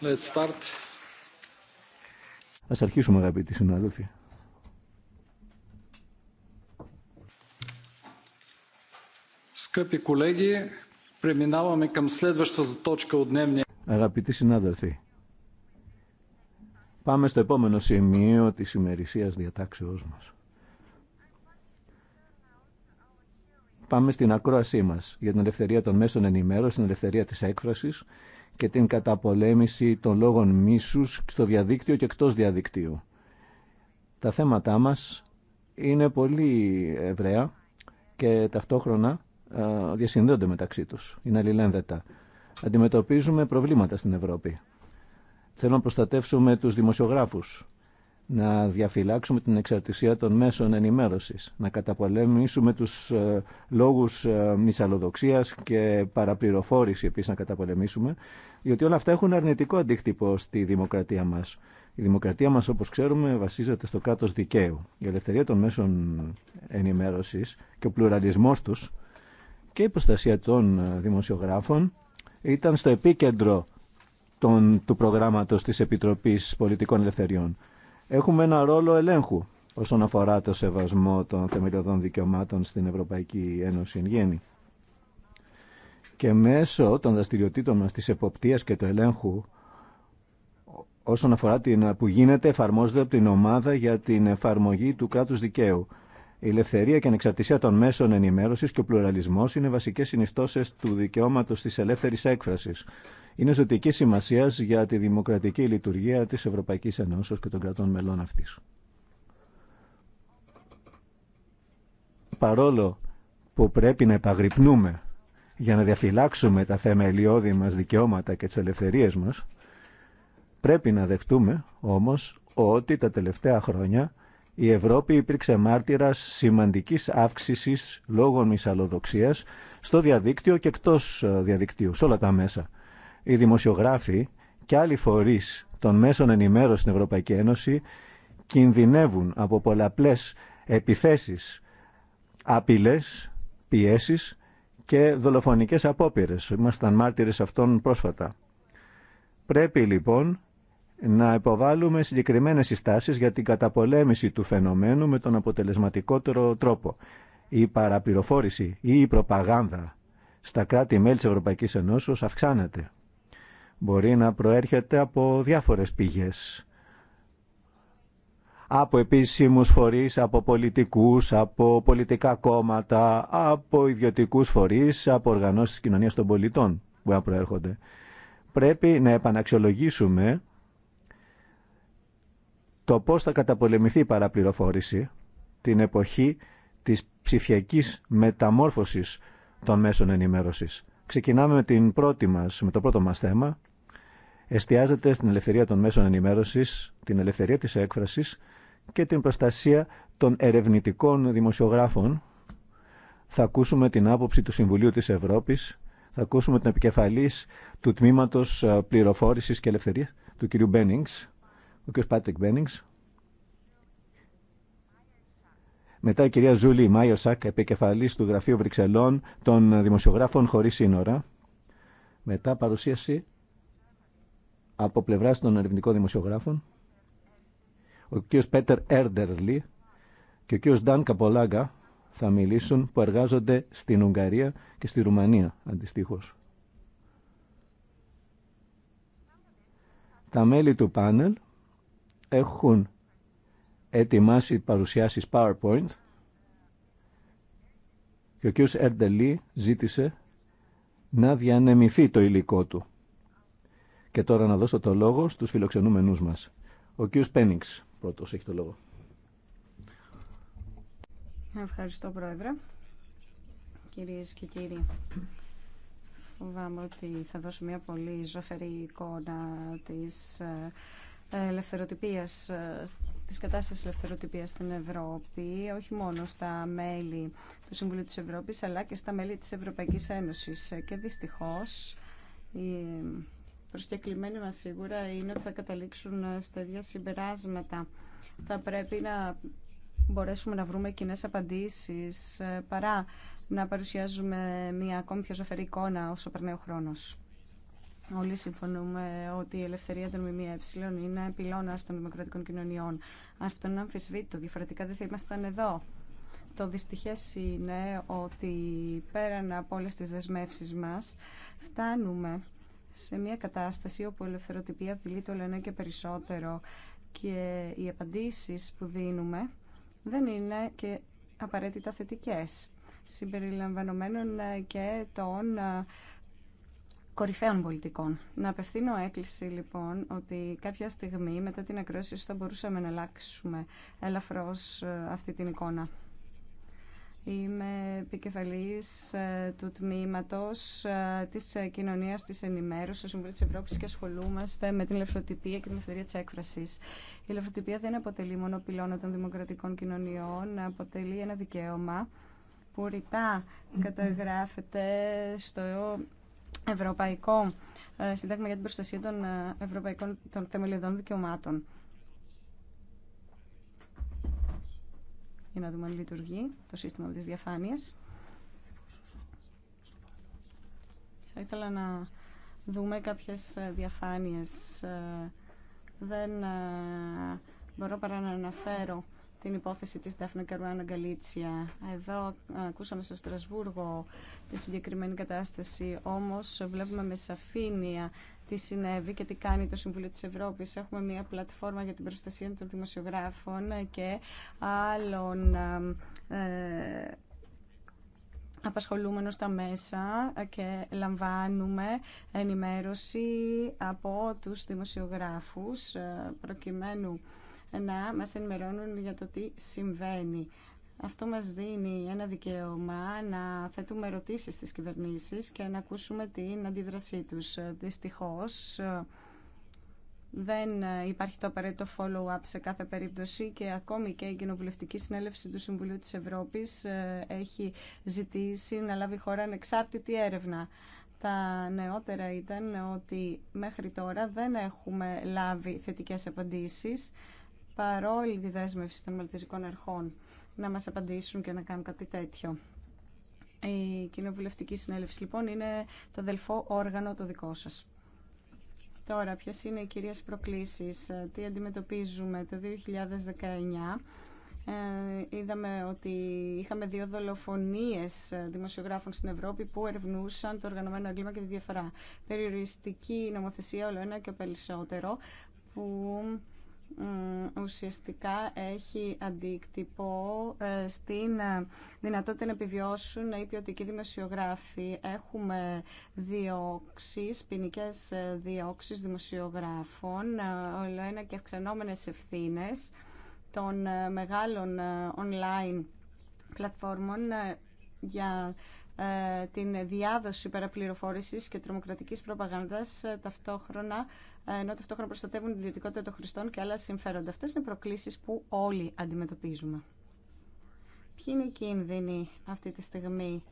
Let's Ας αρχίσουμε αγαπητοί συνάδελφοι. Αγαπητοί συνάδελφοι, πάμε στο επόμενο σημείο της ημερησίας διατάξεώς μας. Πάμε στην ακρόασή μας για την ελευθερία των μέσων ενημέρωσης, την ελευθερία της έκφρασης και την καταπολέμηση των λόγων μίσους στο διαδίκτυο και εκτός διαδικτύου. Τα θέματά μας είναι πολύ ευραία και ταυτόχρονα διασυνδέονται μεταξύ τους, είναι αλληλένδετα. Αντιμετωπίζουμε προβλήματα στην Ευρώπη. Θέλω να προστατεύσουμε τους δημοσιογράφους, να διαφυλάξουμε την εξαρτησία των μέσων ενημέρωσης, να καταπολεμήσουμε τους ε, λόγους ε, μυσαλλοδοξίας και παραπληροφόρηση επίσης να καταπολεμήσουμε, διότι όλα αυτά έχουν αρνητικό αντίκτυπο στη δημοκρατία μας. Η δημοκρατία μας, όπως ξέρουμε, βασίζεται στο κράτος δικαίου. Η ελευθερία των μέσων ενημέρωσης και ο πλουραλισμός τους και η προστασία των ε, δημοσιογράφων ήταν στο επίκεντρο των, του προγράμματος της Επιτροπής Πολιτικών Ελευθεριών έχουμε ένα ρόλο ελέγχου όσον αφορά το σεβασμό των θεμελιωδών δικαιωμάτων στην Ευρωπαϊκή Ένωση εν γέννη. Και μέσω των δραστηριοτήτων μας της εποπτείας και του ελέγχου όσον αφορά την που γίνεται εφαρμόζεται από την ομάδα για την εφαρμογή του κράτους δικαίου. Η ελευθερία και ανεξαρτησία των μέσων ενημέρωσης και ο πλουραλισμός είναι βασικές συνιστώσεις του δικαιώματος της ελεύθερης έκφρασης είναι ζωτική σημασία για τη δημοκρατική λειτουργία της Ευρωπαϊκής Ενώσεως και των κρατών μελών αυτή. Παρόλο που πρέπει να επαγρυπνούμε για να διαφυλάξουμε τα θεμελιώδη μας δικαιώματα και τις ελευθερίες μας, πρέπει να δεχτούμε όμως ότι τα τελευταία χρόνια η Ευρώπη υπήρξε μάρτυρας σημαντικής αύξησης λόγων μυσαλλοδοξίας στο διαδίκτυο και εκτός ε, διαδικτύου, σε όλα τα μέσα οι δημοσιογράφοι και άλλοι φορείς των μέσων ενημέρωσης στην Ευρωπαϊκή Ένωση κινδυνεύουν από πολλαπλές επιθέσεις, απειλές, πιέσεις και δολοφονικές απόπειρες. Ήμασταν μάρτυρες αυτών πρόσφατα. Πρέπει λοιπόν να υποβάλουμε συγκεκριμένες συστάσεις για την καταπολέμηση του φαινομένου με τον αποτελεσματικότερο τρόπο. Η παραπληροφόρηση ή η προπαγάνδα στα κράτη-μέλη της Ευρωπαϊκής αυξάνεται. Μπορεί να προέρχεται από διάφορες πηγές. Από επίσημους φορείς, από πολιτικούς, από πολιτικά κόμματα, από ιδιωτικούς φορείς, από οργανώσεις κοινωνίας των πολιτών που προέρχονται. Πρέπει να επαναξιολογήσουμε το πώς θα καταπολεμηθεί η παραπληροφόρηση την εποχή της ψηφιακής μεταμόρφωσης των μέσων ενημέρωσης. Ξεκινάμε με, την με το πρώτο μας θέμα, εστιάζεται στην ελευθερία των μέσων ενημέρωσης, την ελευθερία της έκφρασης και την προστασία των ερευνητικών δημοσιογράφων. Θα ακούσουμε την άποψη του Συμβουλίου της Ευρώπης, θα ακούσουμε την επικεφαλής του Τμήματος ε, Πληροφόρησης και Ελευθερία του κ. Μπένιγκς, ο κ. Πάτρικ Μπένιγκς. Μετά η κυρία Ζούλη Μάιοσακ, επικεφαλής του Γραφείου Βρυξελών των Δημοσιογράφων Χωρίς Σύνορα. Μετά παρουσίαση από πλευράς των ερευνητικών δημοσιογράφων, ο κ. Πέτερ Έρντερλι και ο κ. Νταν Καπολάγκα θα μιλήσουν που εργάζονται στην Ουγγαρία και στη Ρουμανία αντιστοιχώ. Τα μέλη του πάνελ έχουν ετοιμάσει παρουσιάσεις PowerPoint και ο κ. Ερντελή ζήτησε να διανεμηθεί το υλικό του. Και τώρα να δώσω το λόγο στους φιλοξενούμενούς μας. Ο κύριος Πένιξ πρώτος έχει το λόγο. Ευχαριστώ Πρόεδρε. Κυρίες και κύριοι, φοβάμαι ότι θα δώσω μια πολύ ζωφερή εικόνα της ε, ελευθεροτυπίας ε, της κατάστασης ελευθεροτυπίας στην Ευρώπη, όχι μόνο στα μέλη του Συμβουλίου της Ευρώπης, αλλά και στα μέλη της Ευρωπαϊκής Ένωσης. Ε, και δυστυχώς προσκεκλημένοι μα σίγουρα είναι ότι θα καταλήξουν ε, στα ίδια συμπεράσματα. Θα πρέπει να μπορέσουμε να βρούμε κοινέ απαντήσει ε, παρά να παρουσιάζουμε μια ακόμη πιο ζωφερή εικόνα όσο περνάει ο χρόνος. Όλοι συμφωνούμε ότι η ελευθερία των ΜΜΕ είναι πυλώνα των δημοκρατικών κοινωνιών. Αυτό είναι αμφισβήτητο, διαφορετικά δεν θα ήμασταν εδώ. Το δυστυχέ είναι ότι πέραν από όλε τι δεσμεύσει μα φτάνουμε σε μια κατάσταση όπου η ελευθεροτυπία απειλείται όλο ένα και περισσότερο και οι απαντήσεις που δίνουμε δεν είναι και απαραίτητα θετικές συμπεριλαμβανομένων ε, και των ε, κορυφαίων πολιτικών. Να απευθύνω έκκληση λοιπόν ότι κάποια στιγμή μετά την ακρόαση θα μπορούσαμε να αλλάξουμε ελαφρώς ε, αυτή την εικόνα. Είμαι επικεφαλής ε, του τμήματος ε, της ε, κοινωνίας της ενημέρωσης στο Συμβούλιο της Ευρώπης και ασχολούμαστε με την ελευθεροτυπία και την ελευθερία της έκφρασης. Η ελευθεροτυπία δεν αποτελεί μόνο πυλώνα των δημοκρατικών κοινωνιών, αποτελεί ένα δικαίωμα που ρητά καταγράφεται στο Ευρωπαϊκό Συντάγμα για την Προστασία των, Ευρωπαϊκών, των Θεμελιωδών Δικαιωμάτων. για να δούμε αν λειτουργεί το σύστημα της διαφάνειας. Θα ήθελα να δούμε κάποιες ε, διαφάνειες. Ε, δεν ε, μπορώ παρά να αναφέρω την υπόθεση της Δέφνα Καρουάνα Γκαλίτσια. Εδώ ακούσαμε στο Στρασβούργο τη συγκεκριμένη κατάσταση, όμως βλέπουμε με σαφήνεια τι συνέβη και τι κάνει το Συμβούλιο της Ευρώπης. Έχουμε μια πλατφόρμα για την προστασία των δημοσιογράφων και άλλων ε, απασχολούμενο στα μέσα και λαμβάνουμε ενημέρωση από τους δημοσιογράφους ε, προκειμένου να μας ενημερώνουν για το τι συμβαίνει. Αυτό μας δίνει ένα δικαίωμα να θέτουμε ερωτήσεις στις κυβερνήσεις και να ακούσουμε την αντίδρασή τους. Δυστυχώς δεν υπάρχει το απαραίτητο follow-up σε κάθε περίπτωση και ακόμη και η Κοινοβουλευτική Συνέλευση του Συμβουλίου της Ευρώπης ε, έχει ζητήσει να λάβει χώρα ανεξάρτητη έρευνα. Τα νεότερα ήταν ότι μέχρι τώρα δεν έχουμε λάβει θετικές απαντήσεις παρόλη τη δέσμευση των μελτιζικών αρχών να μας απαντήσουν και να κάνουν κάτι τέτοιο. Η Κοινοβουλευτική Συνέλευση λοιπόν είναι το αδελφό όργανο το δικό σας. Τώρα, ποιες είναι οι κυρίες προκλήσεις, ε, τι αντιμετωπίζουμε το 2019. Ε, είδαμε ότι είχαμε δύο δολοφονίες ε, δημοσιογράφων στην Ευρώπη που ερευνούσαν το οργανωμένο έγκλημα και τη διαφορά. Περιοριστική νομοθεσία όλο ένα και περισσότερο που ουσιαστικά έχει αντίκτυπο ε, στην ε, δυνατότητα να επιβιώσουν οι ποιοτικοί δημοσιογράφοι. Έχουμε διώξεις, ποινικέ ε, διώξεις δημοσιογράφων, όλο ένα και αυξανόμενες ευθύνες των μεγάλων online πλατφόρμων για την διάδοση παραπληροφόρησης και τρομοκρατικής προπαγάνδας ταυτόχρονα ενώ ταυτόχρονα προστατεύουν την ιδιωτικότητα των χρηστών και άλλα συμφέροντα. Αυτές είναι προκλήσεις που όλοι αντιμετωπίζουμε. Ποιοι είναι οι κίνδυνοι αυτή τη στιγμή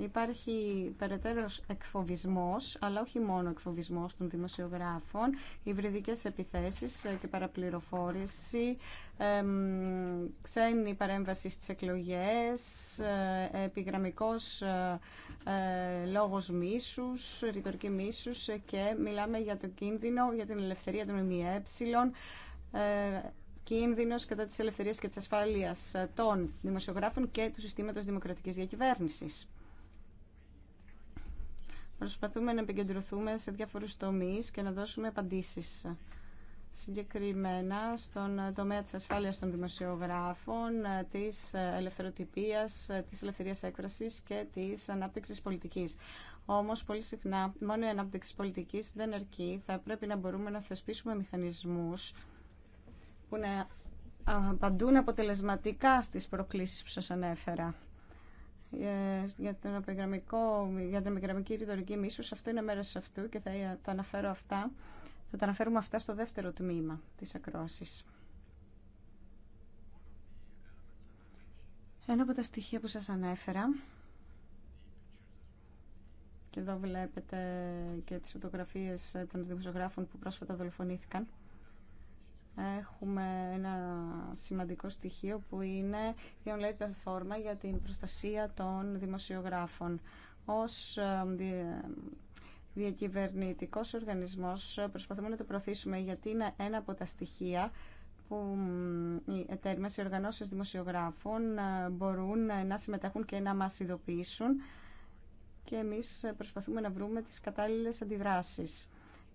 Υπάρχει περαιτέρω εκφοβισμό, αλλά όχι μόνο εκφοβισμός των δημοσιογράφων, υβριδικέ επιθέσεις και παραπληροφόρηση, ξένη παρέμβαση στις εκλογές, ε, ε, ε λόγο μίσου, ρητορική μίσου, και μιλάμε για το κίνδυνο, για την ελευθερία των ΜΜΕ, ε, κίνδυνος κατά της ελευθερίας και της ασφάλειας των δημοσιογράφων και του συστήματος δημοκρατικής διακυβέρνησης. Προσπαθούμε να επικεντρωθούμε σε διάφορους τομείς και να δώσουμε απαντήσεις συγκεκριμένα στον τομέα της ασφάλειας των δημοσιογράφων, της ελευθεροτυπίας, της ελευθερίας έκφρασης και της ανάπτυξης πολιτικής. Όμως, πολύ συχνά, μόνο η ανάπτυξη πολιτικής δεν αρκεί. Θα πρέπει να μπορούμε να θεσπίσουμε μηχανισμούς που να απαντούν αποτελεσματικά στις προκλήσεις που σας ανέφερα. Ε, για τον επιγραμμικό, για την επιγραμμική ρητορική μίσους, αυτό είναι μέρος αυτού και θα ε, τα αναφέρω αυτά. Θα τα αναφέρουμε αυτά στο δεύτερο τμήμα της ακρόασης. Ένα από τα στοιχεία που σας ανέφερα, και εδώ βλέπετε και τις φωτογραφίες των δημοσιογράφων που πρόσφατα δολοφονήθηκαν, έχουμε ένα σημαντικό στοιχείο που είναι η online πλατφόρμα για την προστασία των δημοσιογράφων. Ως ε, διακυβερνητικός οργανισμός ε, προσπαθούμε να το προωθήσουμε γιατί είναι ένα από τα στοιχεία που οι εταίροι οργανώσεις δημοσιογράφων ε, μπορούν να συμμετέχουν και να μας ειδοποιήσουν και εμείς προσπαθούμε να βρούμε τις κατάλληλες αντιδράσεις.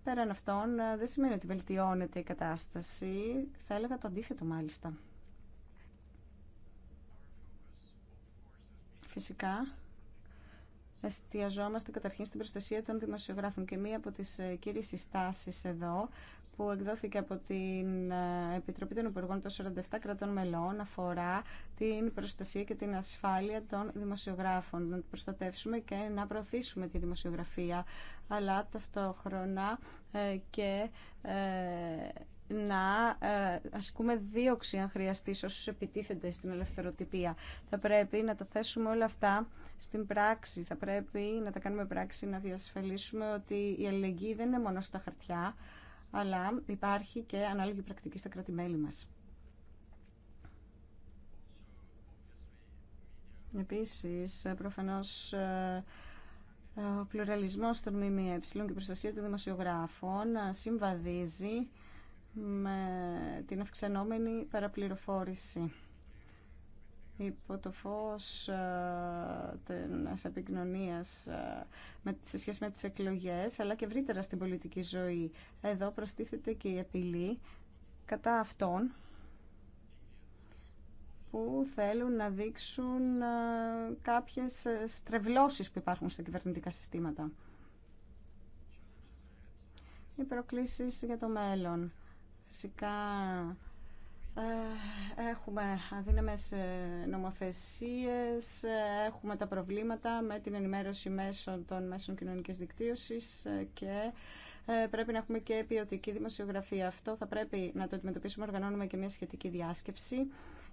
Πέραν αυτών, ε, δεν σημαίνει ότι βελτιώνεται η κατάσταση, θα έλεγα το αντίθετο μάλιστα. Φυσικά, εστιαζόμαστε καταρχήν στην προστασία των δημοσιογράφων και μία από τις ε, κύριες συστάσεις εδώ που εκδόθηκε από την ε, Επιτροπή των Υπουργών των 47 κρατών μελών αφορά την προστασία και την ασφάλεια των δημοσιογράφων. Να προστατεύσουμε και να προωθήσουμε τη δημοσιογραφία, αλλά ταυτόχρονα ε, και ε, να ασκούμε δίωξη αν χρειαστεί σε όσους επιτίθενται στην ελευθεροτυπία. Θα πρέπει να τα θέσουμε όλα αυτά στην πράξη. Θα πρέπει να τα κάνουμε πράξη, να διασφαλίσουμε ότι η αλληλεγγύη δεν είναι μόνο στα χαρτιά, αλλά υπάρχει και ανάλογη πρακτική στα κράτη-μέλη μας. Επίσης, προφανώς, ε, ο πλουραλισμός των ΜΜΕ και η προστασία των δημοσιογράφων συμβαδίζει με την αυξανόμενη παραπληροφόρηση υπό το φως ε, της επικοινωνίας ε, σε σχέση με τις εκλογές, αλλά και ευρύτερα στην πολιτική ζωή. Εδώ προστίθεται και η απειλή κατά αυτών που θέλουν να δείξουν ε, κάποιες στρεβλώσεις που υπάρχουν στα κυβερνητικά συστήματα. Οι προκλήσεις για το μέλλον. Φυσικά έχουμε αδύναμες ε, νομοθεσίες, ε, έχουμε τα προβλήματα με την ενημέρωση μέσων των μέσων κοινωνικής δικτύωσης ε, και πρέπει να έχουμε και ποιοτική δημοσιογραφία. Αυτό θα πρέπει να το αντιμετωπίσουμε, οργανώνουμε και μια σχετική διάσκεψη.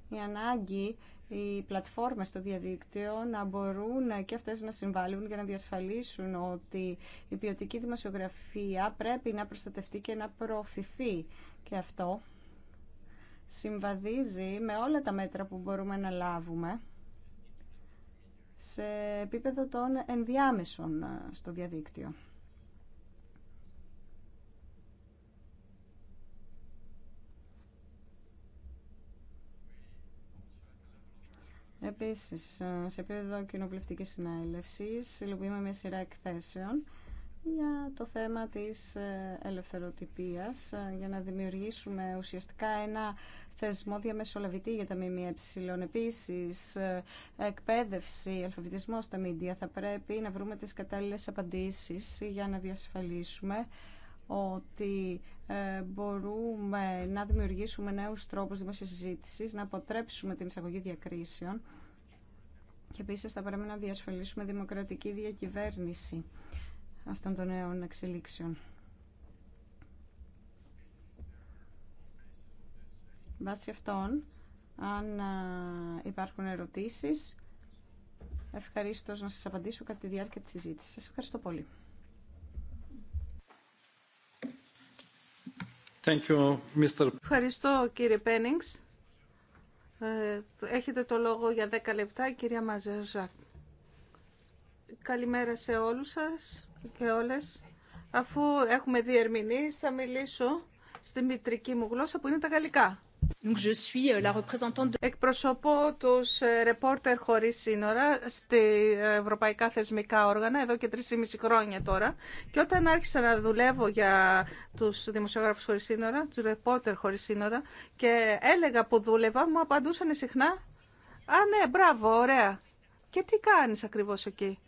Η ανάγκη οι πλατφόρμες στο διαδίκτυο να μπορούν και αυτές να συμβάλλουν για να διασφαλίσουν ότι η ποιοτική δημοσιογραφία πρέπει να προστατευτεί και να προωθηθεί. Και αυτό συμβαδίζει με όλα τα μέτρα που μπορούμε να λάβουμε σε επίπεδο των ενδιάμεσων ε, στο διαδίκτυο. Επίσης, ε, σε επίπεδο κοινοβουλευτική συνέλευση, υλοποιούμε μια σειρά εκθέσεων για το θέμα της ε, ελευθεροτυπίας ε, για να δημιουργήσουμε ουσιαστικά ένα θεσμό διαμεσολαβητή για τα ΜΜΕ. Επίση, ε, εκπαίδευση, αλφαβητισμό στα μίντια θα πρέπει να βρούμε τις κατάλληλες απαντήσεις για να διασφαλίσουμε ότι μπορούμε να δημιουργήσουμε νέους τρόπους δημόσιας συζήτηση, να αποτρέψουμε την εισαγωγή διακρίσεων και επίσης θα πρέπει να διασφαλίσουμε δημοκρατική διακυβέρνηση αυτών των νέων εξελίξεων. Βάσει αυτών, αν υπάρχουν ερωτήσεις, ευχαρίστω να σας απαντήσω κατά τη διάρκεια της συζήτησης. Σας ευχαριστώ πολύ. Thank you, Mr. Ευχαριστώ κύριε Πένιγκς. Ε, έχετε το λόγο για 10 λεπτά, κυρία Μαζεζάκ. Καλημέρα σε όλους σας και όλες. Αφού έχουμε διερμηνείς, θα μιλήσω στη μητρική μου γλώσσα που είναι τα γαλλικά. Euh, Εκπροσωπώ τους ρεπόρτερ χωρίς σύνορα στη ευρωπαϊκά θεσμικά όργανα εδώ και 3,5 χρόνια τώρα και όταν άρχισα να δουλεύω για τους δημοσιογράφους χωρίς σύνορα, τους ρεπόρτερ χωρίς σύνορα και έλεγα που δούλευα μου απαντούσαν συχνά «Α ναι, μπράβο, ωραία, και τι κάνεις ακριβώς εκεί»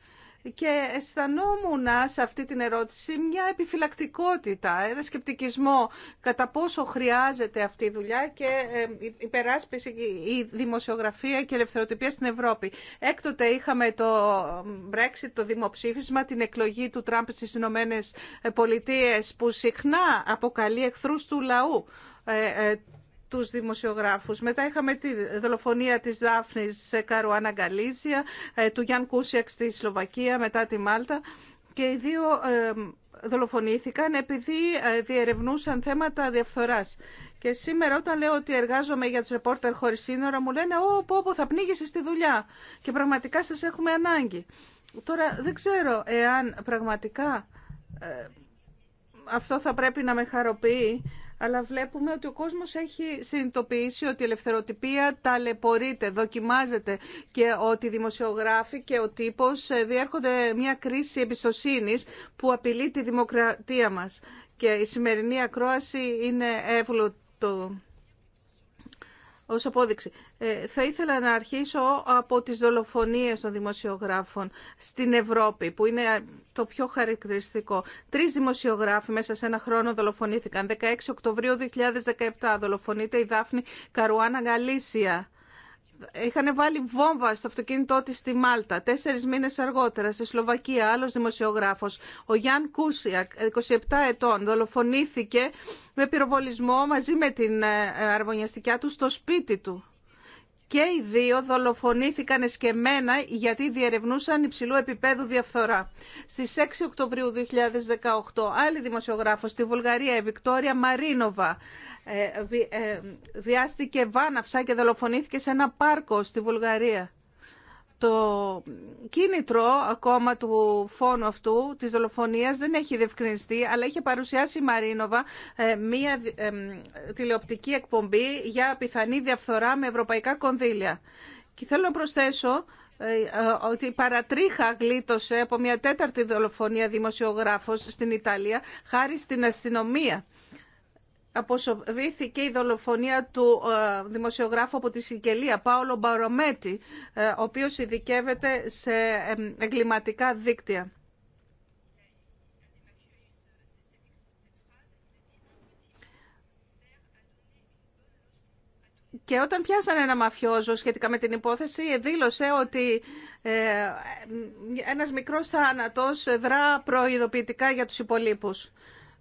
και αισθανόμουν σε αυτή την ερώτηση μια επιφυλακτικότητα, ένα σκεπτικισμό κατά πόσο χρειάζεται αυτή η δουλειά και ε, η υπεράσπιση, η δημοσιογραφία και η ελευθεροτυπία στην Ευρώπη. Έκτοτε είχαμε το Brexit, το δημοψήφισμα, την εκλογή του Τραμπ στις Ηνωμένε Πολιτείες που συχνά αποκαλεί εχθρούς του λαού ε, ε, τους δημοσιογράφους. Μετά είχαμε τη δολοφονία της Δάφνης Καρουάνα Γκαλίζια, ε, του Γιάν Κούσιακ στη Σλοβακία, μετά τη Μάλτα. Και οι δύο ε, δολοφονήθηκαν επειδή ε, διερευνούσαν θέματα διαφθοράς. Και σήμερα όταν λέω ότι εργάζομαι για τους ρεπόρτερ χωρίς σύνορα μου λένε «Ω, πω, πω, θα πνίγεσαι στη δουλειά και πραγματικά σας έχουμε ανάγκη». Τώρα δεν ξέρω εάν πραγματικά αυτό θα πρέπει να με χαροποιεί αλλά βλέπουμε ότι ο κόσμος έχει συνειδητοποιήσει ότι η ελευθεροτυπία ταλαιπωρείται, δοκιμάζεται και ότι οι δημοσιογράφοι και ο τύπος ε, διέρχονται μια κρίση εμπιστοσύνης που απειλεί τη δημοκρατία μας. Και η σημερινή ακρόαση είναι εύλογο ως απόδειξη. Ε, θα ήθελα να αρχίσω από τις δολοφονίες των δημοσιογράφων στην Ευρώπη, που είναι το πιο χαρακτηριστικό. Τρεις δημοσιογράφοι μέσα σε ένα χρόνο δολοφονήθηκαν. 16 Οκτωβρίου 2017 δολοφονείται η Δάφνη Καρουάνα Γαλήσια. Είχαν βάλει βόμβα στο αυτοκίνητό τη στη Μάλτα. Τέσσερι μήνες αργότερα στη Σλοβακία άλλος δημοσιογράφος, ο Γιάν Κούσιακ, 27 ετών, δολοφονήθηκε με πυροβολισμό μαζί με την ε, ε, αρμονιαστικιά του στο σπίτι του και οι δύο δολοφονήθηκαν εσκεμμένα γιατί διερευνούσαν υψηλού επίπεδου διαφθορά. Στις 6 Οκτωβρίου 2018, άλλη δημοσιογράφος στη Βουλγαρία, η Βικτόρια Μαρίνοβα, ε, ε, βιάστηκε βάναυσα και δολοφονήθηκε σε ένα πάρκο στη Βουλγαρία το κίνητρο ακόμα του φόνου αυτού, της δολοφονίας, δεν έχει διευκρινιστεί, αλλά είχε παρουσιάσει η Μαρίνοβα ε, μία ε, τηλεοπτική εκπομπή για πιθανή διαφθορά με ευρωπαϊκά κονδύλια. Και θέλω να προσθέσω ε, ότι παρατρίχα γλίτωσε από μια τέταρτη δολοφονία δημοσιογράφος στην Ιταλία, χάρη στην αστυνομία αποσοβήθηκε η δολοφονία του ε, δημοσιογράφου από τη Σικελία, Πάολο Μπαρομέτη, ε, ο οποίος ειδικεύεται σε εγκληματικά δίκτυα. Και όταν πιάσανε ένα μαφιόζο σχετικά με την υπόθεση, δήλωσε ότι ε, ένας μικρός θάνατος δρά προειδοποιητικά για τους υπολείπους.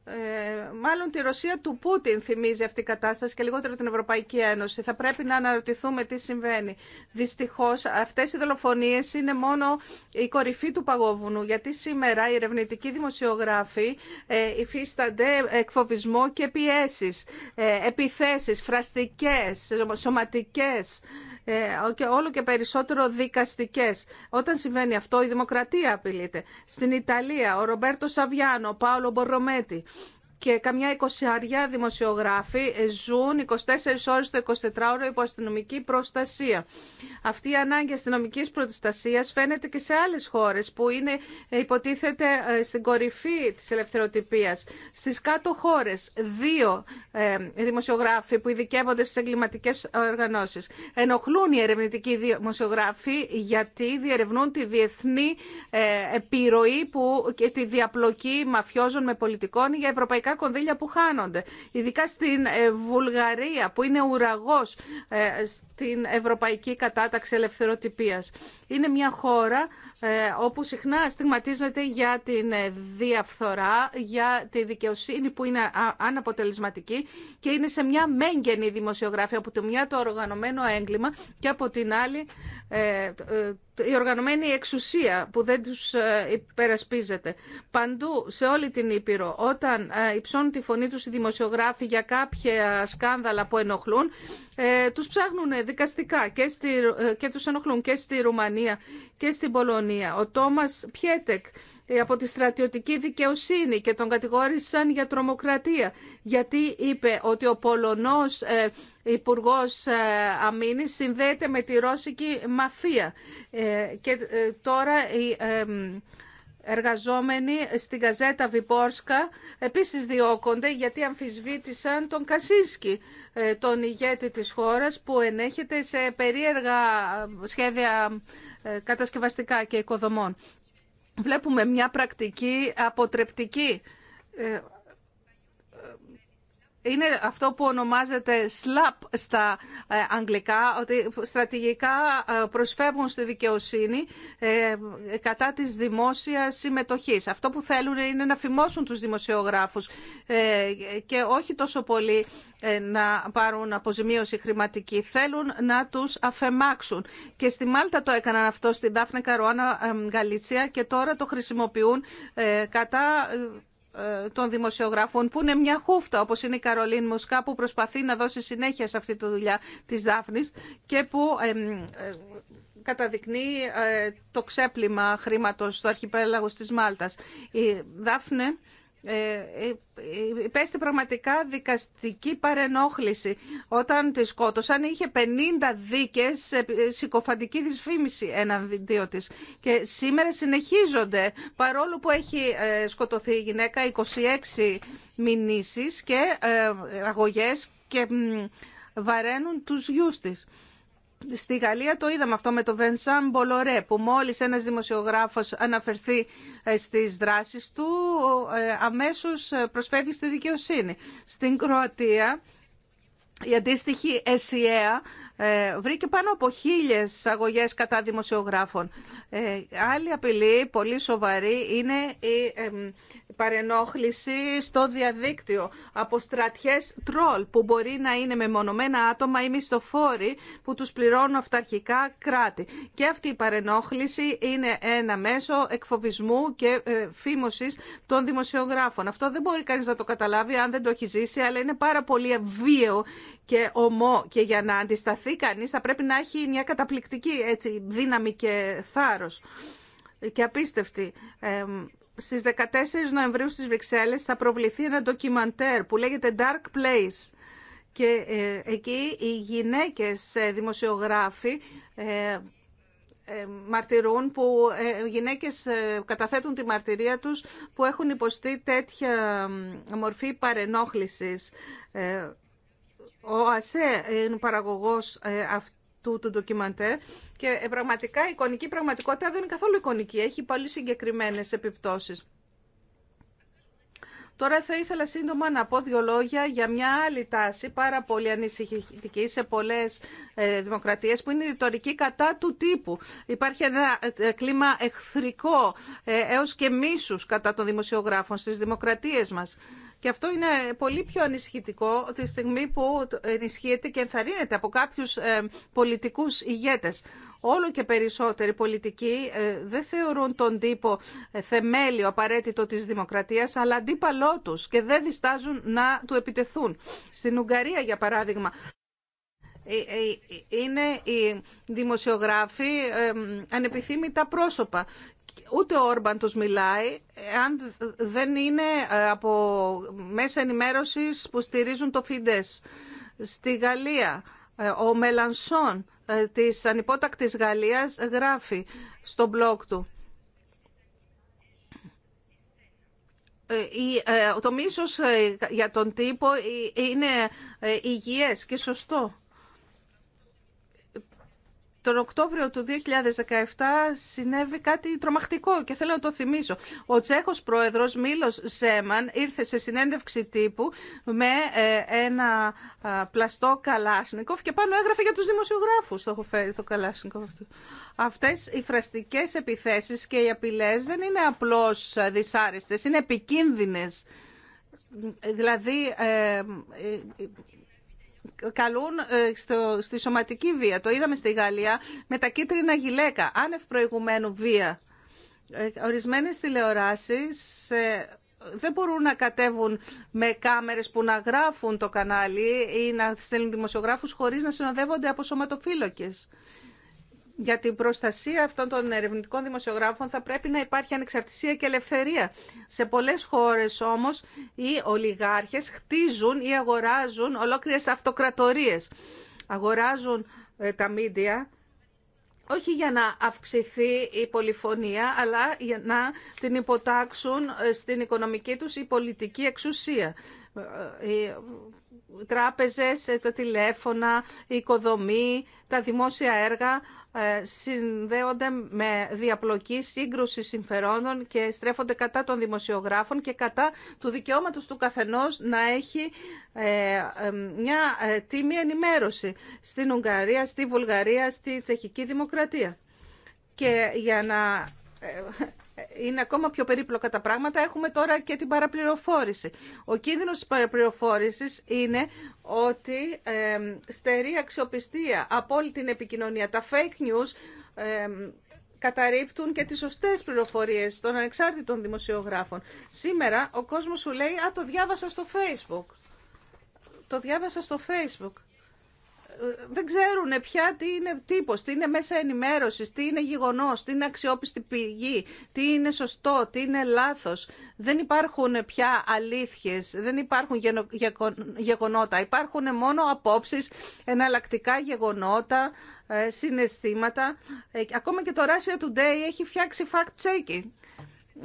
Ε, μάλλον τη Ρωσία του Πούτιν θυμίζει αυτή η κατάσταση και λιγότερο την Ευρωπαϊκή Ένωση. Θα πρέπει να αναρωτηθούμε τι συμβαίνει. Δυστυχώ, αυτές οι δολοφονίε είναι μόνο η κορυφή του παγόβουνου γιατί σήμερα οι ερευνητικοί δημοσιογράφοι ε, υφίστανται εκφοβισμό και πιέσεις, ε, επιθέσεις, φραστικέ, σωματικέ. Ε, και όλο και περισσότερο δικαστικέ. Όταν συμβαίνει αυτό η δημοκρατία απειλείται. Στην Ιταλία ο Ρομπέρτο Σαβιάνο, ο Πάολο Μπορρομέτη και καμιά εικοσιαριά δημοσιογράφοι ζουν 24 ώρες το 24ωρο υπό αστυνομική προστασία. Αυτή η ανάγκη αστυνομικής προστασίας φαίνεται και σε άλλες χώρες που είναι ε, υποτίθεται ε, στην κορυφή της ελευθεροτυπίας. Στις κάτω χώρες δύο ε, δημοσιογράφοι που ειδικεύονται στις εγκληματικές οργανώσεις ενοχλούν οι ερευνητικοί δημοσιογράφοι γιατί διερευνούν τη διεθνή επιρροή και τη διαπλοκή μαφιόζων με πολιτικών για ευρωπαϊκά κονδύλια που χάνονται. Ειδικά στην ε, Βουλγαρία που είναι ουραγός ε, στην ευρωπαϊκή κατάταξη ελευθεροτυπίας. Είναι μια χώρα ε, όπου συχνά στιγματίζεται για την ε, διαφθορά, για τη δικαιοσύνη που είναι αναποτελεσματική και είναι σε μια μέγενη δημοσιογράφη από τη μια το οργανωμένο έγκλημα και από την άλλη ε, η οργανωμένη εξουσία που δεν τους υπερασπίζεται. Παντού, σε όλη την Ήπειρο, όταν υψώνουν τη φωνή τους οι δημοσιογράφοι για κάποια σκάνδαλα που ενοχλούν, τους ψάχνουν δικαστικά και, στη, και τους ενοχλούν και στη Ρουμανία και στην Πολωνία. Ο Τόμας Πιέτεκ ε, από τη στρατιωτική δικαιοσύνη και τον κατηγόρησαν για τρομοκρατία γιατί είπε ότι ο Πολωνός ε, Υπουργός ε, Αμήνης συνδέεται με τη Ρώσικη μαφία. Ε, και ε, τώρα η εργαζόμενοι στην καζέτα Βιπόρσκα, επίσης διώκονται γιατί αμφισβήτησαν τον Κασίσκι, ε, τον ηγέτη της χώρας που ενέχεται σε περίεργα ε, σχέδια ε, κατασκευαστικά και οικοδομών. Βλέπουμε μια πρακτική αποτρεπτική είναι αυτό που ονομάζεται SLAP στα ε, αγγλικά, ότι στρατηγικά ε, προσφεύγουν στη δικαιοσύνη ε, κατά της δημόσιας συμμετοχής. Αυτό που θέλουν είναι να φημώσουν τους δημοσιογράφους και όχι τόσο πολύ να πάρουν αποζημίωση χρηματική. Θέλουν να τους αφεμάξουν. Και στη Μάλτα το έκαναν αυτό στην Δάφνε Καρουάνα Γαλίτσια και τώρα το χρησιμοποιούν κατά ε, των δημοσιογράφων που είναι μια χούφτα όπως είναι η Καρολίν Μουσκά που προσπαθεί να δώσει συνέχεια σε αυτή τη δουλειά της Δάφνης και που ε, καταδεικνύει ε, το ξέπλυμα χρήματος στο αρχιπέλαγος της Μάλτας. Η Δάφνη υπέστη ε, ε, ε, πραγματικά δικαστική παρενόχληση όταν τη σκότωσαν. Είχε 50 δίκες, συκοφαντική δυσφήμιση εναντίον της. Και σήμερα συνεχίζονται, παρόλο που έχει σκοτωθεί η γυναίκα, 26 μηνύσεις και αγωγές και βαραίνουν τους γιους της. Στη Γαλλία το είδαμε αυτό με το Βενσάν Μπολορέ που μόλις ένας δημοσιογράφος αναφερθεί ε, στις δράσεις του ε, αμέσως ε, προσφεύγει στη δικαιοσύνη. Στην Κροατία η αντίστοιχη e ΕΣΥΕΑ βρήκε πάνω από χίλιες αγωγές κατά δημοσιογράφων. άλλη απειλή, πολύ σοβαρή, είναι η παρενόχληση στο διαδίκτυο από στρατιές τρόλ που μπορεί να είναι μεμονωμένα άτομα ή μισθοφόροι που τους πληρώνουν αυταρχικά κράτη. Και αυτή η παρενόχληση είναι ένα μέσο εκφοβισμού και ε, φήμωσης των δημοσιογράφων. Αυτό δεν μπορεί κανείς να το καταλάβει αν δεν το έχει ζήσει, αλλά είναι πάρα πολύ βίαιο και ομό και για να αντισταθεί κανείς θα πρέπει να έχει μια καταπληκτική έτσι, δύναμη και θάρρος και απίστευτη στις 14 Νοεμβρίου στις Βρυξέλλες θα προβληθεί ένα ντοκιμαντέρ που λέγεται Dark Place και ε, εκεί οι γυναίκες ε, δημοσιογράφοι ε, μαρτυρούν που γυναίκες καταθέτουν τη μαρτυρία τους που έχουν υποστεί τέτοια μορφή παρενόχλησης. Ο ΑΣΕ είναι ο παραγωγός αυτού του ντοκιμαντέρ και ε, πραγματικά η εικονική πραγματικότητα δεν είναι καθόλου εικονική, έχει πολύ συγκεκριμένες επιπτώσεις. Τώρα θα ήθελα σύντομα να πω δύο λόγια για μια άλλη τάση πάρα πολύ ανησυχητική σε πολλές ε, δημοκρατίες που είναι η ρητορική κατά του τύπου. Υπάρχει ένα ε, κλίμα εχθρικό έως και μίσους κατά των δημοσιογράφων στις δημοκρατίες μας. Και αυτό είναι πολύ πιο ανησυχητικό τη στιγμή που ενισχύεται και ενθαρρύνεται από κάποιους ε, πολιτικούς ηγέτες. Όλο και περισσότεροι πολιτικοί ε, δεν θεωρούν τον τύπο ε, θεμέλιο απαραίτητο της δημοκρατίας, αλλά αντίπαλό τους και δεν διστάζουν να του επιτεθούν. Στην Ουγγαρία, για παράδειγμα, είναι οι δημοσιογράφοι ανεπιθύμητα πρόσωπα Ούτε ο Όρμπαν τους μιλάει, αν δεν είναι ε, από μέσα ενημέρωσης που στηρίζουν το Φιντές. Στη Γαλλία, ε, ο Μελανσόν ε, της ανυπότακτης Γαλλίας γράφει στο blog του. Το μίσος για τον τύπο είναι υγιές και σωστό. Τον Οκτώβριο του 2017 συνέβη κάτι τρομακτικό και θέλω να το θυμίσω. Ο Τσέχος πρόεδρος Μίλος Ζέμαν ήρθε σε συνέντευξη τύπου με ε, ένα πλαστό καλάσνικοφ και πάνω έγραφε για τους δημοσιογράφους. Το έχω φέρει το καλάσνικοφ αυτό. Αυτές οι φραστικές επιθέσεις και οι απειλές δεν είναι απλώς δυσάρεστες, είναι επικίνδυνες. Δηλαδή ε, καλούν ε, στο, στη σωματική βία. Το είδαμε στη Γαλλία με τα κίτρινα γυλαίκα, άνευ προηγουμένου βία. Ε, ορισμένες τηλεοράσεις ε, δεν μπορούν να κατέβουν με κάμερες που να γράφουν το κανάλι ή να στέλνουν δημοσιογράφους χωρίς να συνοδεύονται από σωματοφύλοκες για την προστασία αυτών των ερευνητικών δημοσιογράφων θα πρέπει να υπάρχει ανεξαρτησία και ελευθερία. Σε πολλές χώρες όμως οι ολιγάρχες χτίζουν ή αγοράζουν ολόκληρες αυτοκρατορίες. Αγοράζουν ε, τα μίντια όχι για να αυξηθεί η πολυφωνία, αλλά για να την υποτάξουν ε, στην οικονομική τους η πολιτική εξουσία. Ε, οι τράπεζες, τα τηλέφωνα, η οικοδομή, τα δημόσια έργα, ε, συνδέονται με διαπλοκή σύγκρουση συμφερόντων και στρέφονται κατά των δημοσιογράφων και κατά του δικαιώματος του καθενός να έχει ε, ε, μια τίμη ενημέρωση στην Ουγγαρία, στη Βουλγαρία, στη Τσεχική Δημοκρατία. Και για να είναι ακόμα πιο περίπλοκα τα πράγματα, έχουμε τώρα και την παραπληροφόρηση. Ο κίνδυνος της παραπληροφόρησης είναι ότι ε, στερεί αξιοπιστία από όλη την επικοινωνία. Τα fake news ε, καταρρύπτουν και τις σωστές πληροφορίες των ανεξάρτητων δημοσιογράφων. Σήμερα ο κόσμος σου λέει «Α, το διάβασα στο Facebook». Το διάβασα στο Facebook δεν ξέρουν πια τι είναι τύπος, τι είναι μέσα ενημέρωσης, τι είναι γεγονός, τι είναι αξιόπιστη πηγή, τι είναι σωστό, τι είναι λάθος. Δεν υπάρχουν πια αλήθειες, δεν υπάρχουν γεγονότα. Υπάρχουν μόνο απόψεις, εναλλακτικά γεγονότα, ε, συναισθήματα. Ε, ακόμα και το Russia Today έχει φτιάξει fact-checking,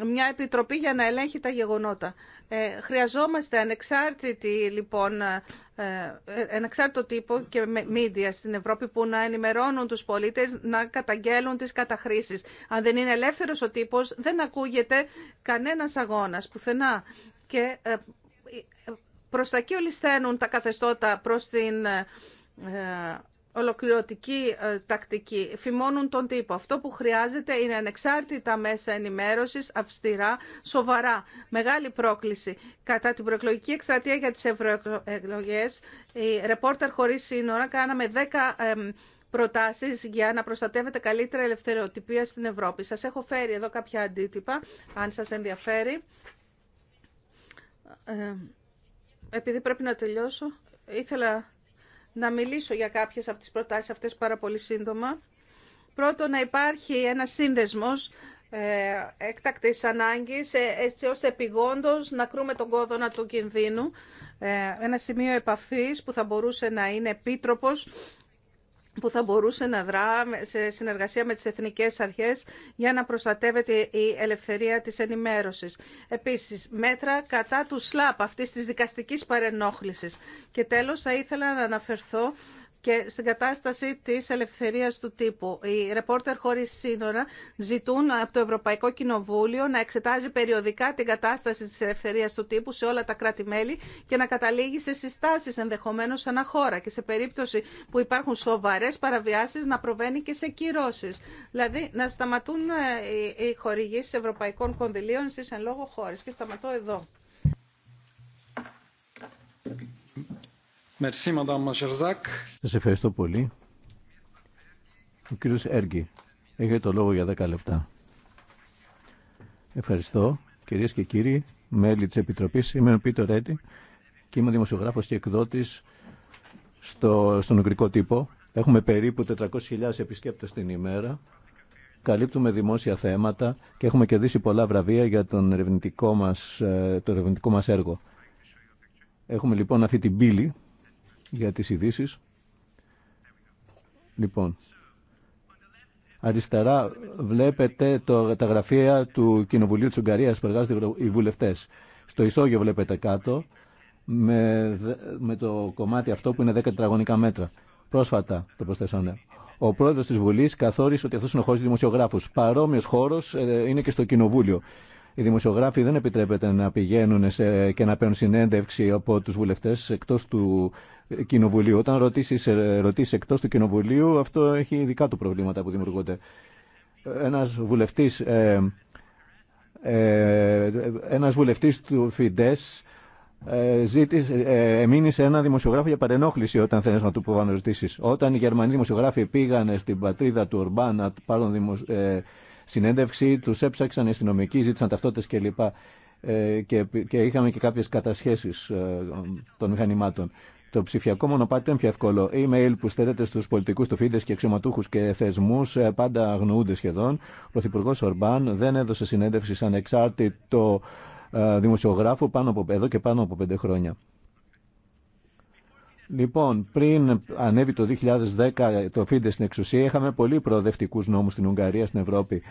μια επιτροπή για να ελέγχει τα γεγονότα. Ε, χρειαζόμαστε ανεξάρτητη, λοιπόν, ε, ε, ανεξάρτητο τύπο και μίντια στην Ευρώπη που να ενημερώνουν τους πολίτες να καταγγέλουν τις καταχρήσεις. Αν δεν είναι ελεύθερος ο τύπος, δεν ακούγεται κανένας αγώνας πουθενά. Και προς τα εκεί ολισθαίνουν τα καθεστώτα προς την ολοκληρωτική ε, τακτική. Φημώνουν τον τύπο. Αυτό που χρειάζεται είναι ανεξάρτητα μέσα ενημέρωσης, αυστηρά, σοβαρά. Μεγάλη πρόκληση. Κατά την προεκλογική εκστρατεία για τις ευρωεκλογέ, η ρεπόρτερ χωρίς σύνορα κάναμε 10 προτάσεις για να προστατεύετε καλύτερα ελευθεροτυπία στην Ευρώπη. Σας έχω φέρει εδώ κάποια αντίτυπα, αν σας ενδιαφέρει. Ε, επειδή πρέπει να τελειώσω, ήθελα να μιλήσω για κάποιες από τις προτάσεις αυτές πάρα πολύ σύντομα. Πρώτον, να υπάρχει ένα σύνδεσμος ε, έκτακτης ανάγκης, ε, έτσι ώστε επιγόντως να κρούμε τον κόδωνα του κινδύνου. Ε, ένα σημείο επαφής που θα μπορούσε να είναι επίτροπος που θα μπορούσε να δρά σε συνεργασία με τις εθνικές αρχές για να προστατεύεται η ελευθερία της ενημέρωσης. Επίσης, μέτρα κατά του ΣΛΑΠ αυτής της δικαστικής παρενόχλησης. Και τέλος, θα ήθελα να αναφερθώ και στην κατάσταση της ελευθερίας του τύπου. Οι ρεπόρτερ χωρίς σύνορα ζητούν από το Ευρωπαϊκό Κοινοβούλιο να εξετάζει περιοδικά την κατάσταση της ελευθερίας του τύπου σε όλα τα κράτη-μέλη και να καταλήγει σε συστάσεις ενδεχομένως ανά χώρα και σε περίπτωση που υπάρχουν σοβαρές παραβιάσεις να προβαίνει και σε κυρώσεις. Δηλαδή να σταματούν ε, οι χορηγήσεις ευρωπαϊκών κονδυλίων στις εν λόγω χώρες. Και σταματώ εδώ. Σας ευχαριστώ πολύ. Ο κύριος Έργη, έχετε το λόγο για 10 λεπτά. Ευχαριστώ. Κυρίες και κύριοι, μέλη της Επιτροπής, είμαι ο Πίτο Ρέτη και είμαι δημοσιογράφος και εκδότης στο, στον Ουγγρικό τύπο. Έχουμε περίπου 400.000 επισκέπτες την ημέρα. Καλύπτουμε δημόσια θέματα και έχουμε κερδίσει πολλά βραβεία για τον ερευνητικό μας, ε, το ερευνητικό μας έργο. Έχουμε λοιπόν αυτή την πύλη για τις ειδήσει. Λοιπόν, αριστερά βλέπετε το, τα γραφεία του Κοινοβουλίου της Ουγγαρίας που εργάζονται οι βουλευτές. Στο ισόγειο βλέπετε κάτω με, με το κομμάτι αυτό που είναι 10 τετραγωνικά μέτρα. Πρόσφατα το προσθέσανε. Ο πρόεδρο τη Βουλή καθόρισε ότι αυτό είναι ο χώρο δημοσιογράφου. Παρόμοιο χώρο ε, είναι και στο Κοινοβούλιο. Οι δημοσιογράφοι δεν επιτρέπεται να πηγαίνουν σε, και να παίρνουν συνέντευξη από τους βουλευτές εκτός του Κοινοβουλίου. Όταν ρωτήσεις, ε, ρωτήσεις εκτός του Κοινοβουλίου, αυτό έχει ειδικά του προβλήματα που δημιουργούνται. Ένας βουλευτής, ε, ε, ένας βουλευτής του ΦΙΝΤΕΣ ε, ε, εμείνει σε ένα δημοσιογράφο για παρενόχληση όταν θέλεις να του ρωτήσεις. Όταν οι Γερμανοί δημοσιογράφοι πήγαν στην πατρίδα του Ορμπάν να πάρουν ε, συνέντευξη, τους έψαξαν οι αστυνομικοί, ζήτησαν ταυτότητες κλπ. Ε, και, και, είχαμε και κάποιες κατασχέσεις ε, των μηχανημάτων. Το ψηφιακό μονοπάτι είναι πιο εύκολο. Email που στέλνετε στου πολιτικού, του φίδε και αξιωματούχου και θεσμού ε, πάντα αγνοούνται σχεδόν. Ο Πρωθυπουργό Ορμπάν δεν έδωσε συνέντευξη σαν εξάρτητο ε, δημοσιογράφο πάνω από, εδώ και πάνω από πέντε χρόνια. Λοιπόν, πριν ανέβει το 2010 το Φίντε στην εξουσία, είχαμε πολύ προοδευτικού νόμου στην Ουγγαρία, στην Ευρώπη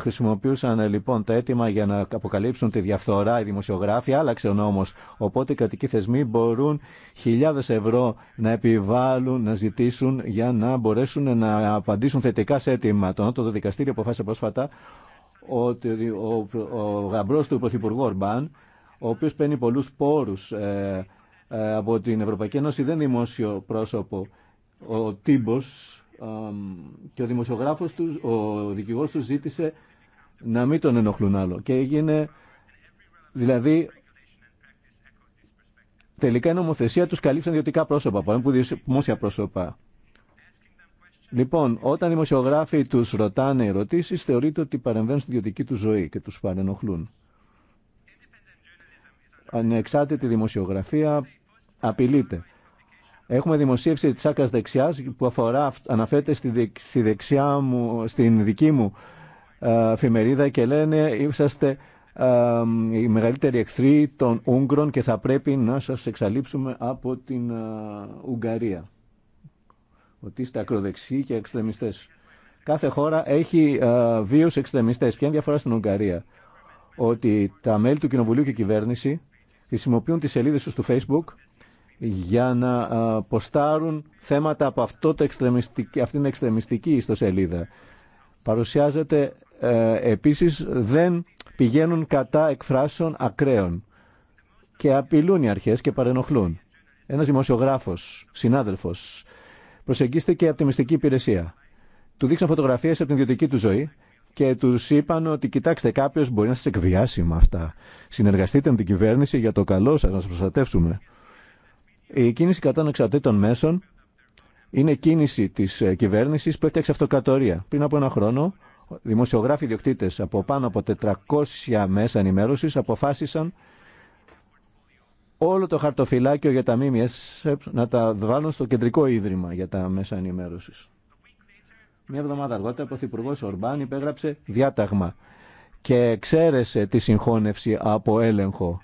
χρησιμοποιούσαν λοιπόν τα αίτημα για να αποκαλύψουν τη διαφθορά οι δημοσιογράφοι. Άλλαξε ο νόμο. Οπότε οι κρατικοί θεσμοί μπορούν χιλιάδε ευρώ να επιβάλλουν, να ζητήσουν για να μπορέσουν να απαντήσουν θετικά σε αίτημα. Το Νότο Δικαστήριο αποφάσισε πρόσφατα ότι ο, ο, του Πρωθυπουργού Ορμπάν, ο οποίο παίρνει πολλού πόρου ε, ε, από την Ευρωπαϊκή Ένωση, δεν δημόσιο πρόσωπο. Ο Τίμπος, και ο δημοσιογράφος τους, ο δικηγόρος τους ζήτησε να μην τον ενοχλούν άλλο. Και έγινε, δηλαδή, τελικά η νομοθεσία τους καλύψαν ιδιωτικά πρόσωπα, από που δημόσια πρόσωπα. Λοιπόν, όταν οι δημοσιογράφοι τους ρωτάνε ερωτήσεις, θεωρείται ότι παρεμβαίνουν στην ιδιωτική του ζωή και τους παρενοχλούν. Ανεξάρτητη δημοσιογραφία απειλείται. Έχουμε δημοσίευση τη άκρα δεξιάς που αφορά, αναφέρεται στη, δεξιά μου, στην δική μου ε, εφημερίδα και λένε είσαστε ε, οι μεγαλύτεροι εχθροί των Ούγγρων και θα πρέπει να σας εξαλείψουμε από την ε, Ουγγαρία. Ότι είστε ακροδεξιοί και εξτρεμιστές. Κάθε χώρα έχει βίου εξτρεμιστές. Ποια είναι διαφορά στην Ουγγαρία. Ότι τα μέλη του Κοινοβουλίου και Κυβέρνηση χρησιμοποιούν τις σελίδες τους του Facebook για να ποστάρουν θέματα από αυτό το αυτήν την εξτρεμιστική ιστοσελίδα. Παρουσιάζεται ε, επίσης δεν πηγαίνουν κατά εκφράσεων ακραίων και απειλούν οι αρχές και παρενοχλούν. Ένας δημοσιογράφος, συνάδελφος, προσεγγίστηκε από τη μυστική υπηρεσία. Του δείξαν φωτογραφίες από την ιδιωτική του ζωή και του είπαν ότι κοιτάξτε, κάποιο μπορεί να σα εκβιάσει με αυτά. Συνεργαστείτε με την κυβέρνηση για το καλό σα, να σα προστατεύσουμε. Η κίνηση κατά των εξαρτήτων μέσων είναι κίνηση τη ε, κυβέρνηση που έφτιαξε αυτοκρατορία. Πριν από ένα χρόνο, δημοσιογράφοι ιδιοκτήτε από πάνω από 400 μέσα ενημέρωση αποφάσισαν όλο το χαρτοφυλάκιο για τα ΜΜΕ να τα βάλουν στο κεντρικό ίδρυμα για τα μέσα ενημέρωση. Μία εβδομάδα αργότερα, ο Πρωθυπουργό Ορμπάν υπέγραψε διάταγμα και εξαίρεσε τη συγχώνευση από έλεγχο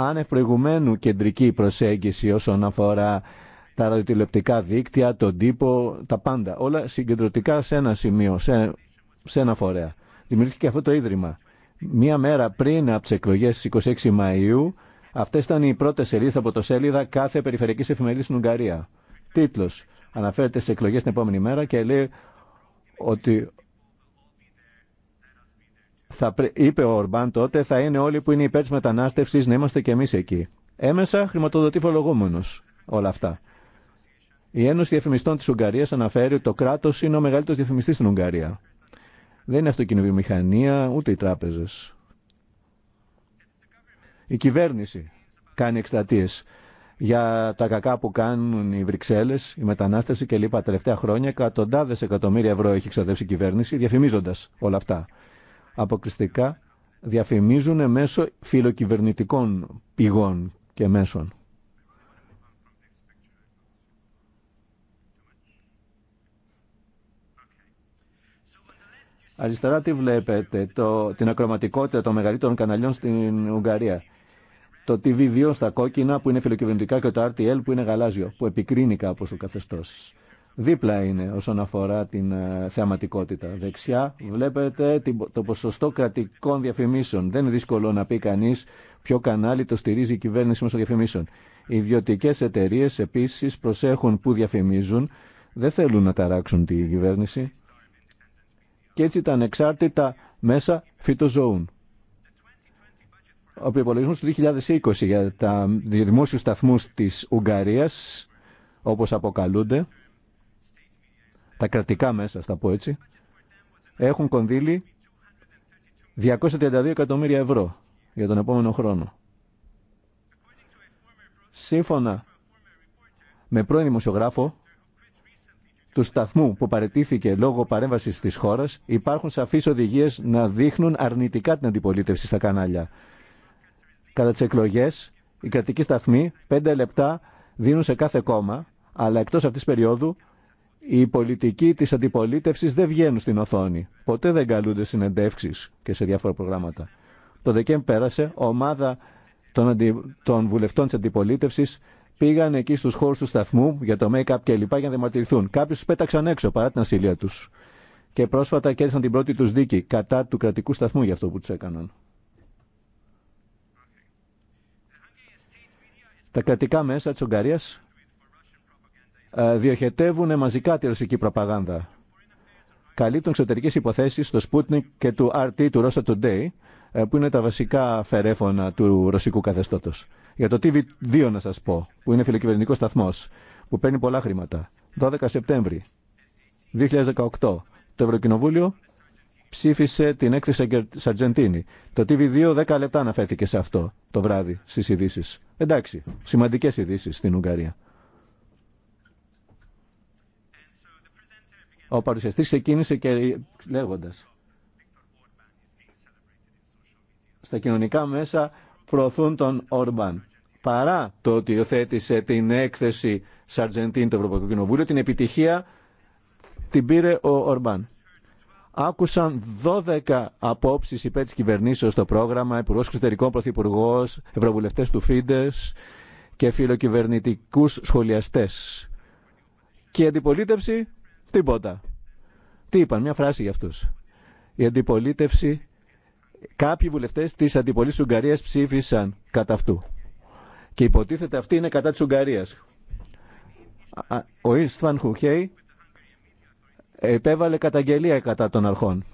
άνευ κεντρική προσέγγιση όσον αφορά τα ραδιοτηλεπτικά δίκτυα, τον τύπο, τα πάντα. Όλα συγκεντρωτικά σε ένα σημείο, σε, σε ένα φορέα. Δημιουργήθηκε αυτό το ίδρυμα. Μία μέρα πριν από τι εκλογέ στι 26 Μαΐου, αυτέ ήταν οι πρώτε σελίδε από το σελίδα κάθε περιφερειακή εφημερίδα στην Ουγγαρία. Τίτλο. Αναφέρεται στι εκλογέ την επόμενη μέρα και λέει ότι θα πρέ... είπε ο Ορμπάν τότε, θα είναι όλοι που είναι υπέρ τη μετανάστευση να είμαστε κι εμεί εκεί. Έμεσα χρηματοδοτεί φορολογούμενο όλα αυτά. Η Ένωση Διαφημιστών τη Ουγγαρία αναφέρει ότι το κράτο είναι ο μεγαλύτερο διαφημιστή στην Ουγγαρία. Δεν είναι αυτοκινητοβιομηχανία ούτε οι τράπεζε. Η κυβέρνηση κάνει εκστρατείε για τα κακά που κάνουν οι Βρυξέλλε, η μετανάστευση κλπ. Τα τελευταία χρόνια εκατοντάδε εκατομμύρια ευρώ έχει εξοδεύσει η κυβέρνηση διαφημίζοντα όλα αυτά. Αποκριστικά, διαφημίζουν μέσω φιλοκυβερνητικών πηγών και μέσων. Αριστερά τι βλέπετε, το, την ακροματικότητα των μεγαλύτερων καναλιών στην Ουγγαρία. Το TV2 στα κόκκινα που είναι φιλοκυβερνητικά και το RTL που είναι γαλάζιο, που επικρίνει κάπως το καθεστώς δίπλα είναι όσον αφορά την ε, θεαματικότητα. Δεξιά βλέπετε το ποσοστό κρατικών διαφημίσεων. Δεν είναι δύσκολο να πει κανεί ποιο κανάλι το στηρίζει η κυβέρνηση μέσω διαφημίσεων. Οι ιδιωτικέ εταιρείε επίση προσέχουν που διαφημίζουν. Δεν θέλουν να ταράξουν την κυβέρνηση. Και έτσι τα ανεξάρτητα μέσα φυτοζωούν. Ο προπολογισμό του 2020 για τα δημόσιου σταθμού τη Ουγγαρία, όπω αποκαλούνται, τα κρατικά μέσα, θα πω έτσι, έχουν κονδύλι 232 εκατομμύρια ευρώ για τον επόμενο χρόνο. Σύμφωνα με πρώην δημοσιογράφο του σταθμού που παρετήθηκε λόγω παρέμβασης της χώρας, υπάρχουν σαφείς οδηγίες να δείχνουν αρνητικά την αντιπολίτευση στα κανάλια. Κατά τις εκλογές, οι κρατικοί σταθμοί πέντε λεπτά δίνουν σε κάθε κόμμα, αλλά εκτός αυτής της περίοδου οι πολιτικοί της αντιπολίτευσης δεν βγαίνουν στην οθόνη. Ποτέ δεν καλούνται συνεντεύξεις και σε διάφορα προγράμματα. Το Δεκέμβρη πέρασε, ομάδα των, αντι... των βουλευτών της αντιπολίτευσης πήγαν εκεί στους χώρους του σταθμού για το make-up και λοιπά για να διαμαρτυρηθούν. Κάποιοι τους πέταξαν έξω παρά την ασυλία τους. Και πρόσφατα κέρδισαν την πρώτη τους δίκη κατά του κρατικού σταθμού για αυτό που τους έκαναν. Τα κρατικά μέσα της Ουγγαρίας ε, διοχετεύουν μαζικά τη ρωσική προπαγάνδα. Καλύπτουν εξωτερικέ υποθέσει στο Sputnik και του RT του Russia Today, ε, που είναι τα βασικά φερέφωνα του ρωσικού καθεστώτο. Για το TV2 να σα πω, που είναι φιλοκυβερνητικό σταθμό, που παίρνει πολλά χρήματα. 12 Σεπτέμβρη 2018, το Ευρωκοινοβούλιο ψήφισε την έκθεση Σαρτζεντίνη. Το TV2 10 λεπτά αναφέρθηκε σε αυτό το βράδυ στι ειδήσει. Εντάξει, σημαντικέ ειδήσει στην Ουγγαρία. Ο παρουσιαστής ξεκίνησε και λέγοντας στα κοινωνικά μέσα προωθούν τον Όρμπαν. Παρά το ότι υιοθέτησε την έκθεση Σαρτζεντίν το Ευρωπαϊκό Κοινοβούλιο, την επιτυχία την πήρε ο Ορμπάν. Άκουσαν 12 απόψεις υπέρ της κυβερνήσεως στο πρόγραμμα, υπουργό εξωτερικών, πρωθυπουργό, ευρωβουλευτές του Φίντες και φιλοκυβερνητικούς σχολιαστές. Και η αντιπολίτευση Τίποτα. Τι είπαν, μια φράση για αυτούς. Η αντιπολίτευση, κάποιοι βουλευτές της αντιπολίτευση Ουγγαρία ψήφισαν κατά αυτού. Και υποτίθεται αυτή είναι κατά τη Ουγγαρία. Ο Ιστφαν Χουχέι επέβαλε καταγγελία κατά των αρχών.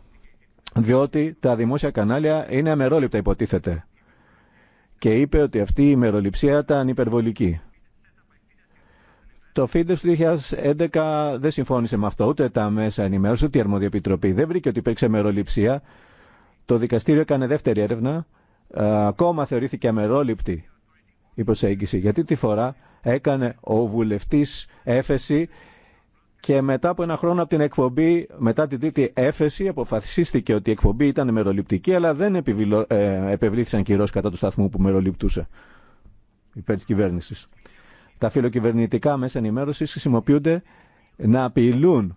Διότι τα δημόσια κανάλια είναι αμερόληπτα υποτίθεται. Και είπε ότι αυτή η ημεροληψία ήταν υπερβολική. Το ΦΙΔΕΣ του 2011 δεν συμφώνησε με αυτό, ούτε τα μέσα ενημέρωση, ούτε η αρμόδια Δεν βρήκε ότι υπήρξε μεροληψία. Το δικαστήριο έκανε δεύτερη έρευνα. Ε, ακόμα θεωρήθηκε αμερόληπτη η προσέγγιση. Γιατί τη φορά έκανε ο βουλευτή έφεση και μετά από ένα χρόνο από την εκπομπή, μετά την τρίτη έφεση, αποφασίστηκε ότι η εκπομπή ήταν μεροληπτική, αλλά δεν επιβλήθησαν ε, κυρώσει κατά του σταθμού που μεροληπτούσε υπέρ τη κυβέρνηση. Τα φιλοκυβερνητικά μέσα ενημέρωσης χρησιμοποιούνται να απειλούν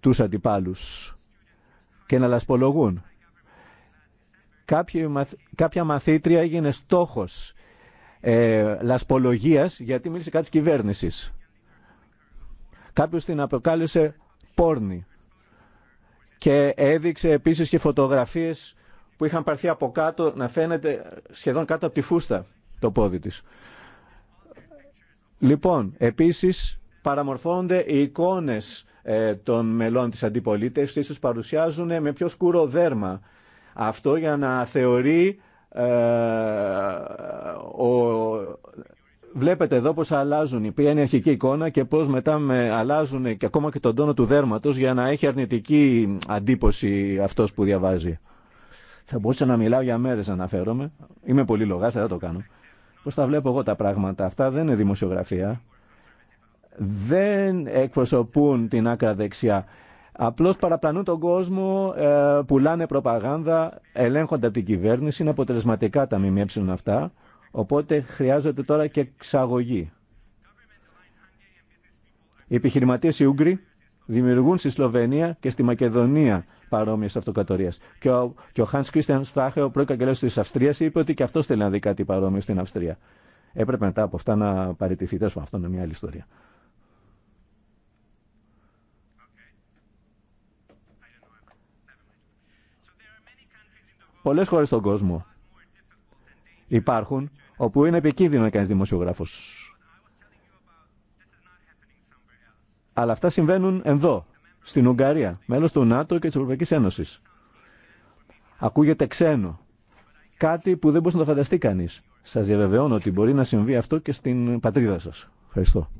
τους αντιπάλους και να λασπολογούν. Κάποια μαθήτρια έγινε στόχος ε, λασπολογίας γιατί μίλησε κάτι της κυβέρνησης. Κάποιος την αποκάλεσε πόρνη και έδειξε επίσης και φωτογραφίες που είχαν παρθεί από κάτω να φαίνεται σχεδόν κάτω από τη φούστα το πόδι της. Λοιπόν, επίσης παραμορφώνονται οι εικόνες ε, των μελών της αντιπολίτευσης, τους παρουσιάζουν με πιο σκούρο δέρμα. Αυτό για να θεωρεί ε, ο, βλέπετε εδώ πώς αλλάζουν η ποια είναι η αρχική εικόνα και πώς μετά με αλλάζουν και ακόμα και τον τόνο του δέρματος για να έχει αρνητική αντίποση αυτός που διαβάζει. Θα μπορούσα να μιλάω για μέρες αναφέρομαι. Είμαι πολύ λογάς, δεν το κάνω. Πώς τα βλέπω εγώ τα πράγματα. Αυτά δεν είναι δημοσιογραφία. Δεν εκπροσωπούν την άκρα δεξιά. Απλώς παραπλανούν τον κόσμο, ε, πουλάνε προπαγάνδα, ελέγχονται από την κυβέρνηση, είναι αποτελεσματικά τα ΜΜΕ αυτά, οπότε χρειάζεται τώρα και εξαγωγή. Οι επιχειρηματίες οι Ούγγροι δημιουργούν στη Σλοβενία και στη Μακεδονία παρόμοιε αυτοκρατορίε. Και ο, και ο Hans Christian ο πρώην καγκελάριο τη Αυστρία, είπε ότι και αυτό θέλει να δει κάτι παρόμοιο στην Αυστρία. Έπρεπε μετά από αυτά να παραιτηθεί. Τέλο αυτό είναι μια άλλη ιστορία. Πολλέ χώρε στον κόσμο υπάρχουν όπου είναι επικίνδυνο να κάνει δημοσιογράφο. Αλλά αυτά συμβαίνουν εδώ, στην Ουγγαρία, μέλος του ΝΑΤΟ και της Ευρωπαϊκής Ένωσης. Ακούγεται ξένο. Κάτι που δεν μπορεί να το φανταστεί κανείς. Σας διαβεβαιώνω ότι μπορεί να συμβεί αυτό και στην πατρίδα σας. Ευχαριστώ.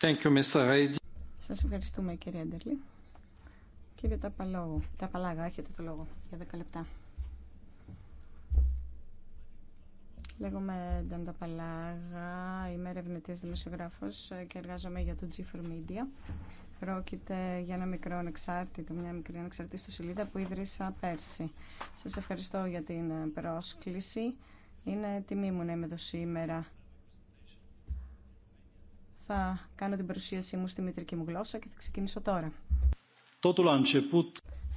Thank you, Mr. Σας ευχαριστούμε κύριε Αντελή. Κύριε Ταπαλάγα, έχετε το λόγο για 10 λεπτά. Λέγομαι Ντάντα Παλάγα, είμαι ερευνητής δημοσιογράφος και εργάζομαι για το G4 Media. Πρόκειται για ένα μικρό ανεξάρτητο, μια μικρή στο σελίδα που ίδρυσα πέρσι. Σας ευχαριστώ για την πρόσκληση. Είναι τιμή μου να είμαι εδώ σήμερα. Θα κάνω την παρουσίασή μου στη μητρική μου γλώσσα και θα ξεκινήσω τώρα.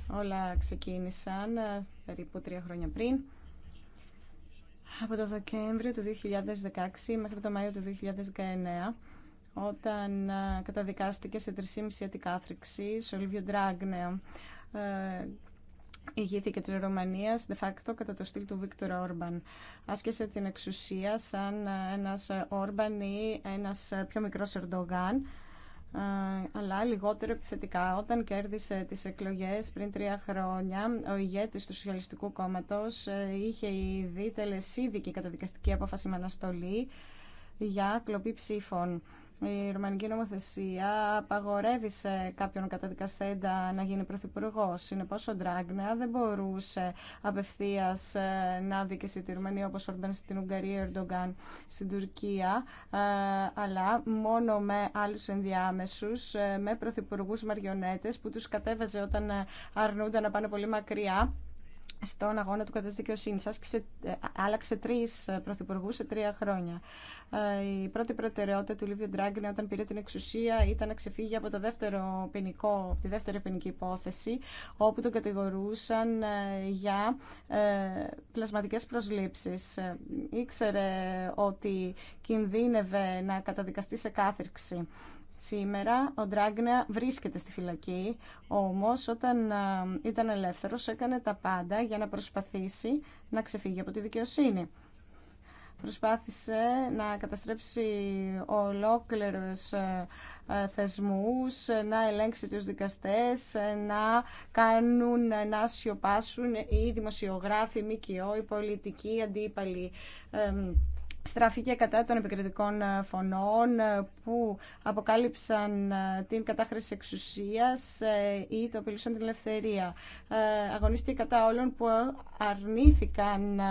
Όλα ξεκίνησαν ε, περίπου τρία χρόνια πριν από το Δεκέμβριο του 2016 μέχρι το Μάιο του 2019 όταν ε, καταδικάστηκε σε 3,5 ετικά άθρηξη στο Λίβιο ε, ηγήθηκε της Ρωμανίας, de facto, κατά το στυλ του Βίκτορ Όρμπαν. Άσκησε την εξουσία σαν ε, ένας Όρμπαν ή ένας πιο μικρός Ερντογάν, ε, αλλά λιγότερο επιθετικά. Όταν κέρδισε τις εκλογές πριν τρία χρόνια, ο ηγέτης του Σοσιαλιστικού Κόμματος ε, είχε ήδη τελεσίδικη καταδικαστική απόφαση με αναστολή για κλοπή ψήφων. Η ρουμανική νομοθεσία απαγορεύει σε κάποιον καταδικαστέντα να γίνει πρωθυπουργό. Συνεπώ, ο Ντράγκνεα δεν μπορούσε απευθεία ε, να και τη Ρουμανία όπω όρταν στην Ουγγαρία, Ερντογκάν στην Τουρκία, ε, αλλά μόνο με άλλου ενδιάμεσου, ε, με πρωθυπουργού μαριονέτε που του κατέβαζε όταν αρνούνταν να πάνε πολύ μακριά στον αγώνα του κατά τη δικαιοσύνη. Ε, άλλαξε τρει ε, πρωθυπουργού σε τρία χρόνια. Ε, η πρώτη προτεραιότητα του Λίβιου Ντράγκνε όταν πήρε την εξουσία ήταν να ξεφύγει από το δεύτερο ποινικό, τη δεύτερη ποινική υπόθεση, όπου τον κατηγορούσαν για πλασματικέ προσλήψει. Ήξερε ότι κινδύνευε να καταδικαστεί σε κάθριξη. Σήμερα ο Ντράγκνα βρίσκεται στη φυλακή, όμως όταν ε, ήταν ελεύθερος έκανε τα πάντα για να προσπαθήσει να ξεφύγει από τη δικαιοσύνη. Προσπάθησε να καταστρέψει ολόκληρους ε, ε, θεσμούς, να ελέγξει τους δικαστές, να κάνουν να σιωπάσουν οι δημοσιογράφοι, οι ΜΚΟ, οι πολιτικοί, οι αντίπαλοι στράφηκε κατά των επικριτικών ε, φωνών ε, που αποκάλυψαν ε, την κατάχρηση εξουσίας ή το απειλούσαν την ελευθερία. Αγωνίστηκε κατά όλων που αρνήθηκαν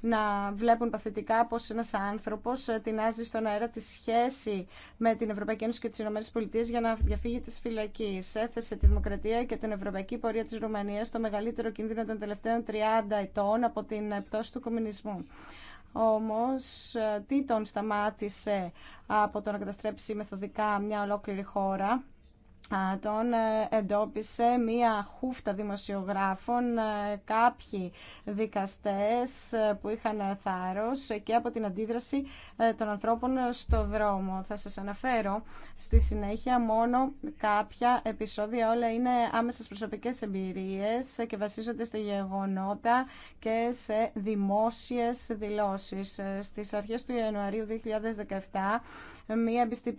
να βλέπουν παθητικά πως ένας άνθρωπος τεινάζει στον αέρα τη σχέση με την Ευρωπαϊκή Ένωση και τις Ηνωμένες Πολιτείες για να διαφύγει της φυλακής. Έθεσε τη δημοκρατία και την ευρωπαϊκή πορεία της Ρουμανίας στο μεγαλύτερο κίνδυνο των τελευταίων 30 ετών από την πτώση του κομμουνισμού. Όμως, ε, τι τον σταμάτησε από το να καταστρέψει μεθοδικά μια ολόκληρη χώρα τον ε, εντόπισε μία χούφτα δημοσιογράφων, ε, κάποιοι δικαστές ε, που είχαν θάρρος και από την αντίδραση των ανθρώπων στο δρόμο. Θα σας αναφέρω στη συνέχεια μόνο κάποια επεισόδια, όλα είναι άμεσες προσωπικές εμπειρίες και βασίζονται στη γεγονότα και σε δημόσιες δηλώσεις. Στις αρχές του Ιανουαρίου 2017 μία εμπιστή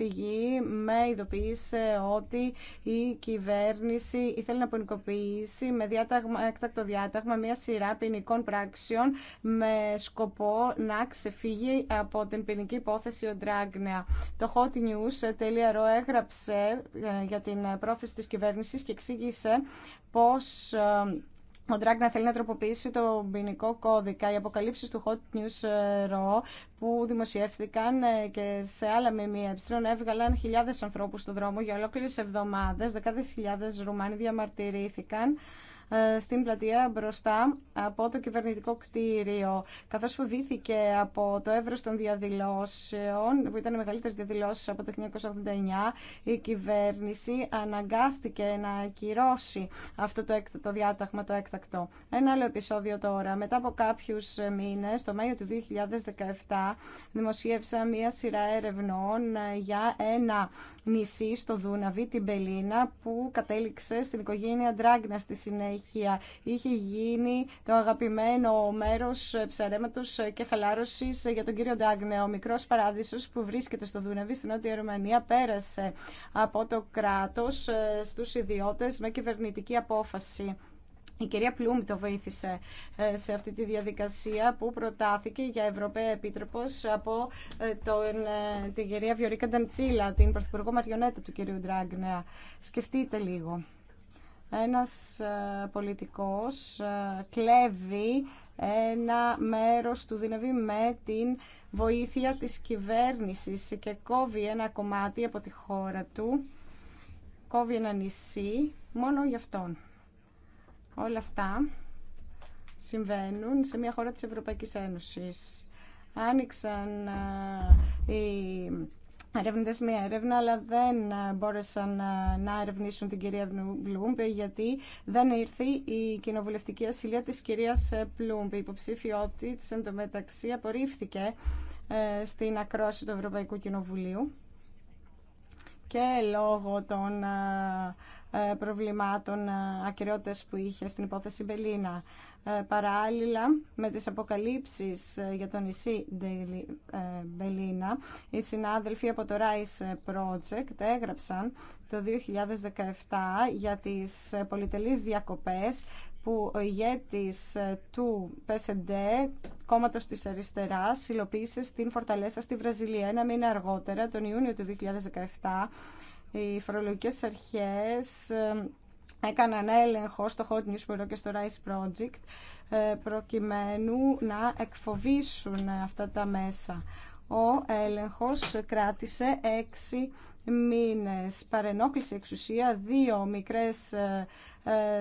με ειδοποίησε ότι η κυβέρνηση ήθελε να ποινικοποιήσει με διάταγμα, έκτακτο διάταγμα μία σειρά ποινικών πράξεων με σκοπό να ξεφύγει από την ποινική υπόθεση ο Ντράγκνεα. Το hotnews.ro έγραψε ε, για την πρόθεση της κυβέρνησης και εξήγησε πώς ε, ο να θέλει να τροποποιήσει το ποινικό κώδικα. Οι αποκαλύψεις του Hot News Raw ε, που δημοσιεύθηκαν ε, και σε άλλα ΜΜΕ έβγαλαν χιλιάδες ανθρώπους στον δρόμο για ολόκληρε εβδομάδες. Δεκάδες χιλιάδες Ρουμάνοι διαμαρτυρήθηκαν ε, στην πλατεία μπροστά από το κυβερνητικό κτίριο. Καθώς φοβήθηκε από το εύρος των διαδηλώσεων, που ήταν οι μεγαλύτερες διαδηλώσεις από το 1989, η κυβέρνηση αναγκάστηκε να ακυρώσει αυτό το, το διάταγμα το έκτακτο. Ένα άλλο επεισόδιο τώρα. Μετά από κάποιους μήνες, το Μάιο του 2017, δημοσίευσα μία σειρά ερευνών ε, για ένα νησί στο Δούναβι, την Πελίνα, που κατέληξε στην οικογένεια Ντράγκνα στη συνέχεια συνέχεια είχε γίνει το αγαπημένο μέρος ψαρέματο και χαλάρωση για τον κύριο Ντάγνε. Ο μικρός παράδεισο που βρίσκεται στο Δουνεβί στην Νότια Ρουμανία πέρασε από το κράτο ε, στου ιδιώτε με κυβερνητική απόφαση. Η κυρία Πλούμ το βοήθησε ε, σε αυτή τη διαδικασία που προτάθηκε για Ευρωπαία Επίτροπο από ε, τον, την κυρία Βιωρίκα την Πρωθυπουργό Μαριονέτα του κυρίου Ντράγκνεα. Σκεφτείτε λίγο ένας ε, πολιτικός ε, κλέβει ένα μέρος του δυναμή με την βοήθεια της κυβέρνησης και κόβει ένα κομμάτι από τη χώρα του, κόβει ένα νησί μόνο για αυτόν. Όλα αυτά συμβαίνουν σε μια χώρα της Ευρωπαϊκής Ένωσης. Άνοιξαν ε, οι ερευνητέ μια έρευνα, αλλά δεν ε, μπόρεσαν ε, να ερευνήσουν την κυρία Πλούμπ, γιατί δεν ήρθε η κοινοβουλευτική ασυλία τη κυρία ε, Πλούμπε Η υποψηφιότητα τη εντωμεταξύ απορρίφθηκε στην ακρόαση του Ευρωπαϊκού Κοινοβουλίου και λόγω των ε, προβλημάτων ε, ακυρεότητες που είχε στην υπόθεση Μπελίνα. Ε, παράλληλα με τις αποκαλύψεις για τον νησί Μπελίνα, οι συνάδελφοι από το Rice Project έγραψαν το 2017 για τις πολυτελείς διακοπές που ο ηγέτης του ΠΣΔ, κόμματος της αριστεράς, υλοποίησε στην Φορταλέσσα στη Βραζιλία. Ένα μήνα αργότερα, τον Ιούνιο του 2017, οι φορολογικές αρχές ε, έκαναν έλεγχο στο Hot News Bureau και στο Rice Project ε, προκειμένου να εκφοβήσουν αυτά τα μέσα. Ο έλεγχος κράτησε έξι μήνες. Παρενόχλησε εξουσία δύο μικρές ε,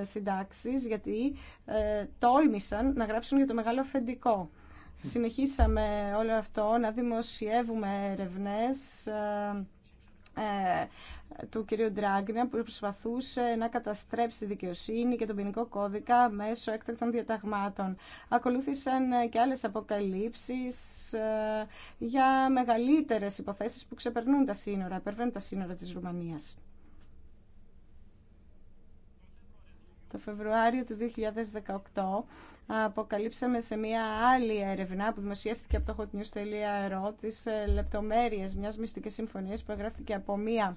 συντάξεις γιατί τόλμησαν να γράψουν για το μεγάλο αφεντικό. Συνεχίσαμε όλο αυτό να δημοσιεύουμε ερευνές του κυρίου Ντράγκνε που προσπαθούσε να καταστρέψει τη δικαιοσύνη και τον ποινικό κώδικα μέσω έκτακτων διαταγμάτων. Ακολούθησαν και άλλες αποκαλύψεις ε, για μεγαλύτερες υποθέσεις που ξεπερνούν τα σύνορα, περνούν τα σύνορα της Ρουμανίας. Το Φεβρουάριο του 2018 αποκαλύψαμε σε μια άλλη έρευνα που δημοσιεύτηκε από το hotnews.ro τις ε, λεπτομέρειες μιας μυστικής συμφωνίας που εγγράφτηκε από μια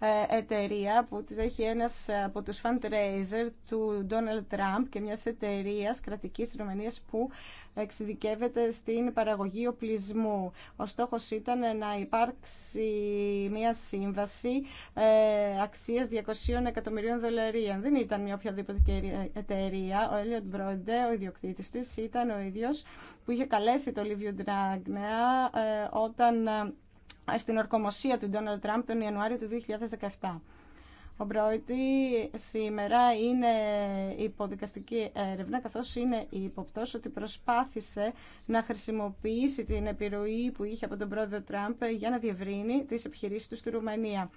ε, εταιρεία που της έχει ένας ε, από τους fundraiser του Donald Trump και μιας εταιρεία κρατικής Ρουμανίας που εξειδικεύεται στην παραγωγή οπλισμού. Ο στόχος ήταν να υπάρξει μια σύμβαση ε, αξίας 200 εκατομμυρίων δολαρίων. Δεν ήταν μια οποιαδήποτε εταιρεία. Ο Έλιον Μπρόντε, ο ιδιοκτήτης της, ήταν ο ίδιος που είχε καλέσει το Λίβιο Ντράγνεα όταν στην ορκομοσία του Ντόναλτ Τραμπ τον Ιανουάριο του 2017. Ο Μπρόιτι σήμερα είναι υποδικαστική έρευνα, καθώς είναι υποπτός ότι προσπάθησε να χρησιμοποιήσει την επιρροή που είχε από τον πρόεδρο Τραμπ για να διευρύνει τις επιχειρήσεις του στη Ρουμανία.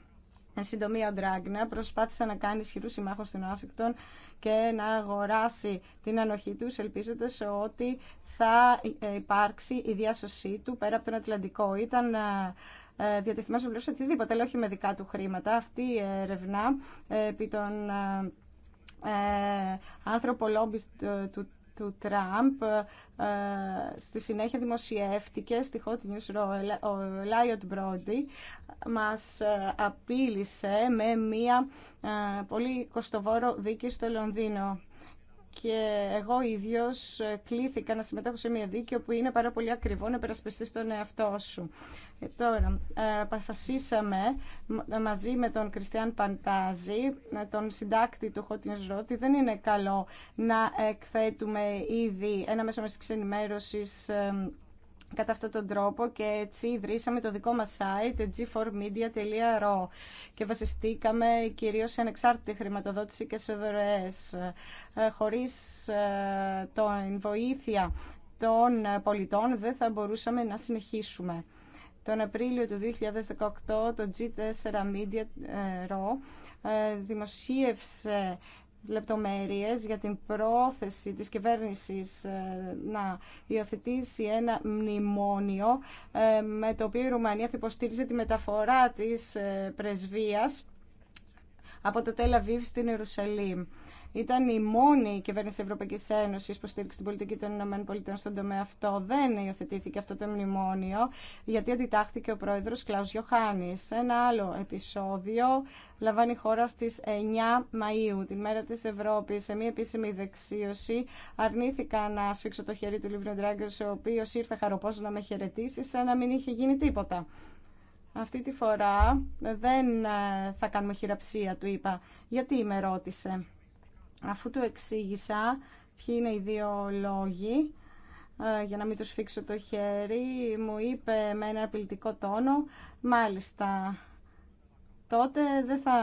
Εν συντομία, ο Ντράγκνα προσπάθησε να κάνει ισχυρού συμμάχου στην Άσικτον και να αγοράσει την ανοχή του, ελπίζοντα ότι θα υπάρξει η διάσωσή του πέρα από τον Ατλαντικό. Ήταν ε, ε, διατεθειμένος να πληρώσει οτιδήποτε, αλλά όχι με δικά του χρήματα. Αυτή η έρευνα ε, επί των ε, άνθρωπο λόμπι του του Τραμπ στη συνέχεια δημοσιεύτηκε στη Hot News ο Λάιοντ Μπρόντι μας απείλησε με μία πολύ κοστοβόρο δίκη στο Λονδίνο και εγώ ίδιος κλήθηκα να συμμετέχω σε μία δίκη που είναι πάρα πολύ ακριβό να περασπιστείς τον εαυτό σου. Ε, τώρα, ε, αποφασίσαμε ε, μαζί με τον Κριστιαν Παντάζη, τον συντάκτη του Hot News δεν είναι καλό να εκθέτουμε ήδη ένα μέσο μας κατά αυτόν τον τρόπο και έτσι ιδρύσαμε το δικό μας site g4media.ro και βασιστήκαμε κυρίως σε ανεξάρτητη χρηματοδότηση και σε δωρεές. Χωρίς την βοήθεια των πολιτών δεν θα μπορούσαμε να συνεχίσουμε. Τον Απρίλιο του 2018 το G4 Media Raw ε, ε, δημοσίευσε λεπτομέρειες για την πρόθεση της κυβέρνησης ε, να υιοθετήσει ένα μνημόνιο με το οποίο η Ρουμανία θα υποστήριζε τη μεταφορά της πρεσβείας από το Τελαβίβ στην Ιερουσαλήμ ήταν η μόνη κυβέρνηση Ευρωπαϊκής Ένωσης που στήριξε την πολιτική των Ηνωμένων στον τομέα αυτό. Δεν υιοθετήθηκε αυτό το μνημόνιο γιατί αντιτάχθηκε ο πρόεδρος Κλάους Γιωχάνης. Ένα άλλο επεισόδιο λαμβάνει η χώρα στις 9 Μαΐου, την μέρα της Ευρώπης, σε μια επίσημη δεξίωση. Αρνήθηκα να σφίξω το χέρι του Λίβρου Ντράγκε, ο οποίος ήρθε χαροπός να με χαιρετήσει, σαν να μην είχε γίνει τίποτα. Αυτή τη φορά δεν ε, θα κάνουμε χειραψία, του είπα. Γιατί με ρώτησε. Αφού του εξήγησα ποιοι είναι οι δύο λόγοι, ε, για να μην του σφίξω το χέρι, μου είπε με ένα απειλητικό τόνο, μάλιστα, τότε δεν θα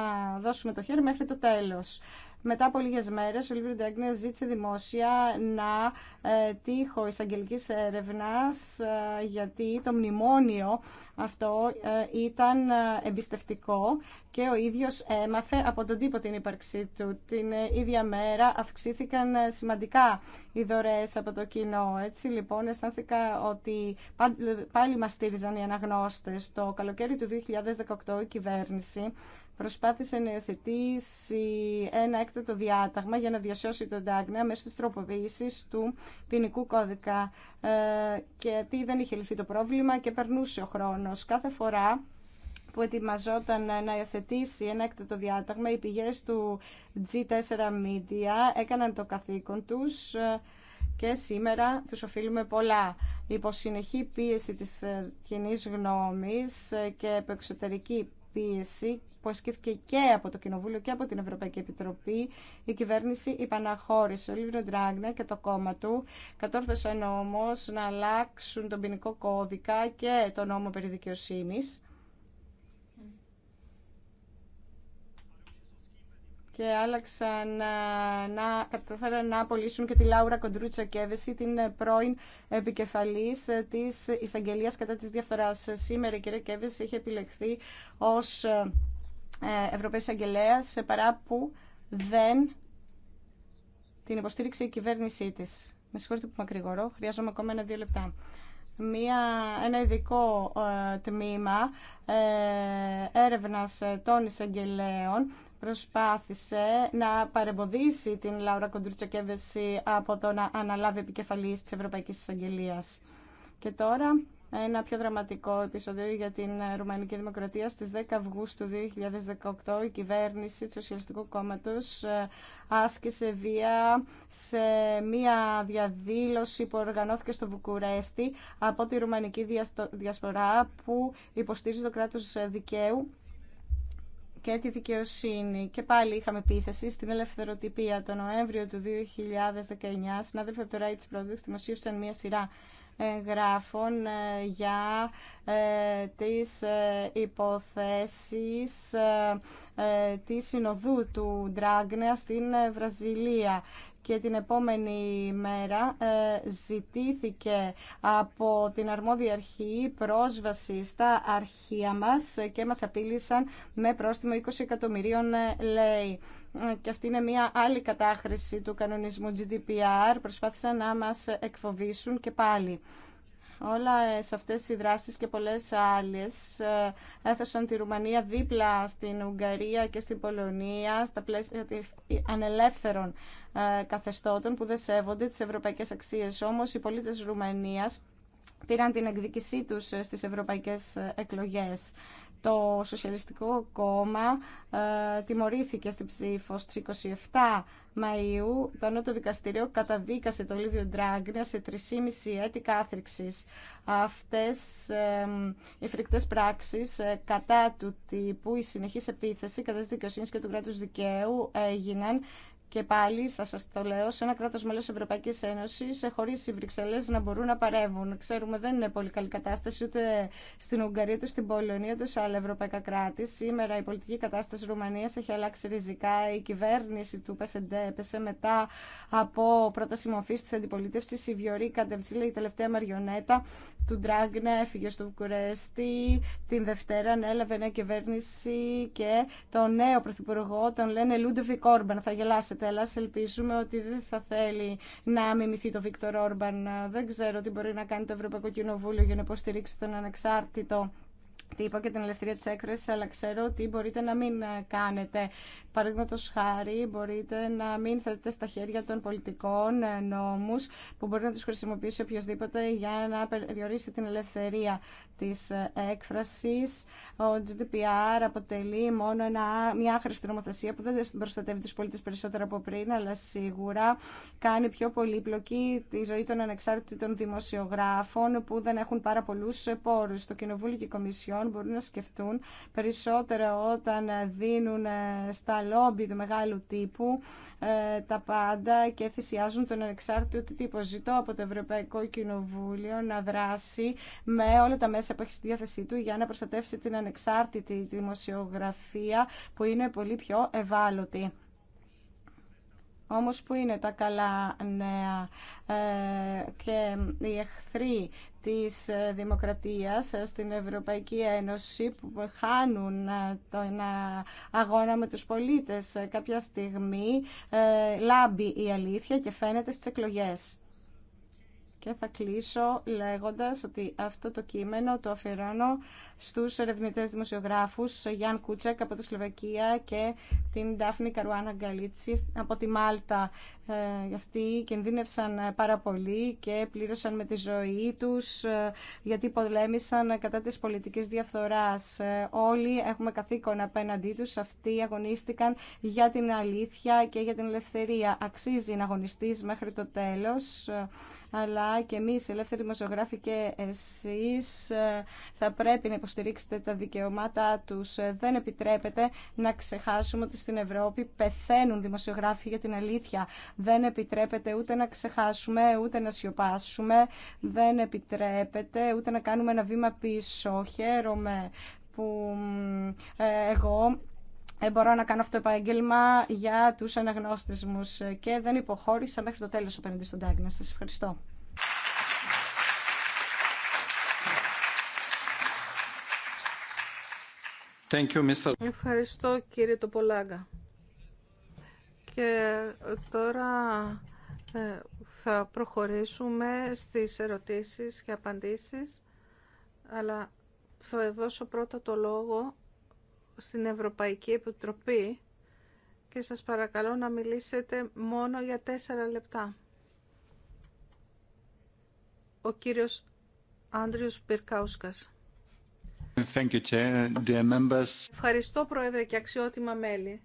δώσουμε το χέρι μέχρι το τέλος. Μετά από λίγε μέρε, ο Λίβριντ ζήτησε δημόσια να ε, τύχω εισαγγελική έρευνα, ε, γιατί το μνημόνιο αυτό ε, ήταν εμπιστευτικό και ο ίδιο έμαθε από τον τύπο την ύπαρξή του. Την ίδια μέρα αυξήθηκαν σημαντικά οι δωρέ από το κοινό. Έτσι λοιπόν αισθάνθηκα ότι πάλι μα στήριζαν οι αναγνώστε. Το καλοκαίρι του 2018 η κυβέρνηση προσπάθησε να υιοθετήσει ένα έκτατο διάταγμα για να διασώσει τον Τάγνα μέσω της τροποποίησης του ποινικού κώδικα ε, και τι δεν είχε λυθεί το πρόβλημα και περνούσε ο χρόνος. Κάθε φορά που ετοιμαζόταν να υιοθετήσει ένα έκτατο διάταγμα, οι πηγές του G4 Media έκαναν το καθήκον τους ε, και σήμερα τους οφείλουμε πολλά. Υπό συνεχή πίεση της ε, κοινή γνώμης και επεξωτερική πίεση που ασκήθηκε και από το Κοινοβούλιο και από την Ευρωπαϊκή Επιτροπή, η κυβέρνηση υπαναχώρησε. Ο Λίβρο Ντράγνε και το κόμμα του κατόρθωσαν όμω να αλλάξουν τον ποινικό κώδικα και τον νόμο περί δικαιοσύνης και άλλαξαν να καταφέραν να απολύσουν και τη Λάουρα Κοντρούτσα Κέβεση, την πρώην επικεφαλής της εισαγγελία κατά τη διαφθορά. Σήμερα η κυρία Κέβεση είχε επιλεχθεί ως ε, Ευρωπαϊκή Αγγελέα, παρά που δεν την υποστήριξε η κυβέρνησή της. Με συγχωρείτε που μακρηγορώ, χρειάζομαι ακόμα ένα-δύο λεπτά μια, ένα ειδικό ε, τμήμα ε, έρευνας ε, των εισαγγελέων προσπάθησε να παρεμποδίσει την Λάουρα Κοντουρτσοκέβεση από το να αναλάβει επικεφαλής της Ευρωπαϊκής Εισαγγελίας. Και τώρα ένα πιο δραματικό επεισόδιο για την Ρουμανική Δημοκρατία. Στις 10 Αυγούστου 2018 η κυβέρνηση του Σοσιαλιστικού Κόμματος ε, άσκησε βία σε μία διαδήλωση που οργανώθηκε στο Βουκουρέστι από τη Ρουμανική Διασπορά που υποστήριζε το κράτος δικαίου και τη δικαιοσύνη. Και πάλι είχαμε επίθεση στην ελευθεροτυπία. Το Νοέμβριο του 2019, συνάδελφοι από το Rights Project δημοσίευσαν μία σειρά γράφων ε, για ε, τις ε, υποθέσεις της συνοδού του Ντράγκνεα στην Βραζιλία και την επόμενη μέρα ζητήθηκε από την αρμόδια αρχή πρόσβαση στα αρχεία μας και μας απείλησαν με πρόστιμο 20 εκατομμυρίων λέει. Ε, και αυτή είναι μια άλλη κατάχρηση του κανονισμού GDPR, προσπάθησαν να μας εκφοβήσουν και πάλι. Όλα ε, σε αυτές οι δράσεις και πολλές άλλες ε, έθεσαν τη Ρουμανία δίπλα στην Ουγγαρία και στην Πολωνία στα πλαίσια ανελεύθερων καθεστώτων που δεν σέβονται τις ευρωπαϊκές αξίες. Όμως οι πολίτες Ρουμανίας πήραν την εκδίκησή τους στις ευρωπαϊκές εκλογές το Σοσιαλιστικό Κόμμα ε, τιμωρήθηκε στην ψήφο στις 27 Μαΐου. Το Ανώτο Δικαστήριο καταδίκασε το Λίβιο Ντράγκνα σε 3,5 έτη κάθριξης. Αυτές ε, οι φρικτές πράξεις ε, κατά του τύπου, η συνεχής επίθεση κατά της δικαιοσύνης και του κράτους δικαίου έγιναν και πάλι θα σα το λέω, σε ένα κράτος μέλος Ευρωπαϊκής Ένωσης, ε, χωρί οι Βρυξέλλες να μπορούν να παρεύουν. Ξέρουμε δεν είναι πολύ καλή κατάσταση ούτε στην Ουγγαρία, ούτε στην Πολωνία, ούτε σε άλλα ευρωπαϊκά κράτη. Σήμερα η πολιτική κατάσταση της έχει αλλάξει ριζικά. Η κυβέρνηση του ΠΣΕΝΤ έπεσε μετά από πρόταση μορφή τη αντιπολίτευση, Η Βιωρή Καντεμψίλα, η τελευταία μαριονέτα του Ντράγκνα, έφυγε στο Βουκουρέστι. Την Δευτέρα ανέλαβε ναι, νέα κυβέρνηση και τον νέο πρωθυπουργό τον λένε Λούντεβι Κόρμπαν. Θα γελάσετε ελπίζουμε ότι δεν θα θέλει να μιμηθεί το Βίκτορ Όρμπαν. Δεν ξέρω τι μπορεί να κάνει το Ευρωπαϊκό Κοινοβούλιο για να υποστηρίξει τον ανεξάρτητο είπα και την ελευθερία τη έκφρασης, αλλά ξέρω ότι μπορείτε να μην ε, κάνετε. Παραδείγματο χάρη, μπορείτε να μην θέτετε στα χέρια των πολιτικών ε, νόμου που μπορεί να του χρησιμοποιήσει οποιοδήποτε για να περιορίσει την ελευθερία τη ε, έκφραση. Ο GDPR αποτελεί μόνο ένα, μια άχρηστη νομοθεσία που δεν προστατεύει τους πολίτες περισσότερο από πριν, αλλά σίγουρα κάνει πιο πολύπλοκη τη ζωή των ανεξάρτητων δημοσιογράφων που δεν έχουν πάρα πολλού πόρου Το Κοινοβούλιο και η Κομισιόν μπορούν να σκεφτούν περισσότερο όταν δίνουν ε, στα λόμπι του μεγάλου τύπου ε, τα πάντα και θυσιάζουν τον ανεξάρτητο τύπο. Ζητώ από το Ευρωπαϊκό Κοινοβούλιο να δράσει με όλα τα μέσα που έχει στη διάθεσή του για να προστατεύσει την ανεξάρτητη δημοσιογραφία που είναι πολύ πιο ευάλωτη. Όμως που είναι τα καλά νέα ε, και οι εχθροί της δημοκρατίας στην Ευρωπαϊκή Ένωση που χάνουν ε, το αγώνα με τους πολίτες. Ε, κάποια στιγμή ε, λάμπει η αλήθεια και φαίνεται στις εκλογές. Και θα κλείσω λέγοντας ότι αυτό το κείμενο το αφιερώνω στους ερευνητές δημοσιογράφους Γιάν Κούτσακ από τη Σλοβακία και την Ντάφνη Καρουάνα Γκαλίτσι από τη Μάλτα. Ε, αυτοί κινδύνευσαν πάρα πολύ και πλήρωσαν με τη ζωή τους ε, γιατί πολέμησαν κατά της πολιτικής διαφθοράς. Ε, όλοι έχουμε καθήκον απέναντί τους. Αυτοί αγωνίστηκαν για την αλήθεια και για την ελευθερία. Αξίζει να αγωνιστείς μέχρι το τέλος. Ε, αλλά και εμείς ελεύθεροι δημοσιογράφοι και εσείς ε, θα πρέπει να υποστηρίξετε τα δικαιωμάτά τους. Ε, δεν επιτρέπεται να ξεχάσουμε ότι στην Ευρώπη πεθαίνουν δημοσιογράφοι για την αλήθεια. Δεν επιτρέπεται ούτε να ξεχάσουμε, ούτε να σιωπάσουμε. Δεν επιτρέπεται ούτε να κάνουμε ένα βήμα πίσω. Χαίρομαι που ε, εγώ ε, μπορώ να κάνω αυτό το επάγγελμα για τους αναγνώστες μου ε, και δεν υποχώρησα μέχρι το τέλος απέναντι στον Τάγκνα. Σας ευχαριστώ. Thank you, Mr. Ευχαριστώ κύριε Τοπολάγκα. Και ε, τώρα θα προχωρήσουμε στις ερωτήσεις και απαντήσεις, αλλά θα δώσω πρώτα το λόγο στην Ευρωπαϊκή Επιτροπή και σας παρακαλώ να μιλήσετε μόνο για τέσσερα λεπτά. Ο κύριος Άντριος Πυρκάουσκας. Thank you, Chair. Dear Ευχαριστώ, Πρόεδρε, και αξιότιμα μέλη.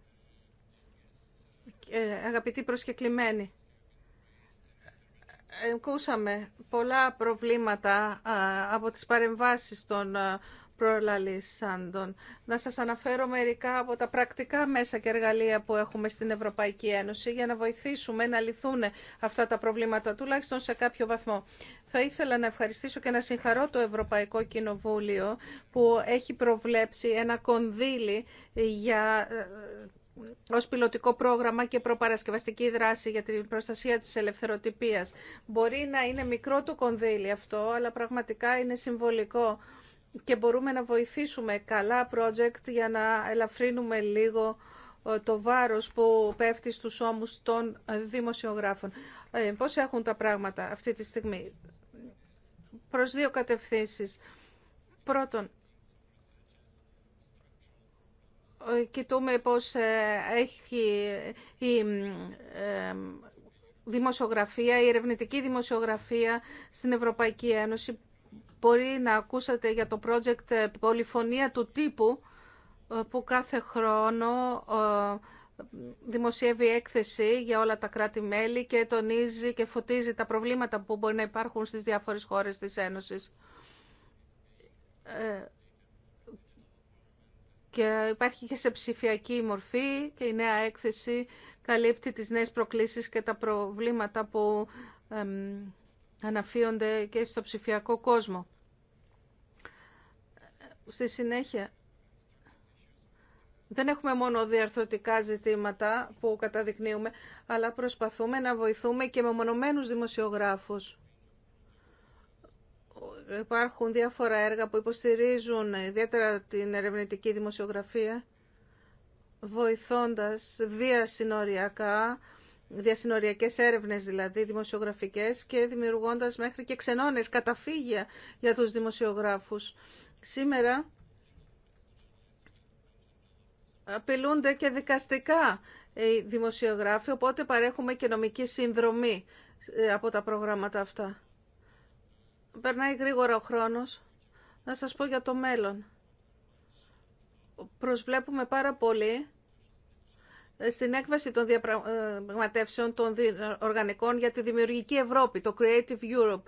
Ε, αγαπητοί προσκεκλημένοι. Ε, ακούσαμε πολλά προβλήματα από τις παρεμβάσεις των προλαλήσαντων. Να σας αναφέρω μερικά από τα πρακτικά μέσα και εργαλεία που έχουμε στην Ευρωπαϊκή Ένωση για να βοηθήσουμε να λυθούν αυτά τα προβλήματα, τουλάχιστον σε κάποιο βαθμό. Θα ήθελα να ευχαριστήσω και να συγχαρώ το Ευρωπαϊκό Κοινοβούλιο που έχει προβλέψει ένα κονδύλι για ε, ως πιλωτικό πρόγραμμα και προπαρασκευαστική δράση για την προστασία της ελευθεροτυπίας. Μπορεί να είναι μικρό το κονδύλι αυτό, αλλά πραγματικά είναι συμβολικό και μπορούμε να βοηθήσουμε καλά project για να ελαφρύνουμε λίγο ε, το βάρος που πέφτει στους ώμους των δημοσιογράφων. Ε, πώς έχουν τα πράγματα αυτή τη στιγμή. Προς δύο κατευθύνσεις. Πρώτον, ε, κοιτούμε πώς ε, έχει η δημοσιογραφία, η ερευνητική δημοσιογραφία στην Ευρωπαϊκή Ένωση μπορεί να ακούσατε για το project ε, Πολυφωνία του Τύπου ε, που κάθε χρόνο ε, δημοσιεύει έκθεση για όλα τα κράτη-μέλη και τονίζει και φωτίζει τα προβλήματα που μπορεί να υπάρχουν στις διάφορες χώρες της Ένωσης. Και υπάρχει και σε ψηφιακή μορφή και η νέα έκθεση καλύπτει τις νέες προκλήσεις και τα προβλήματα που αναφύονται και στο ψηφιακό κόσμο. Στη συνέχεια, δεν έχουμε μόνο διαρθρωτικά ζητήματα που καταδεικνύουμε, αλλά προσπαθούμε να βοηθούμε και μεμονωμένους δημοσιογράφους. Υπάρχουν διάφορα έργα που υποστηρίζουν ιδιαίτερα την ερευνητική δημοσιογραφία, βοηθώντας διασυνοριακά διασυνοριακές έρευνες δηλαδή δημοσιογραφικές και δημιουργώντας μέχρι και ξενώνες καταφύγια για τους δημοσιογράφους. Σήμερα απειλούνται και δικαστικά οι δημοσιογράφοι, οπότε παρέχουμε και νομική συνδρομή ε, από τα προγράμματα αυτά. Περνάει γρήγορα ο χρόνος. Να σας πω για το μέλλον. Προσβλέπουμε πάρα πολύ στην έκβαση των διαπραγματεύσεων των οργανικών για τη δημιουργική Ευρώπη, το Creative Europe.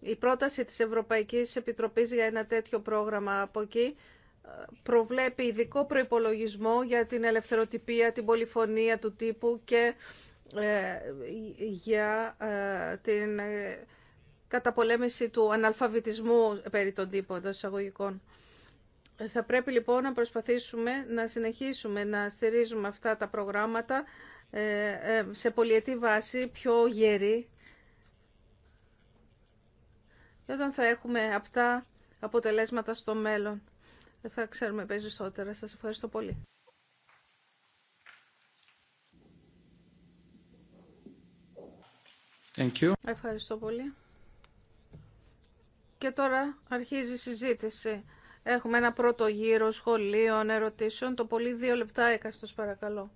Η πρόταση της Ευρωπαϊκής Επιτροπής για ένα τέτοιο πρόγραμμα από εκεί ε, προβλέπει ειδικό προϋπολογισμό για την ελευθεροτυπία, την πολυφωνία του τύπου και ε, για ε, την καταπολέμηση του αναλφαβητισμού περί των τύπων των εισαγωγικών. Θα πρέπει λοιπόν να προσπαθήσουμε να συνεχίσουμε να στηρίζουμε αυτά τα προγράμματα ε, ε, σε πολιετή βάση, πιο γερή. Και όταν θα έχουμε αυτά αποτελέσματα στο μέλλον, θα ξέρουμε περισσότερα. Σας ευχαριστώ πολύ. Thank Ευχαριστώ πολύ. Και τώρα αρχίζει η συζήτηση. Έχουμε ένα πρώτο γύρο σχολείων, ερωτήσεων. Το πολύ δύο λεπτά έκαστος παρακαλώ.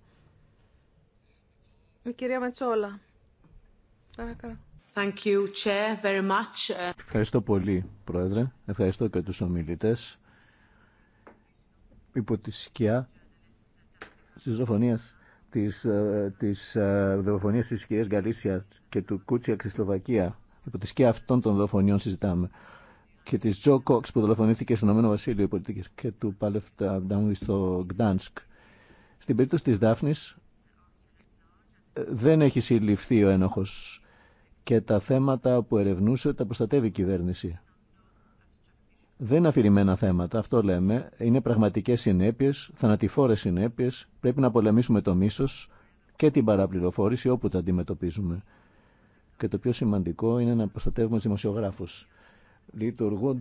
Η κυρία Μετσόλα. Παρακαλώ. Thank you, Chair, very much. Ευχαριστώ πολύ, Πρόεδρε. Ευχαριστώ και τους ομιλητές. Υπό τη σκιά της δοφωνίας της, ε, της ε, της κυρίας Γκαλίσια και του Κούτσια στη Σλοβακία. Υπό τη σκιά αυτών των δοφωνιών συζητάμε και της Τζο Κόξ που δολοφονήθηκε στον Ηνωμένο Βασίλειο πολιτικής και του Πάλεφτα Ντάμουι στο Γκτάνσκ. Στην περίπτωση της Δάφνης ε, δεν έχει συλληφθεί ο ένοχος και τα θέματα που ερευνούσε τα προστατεύει η κυβέρνηση. Δεν είναι αφηρημένα θέματα, αυτό λέμε. Είναι πραγματικές συνέπειες, θανατηφόρες συνέπειες. Πρέπει να πολεμήσουμε το μίσος και την παραπληροφόρηση όπου τα αντιμετωπίζουμε. Και το πιο σημαντικό είναι να προστατεύουμε τους δημοσιογράφους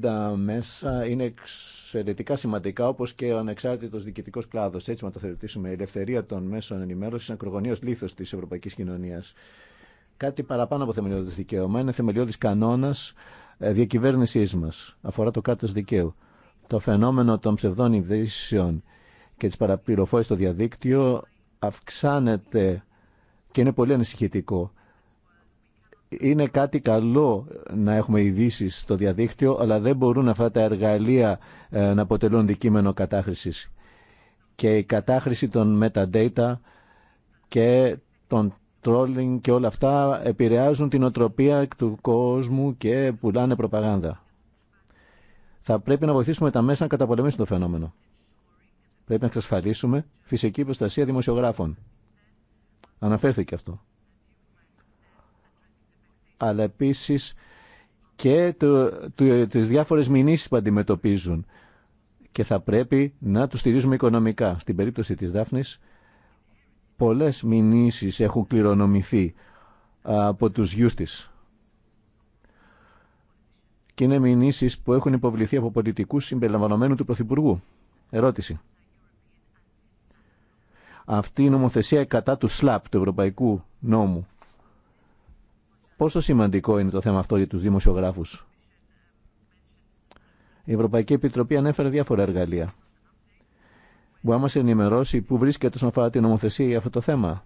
τα μέσα είναι εξαιρετικά σημαντικά όπως και ο ανεξάρτητος διοικητικός κλάδος. Έτσι να το θεωρητήσουμε. Η ελευθερία των μέσων ενημέρωσης είναι ακρογωνίως λίθος της ευρωπαϊκής κοινωνίας. Κάτι παραπάνω από θεμελιώδης δικαίωμα είναι θεμελιώδης κανόνας ε, διακυβέρνησής μας. Αφορά το κράτο δικαίου. Το φαινόμενο των ψευδών ειδήσεων και της παραπληροφόρησης στο διαδίκτυο αυξάνεται και είναι πολύ ανησυχητικό είναι κάτι καλό να έχουμε ειδήσει στο διαδίκτυο, αλλά δεν μπορούν αυτά τα εργαλεία ε, να αποτελούν δικείμενο κατάχρησης. Και η κατάχρηση των metadata και των trolling και όλα αυτά επηρεάζουν την οτροπία του κόσμου και πουλάνε προπαγάνδα. Θα πρέπει να βοηθήσουμε τα μέσα να καταπολεμήσουν το φαινόμενο. Πρέπει να εξασφαλίσουμε φυσική προστασία δημοσιογράφων. Αναφέρθηκε αυτό αλλά επίσης και το, το, τις διάφορες μηνύσεις που αντιμετωπίζουν και θα πρέπει να τους στηρίζουμε οικονομικά. Στην περίπτωση της Δάφνης, πολλές μηνύσεις έχουν κληρονομηθεί από τους γιους της. Και είναι μηνύσεις που έχουν υποβληθεί από πολιτικούς συμπεριλαμβανομένου του Πρωθυπουργού. Ερώτηση. Αυτή η νομοθεσία κατά του ΣΛΑΠ, του Ευρωπαϊκού Νόμου, Πόσο σημαντικό είναι το θέμα αυτό για τους δημοσιογράφους. Η Ευρωπαϊκή Επιτροπή ανέφερε διάφορα εργαλεία. Μπορεί να μας ενημερώσει πού βρίσκεται όσον αφορά την νομοθεσία για αυτό το θέμα.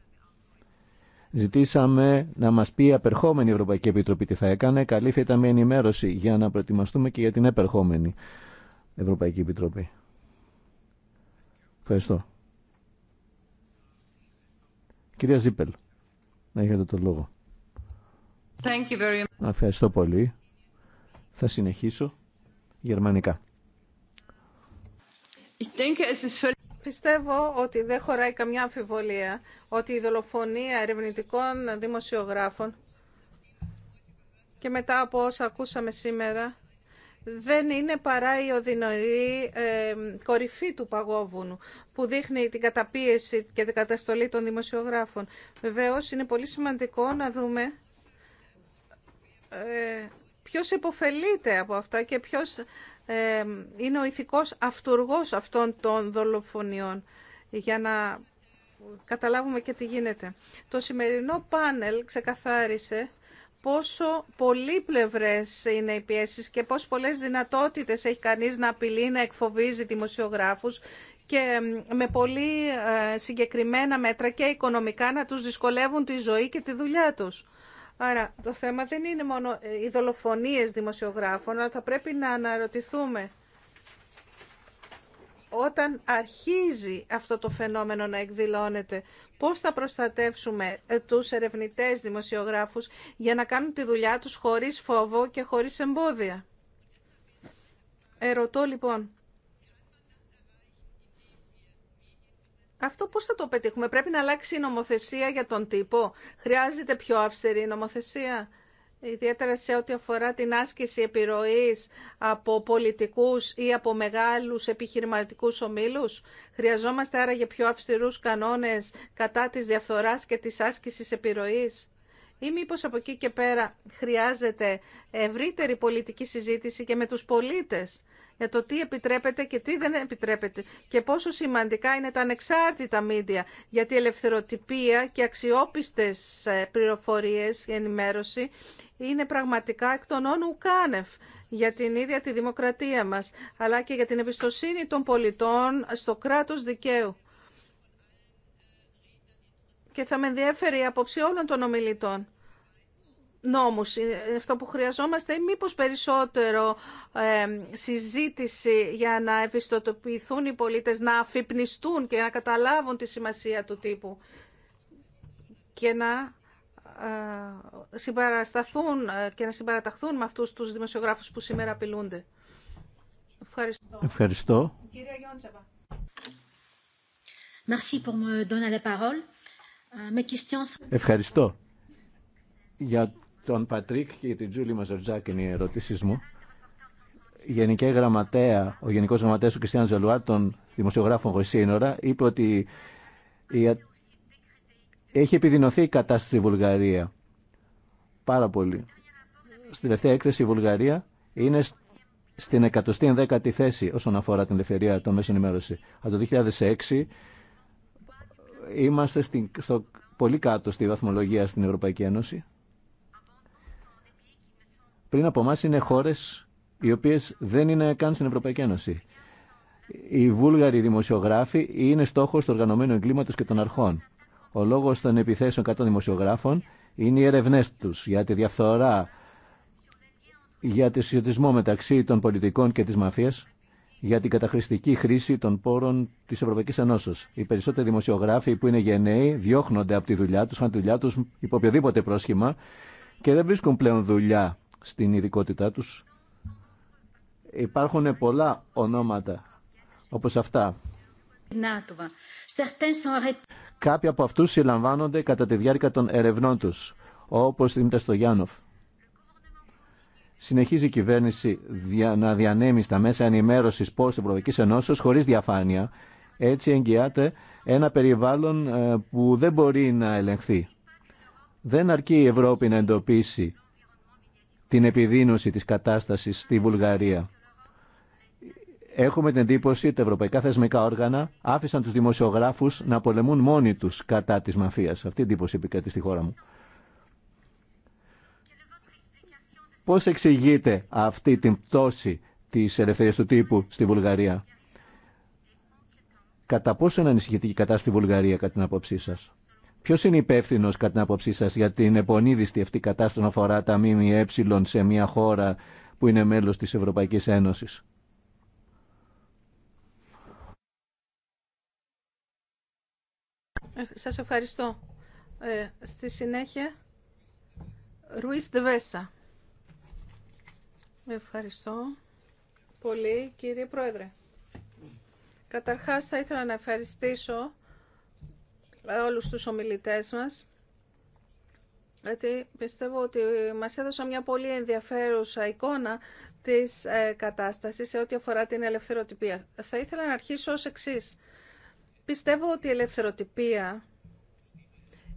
Ζητήσαμε να μας πει η απερχόμενη Ευρωπαϊκή Επιτροπή τι θα έκανε. Καλή θα ήταν μια ενημέρωση για να προετοιμαστούμε και για την επερχόμενη Ευρωπαϊκή Επιτροπή. Ευχαριστώ. Κυρία Ζίπελ, να έχετε το λόγο. Thank you Ευχαριστώ πολύ. Θα συνεχίσω γερμανικά. Πιστεύω ότι δεν χωράει καμιά αμφιβολία ότι η δολοφονία ερευνητικών δημοσιογράφων και μετά από όσα ακούσαμε σήμερα δεν είναι παρά η οδυνορή ε, κορυφή του παγόβουνου που δείχνει την καταπίεση και την καταστολή των δημοσιογράφων. Βεβαίως είναι πολύ σημαντικό να δούμε ε, ποιος υποφελείται από αυτά και ποιος ε, είναι ο ηθικός αυτούργος αυτών των δολοφονιών για να καταλάβουμε και τι γίνεται. Το σημερινό πάνελ ξεκαθάρισε πόσο πολύπλευρες είναι οι πιέσεις και πόσο πολλές δυνατότητες έχει κανείς να απειλεί, να εκφοβίζει δημοσιογράφους και με πολύ ε, συγκεκριμένα μέτρα και οικονομικά να τους δυσκολεύουν τη ζωή και τη δουλειά τους. Άρα το θέμα δεν είναι μόνο ε, οι δολοφονίες δημοσιογράφων, αλλά θα πρέπει να αναρωτηθούμε όταν αρχίζει αυτό το φαινόμενο να εκδηλώνεται, πώς θα προστατεύσουμε ε, τους ερευνητές δημοσιογράφους για να κάνουν τη δουλειά τους χωρίς φόβο και χωρίς εμπόδια. Ερωτώ λοιπόν, Αυτό πώς θα το πετύχουμε. Πρέπει να αλλάξει η νομοθεσία για τον τύπο. Χρειάζεται πιο αυστηρή νομοθεσία. Ιδιαίτερα σε ό,τι αφορά την άσκηση επιρροής από πολιτικούς ή από μεγάλους επιχειρηματικούς ομίλους. Χρειαζόμαστε άρα για πιο αυστηρούς κανόνες κατά της διαφθοράς και της άσκησης επιρροής. Ή μήπως από εκεί και πέρα χρειάζεται ευρύτερη πολιτική συζήτηση και με τους πολίτες για το τι επιτρέπεται και τι δεν επιτρέπεται και πόσο σημαντικά είναι τα ανεξάρτητα μίντια γιατί η ελευθεροτυπία και αξιόπιστες ε, πληροφορίες και ενημέρωση είναι πραγματικά εκ των όνων ουκάνευ για την ίδια τη δημοκρατία μας αλλά και για την εμπιστοσύνη των πολιτών στο κράτος δικαίου. Και θα με ενδιαφέρει η άποψη όλων των ομιλητών νόμους. Ε, αυτό που χρειαζόμαστε ή μήπως περισσότερο ε, συζήτηση για να ευαισθητοποιηθούν οι πολίτες, να αφυπνιστούν και να καταλάβουν τη σημασία του τύπου και να ε, συμπαρασταθούν ε, και να συμπαραταχθούν με αυτούς τους δημοσιογράφους που σήμερα απειλούνται. Ευχαριστώ. Ευχαριστώ. Κυρία Γιόντσεβα. Merci pour me donner la parole. Euh, Ευχαριστώ τον Πατρίκ και την Τζούλη Μαζορτζάκ είναι οι ερωτήσει μου. Γενική γραμματέα, ο γενικό Γραμματέα του Κριστιαν Ζελουάρ, των δημοσιογράφων εγώ σύνορα, είπε ότι η... έχει επιδεινωθεί η κατάσταση στη Βουλγαρία. Πάρα πολύ. Στη τελευταία έκθεση η Βουλγαρία είναι στην 110η θέση όσον αφορά την ελευθερία των μέσων ενημέρωση. Από το 2006 είμαστε στην... στο πολύ κάτω στη βαθμολογία στην Ευρωπαϊκή Ένωση πριν από εμά είναι χώρες οι οποίε δεν είναι καν στην Ευρωπαϊκή Ένωση. Οι Βούλγαροι δημοσιογράφοι είναι στόχο του οργανωμένου εγκλήματος και των αρχών. Ο λόγο των επιθέσεων κατά των δημοσιογράφων είναι οι ερευνέ τους για τη διαφθορά, για τη συσχετισμό μεταξύ των πολιτικών και τη μαφία, για την καταχρηστική χρήση των πόρων τη Ευρωπαϊκή Ενώσεω. Οι περισσότεροι δημοσιογράφοι που είναι γενναίοι διώχνονται από τη δουλειά του χάνουν τη δουλειά του υπό οποιοδήποτε πρόσχημα και δεν βρίσκουν πλέον δουλειά στην ειδικότητά τους. Υπάρχουν πολλά ονόματα όπως αυτά. Κάποιοι από αυτούς συλλαμβάνονται κατά τη διάρκεια των ερευνών τους, όπως στο Γιάννοφ. Συνεχίζει η κυβέρνηση να διανέμει στα μέσα ενημέρωσης πώς τη Ευρωπαϊκή Ενώσεως χωρίς διαφάνεια. Έτσι εγγυάται ένα περιβάλλον ε, που δεν μπορεί να ελεγχθεί. Δεν αρκεί η Ευρώπη να εντοπίσει την επιδείνωση της κατάστασης στη Βουλγαρία. Έχουμε την εντύπωση ότι τα ευρωπαϊκά θεσμικά όργανα άφησαν τους δημοσιογράφους να πολεμούν μόνοι τους κατά της μαφίας. Αυτή η εντύπωση επικρατεί στη χώρα μου. Πώς εξηγείτε αυτή την πτώση της ελευθερίας του τύπου στη Βουλγαρία. Κατά πόσο είναι ανησυχητική η κατάσταση στη Βουλγαρία κατά την απόψή σας. Ποιο είναι υπεύθυνο κατά την άποψή σα για την επονίδιστη αυτή κατάσταση αφορά τα ΜΜΕ σε μια χώρα που είναι μέλο τη Ευρωπαϊκή Ένωση. Ε, σας ευχαριστώ. Ε, στη συνέχεια, Ρουίς Δεβέσα. Ευχαριστώ πολύ, κύριε Πρόεδρε. Καταρχάς, θα ήθελα να ευχαριστήσω όλους τους ομιλητές μας. Γιατί πιστεύω ότι μας έδωσα μια πολύ ενδιαφέρουσα εικόνα της ε, κατάστασης σε ό,τι αφορά την ελευθεροτυπία. Θα ήθελα να αρχίσω ως εξής. Πιστεύω ότι η ελευθεροτυπία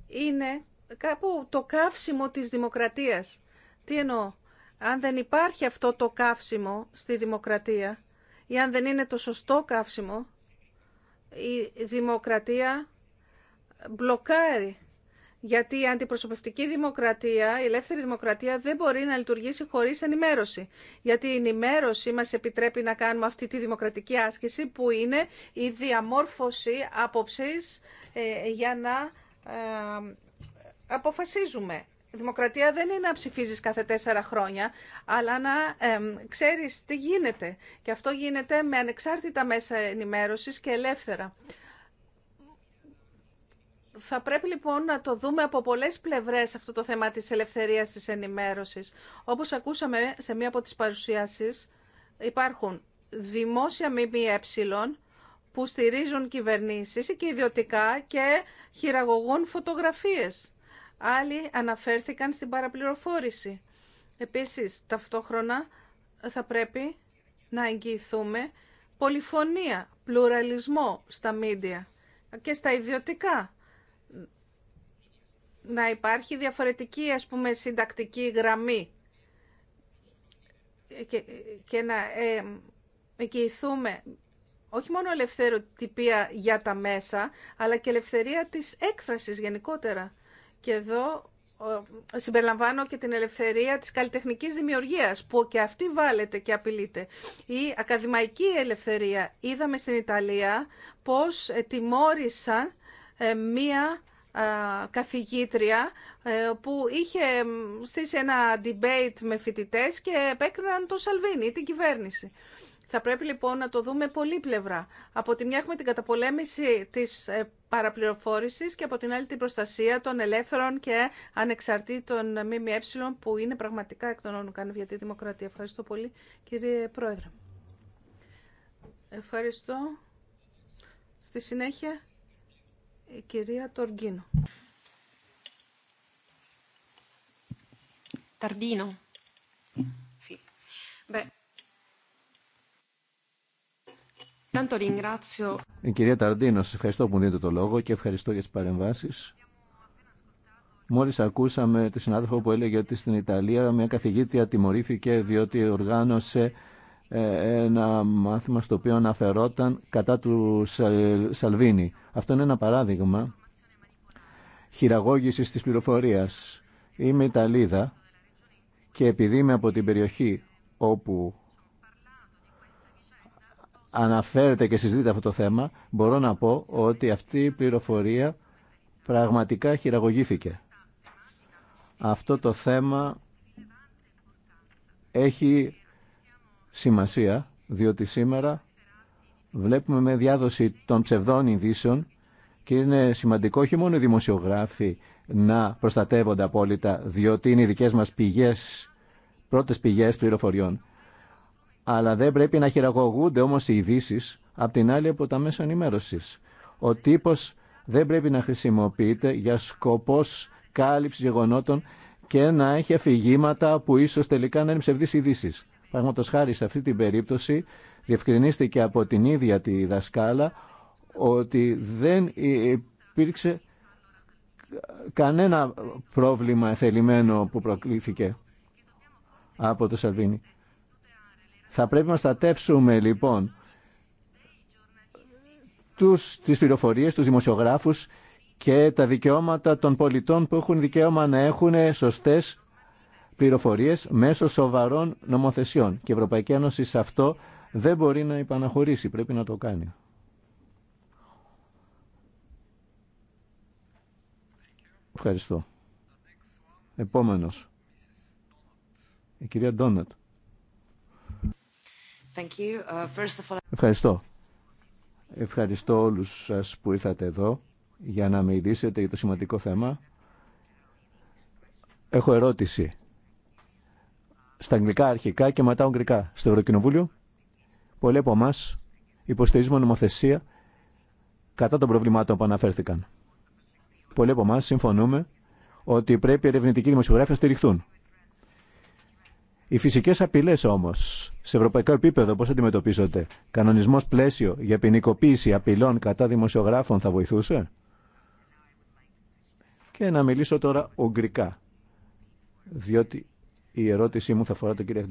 είναι κάπου το καύσιμο της δημοκρατίας. Τι εννοώ. Αν δεν υπάρχει αυτό το καύσιμο στη δημοκρατία ή αν δεν είναι το σωστό καύσιμο, η δημοκρατία μπλοκάρει. Γιατί η αντιπροσωπευτική δημοκρατία, η ελεύθερη δημοκρατία δεν μπορεί να λειτουργήσει χωρίς ενημέρωση. Γιατί η ενημέρωση μας επιτρέπει να κάνουμε αυτή τη δημοκρατική άσκηση που είναι η διαμόρφωση άποψης ε, για να ε, αποφασίζουμε. Η δημοκρατία δεν είναι να ψηφίζεις κάθε τέσσερα χρόνια, αλλά να ε, ξέρεις τι γίνεται. Και αυτό γίνεται με ανεξάρτητα μέσα ενημέρωσης και ελεύθερα. Θα πρέπει λοιπόν να το δούμε από πολλές πλευρές αυτό το θέμα της ελευθερίας της ενημέρωσης. Όπως ακούσαμε σε μία από τις παρουσιάσεις, υπάρχουν δημόσια ΜΜΕ που στηρίζουν κυβερνήσεις και ιδιωτικά και χειραγωγούν φωτογραφίες. Άλλοι αναφέρθηκαν στην παραπληροφόρηση. Επίσης, ταυτόχρονα θα πρέπει να εγγυηθούμε πολυφωνία, πλουραλισμό στα μίντια και στα ιδιωτικά να υπάρχει διαφορετική ας πούμε συντακτική γραμμή και, να ε, εγγυηθούμε όχι μόνο ελευθεροτυπία για τα μέσα, αλλά και ελευθερία της έκφρασης γενικότερα. Και εδώ ε, συμπεριλαμβάνω και την ελευθερία της καλλιτεχνικής δημιουργίας, που και αυτή βάλεται και απειλείται. Η ακαδημαϊκή ελευθερία. Είδαμε στην Ιταλία πώς τιμώρησαν ε, μία ε, καθηγήτρια ε, που είχε στήσει ένα debate με φοιτητές και επέκριναν τον Σαλβίνη, την κυβέρνηση. Θα πρέπει λοιπόν να το δούμε πολύ πλευρά. Από τη μια έχουμε την καταπολέμηση της ε, παραπληροφόρησης και από την άλλη την προστασία των ελεύθερων και ανεξαρτήτων ΜΜΕ που είναι πραγματικά εκ των όνων κάνει για τη δημοκρατία. Ευχαριστώ πολύ κύριε Πρόεδρε. Ευχαριστώ. Στη συνέχεια η κυρία Τοργίνο. Ταρντίνο. Η κυρία Ταρδίνο, ευχαριστώ που μου δίνετε το λόγο και ευχαριστώ για τις παρεμβάσεις. Μόλις ακούσαμε τη συνάδελφο που έλεγε ότι στην Ιταλία μια καθηγήτρια τιμωρήθηκε διότι οργάνωσε ε, ένα μάθημα στο οποίο αναφερόταν κατά του Σαλβίνη. Αυτό είναι ένα παράδειγμα χειραγώγησης της πληροφορίας. Είμαι Ιταλίδα και επειδή είμαι από την περιοχή όπου αναφέρεται και συζητείται αυτό το θέμα, μπορώ να πω ότι αυτή η πληροφορία πραγματικά χειραγωγήθηκε. Αυτό το θέμα έχει σημασία, διότι σήμερα βλέπουμε με διάδοση των ψευδών ειδήσεων και είναι σημαντικό όχι μόνο οι δημοσιογράφοι να προστατεύονται απόλυτα, διότι είναι οι δικές μας πηγές, πρώτες πηγές πληροφοριών. Αλλά δεν πρέπει να χειραγωγούνται όμως οι ειδήσει απ' την άλλη από τα μέσα ενημέρωση. Ο τύπος δεν πρέπει να χρησιμοποιείται για σκοπός κάλυψη γεγονότων και να έχει αφηγήματα που ίσως τελικά να είναι ψευδείς ειδήσει. Παραδείγματο χάρη σε αυτή την περίπτωση διευκρινίστηκε από την ίδια τη δασκάλα ότι δεν υπήρξε κανένα πρόβλημα θελημένο που προκλήθηκε από το Σαλβίνη. Θα πρέπει να στατεύσουμε λοιπόν τους, τις πληροφορίες, τους δημοσιογράφους και τα δικαιώματα των πολιτών που έχουν δικαίωμα να έχουν σωστές πληροφορίε μέσω σοβαρών νομοθεσιών. Και η Ευρωπαϊκή Ένωση σε αυτό δεν μπορεί να υπαναχωρήσει, πρέπει να το κάνει. Ευχαριστώ. Επόμενος. Η κυρία Ντόνατ. Uh, Ευχαριστώ. Ευχαριστώ όλους σας που ήρθατε εδώ για να μιλήσετε για το σημαντικό θέμα. Έχω ερώτηση στα αγγλικά αρχικά και μετά ουγγρικά στο Ευρωκοινοβούλιο. Πολλοί από εμά υποστηρίζουμε νομοθεσία κατά των προβλημάτων που αναφέρθηκαν. Πολλοί από εμά συμφωνούμε ότι πρέπει οι ερευνητικοί δημοσιογράφοι να στηριχθούν. Οι φυσικέ απειλέ όμω, σε ευρωπαϊκό επίπεδο, πώ αντιμετωπίζονται, κανονισμό πλαίσιο για ποινικοποίηση απειλών κατά δημοσιογράφων θα βοηθούσε. Και να μιλήσω τώρα ουγγρικά, διότι η ερώτησή μου θα αφορά τον κύριο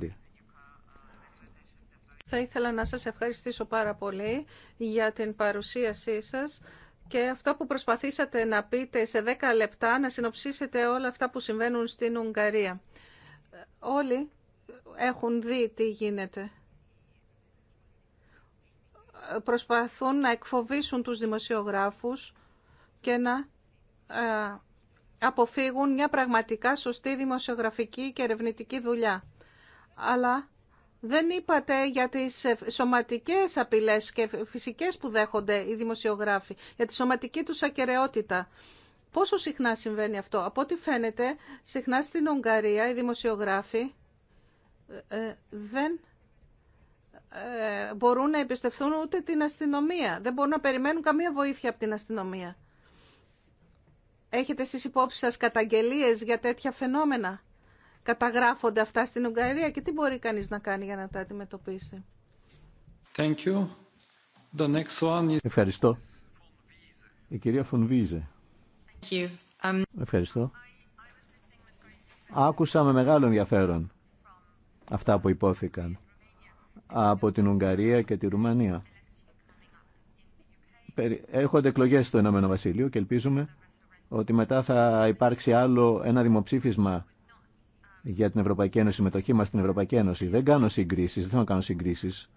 Θα ήθελα να σας ευχαριστήσω πάρα πολύ για την παρουσίασή σας και αυτό που προσπαθήσατε να πείτε σε 10 λεπτά, να συνοψίσετε όλα αυτά που συμβαίνουν στην Ουγγαρία. Όλοι έχουν δει τι γίνεται. Προσπαθούν να εκφοβήσουν τους δημοσιογράφους και να ε, αποφύγουν μια πραγματικά σωστή δημοσιογραφική και ερευνητική δουλειά. Αλλά δεν είπατε για τις ε, σωματικές απειλές και φυσικές που δέχονται οι δημοσιογράφοι, για τη σωματική τους ακαιρεότητα. Πόσο συχνά συμβαίνει αυτό. Από ό,τι φαίνεται, συχνά στην Ουγγαρία οι δημοσιογράφοι ε, ε, δεν μπορούν να εμπιστευτούν ούτε την αστυνομία. Δεν μπορούν να περιμένουν καμία βοήθεια από την αστυνομία έχετε στις υπόψεις σας καταγγελίες για τέτοια φαινόμενα. Καταγράφονται αυτά στην Ουγγαρία και τι μπορεί κανείς να κάνει για να τα αντιμετωπίσει. Thank you. The next one Ευχαριστώ. Η κυρία Φωνβίζε. Um... Ευχαριστώ. Άκουσα με μεγάλο ενδιαφέρον αυτά που υπόθηκαν από την Ουγγαρία και τη Ρουμανία. Έρχονται εκλογές στο Ηνωμένο Βασίλειο και ελπίζουμε ότι μετά θα υπάρξει άλλο ένα δημοψήφισμα για την Ευρωπαϊκή Ένωση, συμμετοχή μα στην Ευρωπαϊκή Ένωση. Δεν κάνω συγκρίσεις, δεν θέλω να κάνω συγκρίσεις.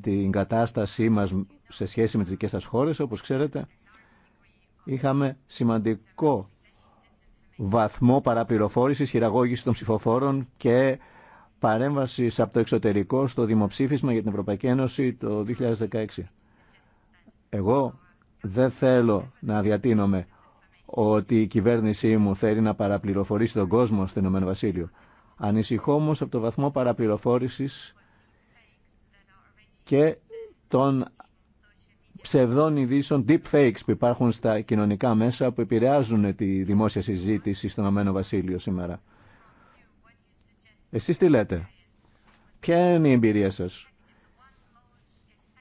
Την κατάστασή μας σε σχέση με τις δικές σας χώρες, όπως ξέρετε, είχαμε σημαντικό βαθμό παραπληροφόρηση χειραγώγηση των ψηφοφόρων και παρέμβαση από το εξωτερικό στο δημοψήφισμα για την Ευρωπαϊκή Ένωση το 2016. Εγώ δεν θέλω να διατείνομαι ότι η κυβέρνησή μου θέλει να παραπληροφορήσει τον κόσμο στον Ηνωμένο Βασίλειο. Ανησυχώ όμω από το βαθμό παραπληροφόρησης και των ψευδών ειδήσεων fakes, που υπάρχουν στα κοινωνικά μέσα που επηρεάζουν τη δημόσια συζήτηση στον Ηνωμένο Βασίλειο σήμερα. Εσείς τι λέτε. Ποια είναι η εμπειρία σας.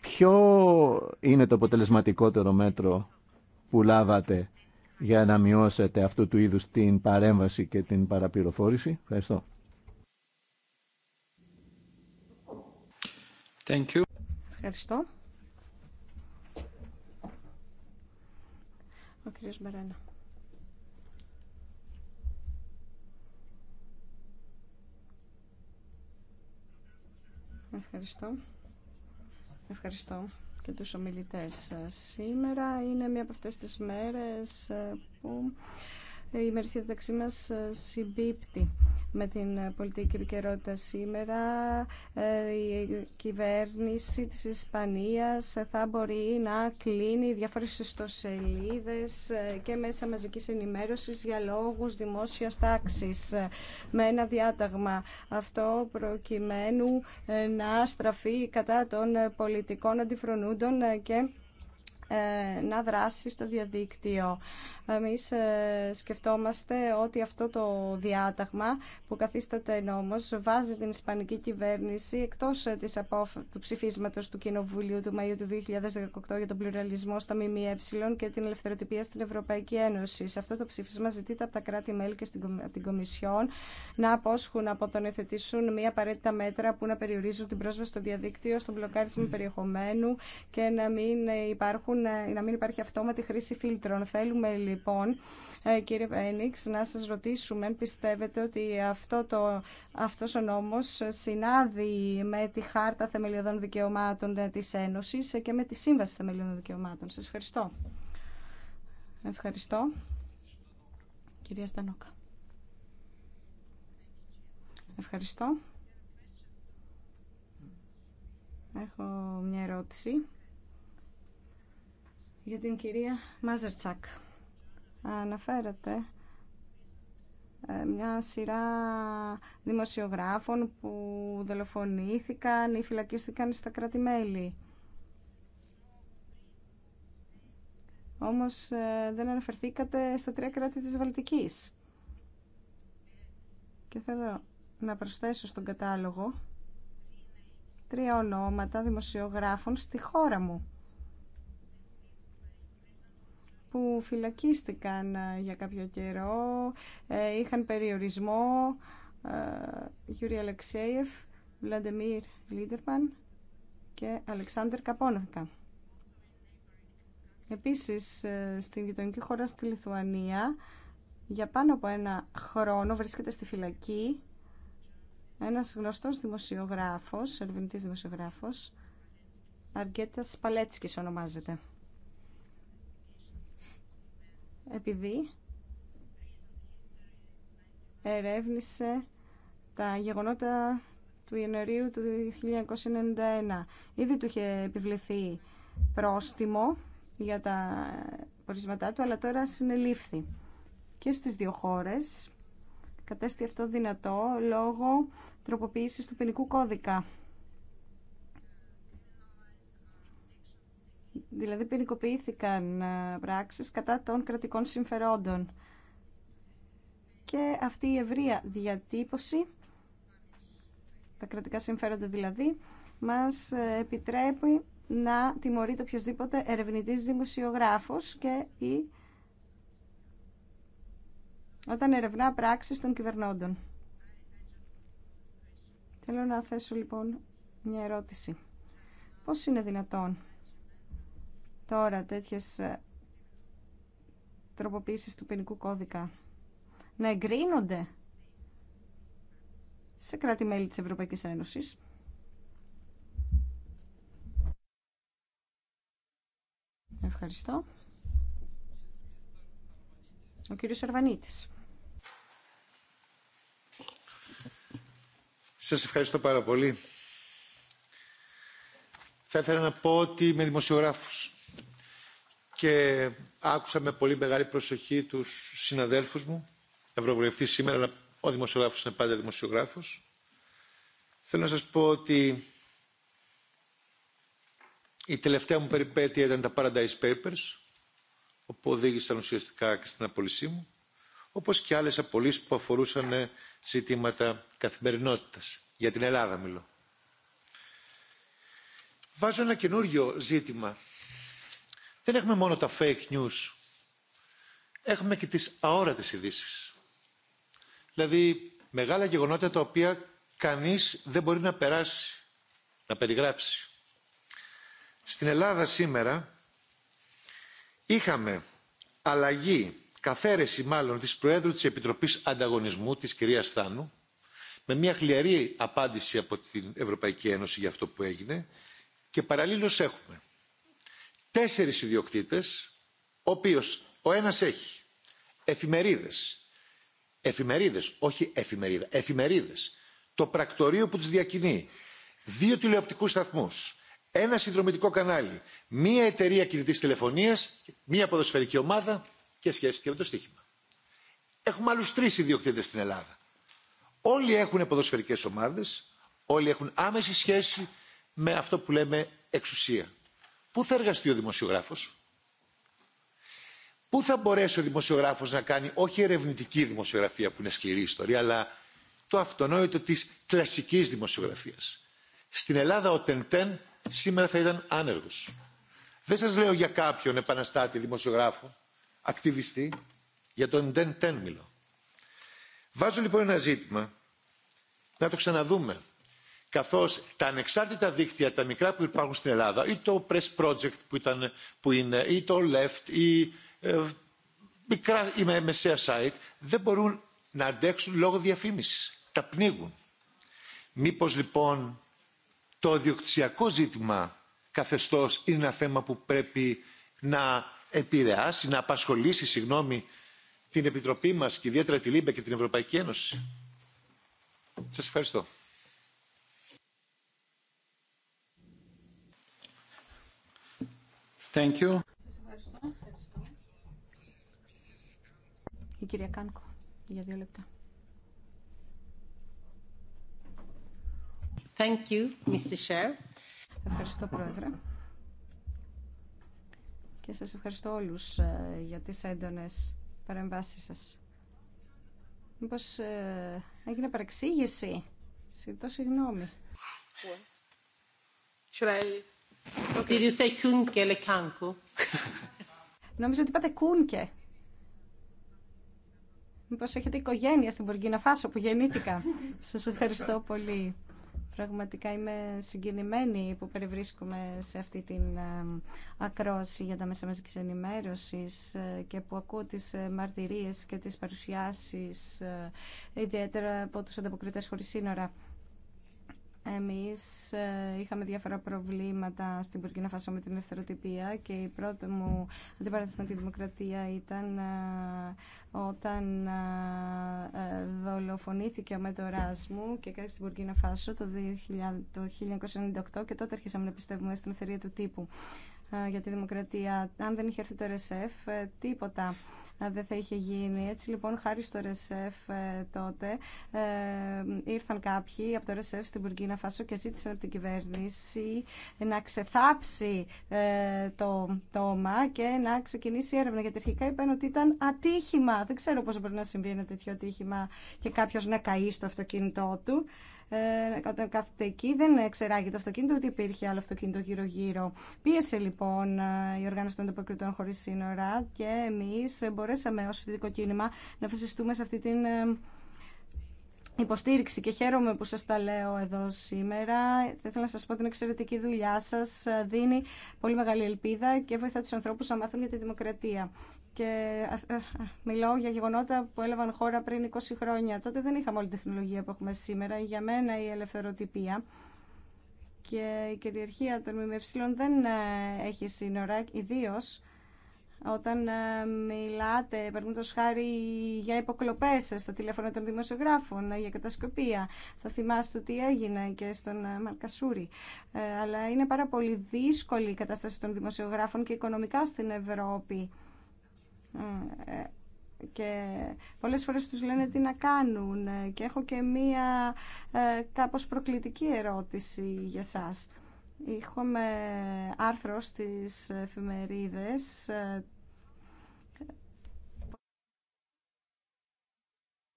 Ποιο είναι το αποτελεσματικότερο μέτρο που λάβατε για να μειώσετε αυτού του είδους την παρέμβαση και την παραπληροφόρηση. Ευχαριστώ. Thank you. Ευχαριστώ. Ο κύριος Ευχαριστώ. Ευχαριστώ και τους ομιλητές σήμερα. Είναι μία από αυτές τις μέρες ε, που η ημερησία δεξί μας ε, συμπίπτει με την ε, πολιτική επικαιρότητα σήμερα ε, η κυβέρνηση της Ισπανίας ε, θα μπορεί να κλείνει διάφορες ιστοσελίδες και μέσα μαζικής ενημέρωσης για λόγους δημόσιας τάξης με ένα διάταγμα αυτό προκειμένου να στραφεί κατά των πολιτικών αντιφρονούντων και να δράσει στο διαδίκτυο. Εμείς ε, σκεφτόμαστε ότι αυτό το διάταγμα που καθίσταται νόμος βάζει την Ισπανική κυβέρνηση εκτός ε, του ψηφίσματος του Κοινοβουλίου του Μαΐου του 2018 για τον πλουραλισμό στα ΜΜΕ και την ελευθεροτυπία στην Ευρωπαϊκή Ένωση. Σε αυτό το ψήφισμα ζητείται από τα κράτη-μέλη και από την Κομισιόν να απόσχουν από το να εθετήσουν μία απαραίτητα μέτρα που να περιορίζουν την πρόσβαση στο διαδίκτυο, στον μπλοκάρισμα mm. περιεχομένου και να μην, ε, υπάρχουν, να μην υπάρχει αυτόματη χρήση φίλτρων. Θέλουμε λοιπόν, λοιπόν, ε, κύριε Πένιξ, να σας ρωτήσουμε αν πιστεύετε ότι αυτό το, αυτός ο νόμος συνάδει με τη Χάρτα Θεμελιωδών Δικαιωμάτων της Ένωσης και με τη Σύμβαση Θεμελιωδών Δικαιωμάτων. Σας ευχαριστώ. Ευχαριστώ. Κυρία Στανόκα. Ευχαριστώ. Έχω μια ερώτηση για την κυρία Μάζερτσακ αναφέρατε μια σειρά δημοσιογράφων που δολοφονήθηκαν ή φυλακίστηκαν στα κράτη-μέλη. Όμως ε, δεν αναφερθήκατε στα τρία κράτη της Βαλτικής. Και θέλω να προσθέσω στον κατάλογο τρία ονόματα δημοσιογράφων στη χώρα μου που φυλακίστηκαν ε, για κάποιο καιρό, ε, είχαν περιορισμό, ε, Γιούρι Αλεξέιεφ, Βλαντεμίρ Λίτερπαν και Αλεξάνδρ Καπόνευκα. Επίσης, στην γειτονική χώρα στη Λιθουανία, για πάνω από ένα χρόνο βρίσκεται στη φυλακή ένας γνωστός δημοσιογράφος, ερευνητής δημοσιογράφος, Αργέτας Παλέτσκης ονομάζεται επειδή ερεύνησε τα γεγονότα του Ιανουαρίου του 1991. Ήδη του είχε επιβληθεί πρόστιμο για τα πορίσματά του, αλλά τώρα συνελήφθη. Και στις δύο χώρες κατέστη αυτό δυνατό λόγω τροποποίησης του ποινικού κώδικα. Δηλαδή ποινικοποιήθηκαν ε, πράξεις κατά των κρατικών συμφερόντων. Και αυτή η ευρεία διατύπωση, τα κρατικά συμφέροντα δηλαδή, μας ε, επιτρέπει να το οποιοδήποτε ερευνητής δημοσιογράφος και η... όταν ερευνά πράξεις των κυβερνώντων. Θέλω να θέσω λοιπόν μια ερώτηση. Πώς είναι δυνατόν τώρα τέτοιες ε, τροποποίησεις του ποινικού κώδικα να εγκρίνονται σε κράτη-μέλη της Ευρωπαϊκής Ένωσης. Ευχαριστώ. Ο κύριος Αρβανίτης. Σας ευχαριστώ πάρα πολύ. Θα ήθελα να πω ότι είμαι δημοσιογράφος και άκουσα με πολύ μεγάλη προσοχή τους συναδέλφους μου, ευρωβουλευτή σήμερα, αλλά ο δημοσιογράφος είναι πάντα δημοσιογράφος. Θέλω να σας πω ότι η τελευταία μου περιπέτεια ήταν τα Paradise Papers, όπου οδήγησαν ουσιαστικά και στην απολυσή μου, όπως και άλλες απολύσεις που αφορούσαν ζητήματα καθημερινότητας. Για την Ελλάδα μιλώ. Βάζω ένα καινούργιο ζήτημα δεν έχουμε μόνο τα fake news. Έχουμε και τις αόρατες ειδήσει. Δηλαδή μεγάλα γεγονότα τα οποία κανείς δεν μπορεί να περάσει, να περιγράψει. Στην Ελλάδα σήμερα είχαμε αλλαγή, καθαίρεση μάλλον της Προέδρου της Επιτροπής Ανταγωνισμού, της κυρίας Στάνου, με μια χλιαρή απάντηση από την Ευρωπαϊκή Ένωση για αυτό που έγινε και παραλλήλως έχουμε τέσσερις ιδιοκτήτες, ο οποίος ο ένας έχει εφημερίδες, εφημερίδες, όχι εφημερίδα, εφημερίδες, το πρακτορείο που τους διακινεί, δύο τηλεοπτικούς σταθμούς, ένα συνδρομητικό κανάλι, μία εταιρεία κινητής τηλεφωνίας, μία ποδοσφαιρική ομάδα και σχέση και με το στοίχημα. Έχουμε άλλους τρεις ιδιοκτήτες στην Ελλάδα. Όλοι έχουν ποδοσφαιρικές ομάδες, όλοι έχουν άμεση σχέση με αυτό που λέμε εξουσία πού θα εργαστεί ο δημοσιογράφος. Πού θα μπορέσει ο δημοσιογράφος να κάνει όχι ερευνητική δημοσιογραφία που είναι σκληρή ιστορία, αλλά το αυτονόητο της κλασικής δημοσιογραφίας. Στην Ελλάδα ο Τεντέν σήμερα θα ήταν άνεργος. Δεν σας λέω για κάποιον επαναστάτη δημοσιογράφο, ακτιβιστή, για τον Τεντέν μιλώ. Βάζω λοιπόν ένα ζήτημα να το ξαναδούμε καθώς τα ανεξάρτητα δίκτυα, τα μικρά που υπάρχουν στην Ελλάδα, ή το Press Project που, ήταν, που είναι, ή το Left, ή ε, μικρά ή με, μεσαία site, δεν μπορούν να αντέξουν λόγω διαφήμισης. Τα πνίγουν. Μήπως λοιπόν το διοκτησιακό ζήτημα καθεστώς είναι ένα θέμα που πρέπει να επηρεάσει, να απασχολήσει, συγγνώμη, την Επιτροπή μας και ιδιαίτερα τη ΛΥΜΠΕ και την Ευρωπαϊκή Ένωση. Σας ευχαριστώ. Thank you. ευχαριστώ. Η κυρία Κάνκο, για δύο λεπτά. Thank you, Mr. Chair. Ευχαριστώ, Πρόεδρε. Και σας ευχαριστώ όλους ε, για τις έντονες παρεμβάσεις σας. Μήπως ε, έγινε παρεξήγηση. Συγγνώμη. Should I... Νομίζω ότι είπατε Κούνκε. Μήπω έχετε οικογένεια στην Πορκίνα Φάσο που γεννήθηκα. Σα ευχαριστώ πολύ. Πραγματικά είμαι συγκινημένη που περιβρίσκομαι σε αυτή την ε, ακρόαση για τα μέσα μαζική ενημέρωση ε, και που ακούω τις ε, μαρτυρίες και τις παρουσιάσεις ιδιαίτερα από τους ανταποκριτές χωρίς σύνορα. Εμείς ε, είχαμε διάφορα προβλήματα στην Πουρκίνα Φασό με την ελευθεροτυπία και η πρώτη μου αντιπαράθεση με τη δημοκρατία ήταν ε, όταν ε, δολοφονήθηκε ο Μέτοράς μου και κάτι στην Πουρκίνα Φάσο το 1998 και τότε αρχίσαμε να πιστεύουμε στην ελευθερία του τύπου για τη δημοκρατία. Αν δεν είχε έρθει το RSF, τίποτα δεν θα είχε γίνει. Έτσι λοιπόν, χάρη στο ΡΕΣΕΦ ε, τότε, ε, ήρθαν κάποιοι από το ΡΕΣΕΦ στην Μπουργκίνα Φάσο και ζήτησαν από την κυβέρνηση να ξεθάψει ε, το τόμα και να ξεκινήσει έρευνα. Γιατί αρχικά είπαν ότι ήταν ατύχημα. Δεν ξέρω πώς μπορεί να συμβεί ένα τέτοιο ατύχημα και κάποιο να καεί στο αυτοκίνητό του. Όταν ε, κάθεται εκεί δεν εξεράγει το αυτοκίνητο ότι υπήρχε άλλο αυτοκίνητο γύρω-γύρω. Πίεσε λοιπόν ε, η οργάνωση των ανταποκριτών χωρί σύνορα και εμεί μπορέσαμε ω φοιτητικό κίνημα να βασιστούμε σε αυτή την ε, υποστήριξη και χαίρομαι που σας τα λέω εδώ σήμερα. Θα ήθελα να σας πω την εξαιρετική δουλειά σας δίνει πολύ μεγάλη ελπίδα και βοηθά τους ανθρώπους να μάθουν για τη δημοκρατία και μιλώ για γεγονότα που έλαβαν χώρα πριν 20 χρόνια. Τότε δεν είχαμε όλη την τεχνολογία που έχουμε σήμερα. Για μένα η ελευθεροτυπία και η κυριαρχία των ΜΜΕ δεν ε, έχει σύνορα, ιδίω όταν ε, μιλάτε, παραδείγματο χάρη, για υποκλοπέ στα τηλέφωνα των δημοσιογράφων, ε, για κατασκοπία. Θα θυμάστε τι έγινε και στον Μαρκασούρη. αλλά είναι πάρα πολύ δύσκολη η κατάσταση των δημοσιογράφων και οικονομικά στην Ευρώπη. Ε, και πολλές φορές τους λένε τι να κάνουν ε, και έχω και μία ε, κάπως προκλητική ερώτηση για σας. Είχαμε άρθρο στις εφημερίδες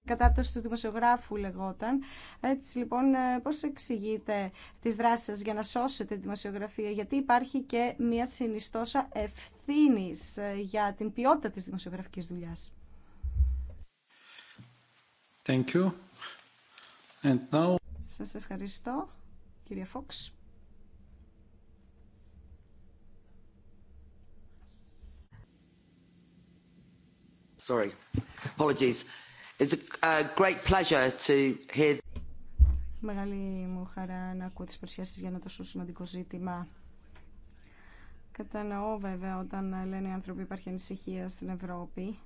κατάπτωση του δημοσιογράφου λεγόταν. Έτσι λοιπόν, ε, πώς εξηγείτε τις δράσεις σας για να σώσετε τη δημοσιογραφία, γιατί υπάρχει και μια συνιστόσα ευθύνη ε, για την ποιότητα της δημοσιογραφικής δουλειάς. Thank you. And now... Σας ευχαριστώ, κύριε Φόξ. Sorry. Apologies. Μεγάλη μου χαρά να ακούω τις παρουσιάσεις για ένα τόσο σημαντικό ζήτημα. Κατανοώ βέβαια όταν λένε οι άνθρωποι υπάρχει ανησυχία στην Ευρώπη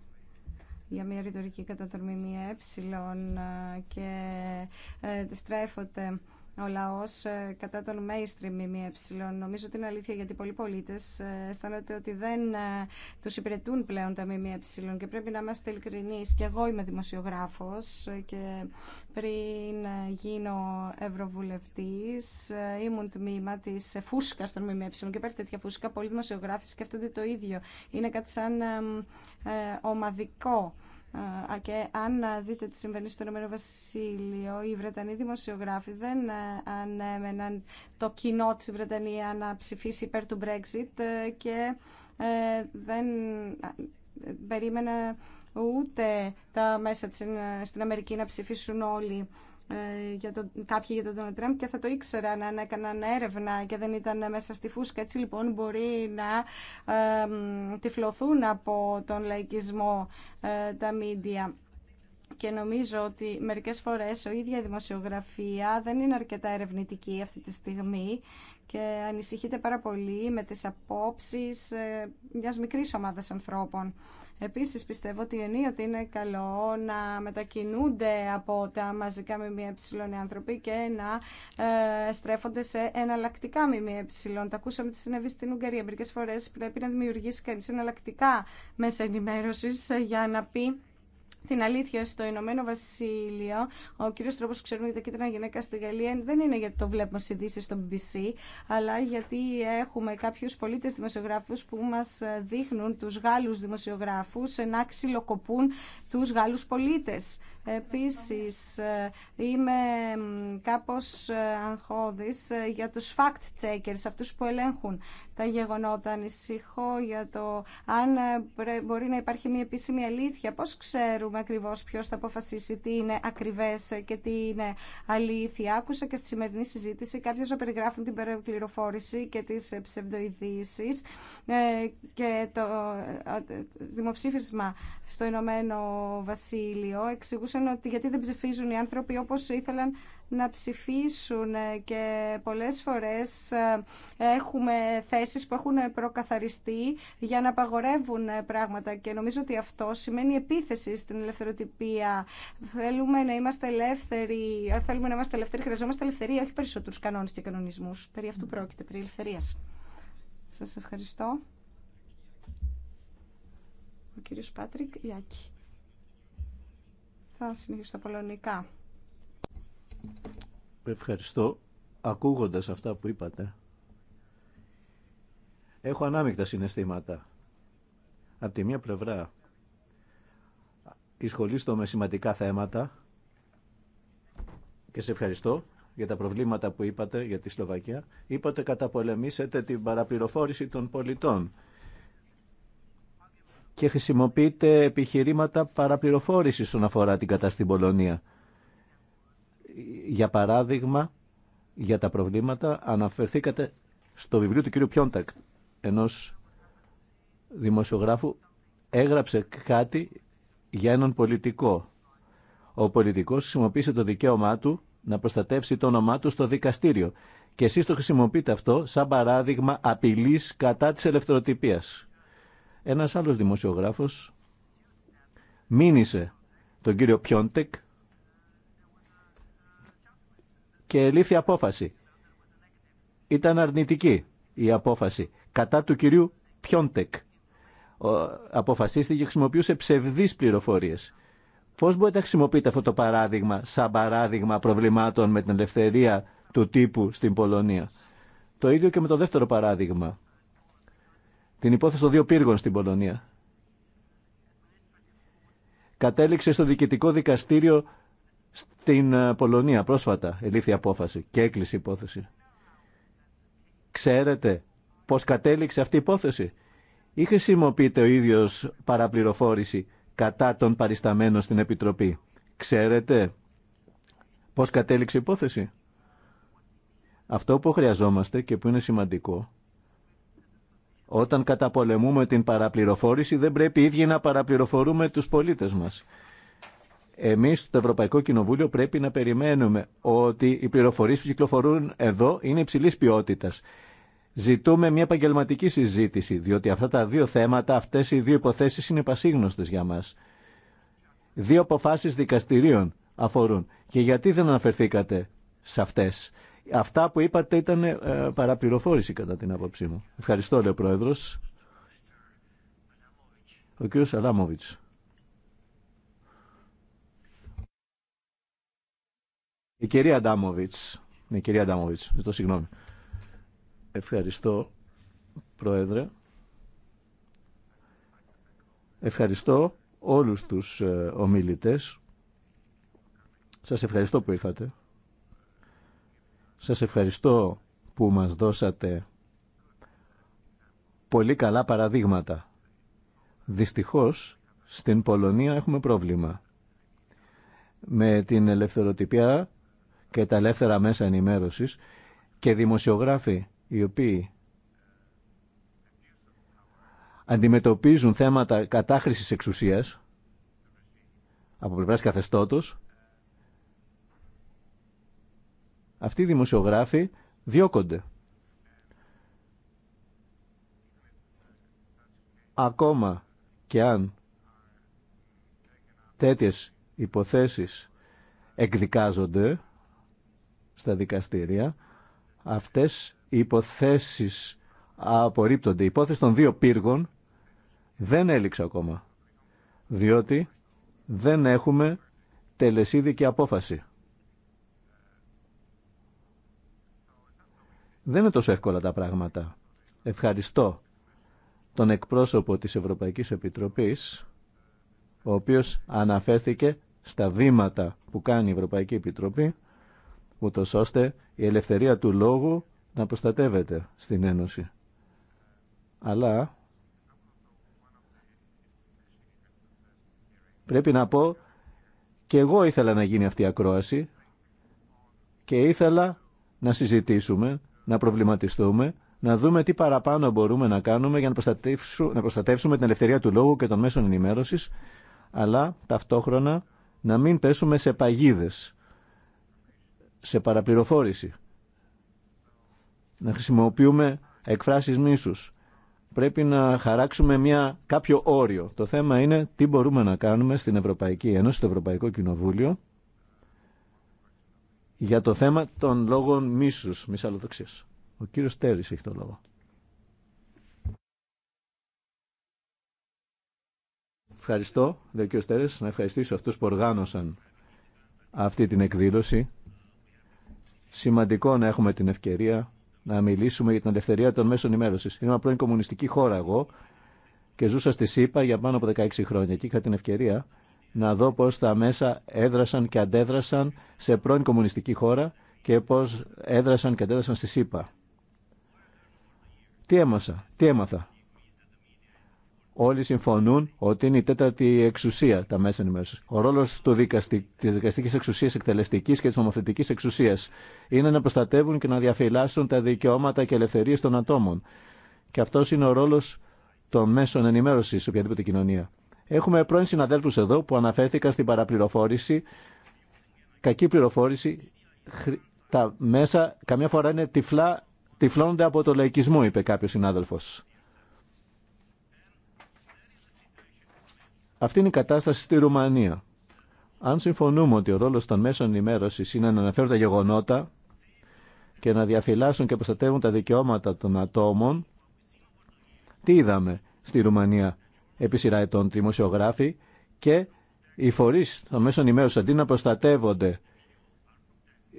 για μια ρητορική κατατορμή μία ε, ε και ε, στρέφονται ο λαό ε, κατά τον mainstream ΜΜΕ. Νομίζω ότι είναι αλήθεια γιατί πολλοί πολίτες ε, αισθάνονται ότι δεν ε, τους υπηρετούν πλέον τα ΜΜΕ και πρέπει να είμαστε ειλικρινεί. Και εγώ είμαι δημοσιογράφος και πριν γίνω ευρωβουλευτής ήμουν τμήμα τη φούσκα των ΜΜΕ και υπάρχει τέτοια φούσκα, πολλοί δημοσιογράφοι σκέφτονται το ίδιο. Είναι κάτι σαν ομαδικό και αν δείτε τι συμβαίνει στο Ηνωμένο Βασίλειο, οι Βρετανοί δημοσιογράφοι δεν ε, ανέμεναν το κοινό της Βρετανία να ψηφίσει υπέρ του Brexit ε, και ε, δεν περίμενα ούτε τα μέσα στην Αμερική να ψηφίσουν όλοι ε, για τον, κάποιοι για τον Τραμπ και θα το ήξεραν αν έκαναν έρευνα και δεν ήταν μέσα στη φούσκα. Έτσι λοιπόν μπορεί να ε, τυφλωθούν από τον λαϊκισμό ε, τα μίντια. Και νομίζω ότι μερικές φορές η ίδια η δημοσιογραφία δεν είναι αρκετά ερευνητική αυτή τη στιγμή και ανησυχείται πάρα πολύ με τις απόψεις ε, μιας μικρής ομάδας ανθρώπων. Επίσης πιστεύω ότι ενίοτε είναι καλό να μετακινούνται από τα μαζικά ΜΜΕ οι άνθρωποι και να ε, στρέφονται σε εναλλακτικά ΜΜΕ. Τα ακούσαμε τι συνέβη στην Ουγγαρία. Μερικές φορέ πρέπει να δημιουργήσει κανεί εναλλακτικά μέσα ενημέρωση ε, για να πει την αλήθεια στο Ηνωμένο Βασίλειο, ο κύριο τρόπος που ξέρουμε για τα κίτρινα γυναίκα στη Γαλλία δεν είναι γιατί το βλέπουμε στι ειδήσει στο BBC, αλλά γιατί έχουμε κάποιου πολίτε δημοσιογράφου που μα δείχνουν του Γάλλου δημοσιογράφου να ξυλοκοπούν του Γάλλου πολίτε. Επίσης, ε, είμαι κάπως ε, αγχώδης ε, για τους fact-checkers, αυτούς που ελέγχουν τα γεγονότα. Ανησυχώ για το αν μπορεί να υπάρχει μια επίσημη αλήθεια. Πώς ξέρουμε ακριβώς ποιος θα αποφασίσει τι είναι ακριβές και τι είναι αλήθεια. Άκουσα και στη σημερινή συζήτηση κάποιος να περιγράφουν την πληροφόρηση και τις ψευδοειδήσεις και το δημοψήφισμα στο Ηνωμένο Βασίλειο εξηγούσε ότι γιατί δεν ψηφίζουν οι άνθρωποι όπως ήθελαν να ψηφίσουν ε, και πολλές φορές ε, έχουμε θέσεις που έχουν προκαθαριστεί για να απαγορεύουν ε, πράγματα και νομίζω ότι αυτό σημαίνει επίθεση στην ελευθεροτυπία. Θέλουμε να είμαστε ελεύθεροι, θέλουμε να είμαστε ελεύθεροι χρειαζόμαστε ελευθερία, όχι περισσότερους κανόνες και κανονισμούς. Περί αυτού πρόκειται, περί ελευθερίας. Σας ευχαριστώ. Ο κύριος Πάτρικ θα συνεχίσω στα πολωνικά. Ευχαριστώ. Ακούγοντας αυτά που είπατε, έχω ανάμεικτα συναισθήματα. Από τη μία πλευρά, ισχολίστω με σημαντικά θέματα και σε ευχαριστώ για τα προβλήματα που είπατε για τη Σλοβακία. Είπατε καταπολεμήσετε την παραπληροφόρηση των πολιτών και χρησιμοποιείται επιχειρήματα παραπληροφόρησης όσον αφορά την κατάσταση στην Πολωνία. Για παράδειγμα, για τα προβλήματα αναφερθήκατε στο βιβλίο του κ. Πιόντακ, ενός δημοσιογράφου, έγραψε κάτι για έναν πολιτικό. Ο πολιτικός χρησιμοποίησε το δικαίωμά του να προστατεύσει το όνομά του στο δικαστήριο. Και εσείς το χρησιμοποιείτε αυτό σαν παράδειγμα απειλής κατά της ελευθεροτυπίας. Ένας άλλος δημοσιογράφος μήνυσε τον κύριο Πιόντεκ και λήφθη απόφαση. Ήταν αρνητική η απόφαση κατά του κυρίου Πιόντεκ. Αποφασίστηκε και χρησιμοποιούσε ψευδείς πληροφορίες. Πώς μπορείτε να χρησιμοποιείτε αυτό το παράδειγμα σαν παράδειγμα προβλημάτων με την ελευθερία του τύπου στην Πολωνία. Το ίδιο και με το δεύτερο παράδειγμα την υπόθεση των δύο πύργων στην Πολωνία. Κατέληξε στο Διοικητικό Δικαστήριο στην ε, Πολωνία πρόσφατα, ελήφθη απόφαση και έκλεισε η υπόθεση. Ξέρετε πώς κατέληξε αυτή η υπόθεση ή χρησιμοποιείται ο ίδιος παραπληροφόρηση κατά των παρισταμένων στην Επιτροπή. Ξέρετε πώς κατέληξε η υπόθεση. Αυτό που χρειαζόμαστε και που είναι σημαντικό όταν καταπολεμούμε την παραπληροφόρηση δεν πρέπει οι ίδιοι να παραπληροφορούμε τους πολίτες μας. Εμείς στο Ευρωπαϊκό Κοινοβούλιο πρέπει να περιμένουμε ότι οι πληροφορίες που κυκλοφορούν εδώ είναι υψηλής ποιότητας. Ζητούμε μια επαγγελματική συζήτηση, διότι αυτά τα δύο θέματα, αυτές οι δύο υποθέσει είναι πασίγνωστες για μα. Δύο αποφάσει δικαστηρίων αφορούν. Και γιατί δεν αναφερθήκατε σε αυτές. Αυτά που είπατε ήταν ε, παραπληροφόρηση κατά την άποψή μου. Ευχαριστώ, λέει ο Πρόεδρος. Ο κύριος Αδάμοβιτς. Η κυρία Αντάμοβιτς. Η κυρία Αντάμοβιτς, ζητώ συγγνώμη. Ευχαριστώ, Πρόεδρε. Ευχαριστώ όλους τους ε, ομιλητές. Σας ευχαριστώ που ήρθατε. Σας ευχαριστώ που μας δώσατε πολύ καλά παραδείγματα. Δυστυχώς, στην Πολωνία έχουμε πρόβλημα. Με την ελευθεροτυπία και τα ελεύθερα μέσα ενημέρωσης και δημοσιογράφοι οι οποίοι αντιμετωπίζουν θέματα κατάχρησης εξουσίας από πλευράς καθεστώτος αυτοί οι δημοσιογράφοι διώκονται. Ακόμα και αν τέτοιες υποθέσεις εκδικάζονται στα δικαστήρια, αυτές οι υποθέσεις απορρίπτονται. Η υπόθεση των δύο πύργων δεν έληξε ακόμα, διότι δεν έχουμε τελεσίδικη απόφαση. Δεν είναι τόσο εύκολα τα πράγματα. Ευχαριστώ τον εκπρόσωπο της Ευρωπαϊκής Επιτροπής, ο οποίος αναφέρθηκε στα βήματα που κάνει η Ευρωπαϊκή Επιτροπή, ούτω ώστε η ελευθερία του λόγου να προστατεύεται στην Ένωση. Αλλά πρέπει να πω και εγώ ήθελα να γίνει αυτή η ακρόαση και ήθελα να συζητήσουμε να προβληματιστούμε, να δούμε τι παραπάνω μπορούμε να κάνουμε για να προστατεύσουμε, να προστατεύσουμε την ελευθερία του λόγου και των μέσων ενημέρωσης, αλλά ταυτόχρονα να μην πέσουμε σε παγίδες, σε παραπληροφόρηση. Να χρησιμοποιούμε εκφράσεις μίσους. Πρέπει να χαράξουμε μια, κάποιο όριο. Το θέμα είναι τι μπορούμε να κάνουμε στην Ευρωπαϊκή Ένωση, στο Ευρωπαϊκό Κοινοβούλιο, για το θέμα των λόγων μίσους, μισαλλοδοξίας. Ο κύριος Τέρης έχει το λόγο. Ευχαριστώ, λέει ο κύριος Τέρης, να ευχαριστήσω αυτούς που οργάνωσαν αυτή την εκδήλωση. Σημαντικό να έχουμε την ευκαιρία να μιλήσουμε για την ελευθερία των μέσων ενημέρωσης. Είμαι πρώην κομμουνιστική χώρα εγώ και ζούσα στη ΣΥΠΑ για πάνω από 16 χρόνια και είχα την ευκαιρία να δω πώς τα μέσα έδρασαν και αντέδρασαν σε πρώην κομμουνιστική χώρα και πώς έδρασαν και αντέδρασαν στη ΣΥΠΑ. Τι έμασα, τι έμαθα. Όλοι συμφωνούν ότι είναι η τέταρτη εξουσία τα μέσα ενημέρωση. Ο ρόλο του τη δικαστική εξουσία εκτελεστική και τη νομοθετική εξουσία είναι να προστατεύουν και να διαφυλάσσουν τα δικαιώματα και ελευθερίε των ατόμων. Και αυτό είναι ο ρόλο των μέσων ενημέρωση σε οποιαδήποτε κοινωνία. Έχουμε πρώην συναδέλφους εδώ που αναφέρθηκαν στην παραπληροφόρηση, κακή πληροφόρηση, τα μέσα καμιά φορά είναι τυφλά, τυφλώνονται από το λαϊκισμό, είπε κάποιος συνάδελφος. Αυτή είναι η κατάσταση στη Ρουμανία. Αν συμφωνούμε ότι ο ρόλος των μέσων ενημέρωση είναι να αναφέρουν τα γεγονότα και να διαφυλάσσουν και προστατεύουν τα δικαιώματα των ατόμων, τι είδαμε στη Ρουμανία επί σειρά ετών δημοσιογράφοι και οι φορεί των μέσων ενημέρωση αντί να προστατεύονται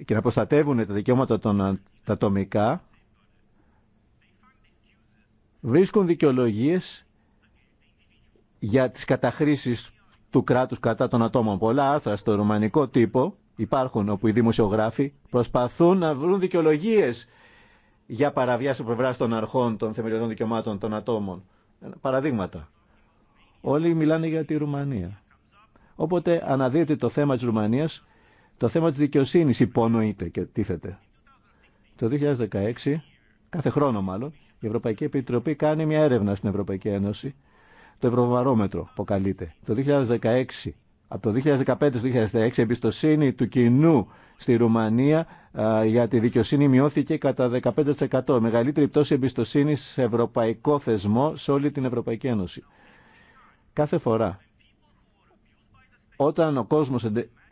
και να προστατεύουν τα δικαιώματα των τα ατομικά βρίσκουν δικαιολογίε για τις καταχρήσει του κράτους κατά των ατόμων. Πολλά άρθρα στο ρουμανικό τύπο υπάρχουν όπου οι δημοσιογράφοι προσπαθούν να βρουν δικαιολογίε για παραβιάση πλευρά των αρχών των θεμελιωδών δικαιωμάτων των ατόμων. Παραδείγματα. Όλοι μιλάνε για τη Ρουμανία. Όποτε αναδύεται το θέμα της Ρουμανίας, το θέμα της δικαιοσύνης υπονοείται και τίθεται. Το 2016, κάθε χρόνο μάλλον, η Ευρωπαϊκή Επιτροπή κάνει μια έρευνα στην Ευρωπαϊκή Ένωση, το Ευρωβαρόμετρο αποκαλείται. Το 2016, από το 2015 στο 2016, η εμπιστοσύνη του κοινού στη Ρουμανία για τη δικαιοσύνη μειώθηκε κατά 15%. Μεγαλύτερη πτώση εμπιστοσύνη σε ευρωπαϊκό θεσμό σε όλη την Ευρωπαϊκή Ένωση. Κάθε φορά όταν ο κόσμος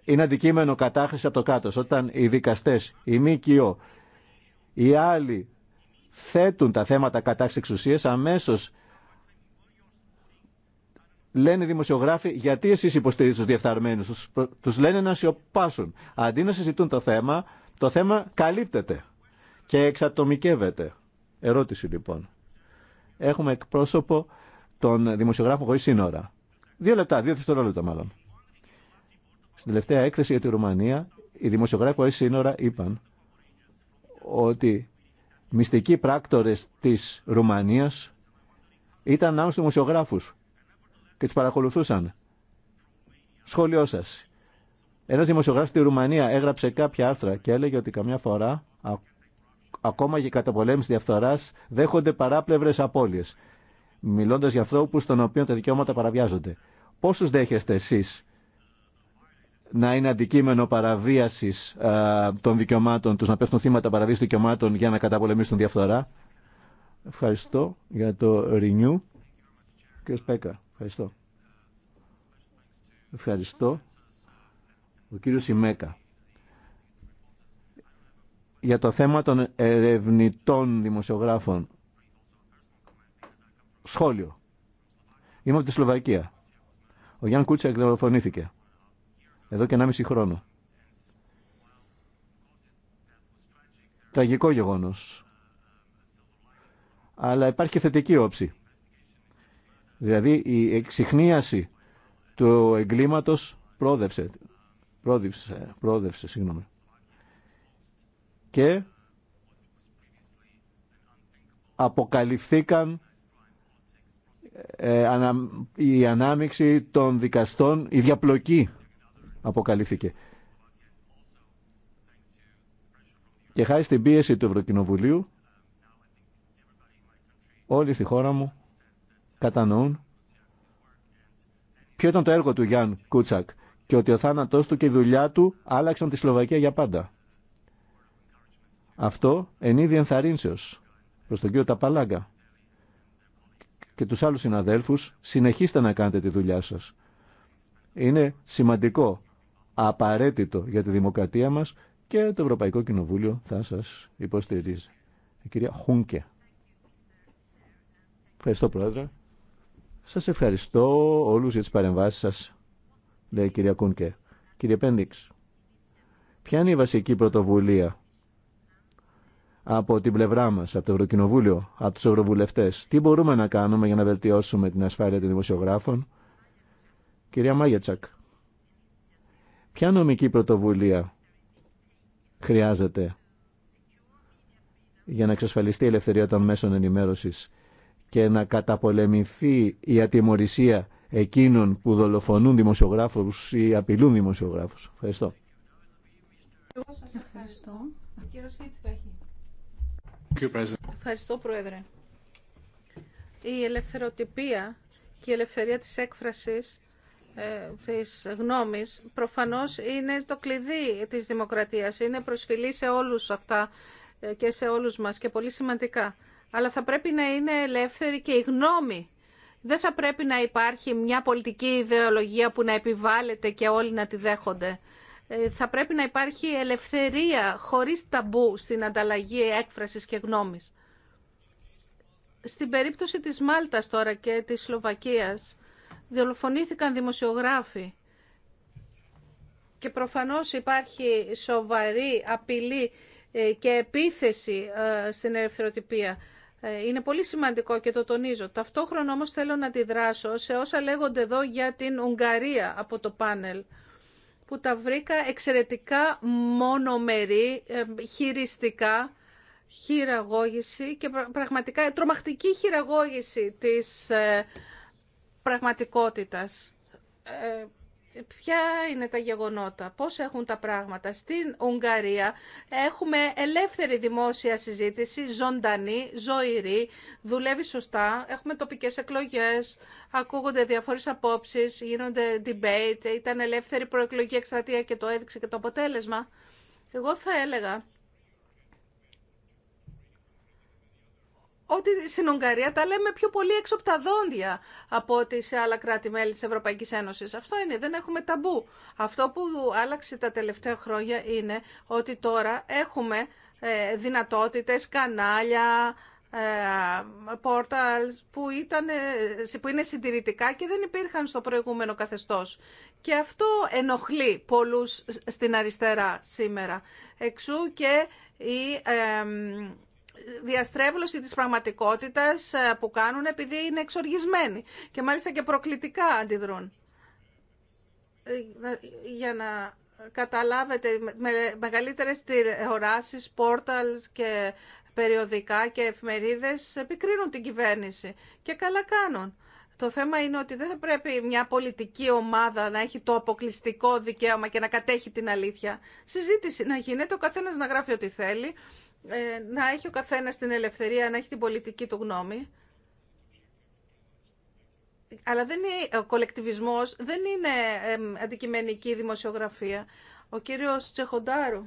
είναι αντικείμενο κατάχρηση από το κάτω, όταν οι δικαστές, οι μίκιο, οι άλλοι θέτουν τα θέματα κατάχρηση εξουσίας, αμέσως λένε οι δημοσιογράφοι γιατί εσείς υποστηρίζετε τους διεφθαρμένους, τους, λένε να σιωπάσουν. Αντί να συζητούν το θέμα, το θέμα καλύπτεται και εξατομικεύεται. Ερώτηση λοιπόν. Έχουμε εκπρόσωπο τον δημοσιογράφο χωρίς σύνορα. Δύο λεπτά, δύο δευτερόλεπτα μάλλον. Στην τελευταία έκθεση για τη Ρουμανία, οι δημοσιογράφοι χωρίς σύνορα είπαν ότι μυστικοί πράκτορες της Ρουμανίας ήταν άνω δημοσιογράφους και του παρακολουθούσαν. Σχόλιο σα. Ένα δημοσιογράφο στη Ρουμανία έγραψε κάποια άρθρα και έλεγε ότι καμιά φορά ακόμα και κατά πολέμηση διαφθορά δέχονται παράπλευρε απώλειε μιλώντας για ανθρώπους των οποίων τα δικαιώματα παραβιάζονται. Πόσους δέχεστε εσείς να είναι αντικείμενο παραβίασης α, των δικαιωμάτων τους, να πέφτουν θύματα παραβίασης δικαιωμάτων για να καταπολεμήσουν διαφθορά. Ευχαριστώ για το Renew. Κύριε Σπέκα, ευχαριστώ. Ευχαριστώ. Ο κύριος Σιμέκα. Για το θέμα των ερευνητών δημοσιογράφων σχόλιο. Είμαι από τη Σλοβακία. Ο Γιάνν Κούτσα δολοφονήθηκε. Εδώ και ένα μισή χρόνο. Τραγικό γεγονός. Αλλά υπάρχει και θετική όψη. Δηλαδή η εξυχνίαση του εγκλήματος πρόδευσε. Πρόδευσε, πρόδευσε συγγνώμη. Και αποκαλυφθήκαν ε, η ανάμειξη των δικαστών, η διαπλοκή αποκαλύφθηκε. Και χάρη στην πίεση του Ευρωκοινοβουλίου, όλοι στη χώρα μου κατανοούν ποιο ήταν το έργο του Γιάνν Κούτσακ και ότι ο θάνατός του και η δουλειά του άλλαξαν τη Σλοβακία για πάντα. Αυτό εν είδη ενθαρρύνσεως προς τον κύριο Ταπαλάγκα και τους άλλους συναδέλφους, συνεχίστε να κάνετε τη δουλειά σας. Είναι σημαντικό, απαραίτητο για τη δημοκρατία μας και το Ευρωπαϊκό Κοινοβούλιο θα σας υποστηρίζει. Η κυρία Χούνκε. Ευχαριστώ, Πρόεδρε. Σας ευχαριστώ όλους για τις παρεμβάσεις σας, λέει η κυρία Κούνκε. Κύριε Πένδιξ, ποια είναι η βασική πρωτοβουλία από την πλευρά μα, από το Ευρωκοινοβούλιο, από τους ευρωβουλευτέ, Τι μπορούμε να κάνουμε για να βελτιώσουμε την ασφάλεια των δημοσιογράφων. Κυρία Μάγιατσακ, ποια νομική πρωτοβουλία χρειάζεται για να εξασφαλιστεί η ελευθερία των μέσων ενημέρωσης και να καταπολεμηθεί η ατιμορρησία εκείνων που δολοφονούν δημοσιογράφους ή απειλούν δημοσιογράφους. Ευχαριστώ. ευχαριστώ. Ευχαριστώ, Πρόεδρε. Η ελευθεροτυπία και η ελευθερία της έκφρασης ε, της γνώμης προφανώς είναι το κλειδί της δημοκρατίας. Είναι προσφυλή σε όλους αυτά ε, και σε όλους μας και πολύ σημαντικά. Αλλά θα πρέπει να είναι ελεύθερη και η γνώμη. Δεν θα πρέπει να υπάρχει μια πολιτική ιδεολογία που να επιβάλλεται και όλοι να τη δέχονται. Ε, θα πρέπει να υπάρχει ελευθερία χωρίς ταμπού στην ανταλλαγή έκφρασης και γνώμης. Στην περίπτωση της Μάλτας τώρα και της Σλοβακίας δολοφονήθηκαν δημοσιογράφοι και προφανώς υπάρχει σοβαρή απειλή ε, και επίθεση ε, στην ελευθεροτυπία. Είναι πολύ σημαντικό και το τονίζω. Ταυτόχρονα όμως θέλω να αντιδράσω σε όσα λέγονται εδώ για την Ουγγαρία από το πάνελ που τα βρήκα εξαιρετικά μονομερή, ε, χειριστικά, χειραγώγηση και πραγματικά τρομακτική χειραγώγηση της ε, πραγματικότητας. Ε, ποια είναι τα γεγονότα, πώς έχουν τα πράγματα. Στην Ουγγαρία έχουμε ελεύθερη δημόσια συζήτηση, ζωντανή, ζωηρή, δουλεύει σωστά, έχουμε τοπικές εκλογές, ακούγονται διαφορές απόψεις, γίνονται debate, ήταν ελεύθερη προεκλογική εκστρατεία και το έδειξε και το αποτέλεσμα. Εγώ θα έλεγα ότι στην Ουγγαρία τα λέμε πιο πολύ έξω από τα δόντια από ότι σε άλλα κράτη-μέλη της Ευρωπαϊκής Ένωσης. Αυτό είναι, δεν έχουμε ταμπού. Αυτό που άλλαξε τα τελευταία χρόνια είναι ότι τώρα έχουμε ε, δυνατότητες, κανάλια, ε, πόρταλ που, ε, που είναι συντηρητικά και δεν υπήρχαν στο προηγούμενο καθεστώς. Και αυτό ενοχλεί πολλούς στην αριστερά σήμερα. Εξού και η διαστρέβλωση της πραγματικότητας ε, που κάνουν επειδή είναι εξοργισμένοι και μάλιστα και προκλητικά αντιδρούν. Ε, για να καταλάβετε, με μεγαλύτερες τηλεοράσεις, πόρταλ και περιοδικά και εφημερίδες επικρίνουν την κυβέρνηση και καλά κάνουν. Το θέμα είναι ότι δεν θα πρέπει μια πολιτική ομάδα να έχει το αποκλειστικό δικαίωμα και να κατέχει την αλήθεια. Συζήτηση να γίνεται, ο καθένας να γράφει ό,τι θέλει ε, να έχει ο καθένα την ελευθερία να έχει την πολιτική του γνώμη. Αλλά δεν είναι, ο κολεκτιβισμός δεν είναι αντικειμενική δημοσιογραφία. Ο κύριος Τσεχοντάρου.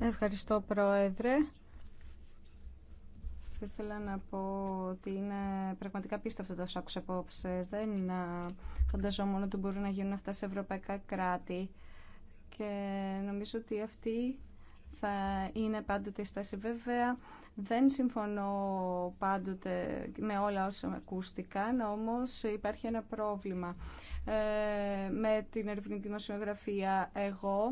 Ευχαριστώ, Πρόεδρε. Θα ήθελα να πω ότι είναι πραγματικά πίστευτο το άκουσα απόψε. Δεν φανταζόμουν ότι μπορούν να γίνουν αυτά σε ευρωπαϊκά κράτη. Και νομίζω ότι αυτή θα είναι πάντοτε η στάση. Βέβαια, δεν συμφωνώ πάντοτε με όλα όσα ακούστηκαν, όμως υπάρχει ένα πρόβλημα ε, με την ερευνητική δημοσιογραφία. Εγώ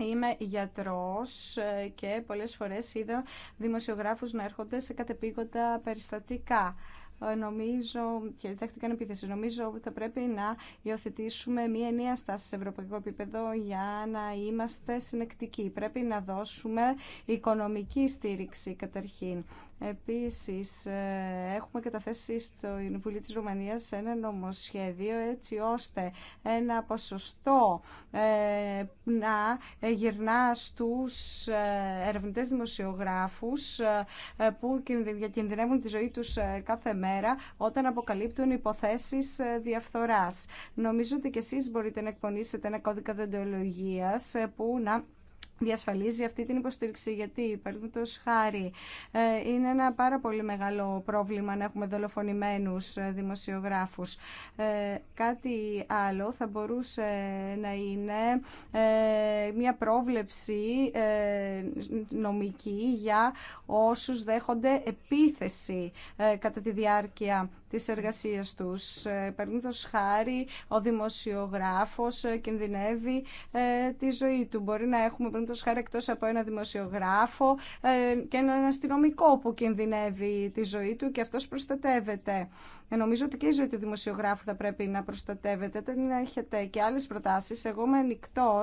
Είμαι γιατρός ε, και πολλές φορές είδα δημοσιογράφους να έρχονται σε κατεπήγοντα περιστατικά. Ε, νομίζω και δέχτηκαν επίθεση. Νομίζω ότι θα πρέπει να υιοθετήσουμε μία νέα στάση σε ευρωπαϊκό επίπεδο για να είμαστε συνεκτικοί. Πρέπει να δώσουμε οικονομική στήριξη καταρχήν Επίσης, ε, έχουμε καταθέσει στο Βουλή της Ρουμανίας ένα νομοσχέδιο έτσι ώστε ένα ποσοστό ε, να γυρνά στους ε, ερευνητές δημοσιογράφους που διακινδυνεύουν τη ζωή τους κάθε μέρα όταν αποκαλύπτουν υποθέσεις διαφθοράς. Νομίζω ότι και εσείς μπορείτε να εκπονήσετε ένα κώδικα δεντολογίας που να διασφαλίζει αυτή την υποστήριξη. Γιατί, παραδείγματο χάρη, ε, είναι ένα πάρα πολύ μεγάλο πρόβλημα να έχουμε ε, δημοσιογράφους δημοσιογράφου. Ε, κάτι άλλο θα μπορούσε να είναι μια πρόβλεψη νομική για όσους δέχονται επίθεση κατά τη διάρκεια της εργασίας τους. Ε, παραδείγματο χάρη, ο δημοσιογράφος ε, κινδυνεύει ε, τη ζωή του. Μπορεί να έχουμε, παραδείγματο χάρη, εκτός από ένα δημοσιογράφο και έναν αστυνομικό που κινδυνεύει τη ζωή του και αυτός προστατεύεται. Ε, νομίζω ότι και η ζωή του δημοσιογράφου θα πρέπει να προστατεύεται. Δεν έχετε και άλλες προτάσεις. Εγώ είμαι ανοιχτό.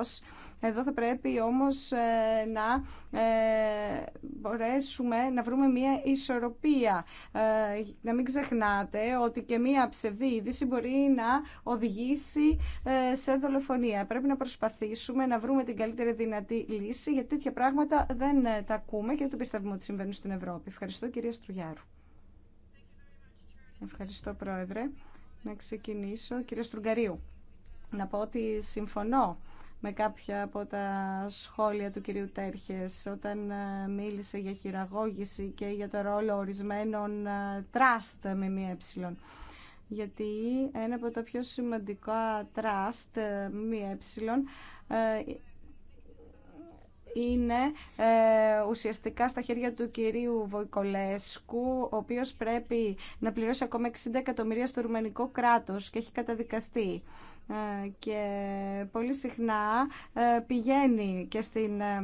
Εδώ θα πρέπει όμως να μπορέσουμε να βρούμε μια ισορροπία. να μην ξεχνάτε ότι και μία ψευδή είδηση μπορεί να οδηγήσει ε, σε δολοφονία. Πρέπει να προσπαθήσουμε να βρούμε την καλύτερη δυνατή λύση, γιατί τέτοια πράγματα δεν ε, τα ακούμε και δεν το πιστεύουμε ότι συμβαίνουν στην Ευρώπη. Ευχαριστώ, κυρία Στρουγιάρου. Ευχαριστώ, Πρόεδρε. Να ξεκινήσω, κυρία Στρουγκαρίου. Να πω ότι συμφωνώ με κάποια από τα σχόλια του κυρίου Τέρχες όταν ε, μίλησε για χειραγώγηση και για το ρόλο ορισμένων ε, τραστ με μία ε. γιατί ένα από τα πιο σημαντικά τραστ μη είναι ουσιαστικά στα χέρια του κυρίου Βοικολέσκου, ο οποίος πρέπει να πληρώσει ακόμα 60 εκατομμύρια στο ρουμανικό κράτος και έχει καταδικαστεί. Ε, και πολύ συχνά ε, πηγαίνει και στην, ε,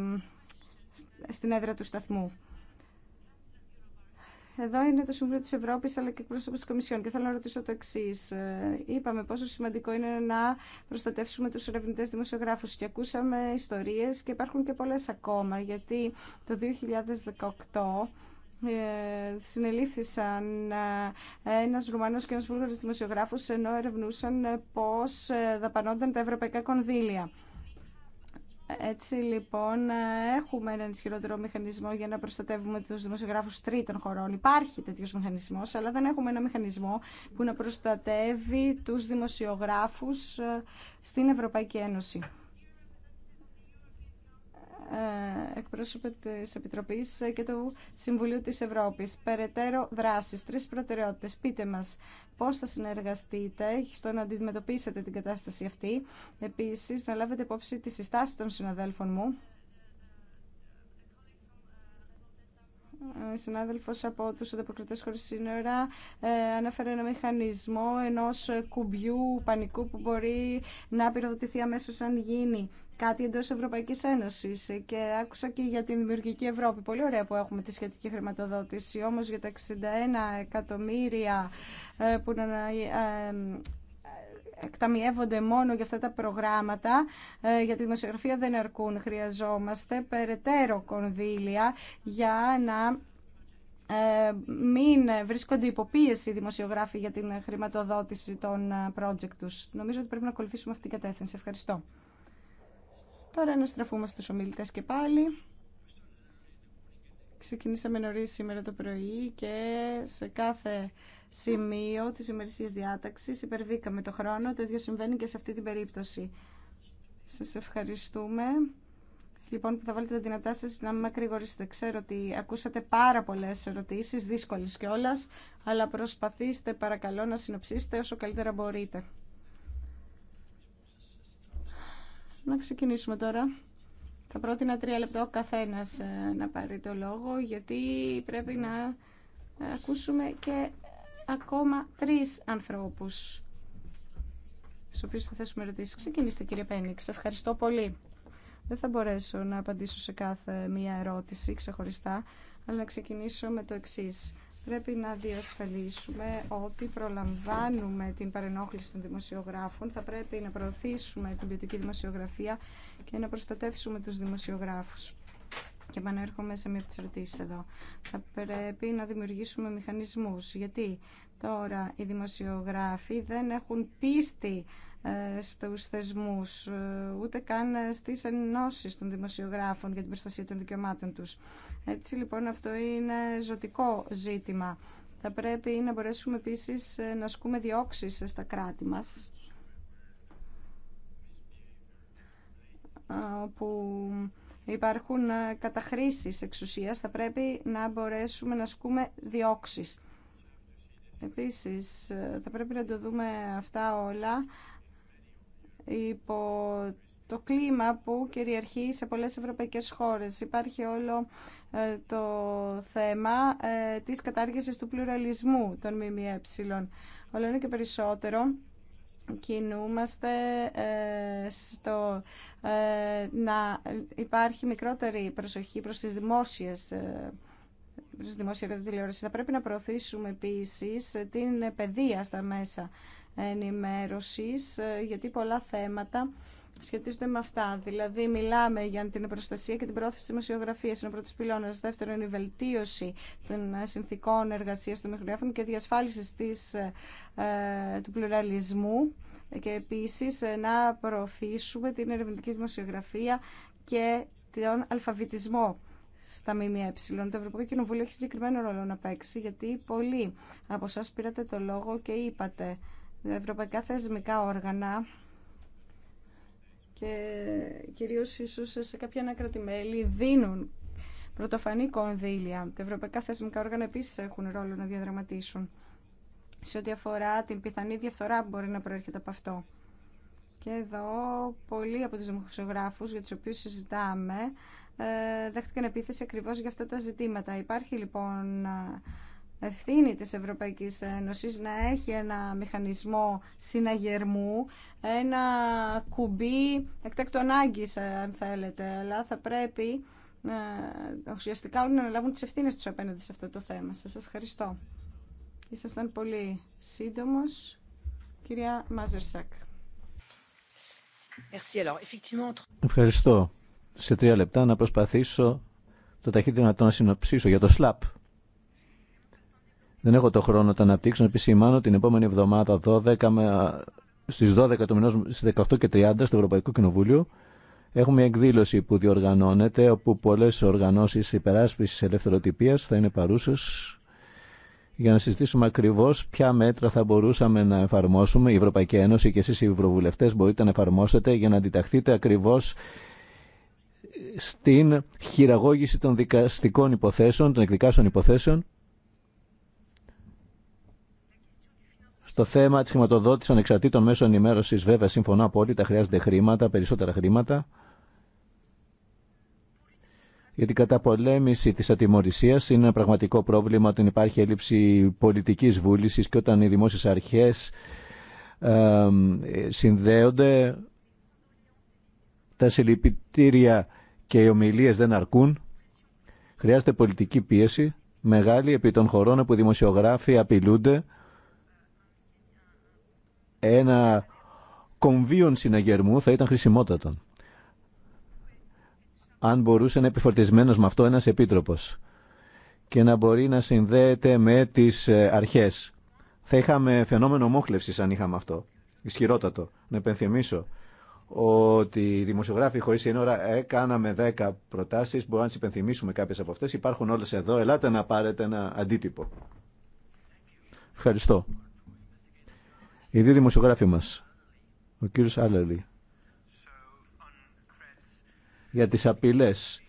στην έδρα του σταθμού. Εδώ είναι το Συμβούλιο της Ευρώπης αλλά και εκπρόσωπο της Κομισιόν. Και θέλω να ρωτήσω το εξή. Είπαμε πόσο σημαντικό είναι να προστατεύσουμε τους ερευνητέ δημοσιογράφους και ακούσαμε ιστορίες και υπάρχουν και πολλές ακόμα. Γιατί το 2018 ε, συνελήφθησαν ε, ένας Ρουμάνος και ένας Βούλγαρος δημοσιογράφος ενώ ερευνούσαν ε, πώς δαπανόταν τα ευρωπαϊκά κονδύλια. Έτσι λοιπόν έχουμε έναν ισχυρότερο μηχανισμό για να προστατεύουμε τους δημοσιογράφους τρίτων χωρών. Υπάρχει τέτοιος μηχανισμός, αλλά δεν έχουμε ένα μηχανισμό που να προστατεύει τους δημοσιογράφους στην Ευρωπαϊκή Ένωση. Ε, εκπρόσωπε τη Επιτροπή και του Συμβουλίου της Ευρώπης. Περαιτέρω δράσεις, τρει προτεραιότητε. Πείτε μας πώς θα συνεργαστείτε στο να αντιμετωπίσετε την κατάσταση αυτή. Επίσης, να λάβετε υπόψη τη συστάση των συναδέλφων μου. Ε, συνάδελφος από τους ανταποκριτές χωρίς σύνορα ε, ανέφερε ένα μηχανισμό ενός κουμπιού πανικού που μπορεί να πυροδοτηθεί αμέσως αν γίνει κάτι εντό Ευρωπαϊκής Ένωσης και άκουσα και για την Δημιουργική Ευρώπη. Πολύ ωραία που έχουμε τη σχετική χρηματοδότηση, όμω για τα 61 εκατομμύρια ε, που ε, ε, εκταμιεύονται μόνο για αυτά τα προγράμματα, για τη δημοσιογραφία δεν αρκούν. Χρειαζόμαστε περαιτέρω κονδύλια για να μην βρίσκονται υποπίεση οι δημοσιογράφοι για την χρηματοδότηση των project τους. Νομίζω ότι πρέπει να ακολουθήσουμε αυτή την κατεύθυνση. Ευχαριστώ. Τώρα να στραφούμε στους ομιλητές και πάλι. Ξεκινήσαμε νωρίς σήμερα το πρωί και σε κάθε σημείο της ημερησίας διάταξης υπερβήκαμε το χρόνο. Το ίδιο συμβαίνει και σε αυτή την περίπτωση. Σας ευχαριστούμε. Λοιπόν, που θα βάλετε τα δυνατά σα να μην μακρυγορήσετε. Ξέρω ότι ακούσατε πάρα πολλέ ερωτήσει, δύσκολε κιόλα, αλλά προσπαθήστε παρακαλώ να συνοψίσετε όσο καλύτερα μπορείτε. Να ξεκινήσουμε τώρα. Θα πρότεινα τρία λεπτά ο καθένας ε, να πάρει το λόγο, γιατί πρέπει να ε, ακούσουμε και ακόμα τρεις ανθρώπους, στους οποίους θα θέσουμε ερωτήσεις. Ξεκινήστε κύριε Πένιξ, ευχαριστώ πολύ. Δεν θα μπορέσω να απαντήσω σε κάθε μία ερώτηση ξεχωριστά, αλλά να ξεκινήσω με το εξής. Πρέπει να διασφαλίσουμε ότι προλαμβάνουμε την παρενόχληση των δημοσιογράφων. Θα πρέπει να προωθήσουμε την ποιοτική δημοσιογραφία και να προστατεύσουμε τους δημοσιογράφους. Και επανέρχομαι σε μία από τις ερωτήσεις εδώ. Θα πρέπει να δημιουργήσουμε μηχανισμούς. Γιατί τώρα οι δημοσιογράφοι δεν έχουν πίστη ε, στους θεσμούς, ε, ούτε καν στις ενώσεις των δημοσιογράφων για την προστασία των δικαιωμάτων τους. Έτσι λοιπόν αυτό είναι ζωτικό ζήτημα. Θα πρέπει να μπορέσουμε επίσης να ασκούμε διώξεις στα κράτη μας. που υπάρχουν ε, καταχρήσεις εξουσίας, θα πρέπει να μπορέσουμε να ασκούμε διώξεις. Επίσης, ε, θα πρέπει να το δούμε αυτά όλα υπό το κλίμα που κυριαρχεί σε πολλές ευρωπαϊκές χώρες. Υπάρχει όλο ε, το θέμα ε, της κατάργησης του πλουραλισμού των ΜΜΕ. Όλο είναι και περισσότερο κινούμαστε ε, στο να υπάρχει μικρότερη προσοχή προς τις δημόσιες προς δημόσια τηλεόραση. Θα πρέπει να προωθήσουμε επίσης την παιδεία στα μέσα ενημέρωσης, γιατί πολλά θέματα σχετίζονται με αυτά. Δηλαδή, μιλάμε για την προστασία και την πρόθεση τη δημοσιογραφία. Είναι ο πρώτο πυλώνα. Δεύτερον, η βελτίωση των συνθήκων εργασία των μηχογράφων και διασφάλιση ε, του πλουραλισμού. Και επίση, ε, να προωθήσουμε την ερευνητική δημοσιογραφία και τον αλφαβητισμό στα ΜΜΕ. Το Ευρωπαϊκό Κοινοβούλιο έχει συγκεκριμένο ρόλο να παίξει, γιατί πολλοί από εσά πήρατε το λόγο και είπατε. ευρωπαϊκά θεσμικά όργανα και κυρίως ίσως σε κάποια μέλη δίνουν πρωτοφανή κονδύλια. Τα ευρωπαϊκά θεσμικά όργανα επίσης έχουν ρόλο να διαδραματίσουν σε ό,τι αφορά την πιθανή διαφθορά που μπορεί να προέρχεται από αυτό. Και εδώ πολλοί από τους δημοσιογράφους για τους οποίους συζητάμε ε, δέχτηκαν επίθεση ακριβώς για αυτά τα ζητήματα. Υπάρχει λοιπόν ευθύνη της Ευρωπαϊκής Ένωσης να έχει ένα μηχανισμό συναγερμού, ένα κουμπί εκτεκτονάγκης, αν θέλετε, αλλά θα πρέπει ε, ουσιαστικά όλοι να αναλάβουν τις ευθύνες τους απέναντι σε αυτό το θέμα. Σας ευχαριστώ. Ήσασταν πολύ σύντομος. Κυρία Μάζερσακ. Ευχαριστώ. Σε τρία λεπτά να προσπαθήσω το ταχύτερο να το συνοψίσω για το ΣΛΑΠ. Δεν έχω το χρόνο να τα αναπτύξω. Επισημάνω την επόμενη εβδομάδα 12 με, στις 12 του μηνός, στις 18 και 30 στο Ευρωπαϊκό Κοινοβούλιο. Έχουμε μια εκδήλωση που διοργανώνεται, όπου πολλές οργανώσεις υπεράσπισης ελευθεροτυπίας θα είναι παρούσες για να συζητήσουμε ακριβώς ποια μέτρα θα μπορούσαμε να εφαρμόσουμε. Η Ευρωπαϊκή Ένωση και εσείς οι Ευρωβουλευτές μπορείτε να εφαρμόσετε για να αντιταχθείτε ακριβώς στην χειραγώγηση των δικαστικών υποθέσεων, των εκδικάσεων υποθέσεων Στο θέμα τη χρηματοδότηση εξαρτήτων μέσων ενημέρωση, βέβαια, συμφωνώ απόλυτα, χρειάζονται χρήματα, περισσότερα χρήματα. Γιατί την καταπολέμηση τη ατιμορρησία είναι ένα πραγματικό πρόβλημα όταν υπάρχει έλλειψη πολιτική βούληση και όταν οι δημόσιε αρχέ ε, συνδέονται, τα συλληπιτήρια και οι ομιλίε δεν αρκούν. Χρειάζεται πολιτική πίεση μεγάλη επί των χωρών όπου οι δημοσιογράφοι απειλούνται ένα κομβίον συναγερμού θα ήταν χρησιμότατο. Αν μπορούσε να επιφορτισμένος με αυτό ένας επίτροπος και να μπορεί να συνδέεται με τις ε, αρχές. Θα είχαμε φαινόμενο μόχλευσης αν είχαμε αυτό. Ισχυρότατο. Να επενθυμίσω ότι οι δημοσιογράφοι χωρί σύνορα έκαναμε ε, 10 προτάσει. Μπορούμε να τι υπενθυμίσουμε κάποιε από αυτέ. Υπάρχουν όλε εδώ. Ελάτε να πάρετε ένα αντίτυπο. Ευχαριστώ. Οι δύο δημοσιογράφοι μας, ο κύριος Άλελη, για τις απειλές.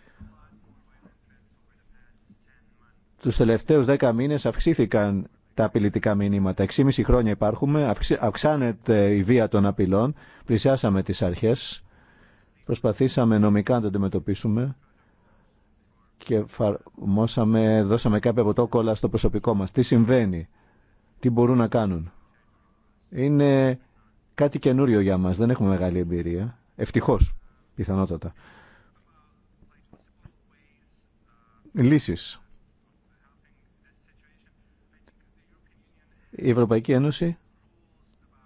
Τους τελευταίους δέκα μήνες αυξήθηκαν τα απειλητικά μηνύματα. 6,5 χρόνια υπάρχουμε, αυξάνεται η βία των απειλών, πλησιάσαμε τις αρχές, προσπαθήσαμε νομικά να το αντιμετωπίσουμε και φαρμόσαμε, δώσαμε κάποια πρωτόκολλα στο προσωπικό μας. Τι συμβαίνει, τι μπορούν να κάνουν είναι κάτι καινούριο για μας. Δεν έχουμε μεγάλη εμπειρία. Ευτυχώς, πιθανότατα. Λύσεις. Η Ευρωπαϊκή Ένωση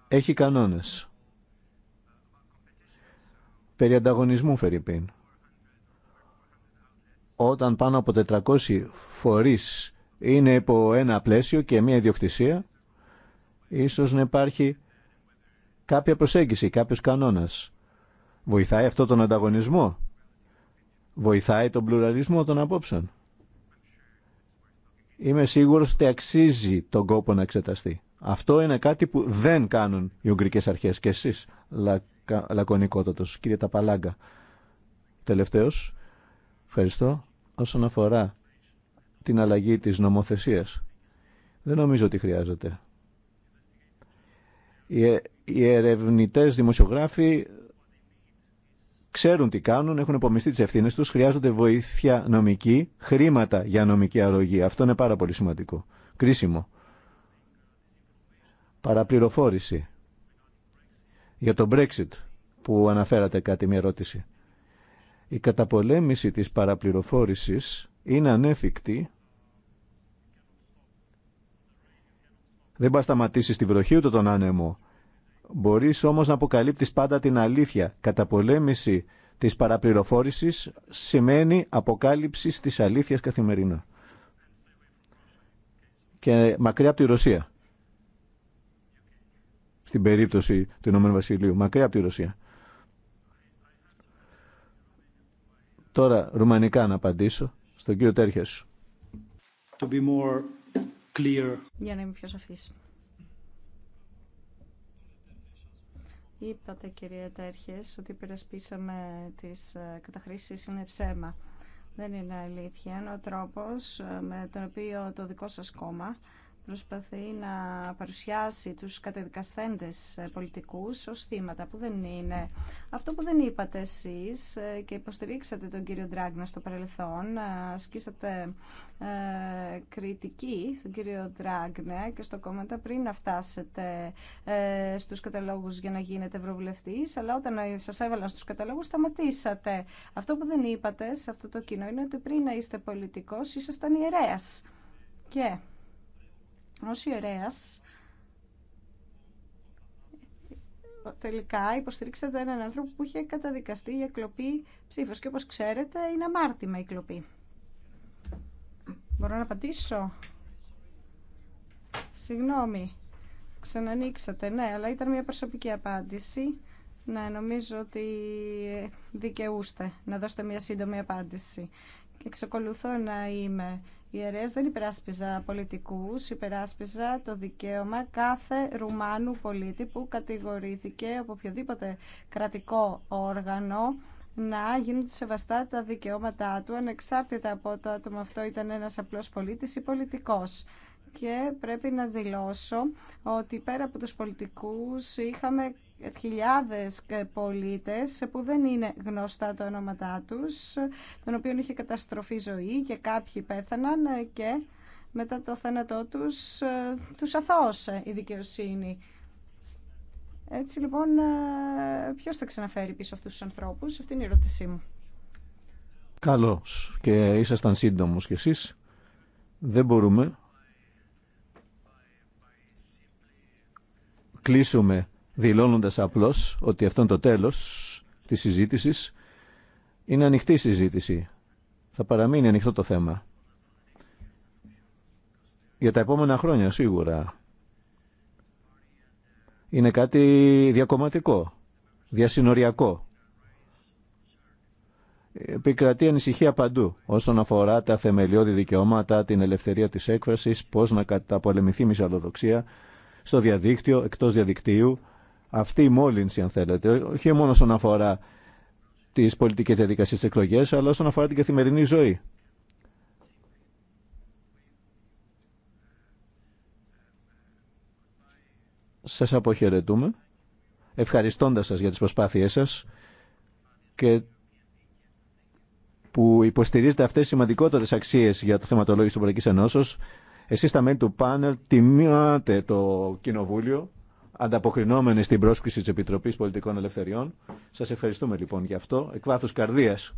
έχει κανόνες. Περί ανταγωνισμού, Φερρυπίν. Όταν πάνω από 400 φορείς είναι υπό ένα πλαίσιο και μία ιδιοκτησία, Ίσως να υπάρχει κάποια προσέγγιση, κάποιος κανόνας. Βοηθάει αυτό τον ανταγωνισμό. Βοηθάει τον πλουραλισμό των απόψεων. Είμαι σίγουρος ότι αξίζει τον κόπο να εξεταστεί. Αυτό είναι κάτι που δεν κάνουν οι Ουγγρικές αρχές και εσείς λακωνικότατο. κύριε Ταπαλάγκα. Τελευταίος, ευχαριστώ, όσον αφορά την αλλαγή της νομοθεσίας. Δεν νομίζω ότι χρειάζεται. Ε, οι ερευνητές δημοσιογράφοι ξέρουν τι κάνουν, έχουν υπομειστεί τις ευθύνες τους, χρειάζονται βοήθεια νομική, χρήματα για νομική αρρωγή. Αυτό είναι πάρα πολύ σημαντικό, κρίσιμο. Παραπληροφόρηση για το Brexit που αναφέρατε κάτι μια ερώτηση. Η καταπολέμηση της παραπληροφόρησης είναι ανέφικτη Δεν πα σταματήσει τη βροχή ούτε τον άνεμο. Μπορεί όμω να αποκαλύπτει πάντα την αλήθεια. πολέμηση τη παραπληροφόρηση σημαίνει αποκάλυψη τη αλήθεια καθημερινά. Και μακριά από τη Ρωσία. Στην περίπτωση του Ηνωμένου Βασιλείου, μακριά από τη Ρωσία. Τώρα ρουμανικά να απαντήσω στον κύριο Τέρχεσου. To be more για να είμαι πιο σαφής. Είπατε κυρία Τέρχες ότι υπερασπίσαμε τις ε, καταχρήσεις είναι ψέμα. Δεν είναι αλήθεια. Είναι ο τρόπος ε, με τον οποίο το δικό σας κόμμα προσπαθεί να παρουσιάσει τους κατεδικασθέντες πολιτικούς ως θύματα που δεν είναι. Αυτό που δεν είπατε εσείς ε, και υποστηρίξατε τον κύριο Ντράγνα στο παρελθόν, ε, ασκήσατε ε, κριτική στον κύριο Ντράγνα και στο κόμματα πριν να φτάσετε ε, στους καταλόγους για να γίνετε ευρωβουλευτής, αλλά όταν σας έβαλαν στους καταλόγους σταματήσατε. Αυτό που δεν είπατε σε αυτό το κοινό είναι ότι πριν να είστε πολιτικός ήσασταν ιερέας. Και ως ιερέας τελικά υποστηρίξατε έναν άνθρωπο που είχε καταδικαστεί για κλοπή ψήφος και όπως ξέρετε είναι αμάρτημα η κλοπή. Μπορώ να απαντήσω. Συγγνώμη, ξανανοίξατε, ναι, αλλά ήταν μια προσωπική απάντηση. Να νομίζω ότι δικαιούστε να δώσετε μια σύντομη απάντηση. Και εξακολουθώ να είμαι η δεν υπεράσπιζα πολιτικούς, υπεράσπιζα το δικαίωμα κάθε Ρουμάνου πολίτη που κατηγορήθηκε από οποιοδήποτε κρατικό όργανο να γίνονται σεβαστά τα δικαιώματά του, ανεξάρτητα από το άτομο αυτό ήταν ένας απλός πολίτης ή πολιτικός. Και πρέπει να δηλώσω ότι πέρα από τους πολιτικούς είχαμε χιλιάδες ε, πολίτες που δεν είναι γνωστά τα ονόματά τους, τον οποίο είχε καταστροφή ζωή και κάποιοι πέθαναν ε, και μετά το θάνατό τους ε, τους αθώωσε η δικαιοσύνη. Έτσι λοιπόν, ποιος θα ξαναφέρει πίσω αυτούς τους ανθρώπους, αυτή είναι η ερώτησή μου. Καλώς και ήσασταν σύντομος κι εσείς. Δεν μπορούμε. Κλείσουμε δηλώνοντας απλώς ότι αυτό είναι το τέλος της συζήτηση Είναι ανοιχτή η συζήτηση. Θα παραμείνει ανοιχτό το θέμα. Για τα επόμενα χρόνια σίγουρα. Είναι κάτι διακομματικό, διασυνοριακό. Επικρατεί ανησυχία παντού όσον αφορά τα θεμελιώδη δικαιώματα, την ελευθερία της έκφρασης, πώς να καταπολεμηθεί μισαλοδοξία στο διαδίκτυο, εκτός διαδικτύου, αυτή η μόλυνση, αν θέλετε, όχι μόνο όσον αφορά τι πολιτικέ διαδικασίε εκλογέ, αλλά όσον αφορά την καθημερινή ζωή. Σας αποχαιρετούμε, ευχαριστώντας σας για τις προσπάθειές σας και που υποστηρίζετε αυτές τις σημαντικότερες αξίες για το θεματολόγιο του Ευρωπαϊκής Ενώσεως. Εσείς τα μέλη του πάνελ τιμάτε το Κοινοβούλιο ανταποκρινόμενοι στην πρόσκληση της Επιτροπής Πολιτικών Ελευθεριών. Σας ευχαριστούμε λοιπόν για αυτό, εκ καρδίας.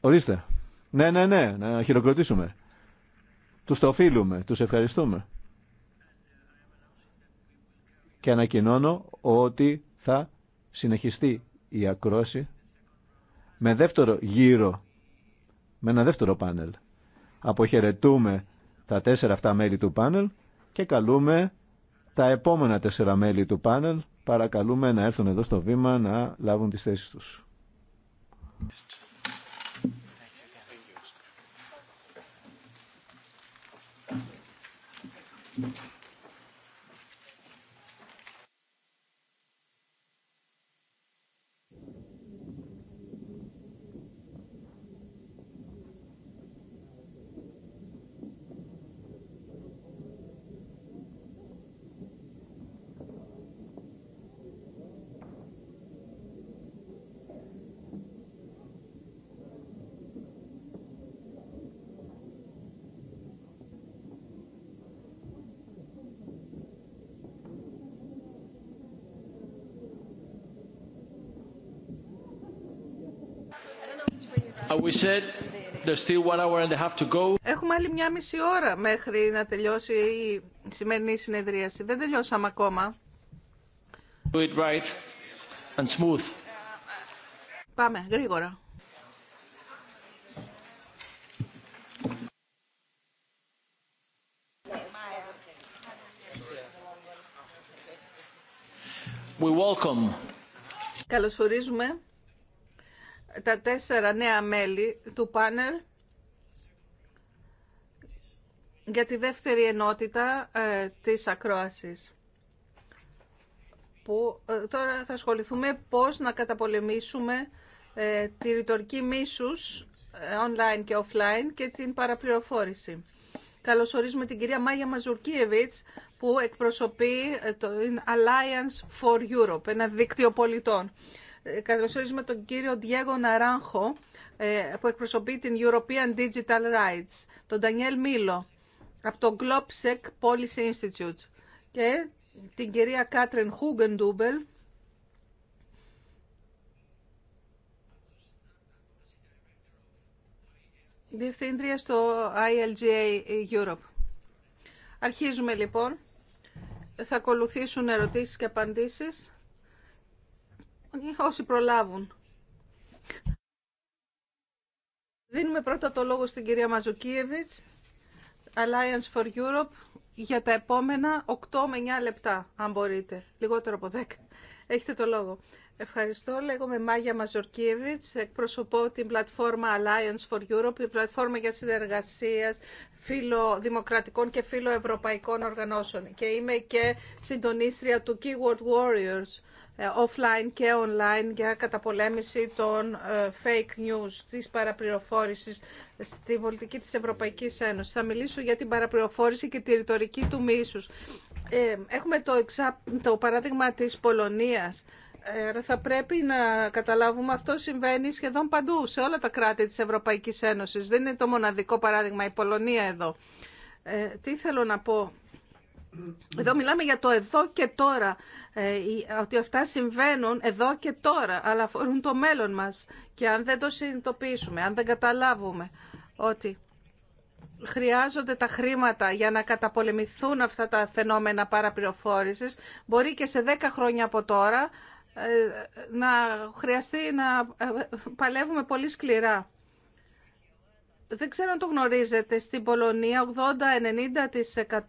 Ορίστε. Ναι, ναι, ναι, να χειροκροτήσουμε. Τους το οφείλουμε, τους ευχαριστούμε. Και ανακοινώνω ότι θα συνεχιστεί η ακρόαση με δεύτερο γύρο, με ένα δεύτερο πάνελ. Αποχαιρετούμε τα τέσσερα αυτά μέλη του πάνελ και καλούμε τα επόμενα τέσσερα μέλη του πάνελ παρακαλούμε να έρθουν εδώ στο βήμα να λάβουν τις θέσεις τους. said there's still one hour and a half to go. Έχουμε άλλη μια μισή ώρα μέχρι να τελειώσει η σημερινή συνεδρίαση. Δεν τελειώσαμε ακόμα. Do it right and smooth. Πάμε γρήγορα. We welcome. Καλωσορίζουμε τα τέσσερα νέα μέλη του πάνελ για τη δεύτερη ενότητα ε, της ακρόασης. Που ε, τώρα θα ασχοληθούμε πώς να καταπολεμήσουμε ε, τη ρητορική μίσους online και offline και την παραπληροφόρηση. Καλωσορίζουμε την κυρία Μάγια Μαζουρκίεβιτς που εκπροσωπεί το Alliance for Europe, ένα δίκτυο πολιτών. Καλωσορίζουμε τον κύριο Διέγο Ναράγχο ε, που εκπροσωπεί την European Digital Rights, τον Ντανιέλ Μίλο από το Globsec Policy Institute και την κυρία Κάτριν Χούγκεντούμπελ Διευθύντρια στο ILGA Europe. Αρχίζουμε λοιπόν. Θα ακολουθήσουν ερωτήσεις και απαντήσεις όσοι προλάβουν. Δίνουμε πρώτα το λόγο στην κυρία Μαζουκίεβιτς, Alliance for Europe, για τα επόμενα 8 με 9 λεπτά, αν μπορείτε. Λιγότερο από 10. Έχετε το λόγο. Ευχαριστώ. Λέγομαι Μάγια Μαζορκίεβιτς, εκπροσωπώ την πλατφόρμα Alliance for Europe, η πλατφόρμα για συνεργασία φιλοδημοκρατικών και φιλοευρωπαϊκών οργανώσεων. Και είμαι και συντονίστρια του Keyword Warriors, ε, offline και online για καταπολέμηση των ε, fake news, της παραπληροφόρησης στη πολιτική της Ευρωπαϊκής Ένωσης. Θα μιλήσω για την παραπληροφόρηση και τη ρητορική του μίσους. Ε, έχουμε το, εξα... το παράδειγμα της Πολωνίας. Θα πρέπει να καταλάβουμε αυτό συμβαίνει σχεδόν παντού, σε όλα τα κράτη της Ευρωπαϊκής Ένωσης. Δεν είναι το μοναδικό παράδειγμα η Πολωνία εδώ. Τι θέλω να πω εδώ μιλάμε για το εδώ και τώρα, ε, ότι αυτά συμβαίνουν εδώ και τώρα, αλλά αφορούν το μέλλον μας. Και αν δεν το συνειδητοποιήσουμε, αν δεν καταλάβουμε ότι χρειάζονται τα χρήματα για να καταπολεμηθούν αυτά τα φαινόμενα παραπληροφόρησης, μπορεί και σε 10 χρόνια από τώρα ε, να χρειαστεί να ε, παλεύουμε πολύ σκληρά δεν ξέρω αν το γνωρίζετε, στην Πολωνία 80-90%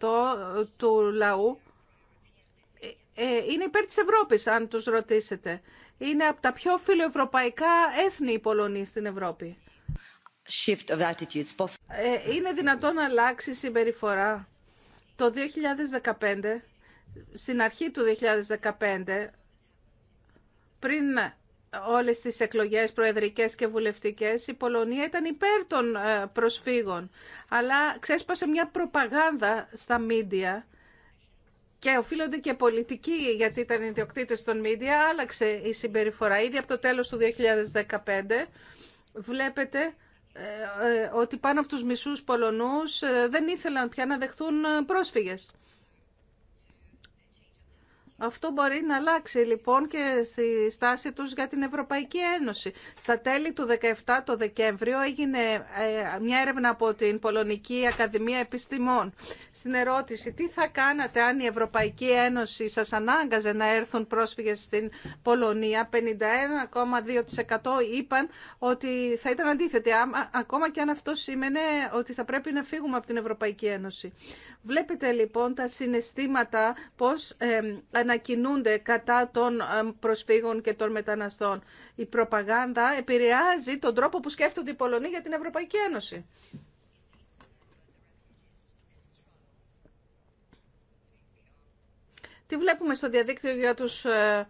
του λαού ε, ε, είναι υπέρ της Ευρώπης, αν τους ρωτήσετε. Είναι από τα πιο φιλοευρωπαϊκά έθνη η Πολωνία στην Ευρώπη. Shift of attitudes. Ε, είναι δυνατόν να αλλάξει η συμπεριφορά. Το 2015, στην αρχή του 2015, πριν όλες τις εκλογές προεδρικές και βουλευτικές, η Πολωνία ήταν υπέρ των ε, προσφύγων. Αλλά ξέσπασε μια προπαγάνδα στα μίντια και οφείλονται και πολιτικοί γιατί ήταν ιδιοκτήτες των μίντια. Άλλαξε η συμπεριφορά. Ήδη από το τέλος του 2015 βλέπετε ε, ε, ότι πάνω από τους μισούς Πολωνούς δεν ήθελαν πια να δεχθούν πρόσφυγες. Αυτό μπορεί να αλλάξει λοιπόν και στη στάση τους για την Ευρωπαϊκή Ένωση. Στα τέλη του 17 το Δεκέμβριο έγινε ε, μια έρευνα από την Πολωνική Ακαδημία Επιστημών. Στην ερώτηση τι θα κάνατε αν η Ευρωπαϊκή Ένωση σας ανάγκαζε να έρθουν πρόσφυγες στην Πολωνία, 51,2% είπαν ότι θα ήταν αντίθετοι, ακόμα και αν αυτό σήμαινε ότι θα πρέπει να φύγουμε από την Ευρωπαϊκή Ένωση. Βλέπετε λοιπόν τα συναισθήματα πώς ε, να κινούνται κατά των προσφύγων και των μεταναστών. Η προπαγάνδα επηρεάζει τον τρόπο που σκέφτονται οι Πολωνοί για την Ευρωπαϊκή Ένωση. Τι βλέπουμε στο διαδίκτυο για τους ε,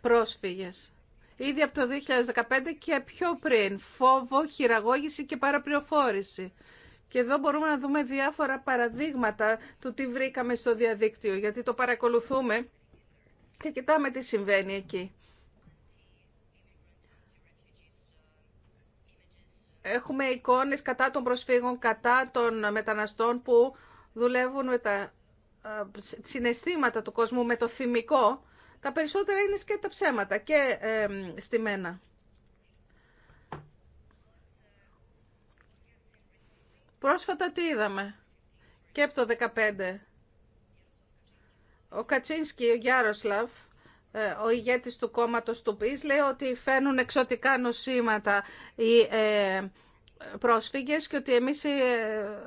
πρόσφυγες. Ήδη από το 2015 και πιο πριν. Φόβο, χειραγώγηση και παραπληροφόρηση. Και εδώ μπορούμε να δούμε διάφορα παραδείγματα του τι βρήκαμε στο διαδίκτυο, γιατί το παρακολουθούμε και κοιτάμε τι συμβαίνει εκεί. Έχουμε εικόνες κατά των προσφύγων, κατά των μεταναστών που δουλεύουν με τα ε, συναισθήματα του κόσμου, με το θυμικό. Τα περισσότερα είναι και τα ψέματα και ε, στημένα. Πρόσφατα τι είδαμε και από το ο Κατσίνσκι, ο Γιάροσλαβ, ε, ο ηγέτης του κόμματος του ΠΙΣ, λέει ότι φαίνουν εξωτικά νοσήματα οι ε, πρόσφυγες και ότι εμείς ε,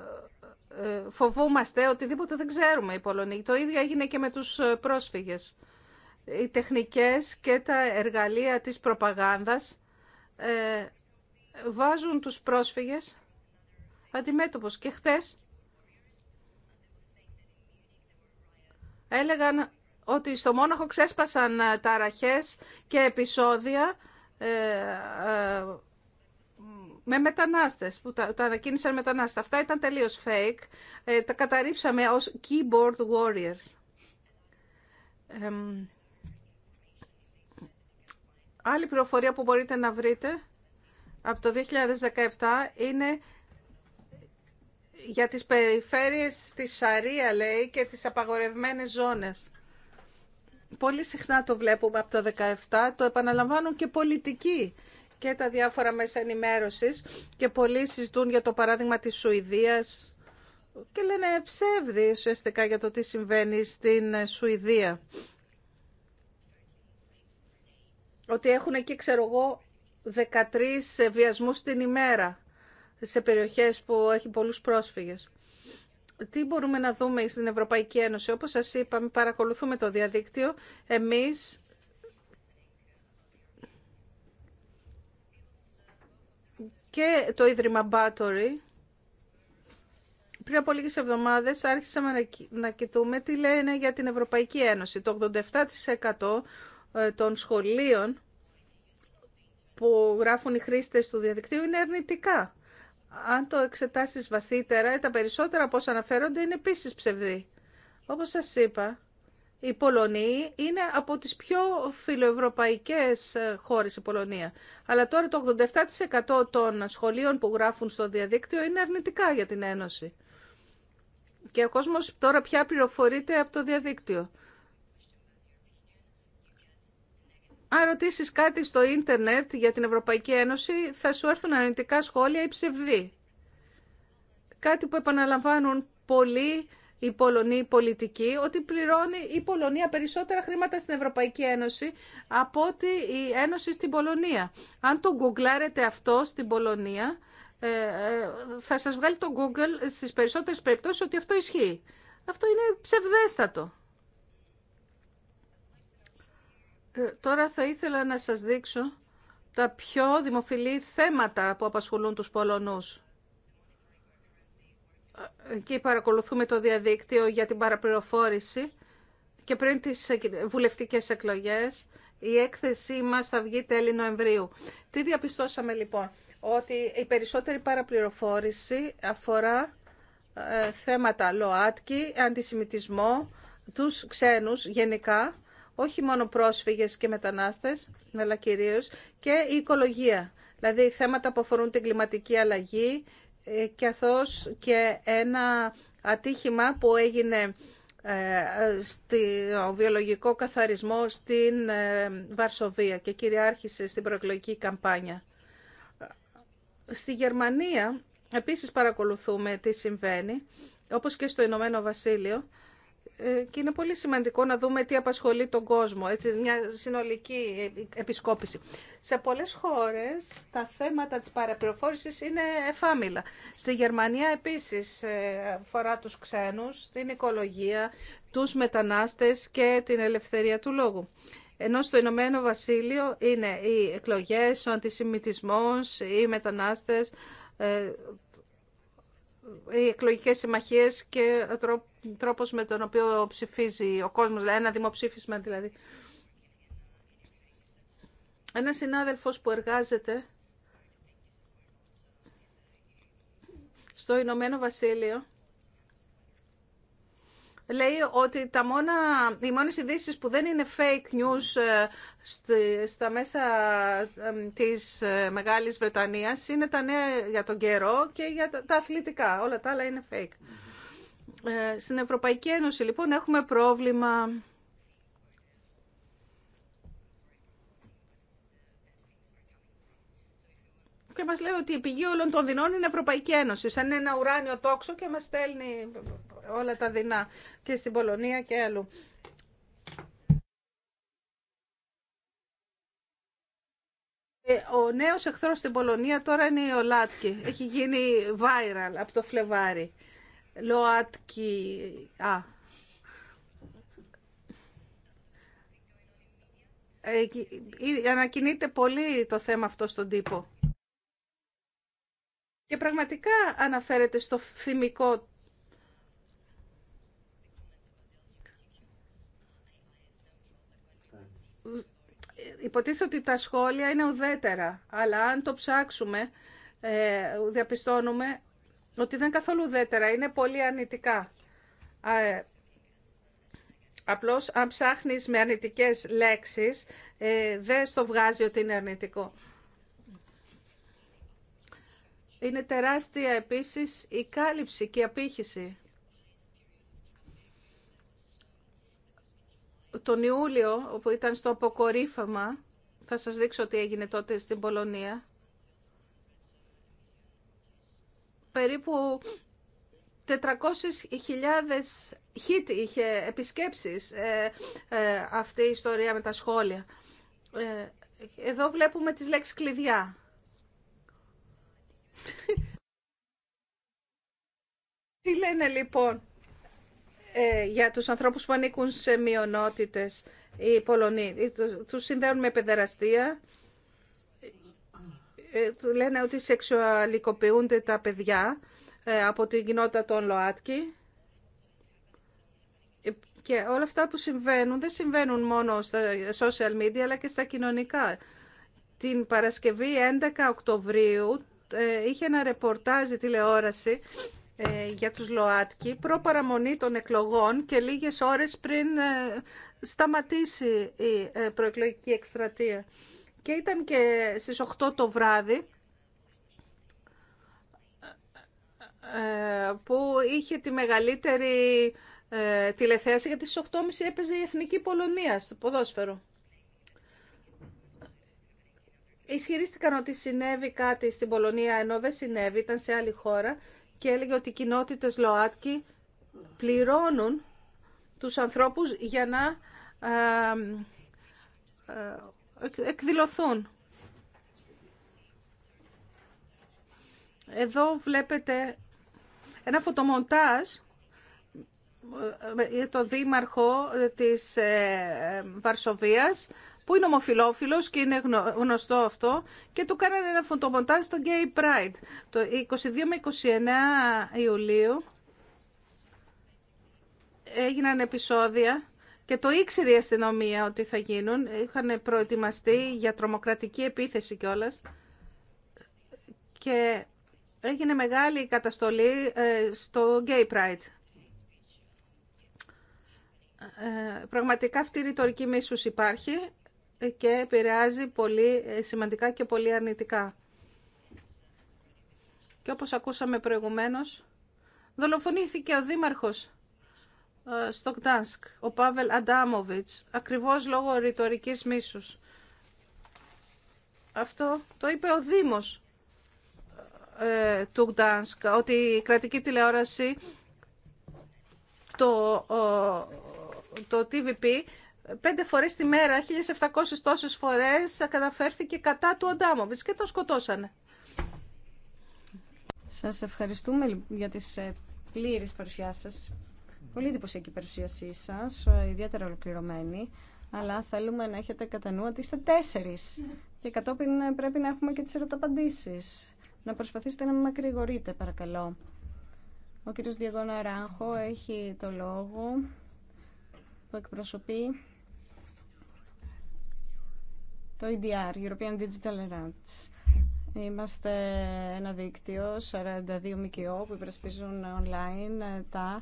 φοβούμαστε οτιδήποτε δεν ξέρουμε οι Πολωνοί. Το ίδιο έγινε και με τους πρόσφυγες. Οι τεχνικές και τα εργαλεία της προπαγάνδας βάζουν τους πρόσφυγες αντιμέτωπος. Και χτες έλεγαν ότι στο Μόναχο ξέσπασαν ε, ταραχές και επεισόδια ε, ε, με μετανάστες που τα, τα ανακοίνησαν μετανάστες. Αυτά ήταν τελείως fake. τα καταρρίψαμε ως keyboard warriors. άλλη πληροφορία που μπορείτε να βρείτε από το 2017 είναι για τις περιφέρειες της Σαρία λέει και τις απαγορευμένες ζώνες. Πολύ συχνά το βλέπουμε από το 17, το επαναλαμβάνουν και πολιτικοί και τα διάφορα μέσα ενημέρωσης και πολλοί συζητούν για το παράδειγμα της Σουηδίας και λένε ψεύδι ουσιαστικά για το τι συμβαίνει στην Σουηδία. Ότι έχουν εκεί, ξέρω εγώ, 13 βιασμούς την ημέρα σε περιοχές που έχει πολλούς πρόσφυγες. Τι μπορούμε να δούμε στην Ευρωπαϊκή Ένωση. Όπως σας είπαμε, παρακολουθούμε το διαδίκτυο. Εμείς και το Ίδρυμα Battery πριν από λίγες εβδομάδες άρχισαμε να κοιτούμε τι λένε για την Ευρωπαϊκή Ένωση. Το 87% ε, των σχολείων που γράφουν οι χρήστες του διαδικτύου είναι αρνητικά αν το εξετάσεις βαθύτερα, τα περισσότερα από όσα αναφέρονται είναι επίση ψευδή. Όπως σας είπα, η Πολωνία είναι από τις πιο φιλοευρωπαϊκές ε, χώρες η Πολωνία. Αλλά τώρα το 87% των σχολείων που γράφουν στο διαδίκτυο είναι αρνητικά για την Ένωση. Και ο κόσμος τώρα πια πληροφορείται από το διαδίκτυο. αν ρωτήσει κάτι στο ίντερνετ για την Ευρωπαϊκή Ένωση, θα σου έρθουν αρνητικά σχόλια ή ψευδή. Κάτι που επαναλαμβάνουν πολλοί οι Πολωνοί πολιτικοί, ότι πληρώνει η Πολωνία περισσότερα χρήματα στην Ευρωπαϊκή Ένωση από ότι η Ένωση στην Πολωνία. Αν το γκουγκλάρετε αυτό στην Πολωνία, ε, ε, θα σας βγάλει το Google στις περισσότερες περιπτώσεις ότι αυτό ισχύει. Αυτό είναι ψευδέστατο. Ε, τώρα θα ήθελα να σας δείξω τα πιο δημοφιλή θέματα που απασχολούν τους Πολωνούς. Ε, εκεί παρακολουθούμε το διαδίκτυο για την παραπληροφόρηση και πριν τις βουλευτικές εκλογές η έκθεσή μας θα βγει τέλη Νοεμβρίου. Τι διαπιστώσαμε λοιπόν, ότι η περισσότερη παραπληροφόρηση αφορά ε, θέματα ΛΟΑΤΚΙ, αντισημιτισμό, τους ξένους γενικά όχι μόνο πρόσφυγες και μετανάστες, αλλά κυρίως και η οικολογία. Δηλαδή θέματα που αφορούν την κλιματική αλλαγή ε, και και ένα ατύχημα που έγινε ε, στο βιολογικό καθαρισμό στην ε, Βαρσοβία και κυριάρχησε στην προεκλογική καμπάνια. Στη Γερμανία επίσης παρακολουθούμε τι συμβαίνει, όπως και στο Ηνωμένο Βασίλειο, ε, και είναι πολύ σημαντικό να δούμε τι απασχολεί τον κόσμο, έτσι, μια συνολική επισκόπηση. Σε πολλές χώρες τα θέματα της παραπληροφόρησης είναι εφάμιλα. Στη Γερμανία επίσης ε, αφορά τους ξένους, την οικολογία, τους μετανάστες και την ελευθερία του λόγου. Ενώ στο Ηνωμένο Βασίλειο είναι οι εκλογές, ο αντισημιτισμός, οι μετανάστες, ε, οι εκλογικές συμμαχίες και ο τρόπος με τον οποίο ψηφίζει ο κόσμος, ένα δημοψήφισμα δηλαδή. Ένας συνάδελφος που εργάζεται στο Ηνωμένο Βασίλειο λέει ότι τα μόνα, οι μόνες ειδήσει που δεν είναι fake news ε, στα μέσα ε, της ε, Μεγάλης Βρετανίας είναι τα νέα για τον καιρό και για τα αθλητικά. Όλα τα άλλα είναι fake. Στην Ευρωπαϊκή Ένωση λοιπόν έχουμε πρόβλημα και μας λένε ότι η πηγή όλων των δεινών είναι η Ευρωπαϊκή Ένωση, σαν ένα ουράνιο τόξο και μας στέλνει όλα τα δεινά και στην Πολωνία και αλλού. Ε, ο νέος εχθρός στην Πολωνία τώρα είναι η Ολάτκη. Έχει γίνει viral από το Φλεβάρι. Λοάτκι... Α. Ανακοινείται πολύ το θέμα αυτό στον τύπο και πραγματικά αναφέρεται στο θυμικό Υποτίθεται ότι τα σχόλια είναι ουδέτερα, αλλά αν το ψάξουμε, ε, διαπιστώνουμε ότι δεν καθόλου ουδέτερα, είναι πολύ αρνητικά. Ε, απλώς, αν ψάχνεις με αρνητικές λέξεις, ε, δεν στο βγάζει ότι είναι αρνητικό. Είναι τεράστια επίσης η κάλυψη και η απήχηση. Τον Ιούλιο, όπου ήταν στο αποκορύφαμα, θα σας δείξω τι έγινε τότε στην Πολωνία, περίπου 400.000 χίτ είχε επισκέψεις ε, ε, αυτή η ιστορία με τα σχόλια. Ε, εδώ βλέπουμε τις λέξεις κλειδιά. Τι λένε λοιπόν ε, για τους ανθρώπους που ανήκουν σε μειονότητες οι Πολωνοί. Ε, τους συνδέουν με παιδεραστία. Ε, λένε ότι σεξουαλικοποιούνται τα παιδιά από την κοινότητα των ΛΟΑΤΚΙ. Και όλα αυτά που συμβαίνουν δεν συμβαίνουν μόνο στα social media αλλά και στα κοινωνικά. Την Παρασκευή 11 Οκτωβρίου ε, είχε ένα ρεπορτάζ τηλεόραση ε, για τους ΛΟΑΤΚΙ προπαραμονή των εκλογών και λίγες ώρες πριν ε, σταματήσει η προεκλογική εκστρατεία. Και ήταν και στις 8 το βράδυ που είχε τη μεγαλύτερη τηλεθέαση γιατί στις 8.30 έπαιζε η Εθνική Πολωνία στο ποδόσφαιρο ισχυρίστηκαν ότι συνέβη κάτι στην Πολωνία, ενώ δεν συνέβη, ήταν σε άλλη χώρα και έλεγε ότι οι κοινότητες ΛΟΑΤΚΙ πληρώνουν τους ανθρώπους για να εκδηλωθούν. Εδώ βλέπετε ένα φωτομοντάζ για ε, ε, ε, το δήμαρχο της Βαρσοβίας που είναι ομοφιλόφιλο και είναι γνωστό αυτό και του κάνανε ένα φωτομοντάζ στο Gay Pride το 22 με 29 Ιουλίου έγιναν επεισόδια και το ήξερε η αστυνομία ότι θα γίνουν. Είχαν προετοιμαστεί για τρομοκρατική επίθεση κιόλα. και έγινε μεγάλη καταστολή ε, στο Gay Pride. Ε, πραγματικά αυτή η ρητορική μίσους υπάρχει και επηρεάζει πολύ ε, σημαντικά και πολύ αρνητικά. Και όπως ακούσαμε προηγουμένως, δολοφονήθηκε ο δήμαρχος ε, στο ΚΤΑΝΣΚ, ο Πάβελ Αντάμοβιτς, ακριβώς λόγω ρητορικής μίσους. Αυτό το είπε ο Δήμος ε, του ΚΤΑΝΣΚ, ότι η κρατική τηλεόραση, το, το TVP, πέντε φορές τη μέρα, 1700 τόσες φορές καταφέρθηκε κατά του Οντάμοβιτς και τον σκοτώσανε. Σας ευχαριστούμε για τις ε, πλήρε παρουσιάσεις σας. Πολύ εντυπωσιακή παρουσίασή σας, ε, ιδιαίτερα ολοκληρωμένη. Αλλά θέλουμε να έχετε κατά νου ότι είστε τέσσερις. Και κατόπιν ε, πρέπει να έχουμε και τις ερωταπαντήσεις. Να προσπαθήσετε να μην μακρηγορείτε, παρακαλώ. Ο κύριος Διαγώνα Ράγχο έχει το λόγο που εκπροσωπεί το EDR, European Digital Rights. Είμαστε ένα δίκτυο 42 ΜΚΟ που υπερασπίζουν online τα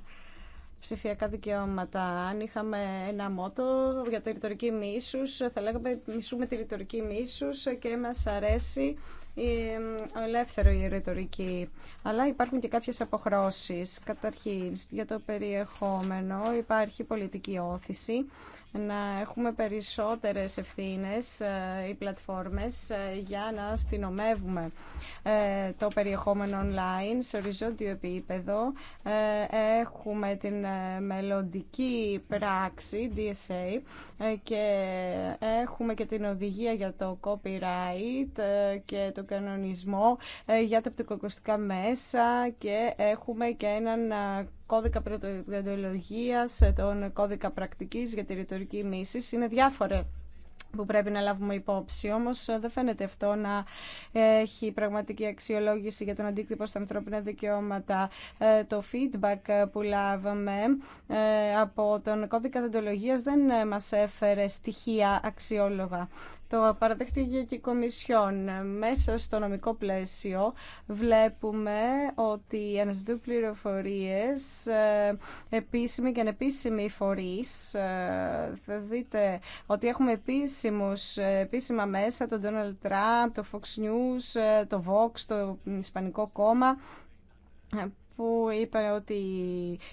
ψηφιακά δικαιώματα. Αν είχαμε ένα μότο για τη ρητορική μίσους, θα λέγαμε μισούμε τη ρητορική μίσους και μας αρέσει η ε, ελεύθερο η ρητορική. Αλλά υπάρχουν και κάποιες αποχρώσεις. Καταρχήν, για το περιεχόμενο υπάρχει πολιτική όθηση να έχουμε περισσότερες ευθύνες ε, οι πλατφόρμες ε, για να αστυνομεύουμε ε, το περιεχόμενο online σε οριζόντιο επίπεδο. Έχουμε την μελλοντική πράξη DSA και έχουμε και την οδηγία για το copyright και το κανονισμό για τα πτυκοκοστικά μέσα και έχουμε και έναν κώδικα τον κώδικα πρακτικής για τη ρητορική μίση Είναι διάφορε που πρέπει να λάβουμε υπόψη. Όμω ε, δεν φαίνεται αυτό να έχει πραγματική αξιολόγηση για τον αντίκτυπο στα ανθρώπινα δικαιώματα. Ε, το feedback που λάβαμε ε, από τον κώδικα δεντολογία δεν μα έφερε στοιχεία αξιόλογα το παραδέχτηκε και η Κομισιόν. Μέσα στο νομικό πλαίσιο βλέπουμε ότι αναζητούν πληροφορίε ε, επίσημοι και ανεπίσημοι φορεί. Ε, θα δείτε ότι έχουμε επίσημους, ε, επίσημα μέσα τον Donald Trump, το Fox News, το Vox, το Ισπανικό Κόμμα που είπαν ότι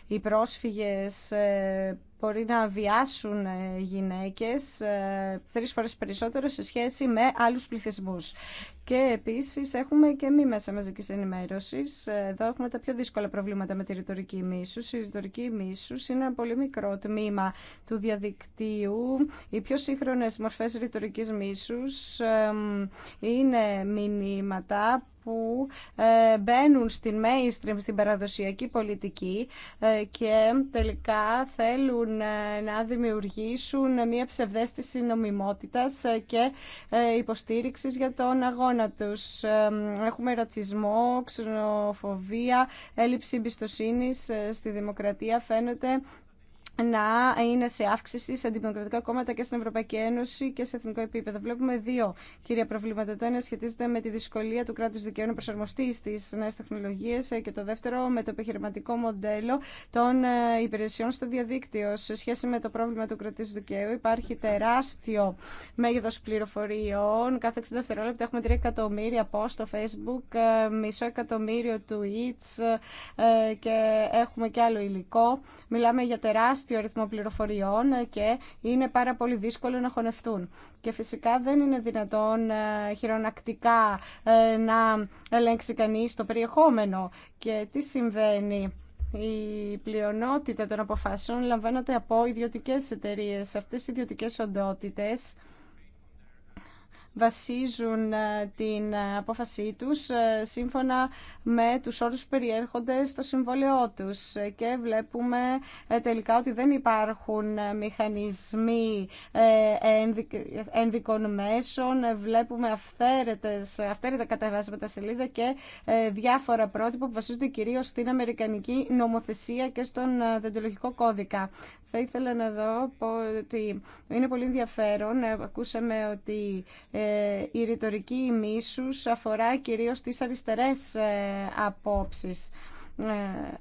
οι πρόσφυγες μπορεί να βιάσουν ε, γυναίκες ε, τρεις φορές περισσότερο σε σχέση με άλλους πληθυσμούς. Και επίσης έχουμε και μη μέσα μαζικής ενημέρωσης. Ε, εδώ έχουμε τα πιο δύσκολα προβλήματα με τη ρητορική μίσους. Η ρητορική μίσους είναι ένα πολύ μικρό τμήμα του διαδικτύου. Οι πιο σύγχρονες μορφές ρητορικής μίσους είναι μηνύματα που ε, μπαίνουν στην mainstream, στην παραδοσιακή πολιτική ε, και τελικά θέλουν ε, να δημιουργήσουν μια ψευδέστηση νομιμότητας και υποστήριξης για τον αγώνα τους. Έχουμε ρατσισμό, ξενοφοβία, έλλειψη εμπιστοσύνη στη δημοκρατία φαίνεται να είναι σε αύξηση σε δημοκρατικά κόμματα και στην Ευρωπαϊκή Ένωση και σε εθνικό επίπεδο. Βλέπουμε δύο κύρια προβλήματα. Το ένα σχετίζεται με τη δυσκολία του κράτου δικαίου να προσαρμοστεί στι νέε τεχνολογίε ε, και το δεύτερο με το επιχειρηματικό μοντέλο των ε, υπηρεσιών στο διαδίκτυο. Σε σχέση με το πρόβλημα του κρατή δικαίου υπάρχει τεράστιο μέγεθο πληροφοριών. Κάθε 60 δευτερόλεπτα έχουμε 3 εκατομμύρια από στο Facebook, ε, μισό εκατομμύριο tweets και έχουμε και άλλο υλικό. Μιλάμε για τεράστιο τεράστιο αριθμό πληροφοριών και είναι πάρα πολύ δύσκολο να χωνευτούν. Και φυσικά δεν είναι δυνατόν ε, χειρονακτικά ε, να ελέγξει κανείς το περιεχόμενο. Και τι συμβαίνει. Η πλειονότητα των αποφάσεων λαμβάνονται από ιδιωτικές εταιρείες. Αυτές οι ιδιωτικές οντότητες βασίζουν ε, την ε, απόφασή τους ε, σύμφωνα με τους όρους που περιέρχονται στο συμβόλαιό τους και βλέπουμε τελικά ότι δεν υπάρχουν μηχανισμοί ένδικων μέσων, βλέπουμε αυθαίρετες, αυθαίρετα κατεβάσματα σελίδα και διάφορα πρότυπα που βασίζονται κυρίως στην Αμερικανική νομοθεσία και στον δεντολογικό κώδικα. Θα ήθελα να δω ότι είναι πολύ ενδιαφέρον. Ε, ακούσαμε ότι ε, η ρητορική μίσους αφορά κυρίως τις αριστερές ε, απόψεις. Ε,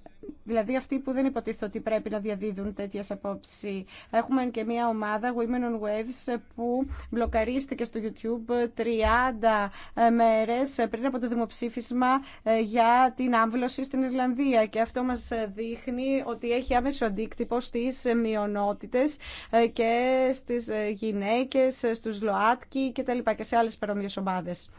δηλαδή αυτοί που δεν υποτίθεται ότι πρέπει να διαδίδουν τέτοιες απόψεις. Έχουμε και μια ομάδα Women on Waves που μπλοκαρίστηκε στο YouTube 30 ε, μέρες πριν από το δημοψήφισμα ε, για την άμβλωση στην Ιρλανδία και αυτό μας δείχνει ότι έχει άμεσο αντίκτυπο στις μειονότητες και στις γυναίκες, στους ΛΟΑΤΚΙ και τα λοιπά και σε άλλες παρόμοιες ομάδες.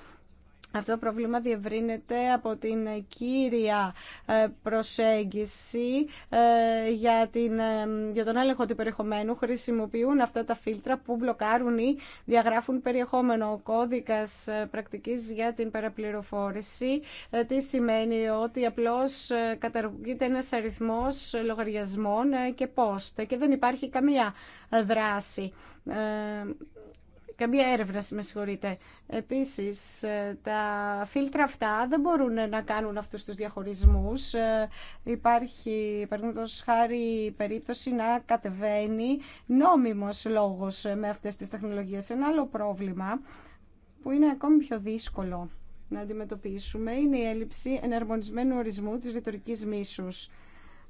Αυτό το πρόβλημα διευρύνεται από την κύρια ε, προσέγγιση ε, για, την, ε, για τον έλεγχο του περιεχομένου. Χρησιμοποιούν αυτά τα φίλτρα που μπλοκάρουν ή διαγράφουν περιεχόμενο. Ο κώδικας πρακτικής για την παραπληροφόρηση τι σημαίνει ότι απλώς καταργείται ένας αριθμός λογαριασμών και post και δεν υπάρχει καμία δράση καμία έρευνα, με συγχωρείτε. Επίσης, ε, τα φίλτρα αυτά δεν μπορούν να κάνουν αυτού του διαχωρισμούς. Ε, υπάρχει, τόσο χάρη, περίπτωση να κατεβαίνει νόμιμος λόγος ε, με αυτές τις τεχνολογίες. Ένα άλλο πρόβλημα που είναι ακόμη πιο δύσκολο να αντιμετωπίσουμε είναι η έλλειψη εναρμονισμένου ορισμού της ρητορικής μίσους.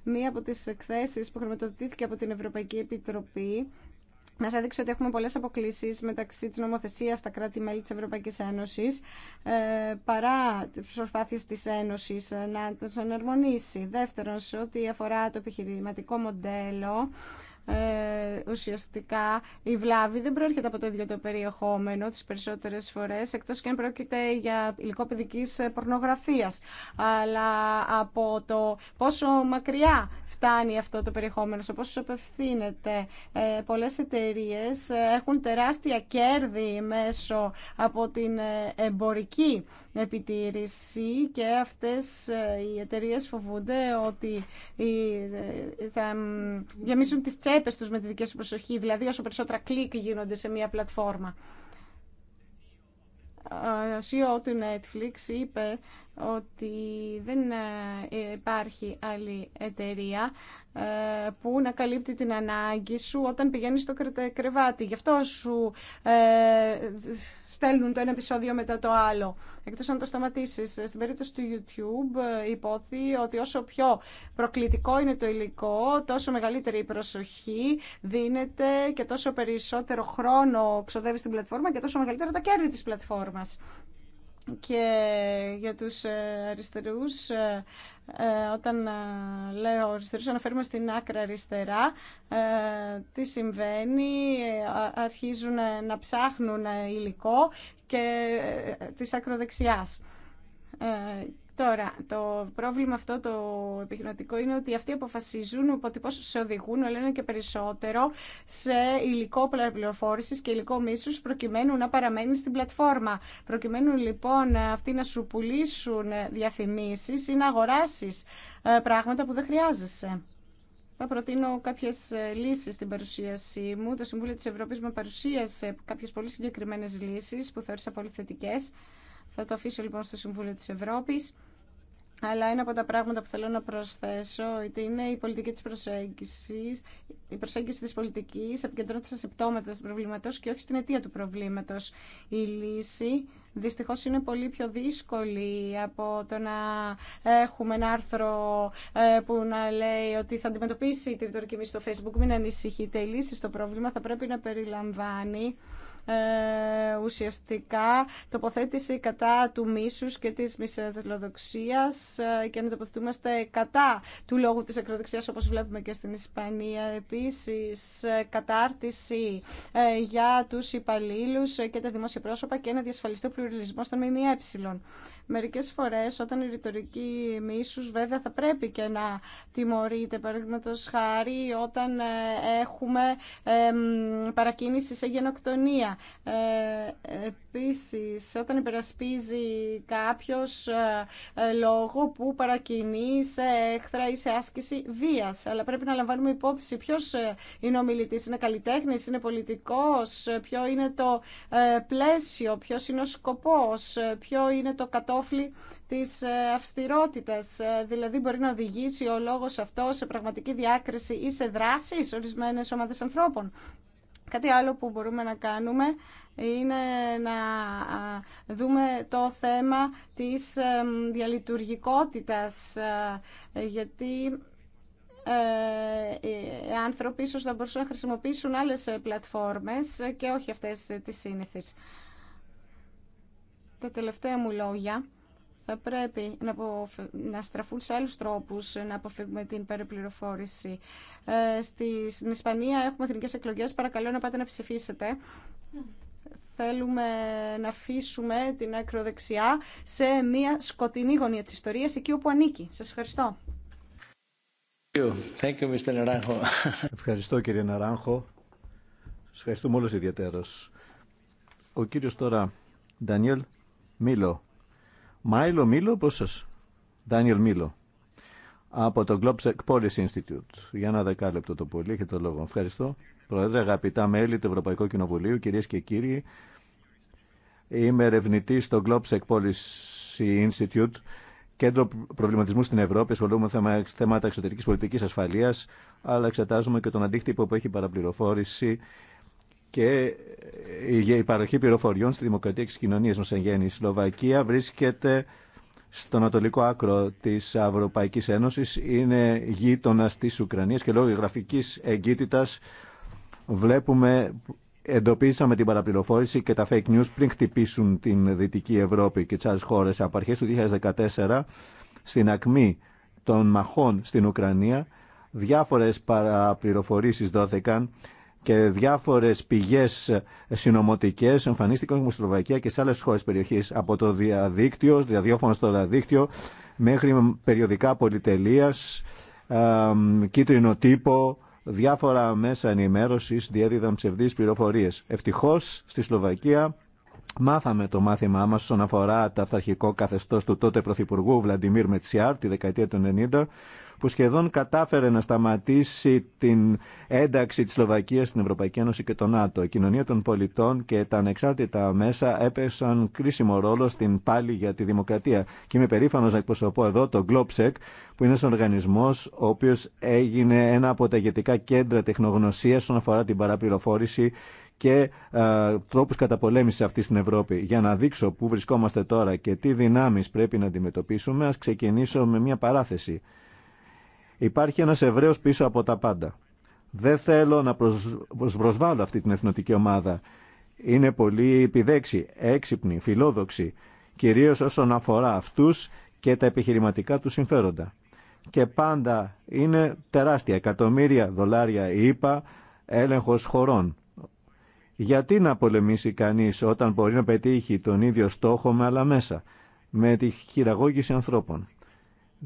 Μία από τις εκθέσεις που χρηματοδοτήθηκε από την Ευρωπαϊκή Επιτροπή Μα έδειξε ότι έχουμε πολλέ αποκλήσει μεταξύ τη νομοθεσία στα κράτη-μέλη τη Ευρωπαϊκή Ένωση ε, παρά τι προσπάθειε τη Ένωση να του εναρμονίσει. Δεύτερον, σε ό,τι αφορά το επιχειρηματικό μοντέλο, ε, ουσιαστικά η βλάβη δεν προέρχεται από το ίδιο το περιεχόμενο τις περισσότερες φορές, εκτός και αν πρόκειται για υλικό παιδικής ε, πορνογραφίας, αλλά από το πόσο μακριά φτάνει αυτό το περιεχόμενο, σε πόσο απευθύνεται. Ε, πολλές εταιρείε ε, έχουν τεράστια κέρδη μέσω από την εμπορική επιτήρηση και αυτές ε, οι εταιρείε φοβούνται ότι ε, θα γεμίσουν τις τσέπες τους με τη δική σου προσοχή, δηλαδή όσο περισσότερα κλικ γίνονται σε μια πλατφόρμα. Ε, ο CEO του Netflix είπε ότι δεν ε, υπάρχει άλλη εταιρεία ε, που να καλύπτει την ανάγκη σου όταν πηγαίνεις στο κρεβάτι. Γι' αυτό σου ε, στέλνουν το ένα επεισόδιο μετά το άλλο. Εκτός αν το σταματήσεις. Στην περίπτωση του YouTube υποθεί ότι όσο πιο προκλητικό είναι το υλικό, τόσο μεγαλύτερη η προσοχή δίνεται και τόσο περισσότερο χρόνο ξοδεύει στην πλατφόρμα και τόσο μεγαλύτερα τα κέρδη της πλατφόρμας και για τους ε, αριστερούς ε, ε, όταν λέω αριστερούς αναφέρουμε στην άκρα αριστερά τι συμβαίνει αρχίζουν να ψάχνουν υλικό και της ακροδεξιάς Τώρα, το πρόβλημα αυτό το επιχειρηματικό είναι ότι αυτοί αποφασίζουν οπότε πώ σε οδηγούν, αλλά ένα και περισσότερο, σε υλικό πληροφόρηση και υλικό μίσου προκειμένου να παραμένει στην πλατφόρμα. Προκειμένου λοιπόν αυτοί να σου πουλήσουν διαφημίσει ή να αγοράσει ε, πράγματα που δεν χρειάζεσαι. Θα προτείνω κάποιε λύσει στην παρουσίασή μου. Το Συμβούλιο τη Ευρώπη με παρουσίασε κάποιε πολύ συγκεκριμένε λύσει που θεώρησα πολύ θετικέ. Θα το αφήσω λοιπόν στο Συμβούλιο της Ευρώπης. Αλλά ένα από τα πράγματα που θέλω να προσθέσω είναι η πολιτική της προσέγγισης. Η προσέγγιση της πολιτικής επικεντρώνεται στα συμπτώματα του προβλήματος και όχι στην αιτία του προβλήματος. Η λύση δυστυχώς είναι πολύ πιο δύσκολη από το να έχουμε ένα άρθρο ε, που να λέει ότι θα αντιμετωπίσει ρητορική τριτορική στο facebook. Μην ανησυχείτε, η λύση στο πρόβλημα θα πρέπει να περιλαμβάνει ε, ουσιαστικά τοποθέτηση κατά του μίσους και της μισοδελοδοξίας ε, και να τοποθετούμαστε κατά του λόγου της ακροδεξιάς όπως βλέπουμε και στην Ισπανία. Επίσης, ε, κατάρτιση για τους υπαλλήλους και τα δημόσια πρόσωπα και να διασφαλιστεί ο πλουραλισμός των ΜΜΕ. Μερικές φορές όταν η ρητορική μίσους βέβαια θα πρέπει και να τιμωρείται. Παραδείγματο χάρη όταν ε, έχουμε παρακίνηση σε γενοκτονία. Ε, επίσης όταν υπερασπίζει κάποιος ε, λόγο που παρακινεί σε έχθρα ή σε άσκηση βίας. Αλλά πρέπει να λαμβάνουμε υπόψη ποιος είναι ο μιλητής, είναι καλλιτέχνη, είναι πολιτικός, ποιο είναι το πλαίσιο, ποιο είναι ο σκοπός, ποιο είναι το κατόπιν κατόφλι της ε, αυστηρότητας. Ε, δηλαδή μπορεί να οδηγήσει ο λόγος αυτό σε πραγματική διάκριση ή σε δράσεις ορισμένες ομάδες ανθρώπων. Κάτι άλλο που μπορούμε να κάνουμε είναι να δούμε το θέμα της ε, διαλειτουργικότητας, γιατί οι άνθρωποι ίσως θα μπορούσαν να χρησιμοποιήσουν άλλες πλατφόρμες και όχι αυτές τις σύνηθες τα τελευταία μου λόγια θα πρέπει να, να στραφούν σε άλλους τρόπους να αποφύγουμε την περιπληροφόρηση. Ε, στην Ισπανία έχουμε εθνικές εκλογές, παρακαλώ να πάτε να ψηφίσετε. Θέλουμε να αφήσουμε την ακροδεξιά σε μια σκοτεινή γωνία της ιστορίας, εκεί όπου ανήκει. Σας ευχαριστώ. Thank you, Mr. Ευχαριστώ κύριε Ναράγχο. Σας ευχαριστούμε όλους ιδιαίτερος. Ο κύριος τώρα, Ντανιέλ Μίλο. Μάιλο Μίλο, πώς σας. Ντάνιελ Μίλο. Από το Globsec Policy Institute. Για ένα δεκάλεπτο το πολύ, έχετε το λόγο. Ευχαριστώ. Πρόεδρε, αγαπητά μέλη του Ευρωπαϊκού Κοινοβουλίου, κυρίες και κύριοι, είμαι ερευνητή στο Globsec Policy Institute, κέντρο προβληματισμού στην Ευρώπη. Ασχολούμαι με θέματα εξωτερική πολιτική ασφαλεία, αλλά εξετάζουμε και τον αντίκτυπο που έχει παραπληροφόρηση και η παροχή πληροφοριών στη δημοκρατία και στις κοινωνίε μα εν Η Σλοβακία βρίσκεται στο ανατολικό άκρο της Ευρωπαϊκή Ένωσης, είναι γείτονα της Ουκρανίας και λόγω γραφική εγκύτητα βλέπουμε εντοπίσαμε την παραπληροφόρηση και τα fake news πριν χτυπήσουν την Δυτική Ευρώπη και τι άλλε χώρε. Από αρχές του 2014, στην ακμή των μαχών στην Ουκρανία, διάφορε παραπληροφορήσει δόθηκαν και διάφορε πηγέ συνωμοτικέ εμφανίστηκαν στη Σλοβακία και σε άλλε χώρε περιοχή από το διαδίκτυο, διαδιόφωνο στο διαδίκτυο μέχρι περιοδικά πολυτελεία, κίτρινο τύπο, διάφορα μέσα ενημέρωση, διέδιδαν ψευδεί πληροφορίε. Ευτυχώ, στη Σλοβακία μάθαμε το μάθημά μα όσον αφορά το αυταρχικό καθεστώ του τότε Πρωθυπουργού Βλαντιμίρ Μετσιάρ τη δεκαετία του 90 που σχεδόν κατάφερε να σταματήσει την ένταξη της Σλοβακίας στην Ευρωπαϊκή Ένωση και το ΝΑΤΟ. Η κοινωνία των πολιτών και τα ανεξάρτητα μέσα έπεσαν κρίσιμο ρόλο στην πάλη για τη δημοκρατία. Και είμαι περήφανο να εκπροσωπώ εδώ το GLOBSEC που είναι ένα οργανισμό ο οποίο έγινε ένα από τα ηγετικά κέντρα τεχνογνωσία όσον αφορά την παραπληροφόρηση και τρόπου τρόπους αυτή στην Ευρώπη. Για να δείξω πού βρισκόμαστε τώρα και τι δυνάμει πρέπει να αντιμετωπίσουμε, α ξεκινήσω με μια παράθεση. Υπάρχει ένας Εβραίος πίσω από τα πάντα. Δεν θέλω να προσβάλλω αυτή την εθνοτική ομάδα. Είναι πολύ επιδέξη, έξυπνη, φιλόδοξη, κυρίως όσον αφορά αυτούς και τα επιχειρηματικά του συμφέροντα. Και πάντα είναι τεράστια, εκατομμύρια δολάρια είπα, έλεγχος χωρών. Γιατί να πολεμήσει κανείς όταν μπορεί να πετύχει τον ίδιο στόχο με άλλα μέσα, με τη χειραγώγηση ανθρώπων.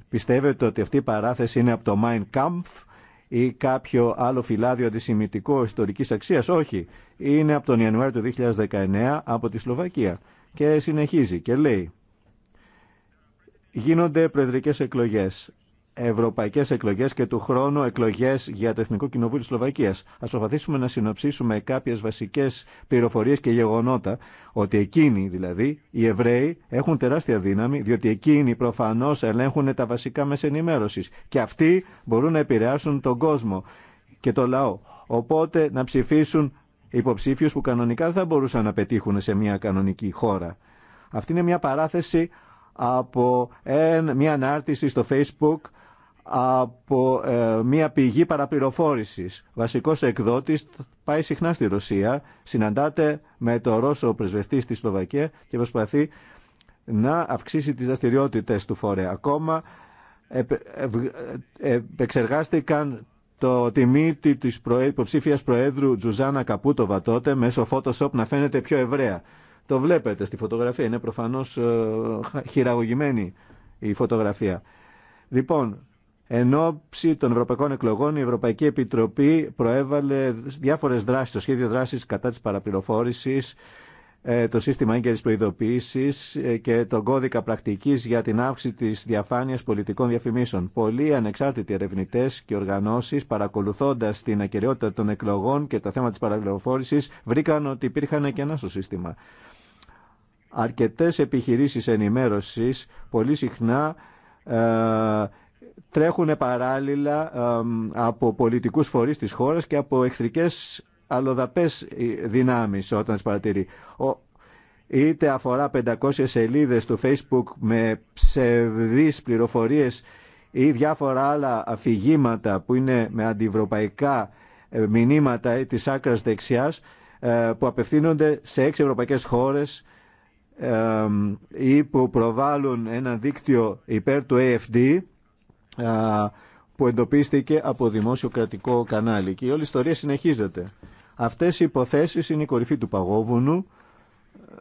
Πιστεύετε ότι αυτή η παράθεση είναι από το Mein Kampf ή κάποιο άλλο φυλάδιο αντισημητικό ιστορικής αξίας. Όχι. Είναι από τον Ιανουάριο του 2019 από τη Σλοβακία. Και συνεχίζει και λέει γίνονται προεδρικές εκλογές ευρωπαϊκέ εκλογέ και του χρόνου εκλογέ για το Εθνικό Κοινοβούλιο τη Σλοβακία. Α προσπαθήσουμε να συνοψίσουμε κάποιε βασικέ πληροφορίε και γεγονότα ότι εκείνοι δηλαδή, οι Εβραίοι, έχουν τεράστια δύναμη, διότι εκείνοι προφανώ ελέγχουν τα βασικά μέσα ενημέρωση και αυτοί μπορούν να επηρεάσουν τον κόσμο και το λαό. Οπότε να ψηφίσουν υποψήφιους που κανονικά δεν θα μπορούσαν να πετύχουν σε μια κανονική χώρα. Αυτή είναι μια παράθεση από μια ανάρτηση στο facebook από ε, μια πηγή παραπληροφόρησης. Βασικός εκδότης πάει συχνά στη Ρωσία, συναντάται με το Ρώσο πρεσβευτή στη Σλοβακία και προσπαθεί να αυξήσει τις δραστηριότητε του φορέα. Ακόμα ε, επεξεργάστηκαν το τιμή της υποψήφια Προέδρου Τζουζάνα Καπούτοβα τότε μέσω Photoshop να φαίνεται πιο ευραία. Το βλέπετε στη φωτογραφία, είναι προφανώς ε, χειραγωγημένη η φωτογραφία. Λοιπόν, Εν ώψη των Ευρωπαϊκών Εκλογών, η Ευρωπαϊκή Επιτροπή προέβαλε διάφορε δράσει, το σχέδιο δράση κατά τη παραπληροφόρηση, ε, το σύστημα έγκαιρη προειδοποίηση ε, και τον κώδικα πρακτική για την αύξηση τη διαφάνεια πολιτικών διαφημίσεων. Πολλοί ανεξάρτητοι ερευνητέ και οργανώσει, παρακολουθώντα την ακαιρεότητα των εκλογών και τα θέματα τη παραπληροφόρηση, βρήκαν ότι υπήρχαν κενά στο σύστημα. Αρκετέ επιχειρήσει ενημέρωση πολύ συχνά ε, τρέχουν παράλληλα από πολιτικούς φορείς της χώρας και από εχθρικές αλλοδαπές ε, δυνάμεις όταν τις παρατηρεί. Είτε αφορά 500 σελίδες του Facebook με ψευδείς πληροφορίες ή διάφορα άλλα αφηγήματα που είναι με αντιευρωπαϊκά ε, μηνύματα της άκρας δεξιάς ε, που απευθύνονται σε έξι ευρωπαϊκές χώρες ή που προβάλλουν ένα δίκτυο υπέρ του AFD που εντοπίστηκε από δημόσιο κρατικό κανάλι. Και η όλη ιστορία συνεχίζεται. Αυτές οι υποθέσεις είναι η κορυφή του παγόβουνου,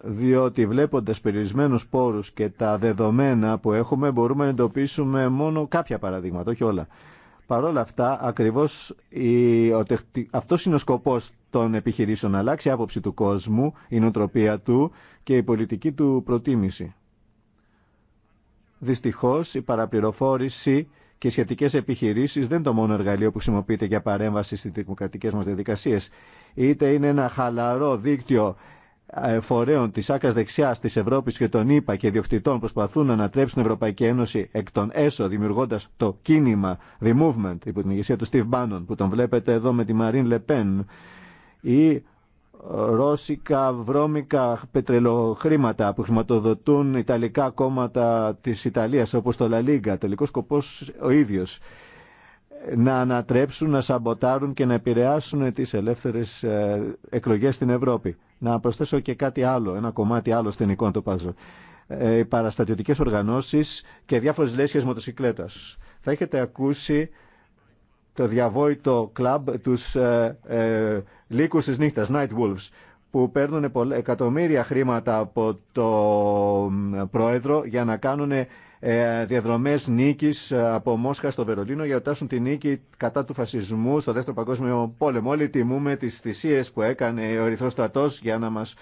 διότι βλέποντας περιορισμένους πόρους και τα δεδομένα που έχουμε μπορούμε να εντοπίσουμε μόνο κάποια παραδείγματα, όχι όλα. Παρ' όλα αυτά, ακριβώς η, αυτός είναι ο σκοπός των επιχειρήσεων, να αλλάξει άποψη του κόσμου, η νοοτροπία του και η πολιτική του προτίμηση. Δυστυχώς, η παραπληροφόρηση και οι σχετικές επιχειρήσεις δεν είναι το μόνο εργαλείο που χρησιμοποιείται για παρέμβαση στις δημοκρατικέ μας διαδικασίε, Είτε είναι ένα χαλαρό δίκτυο ε, φορέων τη άκρα δεξιά τη Ευρώπη και των ΗΠΑ και διοκτητών προσπαθούν να ανατρέψουν την Ευρωπαϊκή Ένωση εκ των έσω, δημιουργώντα το κίνημα The Movement υπό την ηγεσία του Steve Bannon, που τον βλέπετε εδώ με τη Μαρίν Λεπέν, ή ρώσικα βρώμικα πετρελοχρήματα που χρηματοδοτούν ιταλικά κόμματα της Ιταλίας όπως το La Liga. Τελικός σκοπός ο ίδιος να ανατρέψουν, να σαμποτάρουν και να επηρεάσουν τις ελεύθερες ε, εκλογές στην Ευρώπη. Να προσθέσω και κάτι άλλο, ένα κομμάτι άλλο στην εικόνα το παζό. Ε, οι παραστατιωτικές οργανώσεις και διάφορες λέσχες μοτοσυκλέτας. Θα έχετε ακούσει το διαβόητο κλαμπ, τους ε, ε, λύκους της νύχτας, Night Wolves, που παίρνουν εκατομμύρια χρήματα από το πρόεδρο για να κάνουν ε, διαδρομές νίκης ε, από Μόσχα στο Βερολίνο για να τάσουν τη νίκη κατά του φασισμού στο Δεύτερο Παγκόσμιο Πόλεμο. Όλοι τιμούμε τις θυσίες που έκανε ο Ερυθρός Στρατός για να μας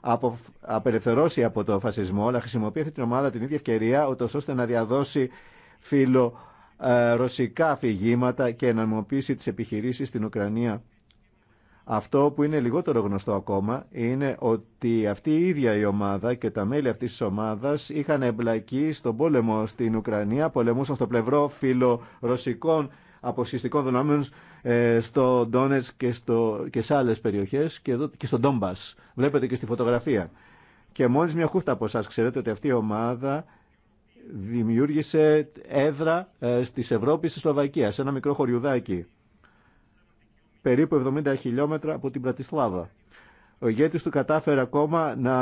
απο, απελευθερώσει από το φασισμό, αλλά χρησιμοποιεί αυτή την ομάδα την ίδια ευκαιρία, ώστε να διαδώσει φίλο ε, ρωσικά αφηγήματα και εναρμοποίηση τις επιχειρήσεις στην Ουκρανία. Αυτό που είναι λιγότερο γνωστό ακόμα είναι ότι αυτή η ίδια η ομάδα και τα μέλη αυτής της ομάδας είχαν εμπλακεί στον πόλεμο στην Ουκρανία, πολεμούσαν στο πλευρό φιλορωσικών αποσυστικών δυνάμεων ε, στο Ντόνετς και, στο, και σε άλλες περιοχές και, εδώ, και στο Ντόμπας. Βλέπετε και στη φωτογραφία. Και μόλις μια χούφτα από εσά ξέρετε ότι αυτή η ομάδα δημιούργησε έδρα ε, στις Ευρώπη στη Σλοβακία, σε ένα μικρό χωριουδάκι, περίπου 70 χιλιόμετρα από την Πρατισλάβα. Ο ηγέτης του κατάφερε ακόμα να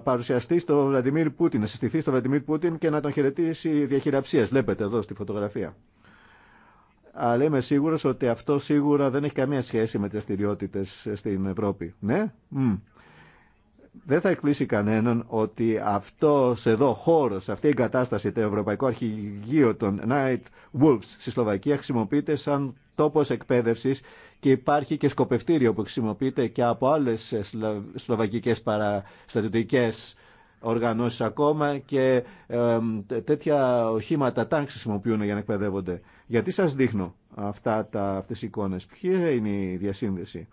παρουσιαστεί στο Βλαντιμίρ Πούτιν, να συστηθεί στο Βλαντιμίρ Πούτιν και να τον χαιρετήσει διαχειραψίας. Βλέπετε εδώ στη φωτογραφία. Αλλά είμαι σίγουρο ότι αυτό σίγουρα δεν έχει καμία σχέση με τι αστηριότητες στην Ευρώπη. Ναι, δεν θα εκπλήσει κανέναν ότι αυτό εδώ χώρο, αυτή η εγκατάσταση, το Ευρωπαϊκό Αρχηγείο των Night Wolves στη Σλοβακία χρησιμοποιείται σαν τόπο εκπαίδευση και υπάρχει και σκοπευτήριο που χρησιμοποιείται και από άλλε σλοβακικέ παραστατιωτικέ οργανώσει ακόμα και τέτοια οχήματα τάγκ χρησιμοποιούν για να εκπαιδεύονται. Γιατί σα δείχνω αυτά τα, αυτές εικόνες. Ποια είναι η διασύνδεση.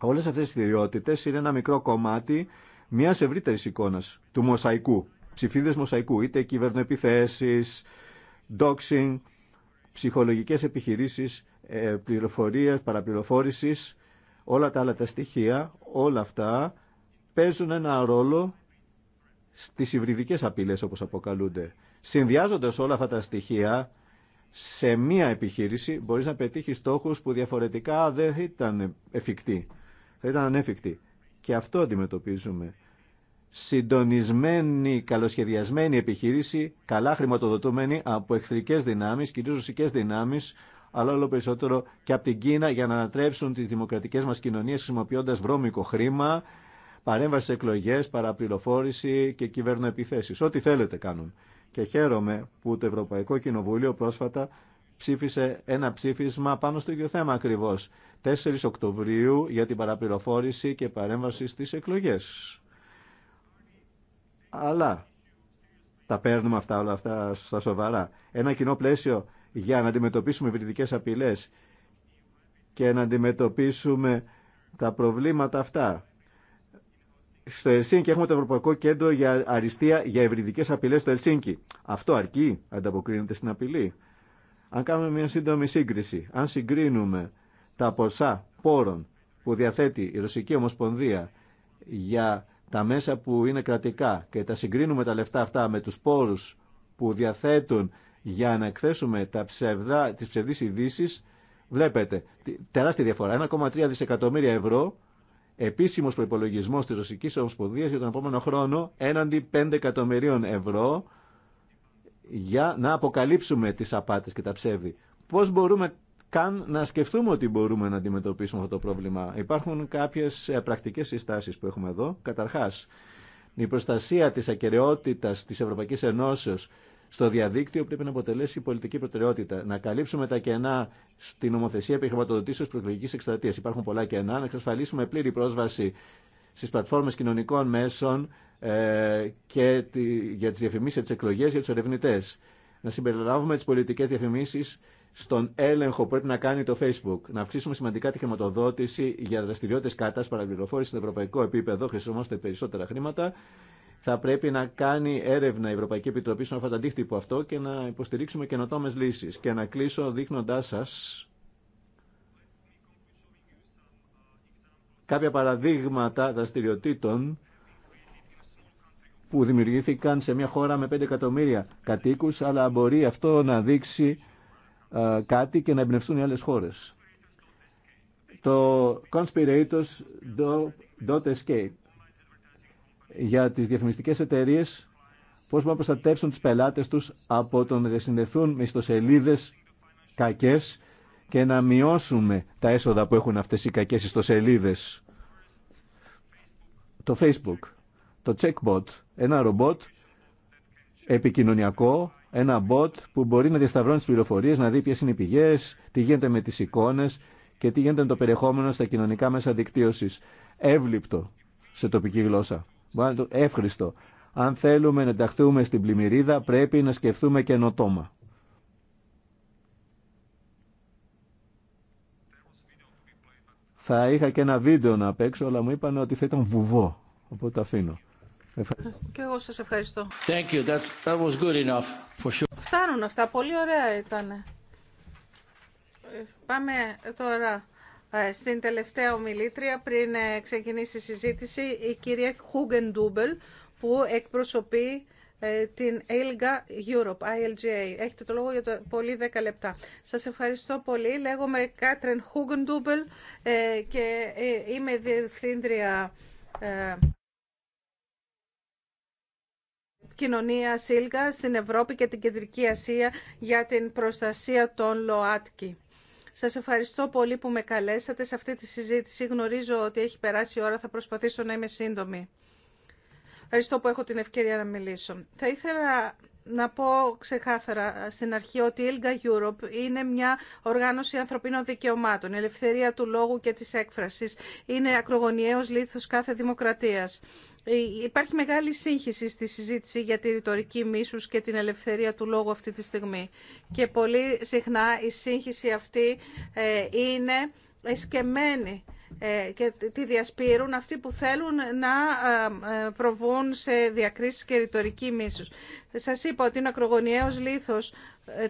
Όλες αυτές οι ιδιότητες είναι ένα μικρό κομμάτι μιας ευρύτερης εικόνας του μοσαϊκού, ψηφίδες μοσαϊκού, είτε κυβερνοεπιθέσεις, doxing, ψυχολογικές επιχειρήσεις, ε, πληροφορίες, παραπληροφόρησης, όλα τα άλλα τα στοιχεία, όλα αυτά παίζουν ένα ρόλο στις υβριδικές απειλές όπως αποκαλούνται. Συνδυάζοντας όλα αυτά τα στοιχεία σε μία επιχείρηση μπορείς να πετύχεις στόχους που διαφορετικά δεν ήταν εφικτοί θα ήταν ανέφικτη. Και αυτό αντιμετωπίζουμε. Συντονισμένη, καλοσχεδιασμένη επιχείρηση, καλά χρηματοδοτούμενη από εχθρικέ δυνάμει, κυρίω ρωσικέ δυνάμει, αλλά όλο περισσότερο και από την Κίνα για να ανατρέψουν τι δημοκρατικέ μα κοινωνίε χρησιμοποιώντα βρώμικο χρήμα, παρέμβαση σε εκλογέ, παραπληροφόρηση και κυβέρνοεπιθέσει. Ό,τι θέλετε κάνουν. Και χαίρομαι που το Ευρωπαϊκό Κοινοβούλιο πρόσφατα ψήφισε ένα ψήφισμα πάνω στο ίδιο θέμα ακριβώς. 4 Οκτωβρίου για την παραπληροφόρηση και παρέμβαση στις εκλογές. Αλλά τα παίρνουμε αυτά όλα αυτά στα σοβαρά. Ένα κοινό πλαίσιο για να αντιμετωπίσουμε βρυδικές απειλές και να αντιμετωπίσουμε τα προβλήματα αυτά. Στο Ελσίνκι έχουμε το Ευρωπαϊκό Κέντρο για Αριστεία για Ευρυδικές Απειλές στο Ελσίνκι. Αυτό αρκεί, ανταποκρίνεται στην απειλή. Αν κάνουμε μια σύντομη σύγκριση, αν συγκρίνουμε τα ποσά πόρων που διαθέτει η Ρωσική Ομοσπονδία για τα μέσα που είναι κρατικά και τα συγκρίνουμε τα λεφτά αυτά με τους πόρους που διαθέτουν για να εκθέσουμε τα ψευδά, τις ψευδείς ειδήσει, βλέπετε τεράστια διαφορά. 1,3 δισεκατομμύρια ευρώ επίσημος προϋπολογισμός της Ρωσικής Ομοσπονδίας για τον επόμενο χρόνο έναντι 5 εκατομμυρίων ευρώ για να αποκαλύψουμε τις απάτες και τα ψεύδη. Πώς μπορούμε καν να σκεφτούμε ότι μπορούμε να αντιμετωπίσουμε αυτό το πρόβλημα. Υπάρχουν κάποιες ε, πρακτικές συστάσεις που έχουμε εδώ. Καταρχάς, η προστασία της ακαιρεότητας της Ευρωπαϊκής Ενώσεως στο διαδίκτυο πρέπει να αποτελέσει πολιτική προτεραιότητα. Να καλύψουμε τα κενά στην νομοθεσία επιχειρηματοδοτήσεως προεκλογική εκστρατεία. Υπάρχουν πολλά κενά. Να εξασφαλίσουμε πλήρη πρόσβαση στι πλατφόρμε κοινωνικών μέσων ε, και για τις διαφημίσεις τι εκλογές για τους ερευνητέ. Να συμπεριλάβουμε τις πολιτικές διαφημίσεις στον έλεγχο που πρέπει να κάνει το Facebook. Να αυξήσουμε σημαντικά τη χρηματοδότηση για δραστηριότητες κατά παραπληροφόρηση στο ευρωπαϊκό επίπεδο. Χρησιμοποιούμε περισσότερα χρήματα. Θα πρέπει να κάνει έρευνα η Ευρωπαϊκή Επιτροπή στον αυτό αυτό και να υποστηρίξουμε καινοτόμε λύσει. Και να κλείσω δείχνοντά σα κάποια παραδείγματα δραστηριοτήτων που δημιουργήθηκαν σε μια χώρα με 5 εκατομμύρια κατοίκους, αλλά μπορεί αυτό να δείξει κάτι και να εμπνευστούν οι άλλες χώρες. Το conspirators.escape για τις διαφημιστικές εταιρείες πώς μπορούν να προστατεύσουν τις πελάτες τους από το να συνδεθούν με ιστοσελίδες κακές και να μειώσουμε τα έσοδα που έχουν αυτές οι κακές ιστοσελίδες. Το Facebook, το Checkbot, ένα ρομπότ επικοινωνιακό, ένα bot που μπορεί να διασταυρώνει τι πληροφορίε, να δει ποιε είναι οι πηγέ, τι γίνεται με τι εικόνε και τι γίνεται με το περιεχόμενο στα κοινωνικά μέσα δικτύωση. Εύληπτο σε τοπική γλώσσα. Εύχριστο. Αν θέλουμε να ενταχθούμε στην πλημμυρίδα, πρέπει να σκεφτούμε καινοτόμα. Θα είχα και ένα βίντεο να παίξω, αλλά μου είπαν ότι θα ήταν βουβό. Οπότε το αφήνω. Και εγώ σας ευχαριστώ. Thank you. that was good enough, for sure. Φτάνουν αυτά. Πολύ ωραία ήταν. Ε, πάμε τώρα ε, στην τελευταία ομιλήτρια πριν ε, ξεκινήσει η συζήτηση η κυρία Χούγεν Ντούμπελ που εκπροσωπεί την ILGA Europe, ILGA. Έχετε το λόγο για το πολύ 10 λεπτά. Σας ευχαριστώ πολύ. Λέγομαι Κάτρεν Ντούμπελ και είμαι διευθύντρια κοινωνία ΣΥΛΚΑ στην Ευρώπη και την Κεντρική Ασία για την προστασία των ΛΟΑΤΚΙ. Σας ευχαριστώ πολύ που με καλέσατε σε αυτή τη συζήτηση. Γνωρίζω ότι έχει περάσει η ώρα, θα προσπαθήσω να είμαι σύντομη. Ευχαριστώ που έχω την ευκαιρία να μιλήσω. Θα ήθελα να πω ξεκάθαρα στην αρχή ότι η ILGA Europe είναι μια οργάνωση ανθρωπίνων δικαιωμάτων. Η ελευθερία του λόγου και της έκφρασης είναι ακρογωνιαίος λήθος κάθε δημοκρατίας. Ε, υπάρχει μεγάλη σύγχυση στη συζήτηση για τη ρητορική μίσους και την ελευθερία του λόγου αυτή τη στιγμή. Και πολύ συχνά η σύγχυση αυτή ε, είναι εσκεμμένη ε, και τη διασπείρουν αυτοί που θέλουν να προβούν σε διακρίσεις και ρητορική μίσους. Σας είπα ότι είναι ακρογωνιαίος λήθος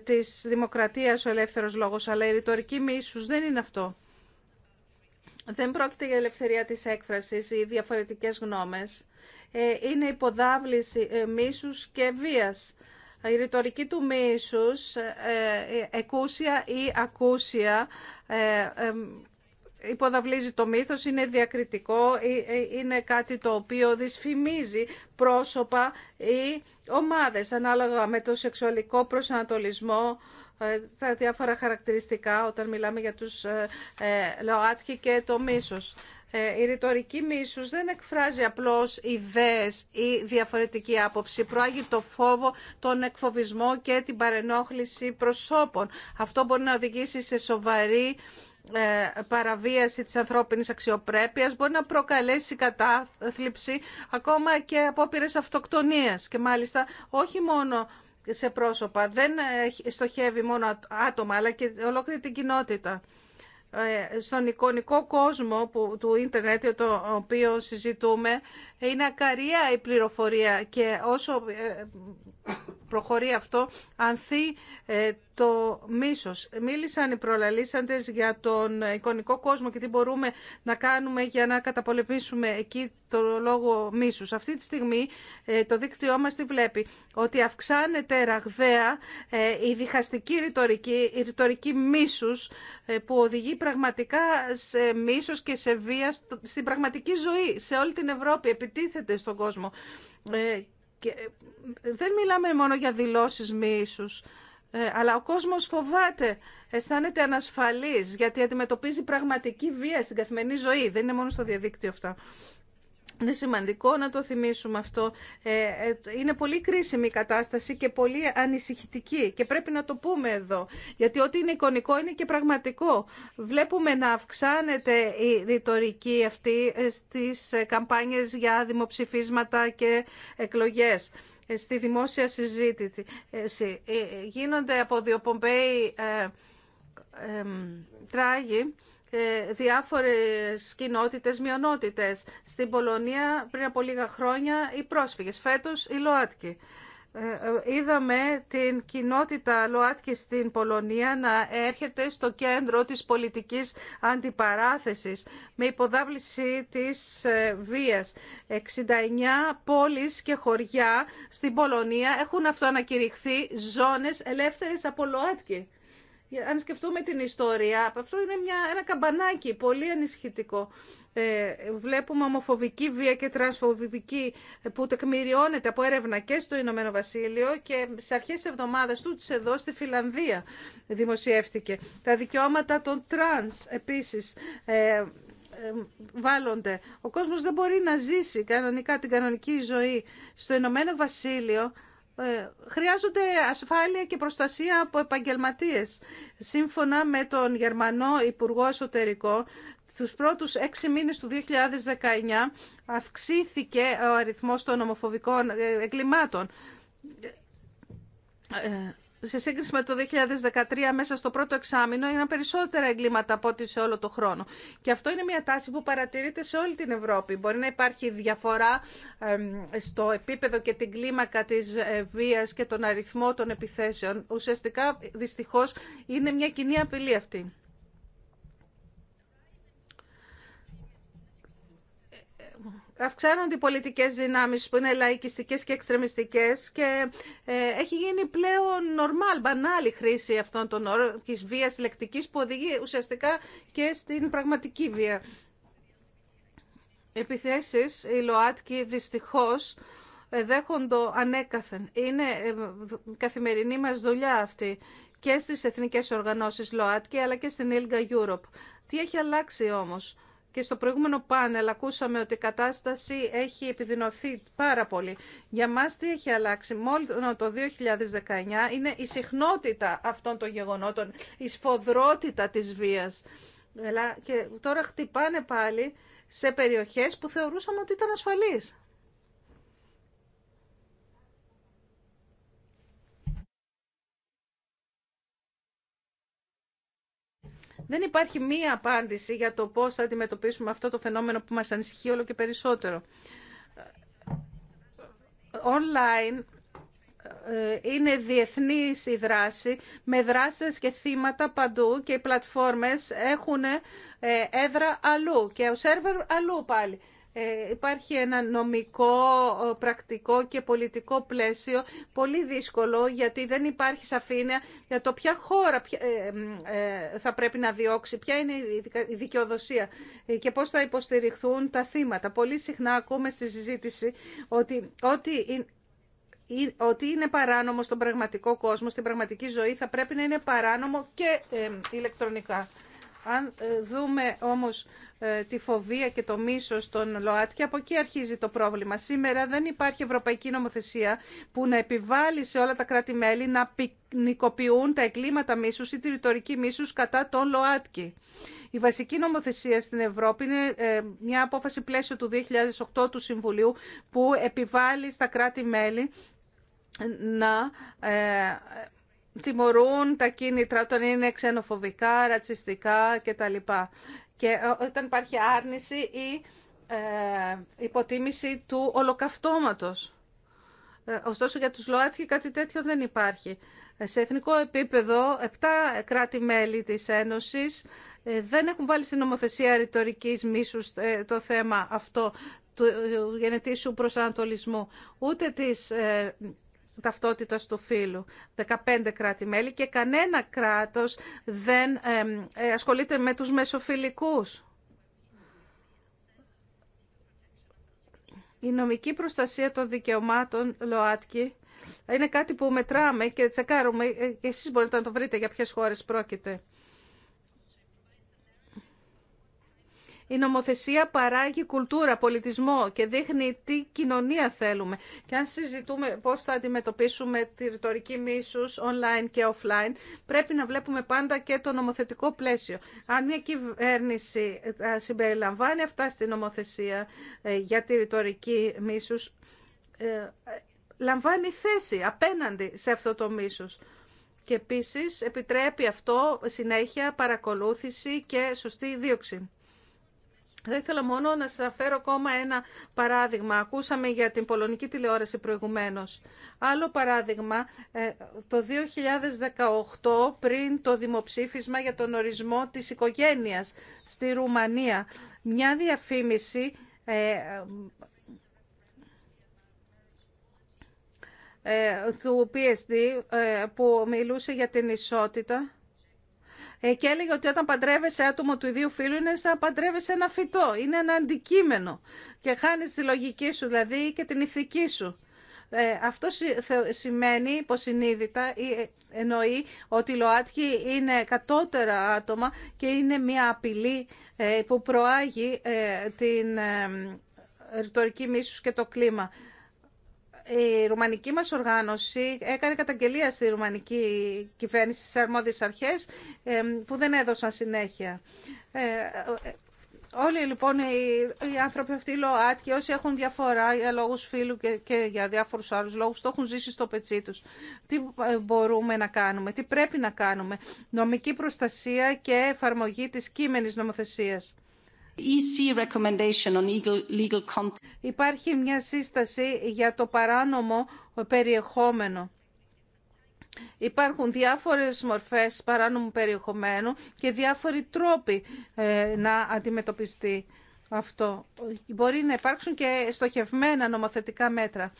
της δημοκρατίας ο ελεύθερος λόγος, αλλά η ρητορική μίσους δεν είναι αυτό. Δεν πρόκειται για ελευθερία της έκφρασης ή διαφορετικές γνώμες. Ε, είναι υποδάβληση ε, μίσους και βίας. Η ρητορική του μίσους, ε, εκούσια ή ακούσια, υποδαβλίζει το μύθος, είναι διακριτικό, είναι κάτι το οποίο δυσφημίζει πρόσωπα ή ομάδες ανάλογα με το σεξουαλικό προσανατολισμό, τα διάφορα χαρακτηριστικά όταν μιλάμε για τους ΛΟΑΤΚΙ και το μίσος. Ε, η ρητορική μίσους δεν εκφράζει απλώς ιδέες ή διαφορετική άποψη. Προάγει το φόβο, τον εκφοβισμό και την παρενόχληση προσώπων. Αυτό μπορεί να οδηγήσει σε σοβαρή ε, παραβίαση της ανθρώπινης αξιοπρέπειας, μπορεί να προκαλέσει κατάθλιψη, ακόμα και απόπειρες αυτοκτονίας. Και μάλιστα όχι μόνο σε πρόσωπα, δεν στοχεύει μόνο άτομα, αλλά και ολόκληρη την κοινότητα. Ε, στον εικονικό κόσμο που, του ίντερνετ το οποίο συζητούμε είναι ακαρία η πληροφορία και όσο ε, προχωρεί αυτό, ανθεί το μίσος. Μίλησαν οι προλαλήσαντες για τον εικονικό κόσμο και τι μπορούμε να κάνουμε για να καταπολεμήσουμε εκεί το λόγο μίσους. Αυτή τη στιγμή ε, το δίκτυό μας τι βλέπει, ότι αυξάνεται ραγδαία ε, η διχαστική ρητορική, η ρητορική μίσους ε, που οδηγεί πραγματικά σε μίσος και σε βία στην πραγματική ζωή, σε όλη την Ευρώπη, επιτίθεται στον κόσμο και ε, δεν μιλάμε μόνο για δηλώσεις μίσους, ε, αλλά ο κόσμος φοβάται, αισθάνεται ανασφαλής, γιατί αντιμετωπίζει πραγματική βία στην καθημερινή ζωή. Δεν είναι μόνο στο διαδίκτυο αυτό. Είναι σημαντικό να το θυμίσουμε αυτό. Ε, ε, είναι πολύ κρίσιμη η κατάσταση και πολύ ανησυχητική και πρέπει να το πούμε εδώ. Γιατί ό,τι είναι εικονικό είναι και πραγματικό. Βλέπουμε να αυξάνεται η ρητορική αυτή ε, στις καμπάνιες για δημοψηφίσματα και εκλογές στη δημόσια συζήτηση. Γίνονται από διοπομπέοι ε, τράγοι ε, διάφορες κοινότητες, μειονότητες. Στην Πολωνία πριν από λίγα χρόνια οι πρόσφυγες, φέτος οι ΛΟΑΤΚΙ. Ε, ε, είδαμε την κοινότητα ΛΟΑΤΚΙ στην Πολωνία να έρχεται στο κέντρο της πολιτικής αντιπαράθεσης με υποδάβληση της βίας. 69 πόλεις και χωριά στην Πολωνία έχουν αυτοανακηρυχθεί ζώνες ελεύθερες από ΛΟΑΤΚΙ αν σκεφτούμε την ιστορία, αυτό είναι μια, ένα καμπανάκι πολύ ανησυχητικό. Ε, βλέπουμε ομοφοβική βία και τρανσφοβική ε, που τεκμηριώνεται από έρευνα και στο Ηνωμένο Βασίλειο και στι αρχές εβδομάδας του εδώ στη Φιλανδία δημοσιεύτηκε. Τα δικαιώματα των τρανς επίσης ε, ε βάλλονται. Ο κόσμος δεν μπορεί να ζήσει κανονικά την κανονική ζωή. Στο Ηνωμένο Βασίλειο ε, χρειάζονται ασφάλεια και προστασία από επαγγελματίες. Σύμφωνα με τον Γερμανό Υπουργό Εσωτερικό, τους πρώτους έξι μήνες του 2019 αυξήθηκε ο αριθμός των ομοφοβικών ε, εγκλημάτων. Ε, σε σύγκριση με το 2013 μέσα στο πρώτο εξάμεινο είναι περισσότερα εγκλήματα από ό,τι σε όλο το χρόνο. Και αυτό είναι μια τάση που παρατηρείται σε όλη την Ευρώπη. Μπορεί να υπάρχει διαφορά στο επίπεδο και την κλίμακα της ε, βίας και τον αριθμό των επιθέσεων. Ουσιαστικά, δυστυχώς, είναι μια κοινή απειλή αυτή. αυξάνονται οι πολιτικές δυνάμεις που είναι λαϊκιστικές και εξτρεμιστικές και ε, έχει γίνει πλέον νορμάλ, μπανάλη χρήση αυτών των όρων της βίας λεκτικής που οδηγεί ουσιαστικά και στην πραγματική βία. Επιθέσεις, οι ΛΟΑΤΚΙ δυστυχώς ε, δέχοντο ανέκαθεν. Είναι ε, καθημερινή μας δουλειά αυτή και στις εθνικές οργανώσεις ΛΟΑΤΚΙ αλλά και στην ILGA Europe. Τι έχει αλλάξει όμως και στο προηγούμενο πάνελ ακούσαμε ότι η κατάσταση έχει επιδεινωθεί πάρα πολύ. Για μας τι έχει αλλάξει. Μόνο το 2019 είναι η συχνότητα αυτών των γεγονότων, η σφοδρότητα της βίας. Και τώρα χτυπάνε πάλι σε περιοχές που θεωρούσαμε ότι ήταν ασφαλείς. Δεν υπάρχει μία απάντηση για το πώς θα αντιμετωπίσουμε αυτό το φαινόμενο που μας ανησυχεί όλο και περισσότερο. Online ε, είναι διεθνής η δράση με δράστες και θύματα παντού και οι πλατφόρμες έχουν ε, έδρα αλλού και ο σερβερ αλλού πάλι. Ε, υπάρχει ένα νομικό, πρακτικό και πολιτικό πλαίσιο πολύ δύσκολο γιατί δεν υπάρχει σαφήνεια για το ποια χώρα ε, ε, θα πρέπει να διώξει, ποια είναι η δικαιοδοσία και πώς θα υποστηριχθούν τα θύματα. Πολύ συχνά ακούμε στη συζήτηση ότι ό,τι ότι είναι παράνομο στον πραγματικό κόσμο, στην πραγματική ζωή, θα πρέπει να είναι παράνομο και ηλεκτρονικά. Αν δούμε όμως ε, τη φοβία και το μίσος των ΛΟΑΤ από εκεί αρχίζει το πρόβλημα. Σήμερα δεν υπάρχει ευρωπαϊκή νομοθεσία που να επιβάλλει σε όλα τα κράτη-μέλη να ποινικοποιούν τα εγκλήματα μίσους ή τη ρητορική μίσους κατά των ΛΟΑΤΚΙ. Η βασική νομοθεσία στην Ευρώπη είναι ε, μια απόφαση πλαίσιο του 2008 του Συμβουλίου που επιβάλλει στα κράτη-μέλη να ε, τιμωρούν τα κίνητρα όταν είναι ξενοφοβικά, ρατσιστικά κτλ και ε, όταν υπάρχει άρνηση ή ε, υποτίμηση του ολοκαυτώματος. Ε, ωστόσο για τους ΛΟΑΤΚΙ κάτι τέτοιο δεν υπάρχει. Σε εθνικό επίπεδο, επίπεδο, κράτη-μέλη της Ένωσης δεν έχουν βάλει στην νομοθεσία ρητορική μίσους το θέμα αυτό του γενετήσου προσανατολισμού, ούτε της Ταυτότητα του φύλου. 15 κράτη-μέλη και κανένα κράτος δεν ε, ασχολείται με τους μεσοφιλικούς. Η νομική προστασία των δικαιωμάτων, ΛΟΑΤΚΙ, είναι κάτι που μετράμε και τσεκάρουμε. Ε, εσείς μπορείτε να το βρείτε για ποιες χώρες πρόκειται. Η νομοθεσία παράγει κουλτούρα, πολιτισμό και δείχνει τι κοινωνία θέλουμε. Και αν συζητούμε πώ θα αντιμετωπίσουμε τη ρητορική μίσου online και offline, πρέπει να βλέπουμε πάντα και το νομοθετικό πλαίσιο. Αν μια κυβέρνηση ε, συμπεριλαμβάνει αυτά στη νομοθεσία ε, για τη ρητορική μίσου ε, λαμβάνει θέση απέναντι σε αυτό το μίσος. Και επίσης επιτρέπει αυτό συνέχεια παρακολούθηση και σωστή δίωξη. Θα ήθελα μόνο να σας αφέρω ακόμα ένα παράδειγμα. Ακούσαμε για την πολωνική τηλεόραση προηγουμένως. Άλλο παράδειγμα, ε, το 2018 πριν το δημοψήφισμα για τον ορισμό της οικογένειας στη Ρουμανία, μια διαφήμιση ε, ε, του PSD που μιλούσε για την ισότητα ε, και έλεγε ότι όταν παντρεύεσαι άτομο του ιδίου φίλου είναι σαν να παντρεύεσαι ένα φυτό, είναι ένα αντικείμενο και χάνεις τη λογική σου δηλαδή και την ηθική σου. Ε, αυτό σημαίνει υποσυνείδητα ή ε, εννοεί ότι οι ΛΟΑΤΚΙ είναι κατώτερα άτομα και είναι μια απειλή ε, που προάγει την ρητορική μίσους και το κλίμα η ρουμανική μας οργάνωση έκανε καταγγελία στη ρουμανική κυβέρνηση στις αρμόδιες αρχές που δεν έδωσαν συνέχεια. Ε, ε, όλοι λοιπόν οι, άνθρωποι αυτοί οι ΛΟΑΤ όσοι έχουν διαφορά για λόγους φίλου και, και για διάφορους άλλους λόγους το έχουν ζήσει στο πετσί τους. Τι ε, μπορούμε να κάνουμε, τι πρέπει να κάνουμε. Νομική προστασία και εφαρμογή της κείμενης νομοθεσίας. E Υπάρχει μια σύσταση για το παράνομο περιεχόμενο. Υπάρχουν διάφορες μορφές παράνομου περιεχομένου και διάφοροι τρόποι ε, να αντιμετωπιστεί αυτό. Μπορεί να υπάρξουν και στοχευμένα νομοθετικά μέτρα.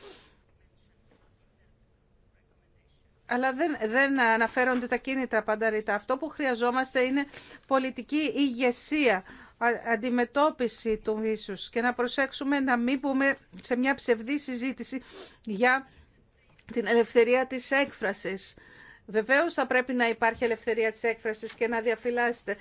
Αλλά δεν, δεν αναφέρονται τα κίνητρα πάντα ρητά. Αυτό που χρειαζόμαστε είναι πολιτική ηγεσία αντιμετώπιση του ίσους και να προσέξουμε να μην πούμε σε μια ψευδή συζήτηση για την ελευθερία της έκφρασης Βεβαίω θα πρέπει να υπάρχει ελευθερία της έκφρασης και να διαφυλάσσεται.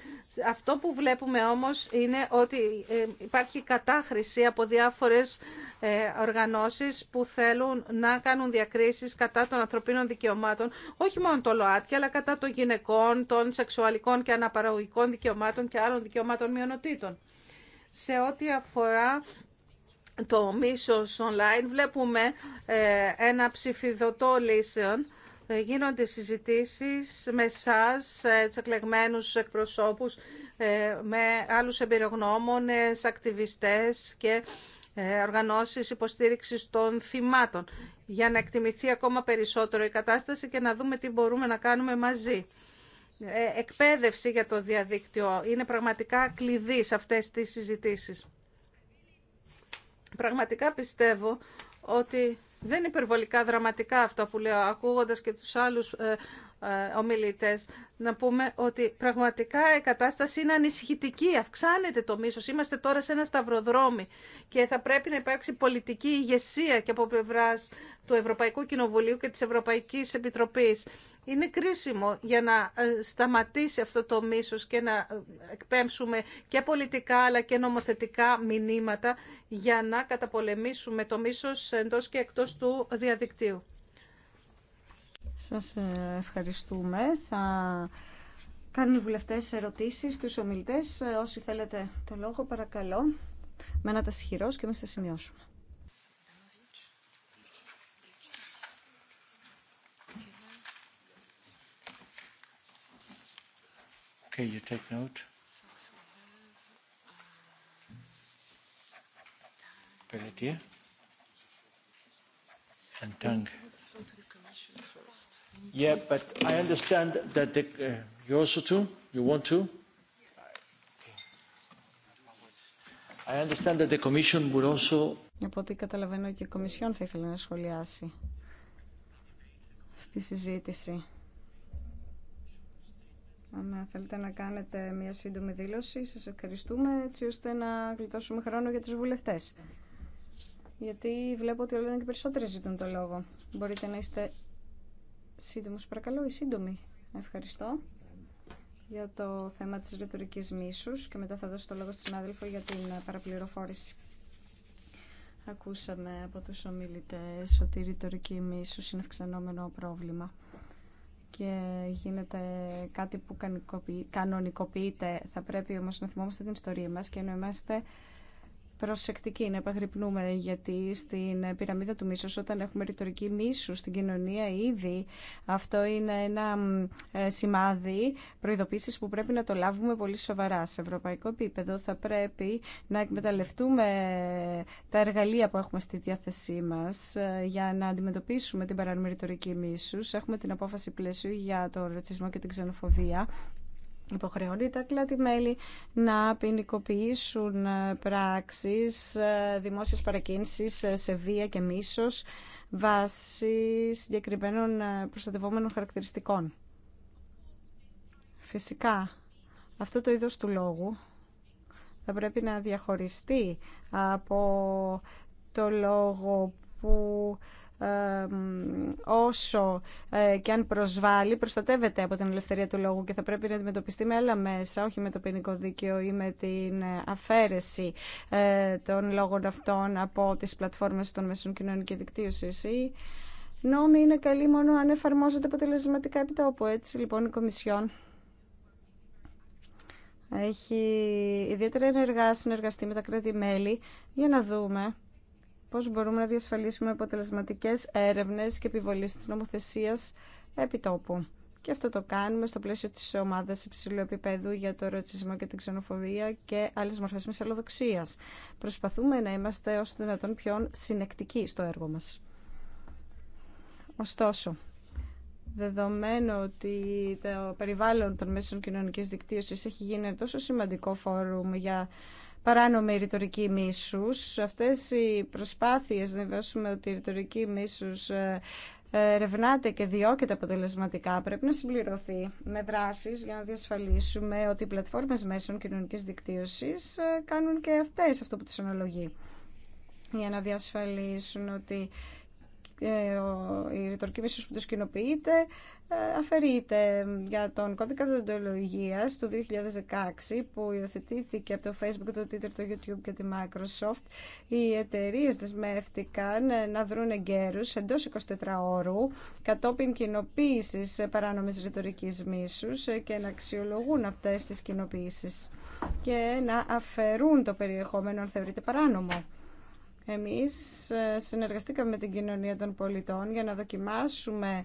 Αυτό που βλέπουμε όμως είναι ότι ε, υπάρχει κατάχρηση από διάφορες ε, οργανώσεις που θέλουν να κάνουν διακρίσεις κατά των ανθρωπίνων δικαιωμάτων, όχι μόνο το ΛΟΑΤΚΙ, αλλά κατά των γυναικών, των σεξουαλικών και αναπαραγωγικών δικαιωμάτων και άλλων δικαιωμάτων μειονοτήτων. Σε ό,τι αφορά το μίσος online βλέπουμε ε, ένα ψηφιδωτό λύσεων γίνονται συζητήσεις με εσά, τους εκλεγμένους εκπροσώπους, ε, με άλλους εμπειρογνώμονες, ακτιβιστές και ε, οργανώσεις υποστήριξης των θυμάτων για να εκτιμηθεί ακόμα περισσότερο η κατάσταση και να δούμε τι μπορούμε να κάνουμε μαζί. Ε, εκπαίδευση για το διαδίκτυο είναι πραγματικά κλειδί σε αυτές τις συζητήσεις. Πραγματικά πιστεύω ότι δεν είναι υπερβολικά δραματικά αυτά που λέω, ακούγοντας και τους άλλους ε, ε, ομιλητές, να πούμε ότι πραγματικά η κατάσταση είναι ανησυχητική, αυξάνεται το μίσος. Είμαστε τώρα σε ένα σταυροδρόμι και θα πρέπει να υπάρξει πολιτική ηγεσία και από πλευρά του Ευρωπαϊκού Κοινοβουλίου και της Ευρωπαϊκής Επιτροπής είναι κρίσιμο για να ε, σταματήσει αυτό το μίσος και να ε, εκπέμψουμε και πολιτικά αλλά και νομοθετικά μηνύματα για να καταπολεμήσουμε το μίσος εντός και εκτός του διαδικτύου. Σας ε, ευχαριστούμε. Θα κάνουν οι βουλευτές ερωτήσεις στους ομιλητές. Όσοι θέλετε το λόγο, παρακαλώ. Μένατε χειρός και εμείς θα σημειώσουμε. Okay, you take note. Pelletier and Tang. Yeah, but I understand that the, uh, you also too. You want to? I understand that the Commission would also. Από ό,τι καταλαβαίνω και η Κομισιόν θα ήθελε να σχολιάσει στη συζήτηση. Αν θέλετε να κάνετε μια σύντομη δήλωση, σας ευχαριστούμε έτσι ώστε να γλιτώσουμε χρόνο για τους βουλευτές. Γιατί βλέπω ότι είναι και περισσότεροι ζητούν το λόγο. Μπορείτε να είστε σύντομος, παρακαλώ, ή σύντομοι. Ευχαριστώ για το θέμα της ρητορικής μίσους και μετά θα δώσω το λόγο στον συνάδελφο για την παραπληροφόρηση. Ακούσαμε από τους ομιλητές ότι η ρητορική μίσους είναι αυξανόμενο πρόβλημα και γίνεται κάτι που κανονικοποιείται. Θα πρέπει όμως να θυμόμαστε την ιστορία μας και να είμαστε Προσεκτική να επαγρυπνούμε γιατί στην πυραμίδα του μίσους όταν έχουμε ρητορική μίσου στην κοινωνία ήδη αυτό είναι ένα ε, σημάδι προειδοποίησης που πρέπει να το λάβουμε πολύ σοβαρά. Σε ευρωπαϊκό επίπεδο θα πρέπει να εκμεταλλευτούμε ε, τα εργαλεία που έχουμε στη διάθεσή μας ε, για να αντιμετωπίσουμε την παράνομη ρητορική μίσους. Έχουμε την απόφαση πλαίσιο για τον ρατσισμό και την ξενοφοβία υποχρεώνει τα να ποινικοποιήσουν ε, πράξεις ε, δημόσιας παρακίνησης ε, σε βία και μίσος βάσει συγκεκριμένων προστατευόμενων χαρακτηριστικών. Φυσικά, αυτό το είδος του λόγου θα πρέπει να διαχωριστεί από το λόγο που ε, όσο ε, και αν προσβάλλει, προστατεύεται από την ελευθερία του λόγου και θα πρέπει να αντιμετωπιστεί με άλλα μέσα, όχι με το ποινικό δίκαιο ή με την ε, αφαίρεση των λόγων αυτών από τις πλατφόρμες των μέσων κοινωνική δικτύωσης ή νόμοι είναι καλοί μόνο αν εφαρμόζονται αποτελεσματικά επί τόπου. Έτσι λοιπόν Οι Κομισιόν έχει ιδιαίτερα ενεργά συνεργαστεί με τα κράτη-μέλη για να δούμε πώς μπορούμε να διασφαλίσουμε αποτελεσματικές έρευνες και επιβολής της νομοθεσίας τόπου. Και αυτό το κάνουμε στο πλαίσιο της ομάδας υψηλού επίπεδου για το ρατσισμό και την ξενοφοβία και άλλες μορφές μεσαλλοδοξίας. Προσπαθούμε να είμαστε όσο δυνατόν πιο συνεκτικοί στο έργο μας. Ωστόσο, δεδομένου ότι το περιβάλλον των μέσων κοινωνικής δικτύωσης έχει γίνει τόσο σημαντικό φόρουμ για παράνομη ρητορική μίσους. Αυτές οι προσπάθειες να βεβαιώσουμε ότι η ρητορική μίσους ε, ε, ερευνάται και διώκεται αποτελεσματικά πρέπει να συμπληρωθεί με δράσεις για να διασφαλίσουμε ότι οι πλατφόρμες μέσων κοινωνικής δικτύωσης ε, κάνουν και αυτές αυτό που τους αναλογεί για να διασφαλίσουν ότι ε, η ρητορική μίσος που το κοινοποιείται ε, αφαιρείται για τον κώδικα δοντολογίας του 2016 που υιοθετήθηκε από το Facebook, το Twitter, το YouTube και τη Microsoft οι εταιρείε δεσμεύτηκαν ε, να δρουν εγκαίρους εντός 24 ώρου κατόπιν κοινοποίηση παράνομης ρητορική μίσους και να αξιολογούν αυτές τις κοινοποίησει και να αφαιρούν το περιεχόμενο αν θεωρείται παράνομο. Εμείς ε, συνεργαστήκαμε με την κοινωνία των πολιτών για να δοκιμάσουμε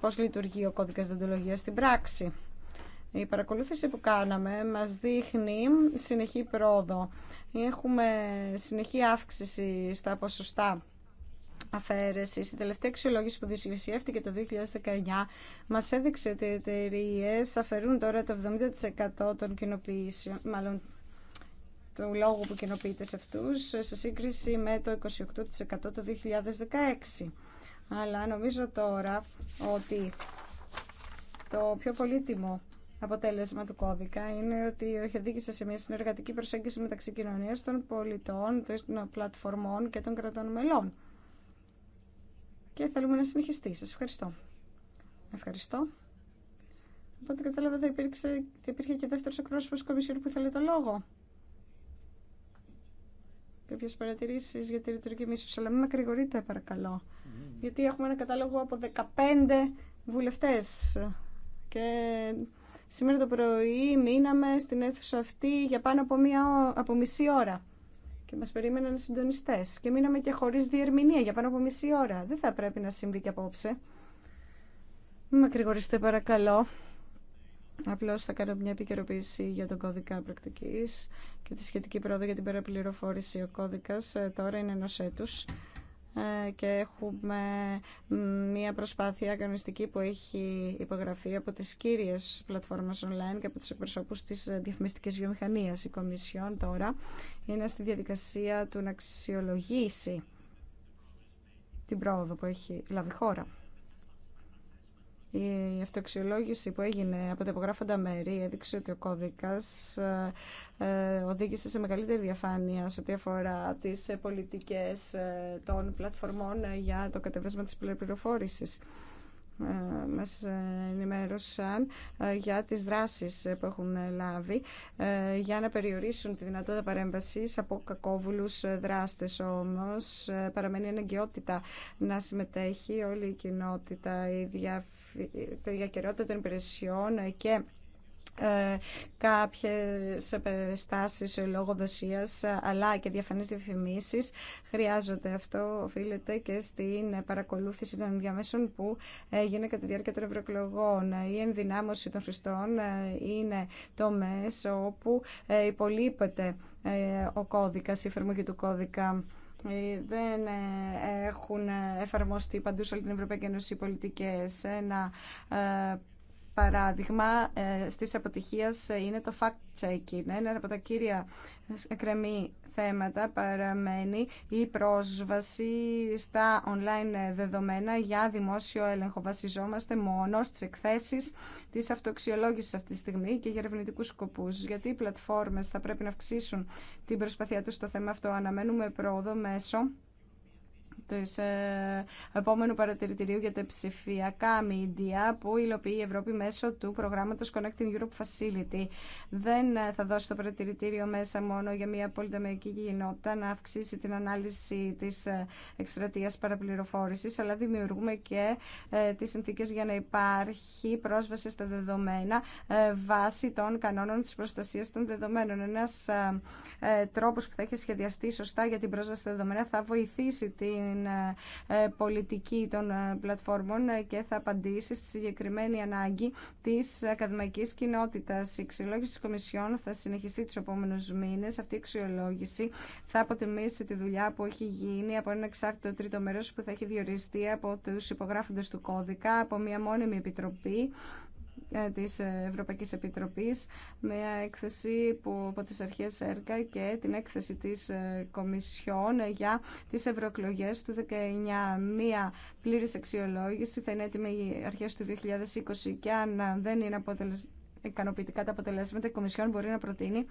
πώς λειτουργεί ο κώδικας δεντολογίας στην πράξη. Η παρακολούθηση που κάναμε μας δείχνει συνεχή πρόοδο. Έχουμε συνεχή αύξηση στα ποσοστά αφαίρεση. Η τελευταία αξιολόγηση που δημιουργήθηκε το 2019 μας έδειξε ότι οι εταιρείε αφαιρούν τώρα το 70% των κοινοποιήσεων, του λόγου που κοινοποιείται σε αυτούς σε σύγκριση με το 28% το 2016. Αλλά νομίζω τώρα ότι το πιο πολύτιμο αποτέλεσμα του κώδικα είναι ότι έχει οδήγησε σε μια συνεργατική προσέγγιση μεταξύ κοινωνίας των πολιτών, των πλατφορμών και των κρατών μελών. Και θέλουμε να συνεχιστεί. Σας ευχαριστώ. Ευχαριστώ. Οπότε κατάλαβα ότι υπήρχε και δεύτερος εκπρόσωπος Κομισιόν που θέλει το λόγο κάποιε παρατηρήσει για τη ρητορική μίσου, αλλά μην με κρηγορείτε, παρακαλώ. Γιατί έχουμε ένα κατάλογο από 15 βουλευτέ. Και σήμερα το πρωί μείναμε στην αίθουσα αυτή για πάνω από, μία, από μισή ώρα. Και μα περίμεναν συντονιστέ. Και μείναμε και χωρί διερμηνία για πάνω από μισή ώρα. Δεν θα πρέπει να συμβεί και απόψε. Μην με παρακαλώ. Απλώ θα κάνω μια επικαιροποίηση για τον κώδικα πρακτικής και τη σχετική πρόοδο για την παραπληροφόρηση. Ο κώδικα. Ε, τώρα είναι ενό έτου, ε, και έχουμε μία προσπάθεια κανονιστική που έχει υπογραφεί από τις κύριες πλατφόρμες online και από τους εκπροσώπους της ε, διαφημιστικής βιομηχανίας. Η Κομισιόν τώρα είναι στη διαδικασία του να αξιολογήσει την πρόοδο που έχει λάβει χώρα. Η αυτοξιολόγηση που έγινε από τα υπογράφοντα μέρη έδειξε ότι ο κώδικας ε, ε, οδήγησε σε μεγαλύτερη διαφάνεια σε ό,τι αφορά τις ε, πολιτικές των πλατφορμών για το κατεβέσμα της πληροφόρησης μας ενημέρωσαν για τις δράσεις που έχουν λάβει για να περιορίσουν τη δυνατότητα παρέμβασης από κακόβουλους δράστες όμως παραμένει αναγκαιότητα να συμμετέχει όλη η κοινότητα η για κυριότητα των υπηρεσιών και ε, κάποιες λόγω δοσίας αλλά και διαφανείς διαφημίσεις χρειάζονται. Αυτό οφείλεται και στην παρακολούθηση των διαμέσων που γίνεται κατά τη διάρκεια των ευρωεκλογών. Η ενδυνάμωση των χρηστών ε, είναι το μέσο όπου ε, υπολείπεται ε, ο κώδικας, η εφαρμογή του κώδικα. Ε, δεν ε, έχουν εφαρμοστεί παντού σε όλη την Ευρωπαϊκή Ένωση οι πολιτικές. Ένα ε, παράδειγμα αυτής της είναι το fact-checking, ένα από τα κύρια εκκρεμή θέματα παραμένει η πρόσβαση στα online δεδομένα για δημόσιο έλεγχο. Βασιζόμαστε μόνο στις εκθέσεις της αυτοξιολόγηση αυτή τη στιγμή και για ερευνητικού σκοπούς, γιατί οι πλατφόρμες θα πρέπει να αυξήσουν την προσπαθία του στο θέμα αυτό. Αναμένουμε πρόοδο μέσω του ε, επόμενου παρατηρητηρίου για τα ψηφιακά μίντια που υλοποιεί η Ευρώπη μέσω του προγράμματος Connecting Europe Facility. Δεν ε, θα δώσει το παρατηρητήριο μέσα μόνο για μια πολυτεμιακή κοινότητα να αυξήσει την ανάλυση της ε, εκστρατείας παραπληροφόρησης, αλλά δημιουργούμε και τις συνθήκες για να υπάρχει πρόσβαση στα δεδομένα βάσει των κανόνων της προστασίας των δεδομένων. Ένας τρόπος που θα έχει σχεδιαστεί σωστά για την πρόσβαση στα δεδομένα θα βοηθήσει την την ε, ε, πολιτική των ε, πλατφόρμων και θα απαντήσει στη συγκεκριμένη ανάγκη της ακαδημαϊκής κοινότητας. Η αξιολόγηση της Κομισιόν θα συνεχιστεί του επόμενου μήνε, Αυτή η αξιολόγηση θα αποτιμήσει τη δουλειά που έχει γίνει από ένα εξάρτητο τρίτο μέρος που θα έχει διοριστεί από τους υπογράφοντες του κώδικα, από μια μόνιμη επιτροπή ε, της Ευρωπαϊκής Επιτροπής, μια έκθεση που από τις αρχές έργα και την έκθεση της ε, Κομισιόν για τις ευρωεκλογέ του 19. Μια πλήρης αξιολόγηση θα είναι έτοιμη αρχές του 2020 και αν δεν είναι αποτελεσ... ικανοποιητικά τα αποτελέσματα, η Κομισιόν μπορεί να προτείνει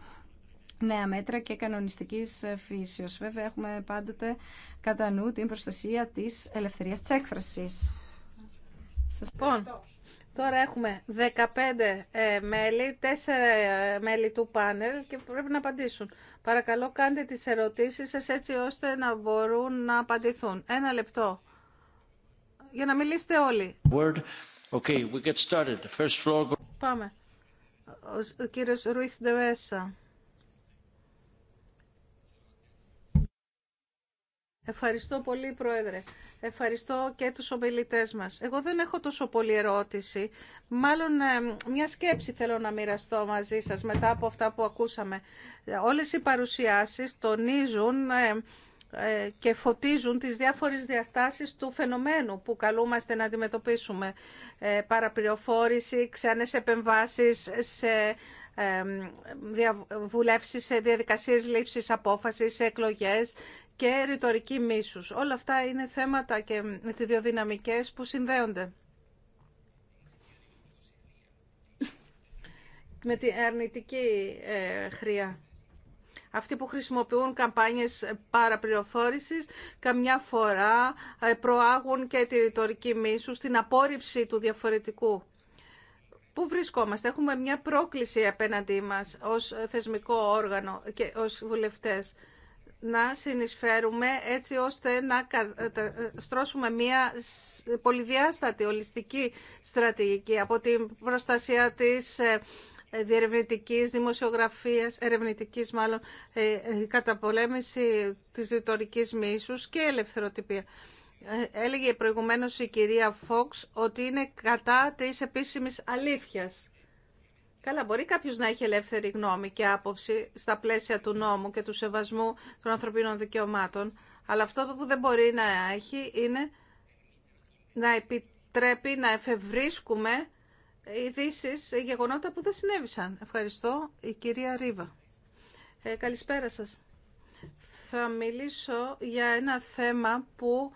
νέα μέτρα και κανονιστικής ε, φύσεως. Βέβαια, έχουμε πάντοτε κατά νου την προστασία της ελευθερίας τη έκφρασης. Σας λοιπόν, ευχαριστώ. Τώρα έχουμε 15 ε, μέλη, 4 ε, μέλη του πάνελ και πρέπει να απαντήσουν. Παρακαλώ κάντε τις ερωτήσεις σας έτσι ώστε να μπορούν να απαντηθούν. Ένα λεπτό για να μιλήσετε όλοι. Okay, we get started. The first Πάμε. Ο, ο κύριος Ρουίθ Ντεβέσα. Ευχαριστώ πολύ, Πρόεδρε. Ευχαριστώ και τους ομιλητές μας. Εγώ δεν έχω τόσο πολλή ερώτηση. Μάλλον ε, μια σκέψη θέλω να μοιραστώ μαζί σας μετά από αυτά που ακούσαμε. Όλες οι παρουσιάσεις τονίζουν ε, ε, και φωτίζουν τις διάφορες διαστάσεις του φαινομένου που καλούμαστε να αντιμετωπίσουμε. Παραπληροφόρηση, ξένες επεμβάσεις σε διαβουλεύσεις σε διαδικασίες λήψης απόφασης, σε εκλογές και ρητορική μίσους. Όλα αυτά είναι θέματα και δυναμικές που συνδέονται. με την αρνητική ε, χρειά. Αυτοί που χρησιμοποιούν καμπάνιες παραπληροφόρησης, καμιά φορά ε, προάγουν και τη ρητορική μίσου στην απόρριψη του διαφορετικού. Πού βρισκόμαστε, έχουμε μια πρόκληση απέναντί μας ως θεσμικό όργανο και ως βουλευτές να συνεισφέρουμε έτσι ώστε να στρώσουμε μια πολυδιάστατη ολιστική στρατηγική από την προστασία της ε, διερευνητικής δημοσιογραφίας, ερευνητικής μάλλον, ε, ε, καταπολέμηση της ρητορικής μίσους και ελευθεροτυπία. Έλεγε προηγουμένως η κυρία Φόξ ότι είναι κατά της επίσημης αλήθειας. Καλά, μπορεί κάποιος να έχει ελεύθερη γνώμη και άποψη στα πλαίσια του νόμου και του σεβασμού των ανθρωπίνων δικαιωμάτων, αλλά αυτό που δεν μπορεί να έχει είναι να επιτρέπει να εφευρίσκουμε ειδήσει ε, γεγονότα που δεν συνέβησαν. Ευχαριστώ, η κυρία Ρίβα. Ε, καλησπέρα σας. Θα μιλήσω για ένα θέμα που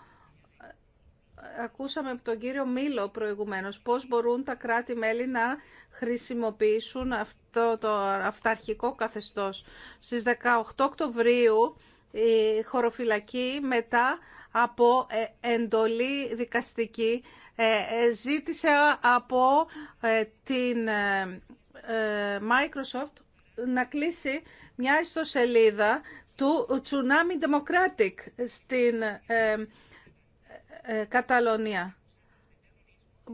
ακούσαμε από τον κύριο Μήλο προηγουμένως πώς μπορούν τα κράτη-μέλη να χρησιμοποιήσουν αυτό το αυταρχικό καθεστώς. Στις 18 Οκτωβρίου η χωροφυλακή μετά από ε, εντολή δικαστική ε, ε, ζήτησε από την Microsoft να κλείσει μια ιστοσελίδα του Tsunami Democratic στην ε, Καταλωνία.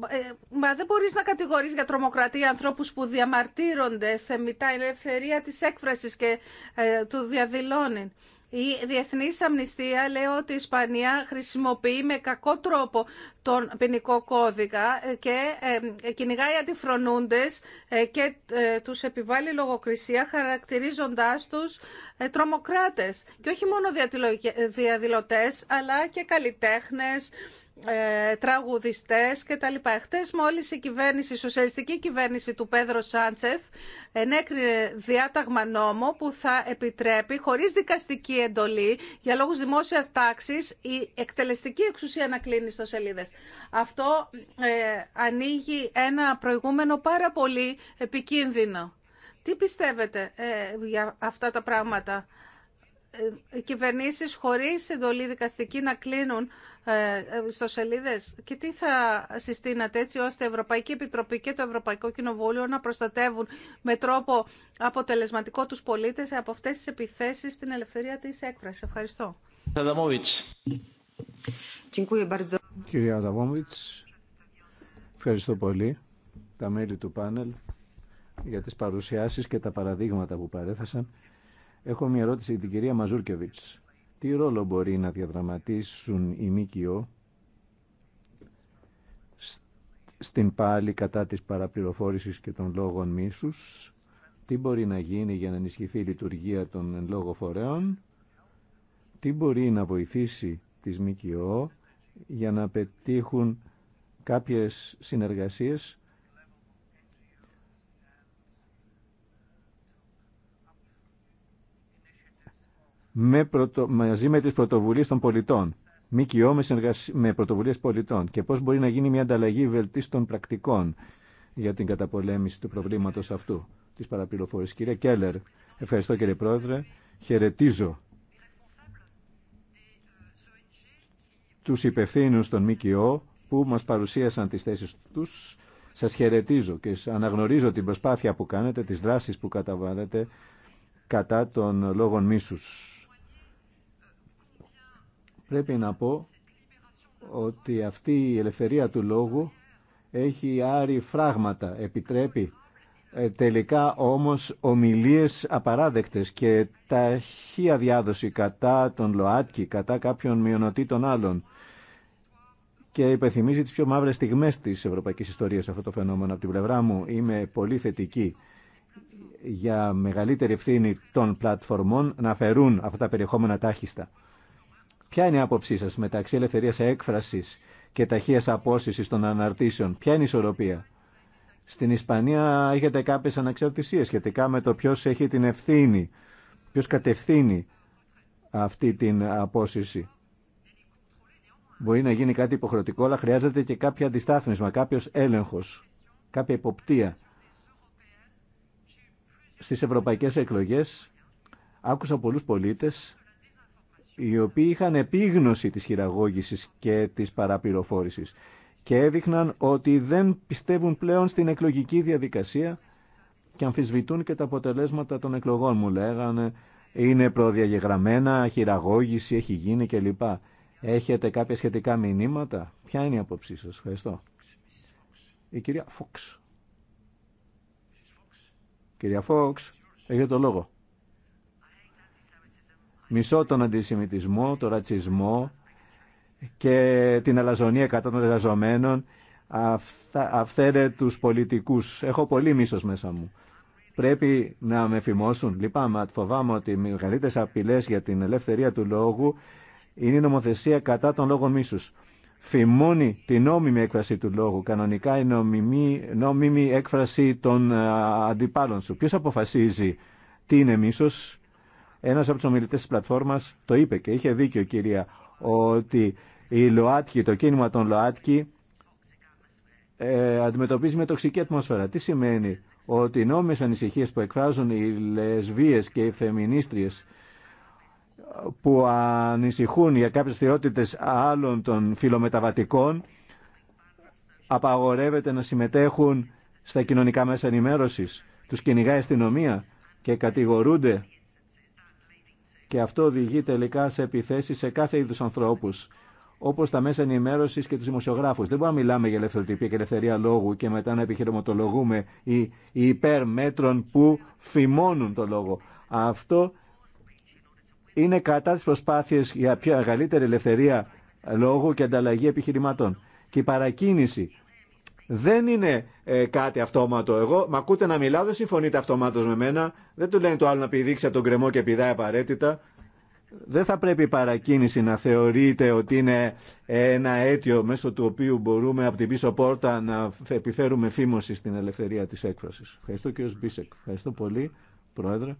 Ε, μα δεν μπορείς να κατηγορείς για τρομοκρατία ανθρώπους που διαμαρτύρονται θεμητά η ελευθερία της έκφρασης και ε, του διαδηλώνει. Η Διεθνής Αμνηστία λέει ότι η Ισπανία χρησιμοποιεί με κακό τρόπο τον ποινικό κώδικα και ε, κυνηγάει αντιφρονούντες ε, και ε, τους επιβάλλει λογοκρισία χαρακτηρίζοντάς τους τρομοκράτες. Και όχι μόνο διαδηλωτές αλλά και καλλιτέχνες, ε, τραγουδιστές και τα μόλις η κυβέρνηση, η σοσιαλιστική κυβέρνηση του Πέδρο Σάντσεφ ενέκρινε διάταγμα νόμο που θα επιτρέπει χωρίς δικαστική εντολή για λόγους δημόσιας τάξης η εκτελεστική εξουσία να κλείνει στο σελίδες. Αυτό ε, ανοίγει ένα προηγούμενο πάρα πολύ επικίνδυνο. Τι πιστεύετε ε, για αυτά τα πράγματα. Ε, κυβερνήσεις χωρί εντολή δικαστική να κλείνουν ε, ε, στο σελίδες. Και τι θα συστήνατε έτσι ώστε η Ευρωπαϊκή Επιτροπή και το Ευρωπαϊκό Κοινοβούλιο να προστατεύουν με τρόπο αποτελεσματικό τους πολίτες από αυτές τις επιθέσεις στην ελευθερία της έκφρασης. Ευχαριστώ. Κυρία Αδαμόβιτ, ευχαριστώ πολύ τα μέλη του πάνελ για τις παρουσιάσεις και τα παραδείγματα που παρέθεσαν. Έχω μια ερώτηση για την κυρία Μαζούρκεβιτ. Τι ρόλο μπορεί να διαδραματίσουν οι ΜΚΟ στην πάλη κατά της παραπληροφόρησης και των λόγων μίσους, τι μπορεί να γίνει για να ενισχυθεί η λειτουργία των λόγω φορέων, τι μπορεί να βοηθήσει τις ΜΚΟ για να πετύχουν κάποιες συνεργασίες με πρωτο... μαζί με τις πρωτοβουλίες των πολιτών. ΜΚΟ με, με πρωτοβουλίες πολιτών και πώς μπορεί να γίνει μια ανταλλαγή βελτίστων πρακτικών για την καταπολέμηση του προβλήματος αυτού της παραπληροφόρησης. Κύριε Κέλλερ, ευχαριστώ κύριε Πρόεδρε, χαιρετίζω τους υπευθύνους των ΜΚΟ που μας παρουσίασαν τις θέσεις τους. Σας χαιρετίζω και αναγνωρίζω την προσπάθεια που κάνετε, τις δράσεις που καταβάλλετε κατά των λόγων μίσους. Πρέπει να πω ότι αυτή η ελευθερία του λόγου έχει άρει φράγματα, επιτρέπει ε, τελικά όμως ομιλίες απαράδεκτες και ταχεία διάδοση κατά τον ΛΟΑΤΚΙ, κατά κάποιων των άλλων και υπενθυμίζει τις πιο μαύρες στιγμές της ευρωπαϊκής ιστορίας αυτό το φαινόμενο. Από την πλευρά μου είμαι πολύ θετική για μεγαλύτερη ευθύνη των πλατφορμών να αφαιρούν αυτά τα περιεχόμενα τάχιστα. Ποια είναι η άποψή σα μεταξύ ελευθερία έκφραση και ταχεία απόσυσης των αναρτήσεων. Ποια είναι η ισορροπία. Στην Ισπανία έχετε κάποιε αναξαρτησίε σχετικά με το ποιο έχει την ευθύνη, ποιο κατευθύνει αυτή την απόσυση. Μπορεί να γίνει κάτι υποχρεωτικό, αλλά χρειάζεται και κάποιο αντιστάθμισμα, κάποιο έλεγχο, κάποια υποπτία. στι ευρωπαϊκέ εκλογέ, άκουσα πολλού πολίτε, οι οποίοι είχαν επίγνωση της χειραγώγησης και της παραπληροφόρησης και έδειχναν ότι δεν πιστεύουν πλέον στην εκλογική διαδικασία και αμφισβητούν και τα αποτελέσματα των εκλογών μου λέγανε είναι προδιαγεγραμμένα, χειραγώγηση έχει γίνει κλπ. Έχετε κάποια σχετικά μηνύματα. Ποια είναι η απόψή σας. Ευχαριστώ. Η κυρία Φόξ. Κυρία Φόξ, έχετε το λόγο. Μισώ τον αντισημιτισμό, τον ρατσισμό και την αλαζονία κατά των εργαζομένων, αυθαίρε τους πολιτικούς. Έχω πολύ μίσος μέσα μου. Πρέπει να με φημώσουν. Λυπάμαι, φοβάμαι ότι οι μεγαλύτερε απειλέ για την ελευθερία του λόγου είναι η νομοθεσία κατά των λόγων μίσους. Φημώνει την νόμιμη έκφραση του λόγου, κανονικά η νομιμή, νόμιμη έκφραση των αντιπάλων σου. Ποιο αποφασίζει τι είναι μίσος, ένας από τους ομιλητές της πλατφόρμας το είπε και είχε δίκιο κυρία ότι η το κίνημα των ΛΟΑΤΚΙ ε, αντιμετωπίζει με τοξική ατμόσφαιρα. Τι σημαίνει ότι οι νόμιες ανησυχίες που εκφράζουν οι λεσβίες και οι φεμινίστριες που ανησυχούν για κάποιες θεότητες άλλων των φιλομεταβατικών απαγορεύεται να συμμετέχουν στα κοινωνικά μέσα ενημέρωσης. Τους κυνηγάει αστυνομία και κατηγορούνται και αυτό οδηγεί τελικά σε επιθέσεις σε κάθε είδους ανθρώπους όπω τα μέσα ενημέρωση και του δημοσιογράφου. Δεν μπορούμε να μιλάμε για ελευθεροτυπία και ελευθερία λόγου και μετά να επιχειρηματολογούμε οι υπέρ μέτρων που φημώνουν το λόγο. Αυτό είναι κατά τι προσπάθειε για πιο μεγαλύτερη ελευθερία λόγου και ανταλλαγή επιχειρηματών. Και η παρακίνηση δεν είναι ε, κάτι αυτόματο. Εγώ, μα ακούτε να μιλάω, δεν συμφωνείτε αυτομάτω με μένα. Δεν του λένε το άλλο να πηδήξει από τον κρεμό και πηδάει απαραίτητα. Δεν θα πρέπει η παρακίνηση να θεωρείται ότι είναι ένα αίτιο μέσω του οποίου μπορούμε από την πίσω πόρτα να επιφέρουμε φήμωση στην ελευθερία της έκφρασης. Ευχαριστώ κύριο Μπίσεκ. Ευχαριστώ πολύ, Πρόεδρε.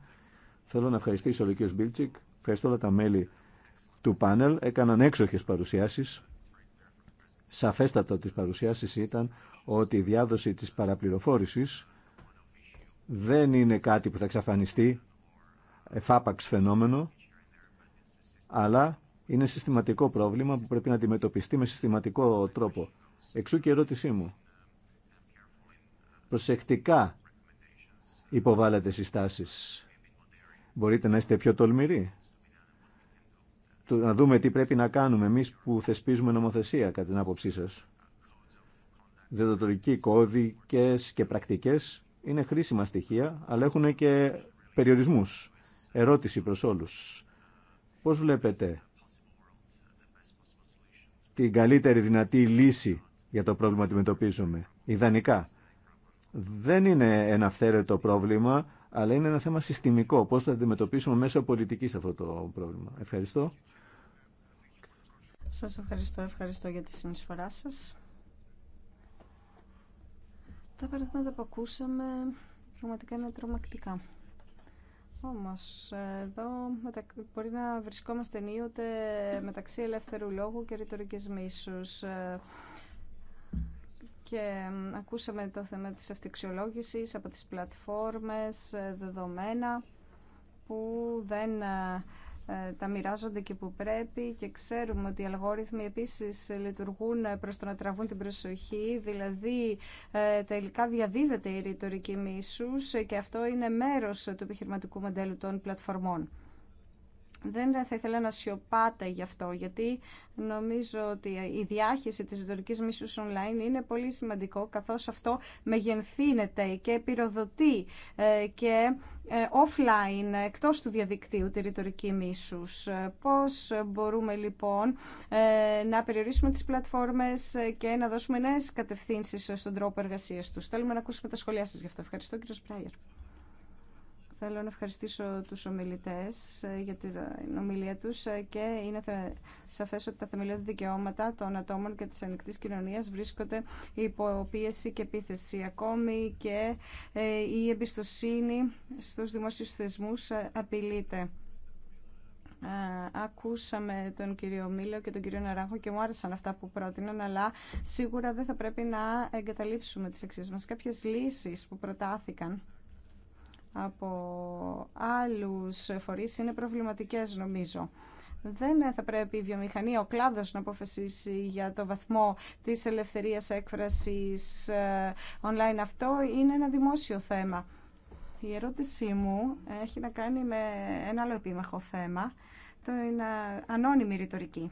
Θέλω να ευχαριστήσω τον κύριο Μπίλτσικ. Ευχαριστώ όλα τα μέλη του πάνελ. Έκαναν έξοχες παρουσιάσεις. Σαφέστατα τις παρουσιάσεις ήταν ότι η διάδοση της παραπληροφόρησης δεν είναι κάτι που θα εξαφανιστεί εφάπαξ φαινόμενο, αλλά είναι συστηματικό πρόβλημα που πρέπει να αντιμετωπιστεί με συστηματικό τρόπο. Εξού και η ερώτησή μου. Προσεκτικά υποβάλλετε συστάσεις. Μπορείτε να είστε πιο τολμηροί. Να δούμε τι πρέπει να κάνουμε εμείς που θεσπίζουμε νομοθεσία, κατά την άποψή σας διδατορικοί κώδικες και πρακτικές είναι χρήσιμα στοιχεία, αλλά έχουν και περιορισμούς. Ερώτηση προς όλους. Πώς βλέπετε την καλύτερη δυνατή λύση για το πρόβλημα που αντιμετωπίζουμε, ιδανικά. Δεν είναι ένα αυθαίρετο πρόβλημα, αλλά είναι ένα θέμα συστημικό. Πώς θα αντιμετωπίσουμε μέσω πολιτικής αυτό το πρόβλημα. Ευχαριστώ. Σας ευχαριστώ. Ευχαριστώ για τη συνεισφορά σας. Τα παραδείγματα που ακούσαμε πραγματικά είναι τρομακτικά. Όμως, εδώ μπορεί να βρισκόμαστε ενίοτε μεταξύ ελεύθερου λόγου και ρητορικής μίσου. Και ακούσαμε το θέμα της αυτοξιολόγησης από τις πλατφόρμες, ε, δεδομένα που δεν ε, ε, τα μοιράζονται και που πρέπει και ξέρουμε ότι οι αλγόριθμοι επίσης λειτουργούν προς το να τραβούν την προσοχή, δηλαδή ε, τελικά διαδίδεται η ρητορική μίσους και αυτό είναι μέρος του επιχειρηματικού μοντέλου των πλατφορμών δεν θα ήθελα να σιωπάτε γι' αυτό, γιατί νομίζω ότι η διάχυση της ιστορικής μίσους online είναι πολύ σημαντικό, καθώς αυτό μεγενθύνεται και επιροδοτεί ε, και ε, offline, εκτός του διαδικτύου, τη ρητορική μίσους. Ε, πώς μπορούμε λοιπόν να περιορίσουμε τις πλατφόρμες και να δώσουμε νέες κατευθύνσεις στον τρόπο εργασίας τους. Θέλουμε να ακούσουμε τα σχολιά σας γι' αυτό. Ευχαριστώ κύριο Σπράιερ. Θέλω να ευχαριστήσω τους ομιλητές ε, για την ομιλία τους ε, και είναι σαφές ότι τα θεμελιώδη δικαιώματα των ατόμων και της ανοιχτής κοινωνίας βρίσκονται υπό πίεση και επίθεση. Ακόμη και ε, η εμπιστοσύνη στους δημόσιους θεσμούς απειλείται. Ακούσαμε τον κύριο Μίλο και τον κύριο Ναράχο και μου άρεσαν αυτά που πρότειναν, αλλά σίγουρα δεν θα πρέπει να εγκαταλείψουμε τις αξίες μας. Κάποιες λύσεις που προτάθηκαν από άλλους φορείς είναι προβληματικές νομίζω. Δεν θα πρέπει η βιομηχανία, ο κλάδος να αποφασίσει για το βαθμό της ελευθερίας έκφρασης ε, online. Αυτό είναι ένα δημόσιο θέμα. Η ερώτησή μου έχει να κάνει με ένα άλλο επίμαχο θέμα, το είναι ανώνυμη ρητορική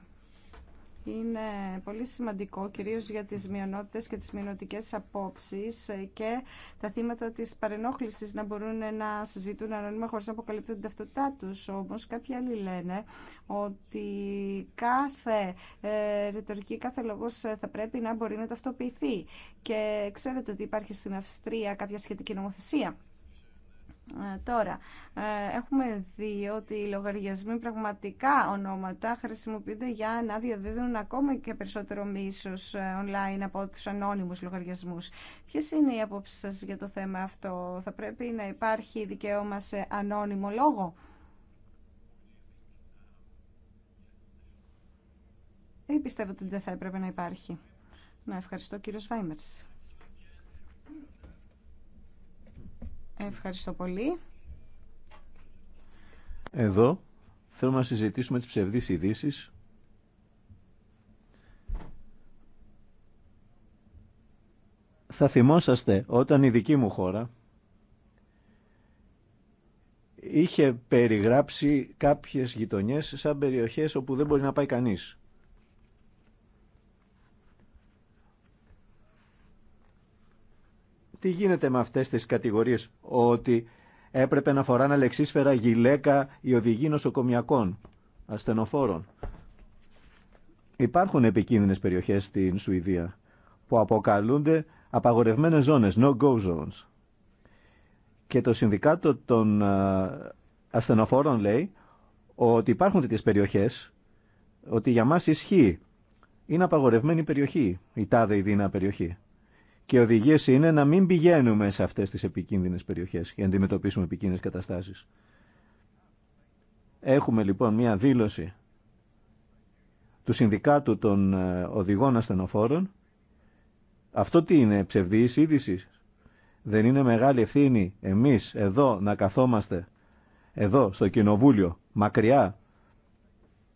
είναι πολύ σημαντικό κυρίως για τις μειονότητες και τις μειονοτικές απόψεις και τα θύματα της παρενόχλησης να μπορούν να συζητούν ανώνυμα χωρίς να αποκαλύπτουν την ταυτότητά τους. Όμως κάποιοι άλλοι λένε ότι κάθε ε, ρητορική, κάθε λόγος ε, θα πρέπει να μπορεί να ταυτοποιηθεί. Και ξέρετε ότι υπάρχει στην Αυστρία κάποια σχετική νομοθεσία ε, τώρα, ε, έχουμε δει ότι οι λογαριασμοί πραγματικά ονόματα χρησιμοποιούνται για να διαδίδουν ακόμα και περισσότερο μίσος ε, online από τους ανώνυμους λογαριασμούς. Ποιε είναι οι απόψεις σας για το θέμα αυτό? Θα πρέπει να υπάρχει δικαίωμα σε ανώνυμο λόγο? Ή πιστεύω ότι δεν θα έπρεπε να υπάρχει? Να ευχαριστώ κύριο Βάιμερς. Ευχαριστώ πολύ. Εδώ θέλουμε να συζητήσουμε τις ψευδείς ειδήσει. Θα θυμόσαστε όταν η δική μου χώρα είχε περιγράψει κάποιες γειτονιές σαν περιοχές όπου δεν μπορεί να πάει κανείς. Τι γίνεται με αυτές τις κατηγορίες ότι έπρεπε να φοράνε λεξίσφαιρα γυλαίκα οι οδηγοί νοσοκομιακών ασθενοφόρων. Υπάρχουν επικίνδυνες περιοχές στην Σουηδία που αποκαλούνται απαγορευμένες ζώνες, no-go zones. Και το Συνδικάτο των Ασθενοφόρων λέει ότι υπάρχουν τέτοιες περιοχές, ότι για μας ισχύει. Είναι απαγορευμένη περιοχή, η τάδε η περιοχή. Και οδηγίε είναι να μην πηγαίνουμε σε αυτέ τι επικίνδυνε περιοχέ και να αντιμετωπίσουμε επικίνδυνε καταστάσει. Έχουμε λοιπόν μία δήλωση του Συνδικάτου των ε, Οδηγών Ασθενοφόρων. Αυτό τι είναι, ψευδή είδηση. Δεν είναι μεγάλη ευθύνη εμείς εδώ να καθόμαστε, εδώ στο Κοινοβούλιο, μακριά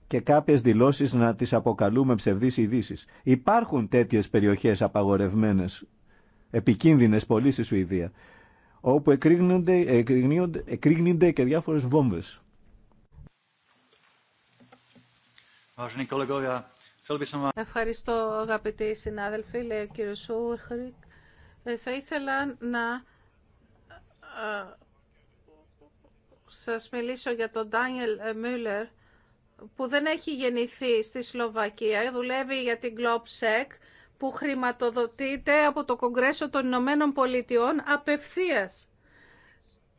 και κάποιες δηλώσεις να τις αποκαλούμε ψευδείς ειδήσει. Υπάρχουν τέτοιες περιοχές απαγορευμένες επικίνδυνες πολύ στη Σουηδία, όπου εκρήγνονται, και διάφορες βόμβες. Ευχαριστώ αγαπητοί συνάδελφοι, λέει ο κύριο Σούρχρικ. Ε, θα ήθελα να ε, σας μιλήσω για τον Ντάνιελ ε, Μούλερ, που δεν έχει γεννηθεί στη Σλοβακία, δουλεύει για την Globsec, που χρηματοδοτείται από το Κογκρέσο των Ηνωμένων Πολιτειών απευθείας.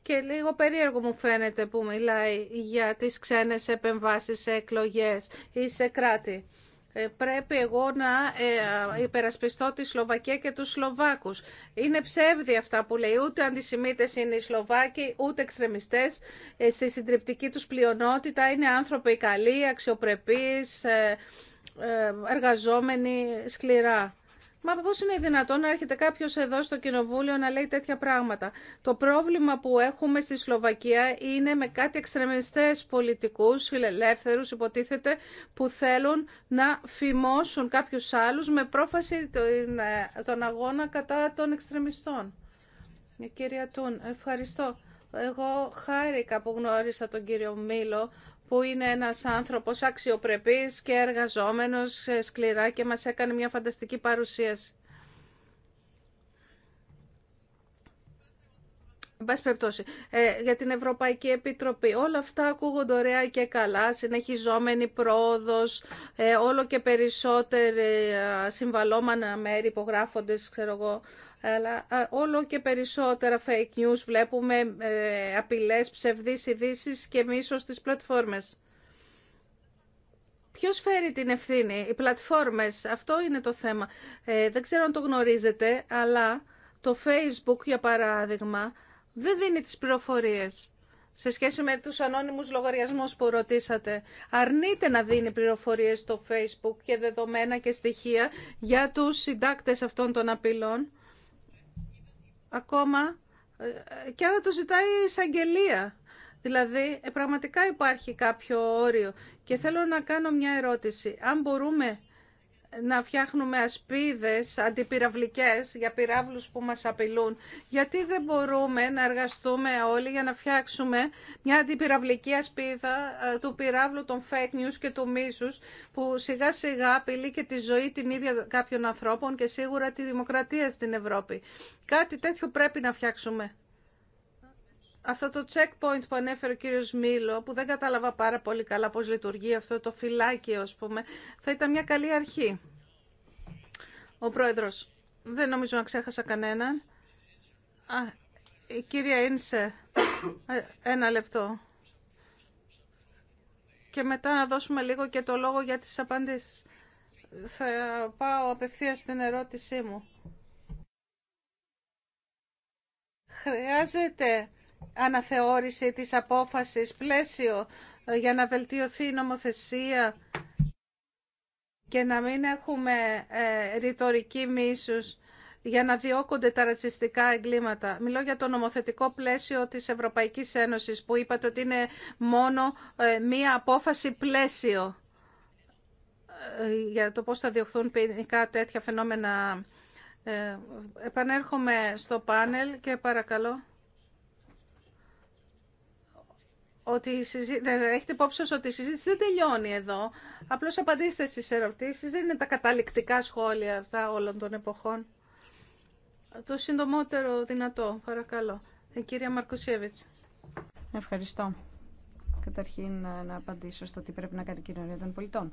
Και λίγο περίεργο μου φαίνεται που μιλάει για τις ξένες επεμβάσεις σε εκλογές ή σε κράτη. Ε, πρέπει εγώ να ε, υπερασπιστώ τη Σλοβακία και του Σλοβάκους. Είναι ψεύδι αυτά που λέει. Ούτε αντισημίτες είναι οι Σλοβάκοι, ούτε εξτρεμιστές. Ε, στη συντριπτική τους πλειονότητα είναι άνθρωποι καλοί, αξιοπρεπείς, ε, εργαζόμενοι σκληρά. Μα πώς είναι δυνατόν να έρχεται κάποιος εδώ στο κοινοβούλιο να λέει τέτοια πράγματα. Το πρόβλημα που έχουμε στη Σλοβακία είναι με κάτι εξτρεμιστές πολιτικούς, φιλελεύθερους υποτίθεται, που θέλουν να φημώσουν κάποιους άλλους με πρόφαση ε, τον αγώνα κατά των εξτρεμιστών. Κυρία Τούν, ευχαριστώ. Εγώ χάρηκα που γνώρισα τον κύριο Μήλο, που είναι ένας άνθρωπος αξιοπρεπής και εργαζόμενος ε, σκληρά και μας έκανε μια φανταστική παρουσίαση. Ε, για την Ευρωπαϊκή Επιτροπή. Όλα αυτά ακούγονται ωραία και καλά, συνεχιζόμενη πρόοδος, ε, όλο και περισσότερο συμβαλώμενα μέρη υπογράφονται, ξέρω εγώ, αλλά όλο και περισσότερα fake news βλέπουμε, ε, απειλές, ψευδείς ειδήσει και μίσος στις πλατφόρμες. Ποιος φέρει την ευθύνη, οι πλατφόρμες, αυτό είναι το θέμα. Ε, δεν ξέρω αν το γνωρίζετε, αλλά το Facebook, για παράδειγμα, δεν δίνει τις πληροφορίες σε σχέση με τους ανώνυμους λογαριασμούς που ρωτήσατε. Αρνείται να δίνει πληροφορίες στο Facebook και δεδομένα και στοιχεία για τους συντάκτες αυτών των απειλών ακόμα ε, ε, και αν το ζητάει η εισαγγελία. Δηλαδή, ε, πραγματικά υπάρχει κάποιο όριο. Και θέλω να κάνω μια ερώτηση. Αν μπορούμε να φτιάχνουμε ασπίδες αντιπυραυλικές για πυράβλους που μας απειλούν. Γιατί δεν μπορούμε να εργαστούμε όλοι για να φτιάξουμε μια αντιπυραυλική ασπίδα ε, του πυράβλου των fake news και του μίσους που σιγά σιγά απειλεί και τη ζωή την ίδια κάποιων ανθρώπων και σίγουρα τη δημοκρατία στην Ευρώπη. Κάτι τέτοιο πρέπει να φτιάξουμε αυτό το checkpoint που ανέφερε ο κύριος Μήλο, που δεν κατάλαβα πάρα πολύ καλά πώς λειτουργεί αυτό το φυλάκι, ας πούμε, θα ήταν μια καλή αρχή. Ο πρόεδρος, δεν νομίζω να ξέχασα κανέναν. Α, η κυρία Ίνσε, ε, ένα λεπτό. Και μετά να δώσουμε λίγο και το λόγο για τις απαντήσεις. Θα πάω απευθείας στην ερώτησή μου. Χρειάζεται αναθεώρηση της απόφασης πλαίσιο ε, για να βελτιωθεί η νομοθεσία και να μην έχουμε ε, ρητορική μίσους για να διώκονται τα ρατσιστικά εγκλήματα. Μιλώ για το νομοθετικό πλαίσιο της Ευρωπαϊκής Ένωσης που είπατε ότι είναι μόνο ε, μία απόφαση πλαίσιο ε, για το πώς θα διωχθούν ποινικά τέτοια φαινόμενα. Επανέρχομαι στο πάνελ και παρακαλώ. ότι έχετε υπόψη σας ότι η συζήτηση δεν τελειώνει εδώ. Απλώς απαντήστε στις ερωτήσεις. Δεν είναι τα καταληκτικά σχόλια αυτά όλων των εποχών. Το συντομότερο δυνατό, παρακαλώ. Η ε, κυρία Μαρκουσέβιτς. Ευχαριστώ. Καταρχήν ε, να απαντήσω στο τι πρέπει να κάνει η κοινωνία των πολιτών.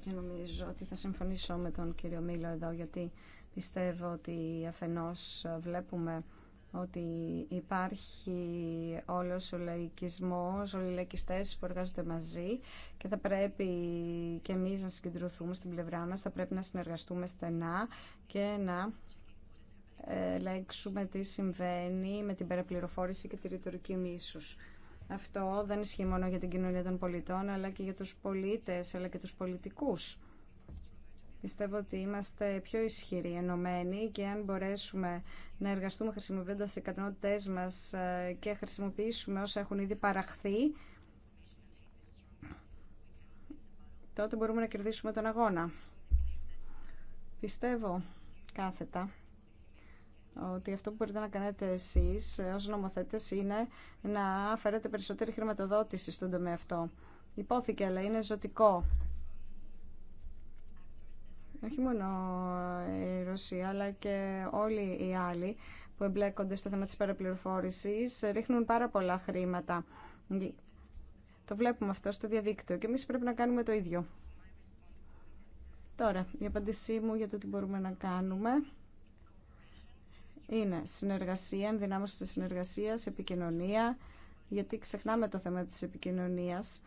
Και νομίζω ότι θα συμφωνήσω με τον κύριο Μίλο εδώ, γιατί πιστεύω ότι αφενός ε, βλέπουμε ότι υπάρχει όλος ο λαϊκισμός, όλοι οι λαϊκιστές που εργάζονται μαζί και θα πρέπει και εμείς να συγκεντρωθούμε στην πλευρά μας, θα πρέπει να συνεργαστούμε στενά και να ελέγξουμε τι συμβαίνει με την παραπληροφόρηση και τη ρητορική μίσους. Αυτό δεν ισχύει μόνο για την κοινωνία των πολιτών, αλλά και για τους πολίτες, αλλά και τους πολιτικούς. Πιστεύω ότι είμαστε πιο ισχυροί, ενωμένοι και αν μπορέσουμε να εργαστούμε χρησιμοποιώντα τι ικανότητέ μας ε, και χρησιμοποιήσουμε όσα έχουν ήδη παραχθεί, τότε μπορούμε να κερδίσουμε τον αγώνα. Πιστεύω κάθετα ότι αυτό που μπορείτε να κάνετε εσείς ε, ως νομοθέτες είναι να φέρετε περισσότερη χρηματοδότηση στον τομέα αυτό. Υπόθηκε, αλλά είναι ζωτικό όχι μόνο η Ρωσία αλλά και όλοι οι άλλοι που εμπλέκονται στο θέμα της παραπληροφόρησης ρίχνουν πάρα πολλά χρήματα. Το βλέπουμε αυτό στο διαδίκτυο και εμείς πρέπει να κάνουμε το ίδιο. Τώρα, η απάντησή μου για το τι μπορούμε να κάνουμε είναι συνεργασία, ενδυνάμωση της συνεργασίας, επικοινωνία, γιατί ξεχνάμε το θέμα της επικοινωνίας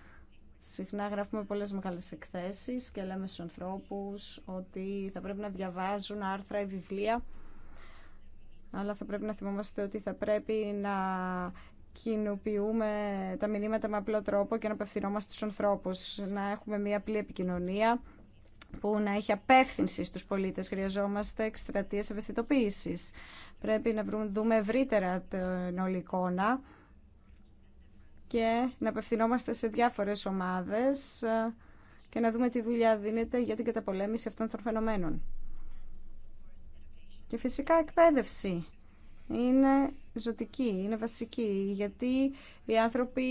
Συχνά γράφουμε πολλές μεγάλες εκθέσεις και λέμε στους ανθρώπους ότι θα πρέπει να διαβάζουν άρθρα ή βιβλία αλλά θα πρέπει να θυμόμαστε ότι θα πρέπει να κοινοποιούμε τα μηνύματα με απλό τρόπο και να απευθυνόμαστε στους ανθρώπους, να έχουμε μια απλή επικοινωνία που να έχει απεύθυνση στους πολίτες. Χρειαζόμαστε εκστρατείες ευαισθητοποίησης. Πρέπει να δούμε ευρύτερα την όλη εικόνα και να απευθυνόμαστε σε διάφορες ομάδες ε, και να δούμε τι δουλειά δίνεται για την καταπολέμηση αυτών των φαινομένων. Και φυσικά εκπαίδευση είναι ζωτική, είναι βασική, γιατί οι άνθρωποι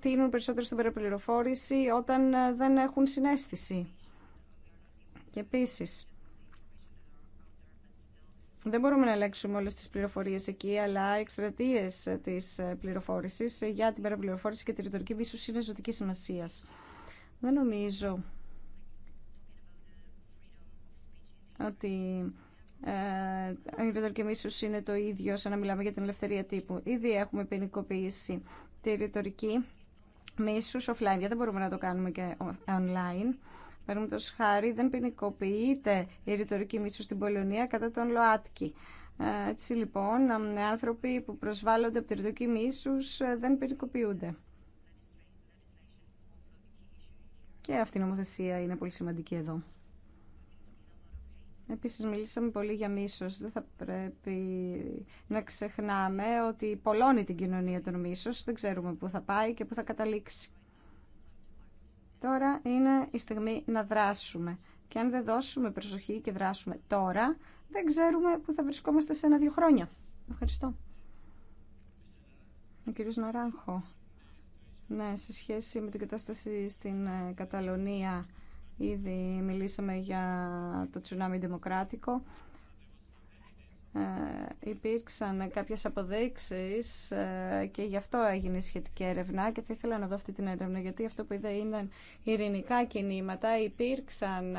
τείνουν περισσότερο στην περιπληροφόρηση όταν ε, δεν έχουν συνέστηση. Και επίσης, δεν μπορούμε να ελέγξουμε όλες τις πληροφορίες εκεί, αλλά οι εξτρατείες της πληροφόρησης για την παραπληροφόρηση και τη ρητορική μίσους είναι ζωτική σημασία. Δεν νομίζω ότι ε, η ρητορική μίσους είναι το ίδιο σαν να μιλάμε για την ελευθερία τύπου. Ήδη έχουμε ποινικοποιήσει τη ρητορική μίσους offline, γιατί δεν μπορούμε να το κάνουμε και online. Παραδείγματο χάρη, δεν ποινικοποιείται η ρητορική μίσου στην Πολωνία κατά τον ΛΟΑΤΚΙ. Ε, έτσι λοιπόν, άνθρωποι που προσβάλλονται από τη ρητορική μίσου ε, δεν ποινικοποιούνται. Και αυτή η νομοθεσία είναι πολύ σημαντική εδώ. Επίσης μιλήσαμε πολύ για μίσος. Δεν θα πρέπει να ξεχνάμε ότι πολλώνει την κοινωνία των μίσος. Δεν ξέρουμε πού θα πάει και πού θα καταλήξει. Τώρα είναι η στιγμή να δράσουμε. Και αν δεν δώσουμε προσοχή και δράσουμε τώρα, δεν ξέρουμε που θα βρισκόμαστε σε ένα-δύο χρόνια. Ευχαριστώ. Ο κύριος Ναράγχο. Ναι, σε σχέση με την κατάσταση στην ε, Καταλωνία, ήδη μιλήσαμε για το τσουνάμι δημοκράτικο. Ε, υπήρξαν κάποιες αποδείξεις ε, και γι' αυτό έγινε η σχετική έρευνα και θα ήθελα να δω αυτή την έρευνα γιατί αυτό που είδα είναι ειρηνικά κινήματα υπήρξαν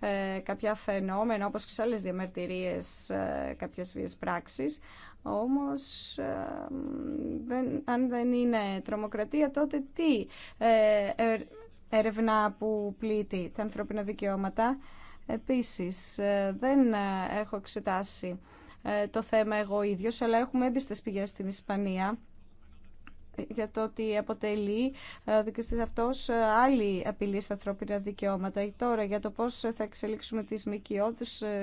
ε, κάποια φαινόμενα όπως και σε άλλες διαμαρτυρίες κάποιες βίες πράξεις όμως δεν, αν δεν είναι τρομοκρατία τότε τι ερευνά που πλήττει τα ανθρώπινα δικαιώματα Επίσης, ε, δεν ε, έχω εξετάσει ε, το θέμα εγώ ίδιος, αλλά έχουμε έμπιστες πηγές στην Ισπανία για το ότι αποτελεί δικαστής αυτός άλλη απειλή στα ανθρώπινα δικαιώματα. Τώρα για το πώς θα εξελίξουμε τις ΜΚΟ,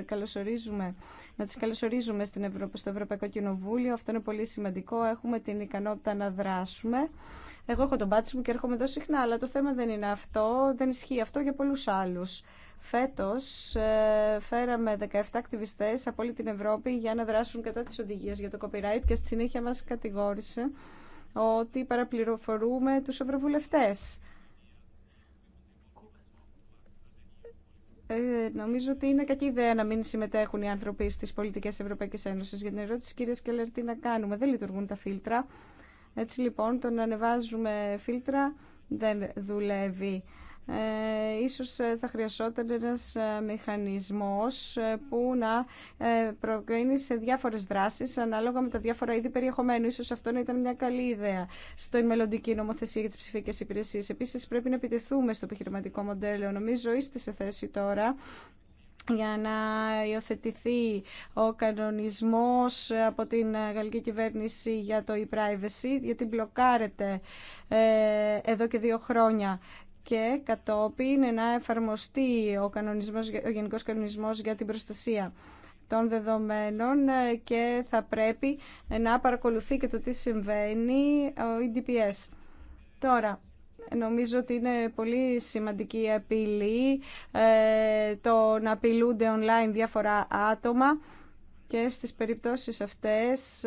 καλωσορίζουμε, να τις καλωσορίζουμε στην Ευρώπη, στο Ευρωπαϊκό Κοινοβούλιο. Αυτό είναι πολύ σημαντικό. Έχουμε την ικανότητα να δράσουμε. Εγώ έχω τον πάτσι μου και έρχομαι εδώ συχνά, αλλά το θέμα δεν είναι αυτό, δεν ισχύει αυτό για πολλούς άλλους. Φέτος ε, φέραμε 17 ακτιβιστές από όλη την Ευρώπη για να δράσουν κατά τις οδηγίες για το copyright και στη συνέχεια μας κατηγόρησε ότι παραπληροφορούμε τους ευρωβουλευτές. Ε, νομίζω ότι είναι κακή ιδέα να μην συμμετέχουν οι άνθρωποι στις πολιτικές Ευρωπαϊκή Ένωση. Για την ερώτηση, κυρία Σκέλερ, τι να κάνουμε. Δεν λειτουργούν τα φίλτρα. Έτσι λοιπόν, το να ανεβάζουμε φίλτρα δεν δουλεύει ε, ίσως ε, θα χρειαζόταν ένας ε, μηχανισμός ε, που να προκρίνει σε διάφορες δράσεις ανάλογα με τα διάφορα είδη περιεχομένου. Ίσως αυτό να ήταν μια καλή ιδέα στην μελλοντική νομοθεσία για τις ψηφιακές υπηρεσίες. Επίσης πρέπει να επιτεθούμε στο επιχειρηματικό μοντέλο. Νομίζω είστε σε θέση τώρα για να υιοθετηθεί ο κανονισμός από την γαλλική κυβέρνηση για το e-privacy, γιατί μπλοκάρεται εδώ και δύο χρόνια και κατόπιν να εφαρμοστεί ο, κανονισμός, ο Γενικός Κανονισμός για την Προστασία των δεδομένων ε, και θα πρέπει να παρακολουθεί και το τι συμβαίνει ε, ο EDPS. Τώρα, νομίζω ότι είναι πολύ σημαντική η απειλή ε, το να απειλούνται online διάφορα άτομα και στις περιπτώσεις αυτές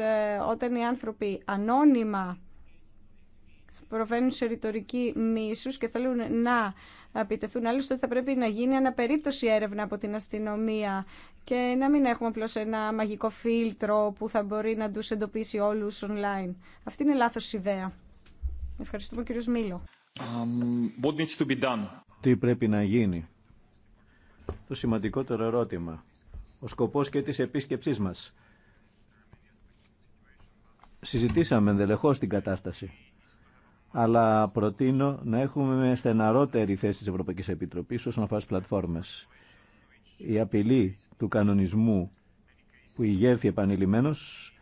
όταν οι άνθρωποι ανώνυμα προβαίνουν σε ρητορική μίσους και θέλουν να επιτεθούν. Άλλωστε θα πρέπει να γίνει αναπερίπτωση έρευνα από την αστυνομία και να μην έχουμε απλώ ένα μαγικό φίλτρο που θα μπορεί να τους εντοπίσει όλους online. Αυτή είναι λάθος ιδέα. Ευχαριστούμε κύριο Μήλο. Um, what needs to be done? Τι πρέπει να γίνει. Το σημαντικότερο ερώτημα. Ο σκοπός και της επίσκεψής μας συζητήσαμε ενδελεχώς την κατάσταση αλλά προτείνω να έχουμε στεναρότερη θέση της Ευρωπαϊκής Επιτροπής όσον αφορά τις πλατφόρμες. Η απειλή του κανονισμού που ηγέρθη επανειλημμένος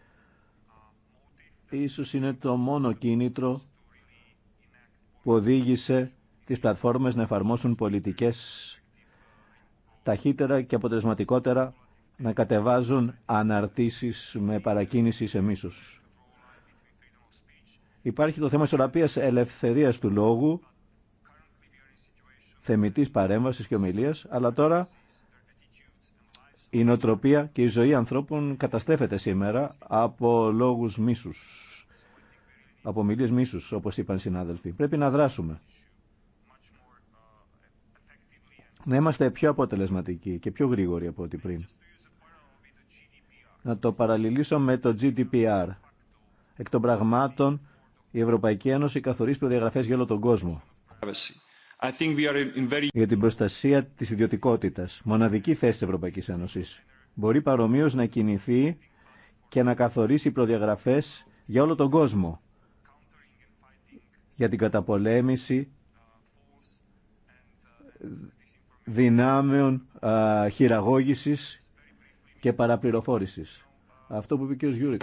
ίσως είναι το μόνο κίνητρο που οδήγησε τις πλατφόρμες να εφαρμόσουν πολιτικές ταχύτερα και αποτελεσματικότερα να κατεβάζουν αναρτήσεις με παρακίνηση σε μίσους. Υπάρχει το θέμα ισορροπίας ελευθερίας του λόγου, θεμητής παρέμβασης και ομιλίας, αλλά τώρα η νοοτροπία και η ζωή ανθρώπων καταστρέφεται σήμερα από λόγους μίσους, από ομιλίες μίσους, όπως είπαν οι συνάδελφοι. Πρέπει να δράσουμε. Να είμαστε πιο αποτελεσματικοί και πιο γρήγοροι από ό,τι πριν. Να το παραλληλήσω με το GDPR. Εκ των πραγμάτων η Ευρωπαϊκή Ένωση καθορίζει προδιαγραφές για όλο τον κόσμο. Για την προστασία της ιδιωτικότητα, μοναδική θέση της Ευρωπαϊκής Ένωση. μπορεί παρομοίως να κινηθεί και να καθορίσει προδιαγραφές για όλο τον κόσμο για την καταπολέμηση δυνάμεων α, χειραγώγησης και παραπληροφόρησης. Αυτό που είπε ο κ. Γιούρικ.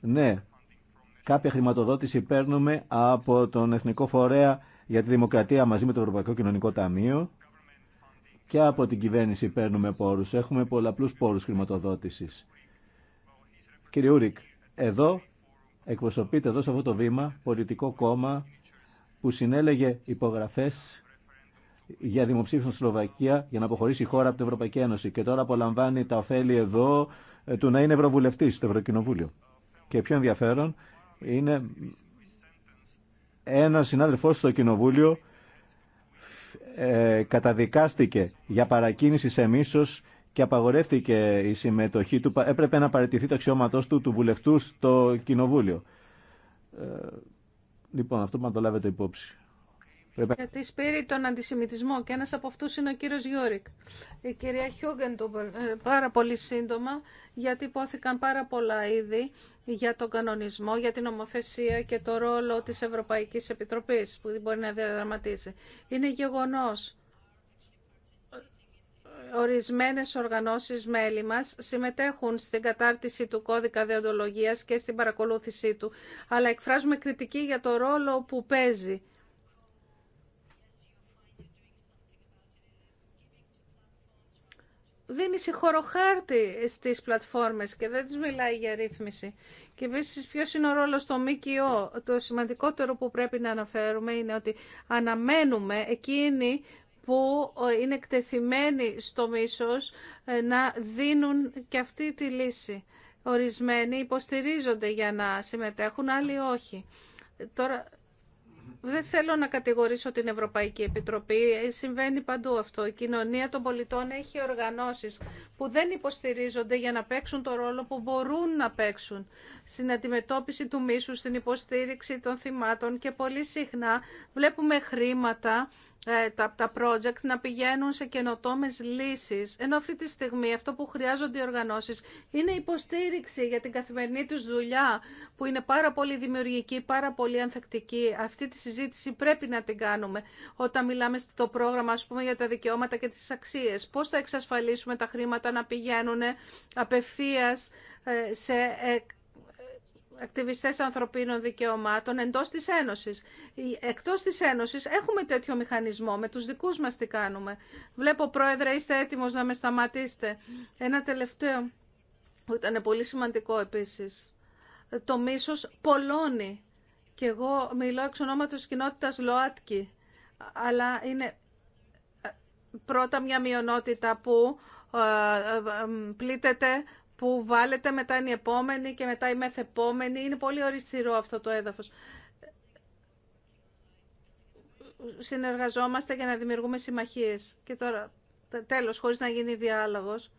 Ναι, Κάποια χρηματοδότηση παίρνουμε από τον Εθνικό Φορέα για τη Δημοκρατία μαζί με το Ευρωπαϊκό Κοινωνικό Ταμείο και από την κυβέρνηση παίρνουμε πόρους. Έχουμε πολλαπλούς πόρους χρηματοδότησης. Κύριε Ούρικ, εδώ εκπροσωπείται εδώ σε αυτό το βήμα πολιτικό κόμμα που συνέλεγε υπογραφές για δημοψήφισμα στην Σλοβακία για να αποχωρήσει η χώρα από την Ευρωπαϊκή Ένωση και τώρα απολαμβάνει τα ωφέλη εδώ ε, του να είναι ευρωβουλευτή στο Ευρωκοινοβούλιο. Και πιο ενδιαφέρον είναι ένα συνάδελφός στο Κοινοβούλιο ε, καταδικάστηκε για παρακίνηση σε μίσος και απαγορεύτηκε η συμμετοχή του. Έπρεπε να παραιτηθεί το αξιώματό του του βουλευτού στο Κοινοβούλιο. Ε, λοιπόν, αυτό που να το λάβετε υπόψη. Γιατί σπήρει τον αντισημιτισμό και ένας από αυτούς είναι ο κύριος Γιώρικ. Η κυρία Χιούγκεν ε, πάρα πολύ σύντομα γιατί υπόθηκαν πάρα πολλά ήδη για τον κανονισμό, για την ομοθεσία και το ρόλο της Ευρωπαϊκής Επιτροπής που μπορεί να διαδραματίσει. Είναι γεγονός ορισμένες οργανώσεις μέλη μας συμμετέχουν στην κατάρτιση του κώδικα δεοντολογίας και στην παρακολούθησή του, αλλά εκφράζουμε κριτική για το ρόλο που παίζει δίνει συγχωροχάρτη στις πλατφόρμες και δεν τις μιλάει για ρύθμιση. Και επίση ποιο είναι ο ρόλο στο ΜΚΟ. Το σημαντικότερο που πρέπει να αναφέρουμε είναι ότι αναμένουμε εκείνοι που είναι εκτεθειμένοι στο μίσος ε, να δίνουν και αυτή τη λύση. Ορισμένοι υποστηρίζονται για να συμμετέχουν, άλλοι όχι. Τώρα δεν θέλω να κατηγορήσω την Ευρωπαϊκή Επιτροπή. Συμβαίνει παντού αυτό. Η κοινωνία των πολιτών έχει οργανώσεις που δεν υποστηρίζονται για να παίξουν το ρόλο που μπορούν να παίξουν στην αντιμετώπιση του μίσου, στην υποστήριξη των θυμάτων και πολύ συχνά βλέπουμε χρήματα ε, τα, τα project να πηγαίνουν σε καινοτόμε λύσεις. Ενώ αυτή τη στιγμή αυτό που χρειάζονται οι οργανώσεις είναι υποστήριξη για την καθημερινή τους δουλειά που είναι πάρα πολύ δημιουργική, πάρα πολύ ανθεκτική. Αυτή τη συζήτηση πρέπει να την κάνουμε όταν μιλάμε στο πρόγραμμα ας πούμε, για τα δικαιώματα και τις αξίε. Πώ θα εξασφαλίσουμε τα χρήματα να πηγαίνουν απευθείας ε, σε ε, ακτιβιστές ανθρωπίνων δικαιωμάτων εντός της Ένωσης. Εκτός της Ένωσης έχουμε τέτοιο μηχανισμό, με τους δικούς μας τι κάνουμε. Βλέπω, Πρόεδρε, είστε έτοιμος να με σταματήσετε. Ένα τελευταίο, που ήταν πολύ σημαντικό επίσης, το μίσος Πολώνη. Και εγώ μιλώ εξ ονόματος κοινότητας ΛΟΑΤΚΙ, αλλά είναι ε, πρώτα μια μειονότητα που ε, ε, πλήττεται που βάλετε, μετά είναι η επόμενη και μετά η μεθεπόμενη. Είναι πολύ οριστηρό αυτό το έδαφος. Συνεργαζόμαστε για να δημιουργούμε συμμαχίες. Και τώρα, τέλος, χωρίς να γίνει διάλογος,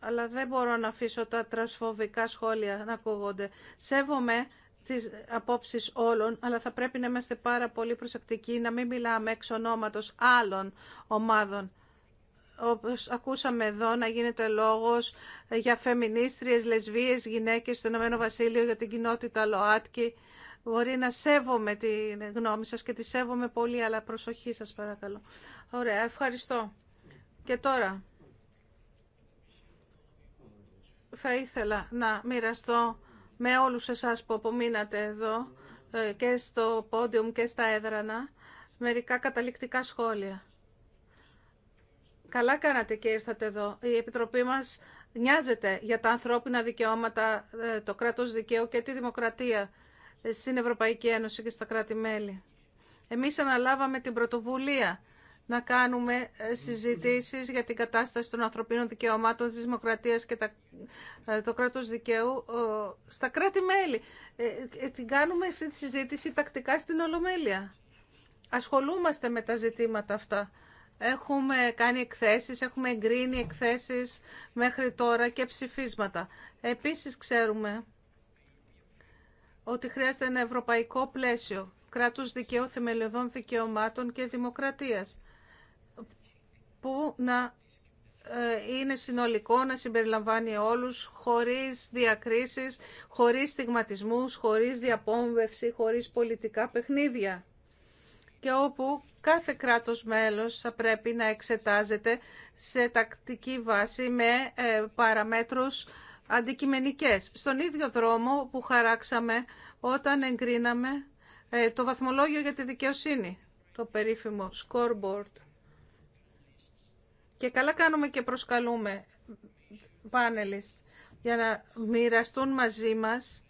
αλλά δεν μπορώ να αφήσω τα τρασφοβικά σχόλια να ακούγονται. Σέβομαι τις απόψεις όλων, αλλά θα πρέπει να είμαστε πάρα πολύ προσεκτικοί, να μην μιλάμε εξ ονόματος άλλων ομάδων όπως ακούσαμε εδώ να γίνεται λόγος για φεμινίστριες, λεσβίες, γυναίκες στο Ηνωμένο Βασίλειο, για την κοινότητα ΛΟΑΤΚΙ. Μπορεί να σέβομαι τη γνώμη σας και τη σέβομαι πολύ, αλλά προσοχή σας παρακαλώ. Ωραία, ευχαριστώ. Και τώρα θα ήθελα να μοιραστώ με όλους εσάς που απομείνατε εδώ ε, και στο πόντιουμ και στα έδρανα μερικά καταληκτικά σχόλια. Καλά κάνατε και ήρθατε εδώ. Η Επιτροπή μας νοιάζεται για τα ανθρώπινα δικαιώματα, ε, το κράτος δικαίου και τη δημοκρατία ε, στην Ευρωπαϊκή Ένωση και στα κράτη-μέλη. Εμείς αναλάβαμε την πρωτοβουλία να κάνουμε ε, συζητήσεις για την κατάσταση των ανθρωπίνων δικαιωμάτων, της δημοκρατίας και το κράτος δικαίου στα κράτη-μέλη. Την κάνουμε αυτή τη συζήτηση τακτικά στην Ολομέλεια. Ασχολούμαστε με τα ζητήματα αυτά. Έχουμε κάνει εκθέσεις, έχουμε εγκρίνει εκθέσεις μέχρι τώρα και ψηφίσματα. Επίσης ξέρουμε ότι χρειάζεται ένα ευρωπαϊκό πλαίσιο κράτους δικαίου, θεμελιωδών δικαιωμάτων και δημοκρατίας που να ε, είναι συνολικό να συμπεριλαμβάνει όλους χωρίς διακρίσεις, χωρίς στιγματισμούς, χωρίς διαπόμβευση, χωρίς πολιτικά παιχνίδια και όπου κάθε κράτος μέλος θα πρέπει να εξετάζεται σε τακτική βάση με ε, παραμέτρους αντικειμενικές. Στον ίδιο δρόμο που χαράξαμε όταν εγκρίναμε ε, το βαθμολόγιο για τη δικαιοσύνη, το περίφημο scoreboard. Και καλά κάνουμε και προσκαλούμε πάνελιστ για να μοιραστούν μαζί μας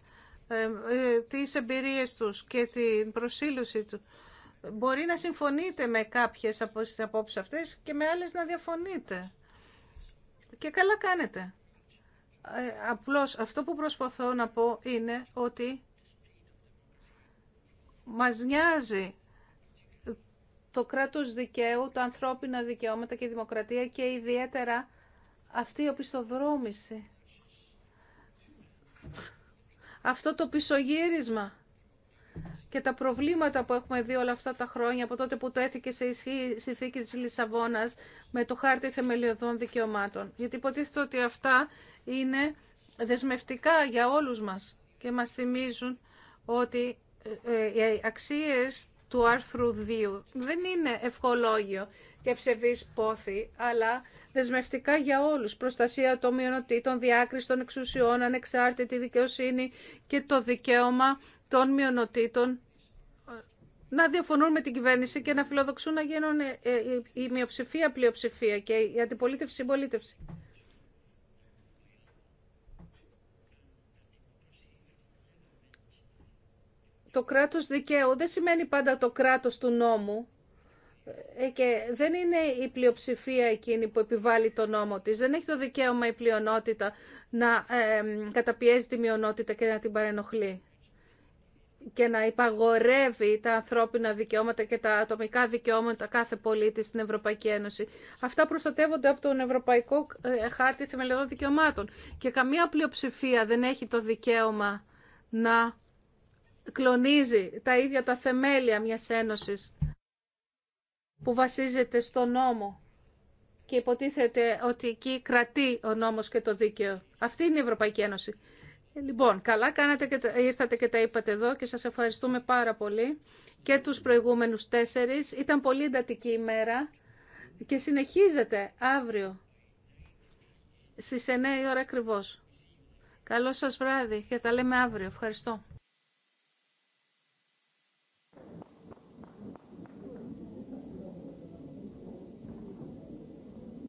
ε, τις εμπειρίες τους και την προσήλωση του μπορεί να συμφωνείτε με κάποιες από τις απόψεις αυτές και με άλλες να διαφωνείτε. Και καλά κάνετε. Ε, απλώς αυτό που προσπαθώ να πω είναι ότι μας νοιάζει το κράτος δικαίου, τα ανθρώπινα δικαιώματα και η δημοκρατία και ιδιαίτερα αυτή η οπισθοδρόμηση. Αυτό το πισωγύρισμα και τα προβλήματα που έχουμε δει όλα αυτά τα χρόνια από τότε που το έθηκε σε ισχύ η συνθήκη της Λισαβόνας με το χάρτη θεμελιωδών δικαιωμάτων. Γιατί υποτίθεται ότι αυτά είναι δεσμευτικά για όλους μας και μας θυμίζουν ότι ε, ε, οι αξίες του άρθρου 2 δεν είναι ευχολόγιο και ευσεβής πόθη, αλλά δεσμευτικά για όλους. Προστασία των μειονοτήτων, διάκριση των εξουσιών, ανεξάρτητη δικαιοσύνη και το δικαίωμα των μειονοτήτων ε, να διαφωνούν με την κυβέρνηση και να φιλοδοξούν να γίνουν ε, ε, η μειοψηφία πλειοψηφία και η αντιπολίτευση συμπολίτευση. Το κράτος δικαίου δεν σημαίνει πάντα το κράτος του νόμου και δεν είναι η πλειοψηφία εκείνη που επιβάλλει το νόμο της. Δεν έχει το δικαίωμα η πλειονότητα να καταπιέζει τη μειονότητα και να την παρενοχλεί και να υπαγορεύει τα ανθρώπινα δικαιώματα και τα ατομικά δικαιώματα κάθε πολίτη στην Ευρωπαϊκή Ένωση. Αυτά προστατεύονται από τον Ευρωπαϊκό ε, Χάρτη Θεμελιωδών Δικαιωμάτων και καμία πλειοψηφία δεν έχει το δικαίωμα να κλονίζει τα ίδια τα θεμέλια μιας ένωσης που βασίζεται στο νόμο και υποτίθεται ότι εκεί κρατεί ο νόμος και το δίκαιο. Αυτή είναι η Ευρωπαϊκή Ένωση. Ε, λοιπόν, καλά κάνατε και ήρθατε και τα είπατε εδώ και σας ευχαριστούμε πάρα πολύ και τους προηγούμενους τέσσερις. Ήταν πολύ εντατική ημέρα και συνεχίζεται αύριο στις 9 η ώρα ακριβώς. Καλό σας βράδυ και τα λέμε αύριο. Ευχαριστώ.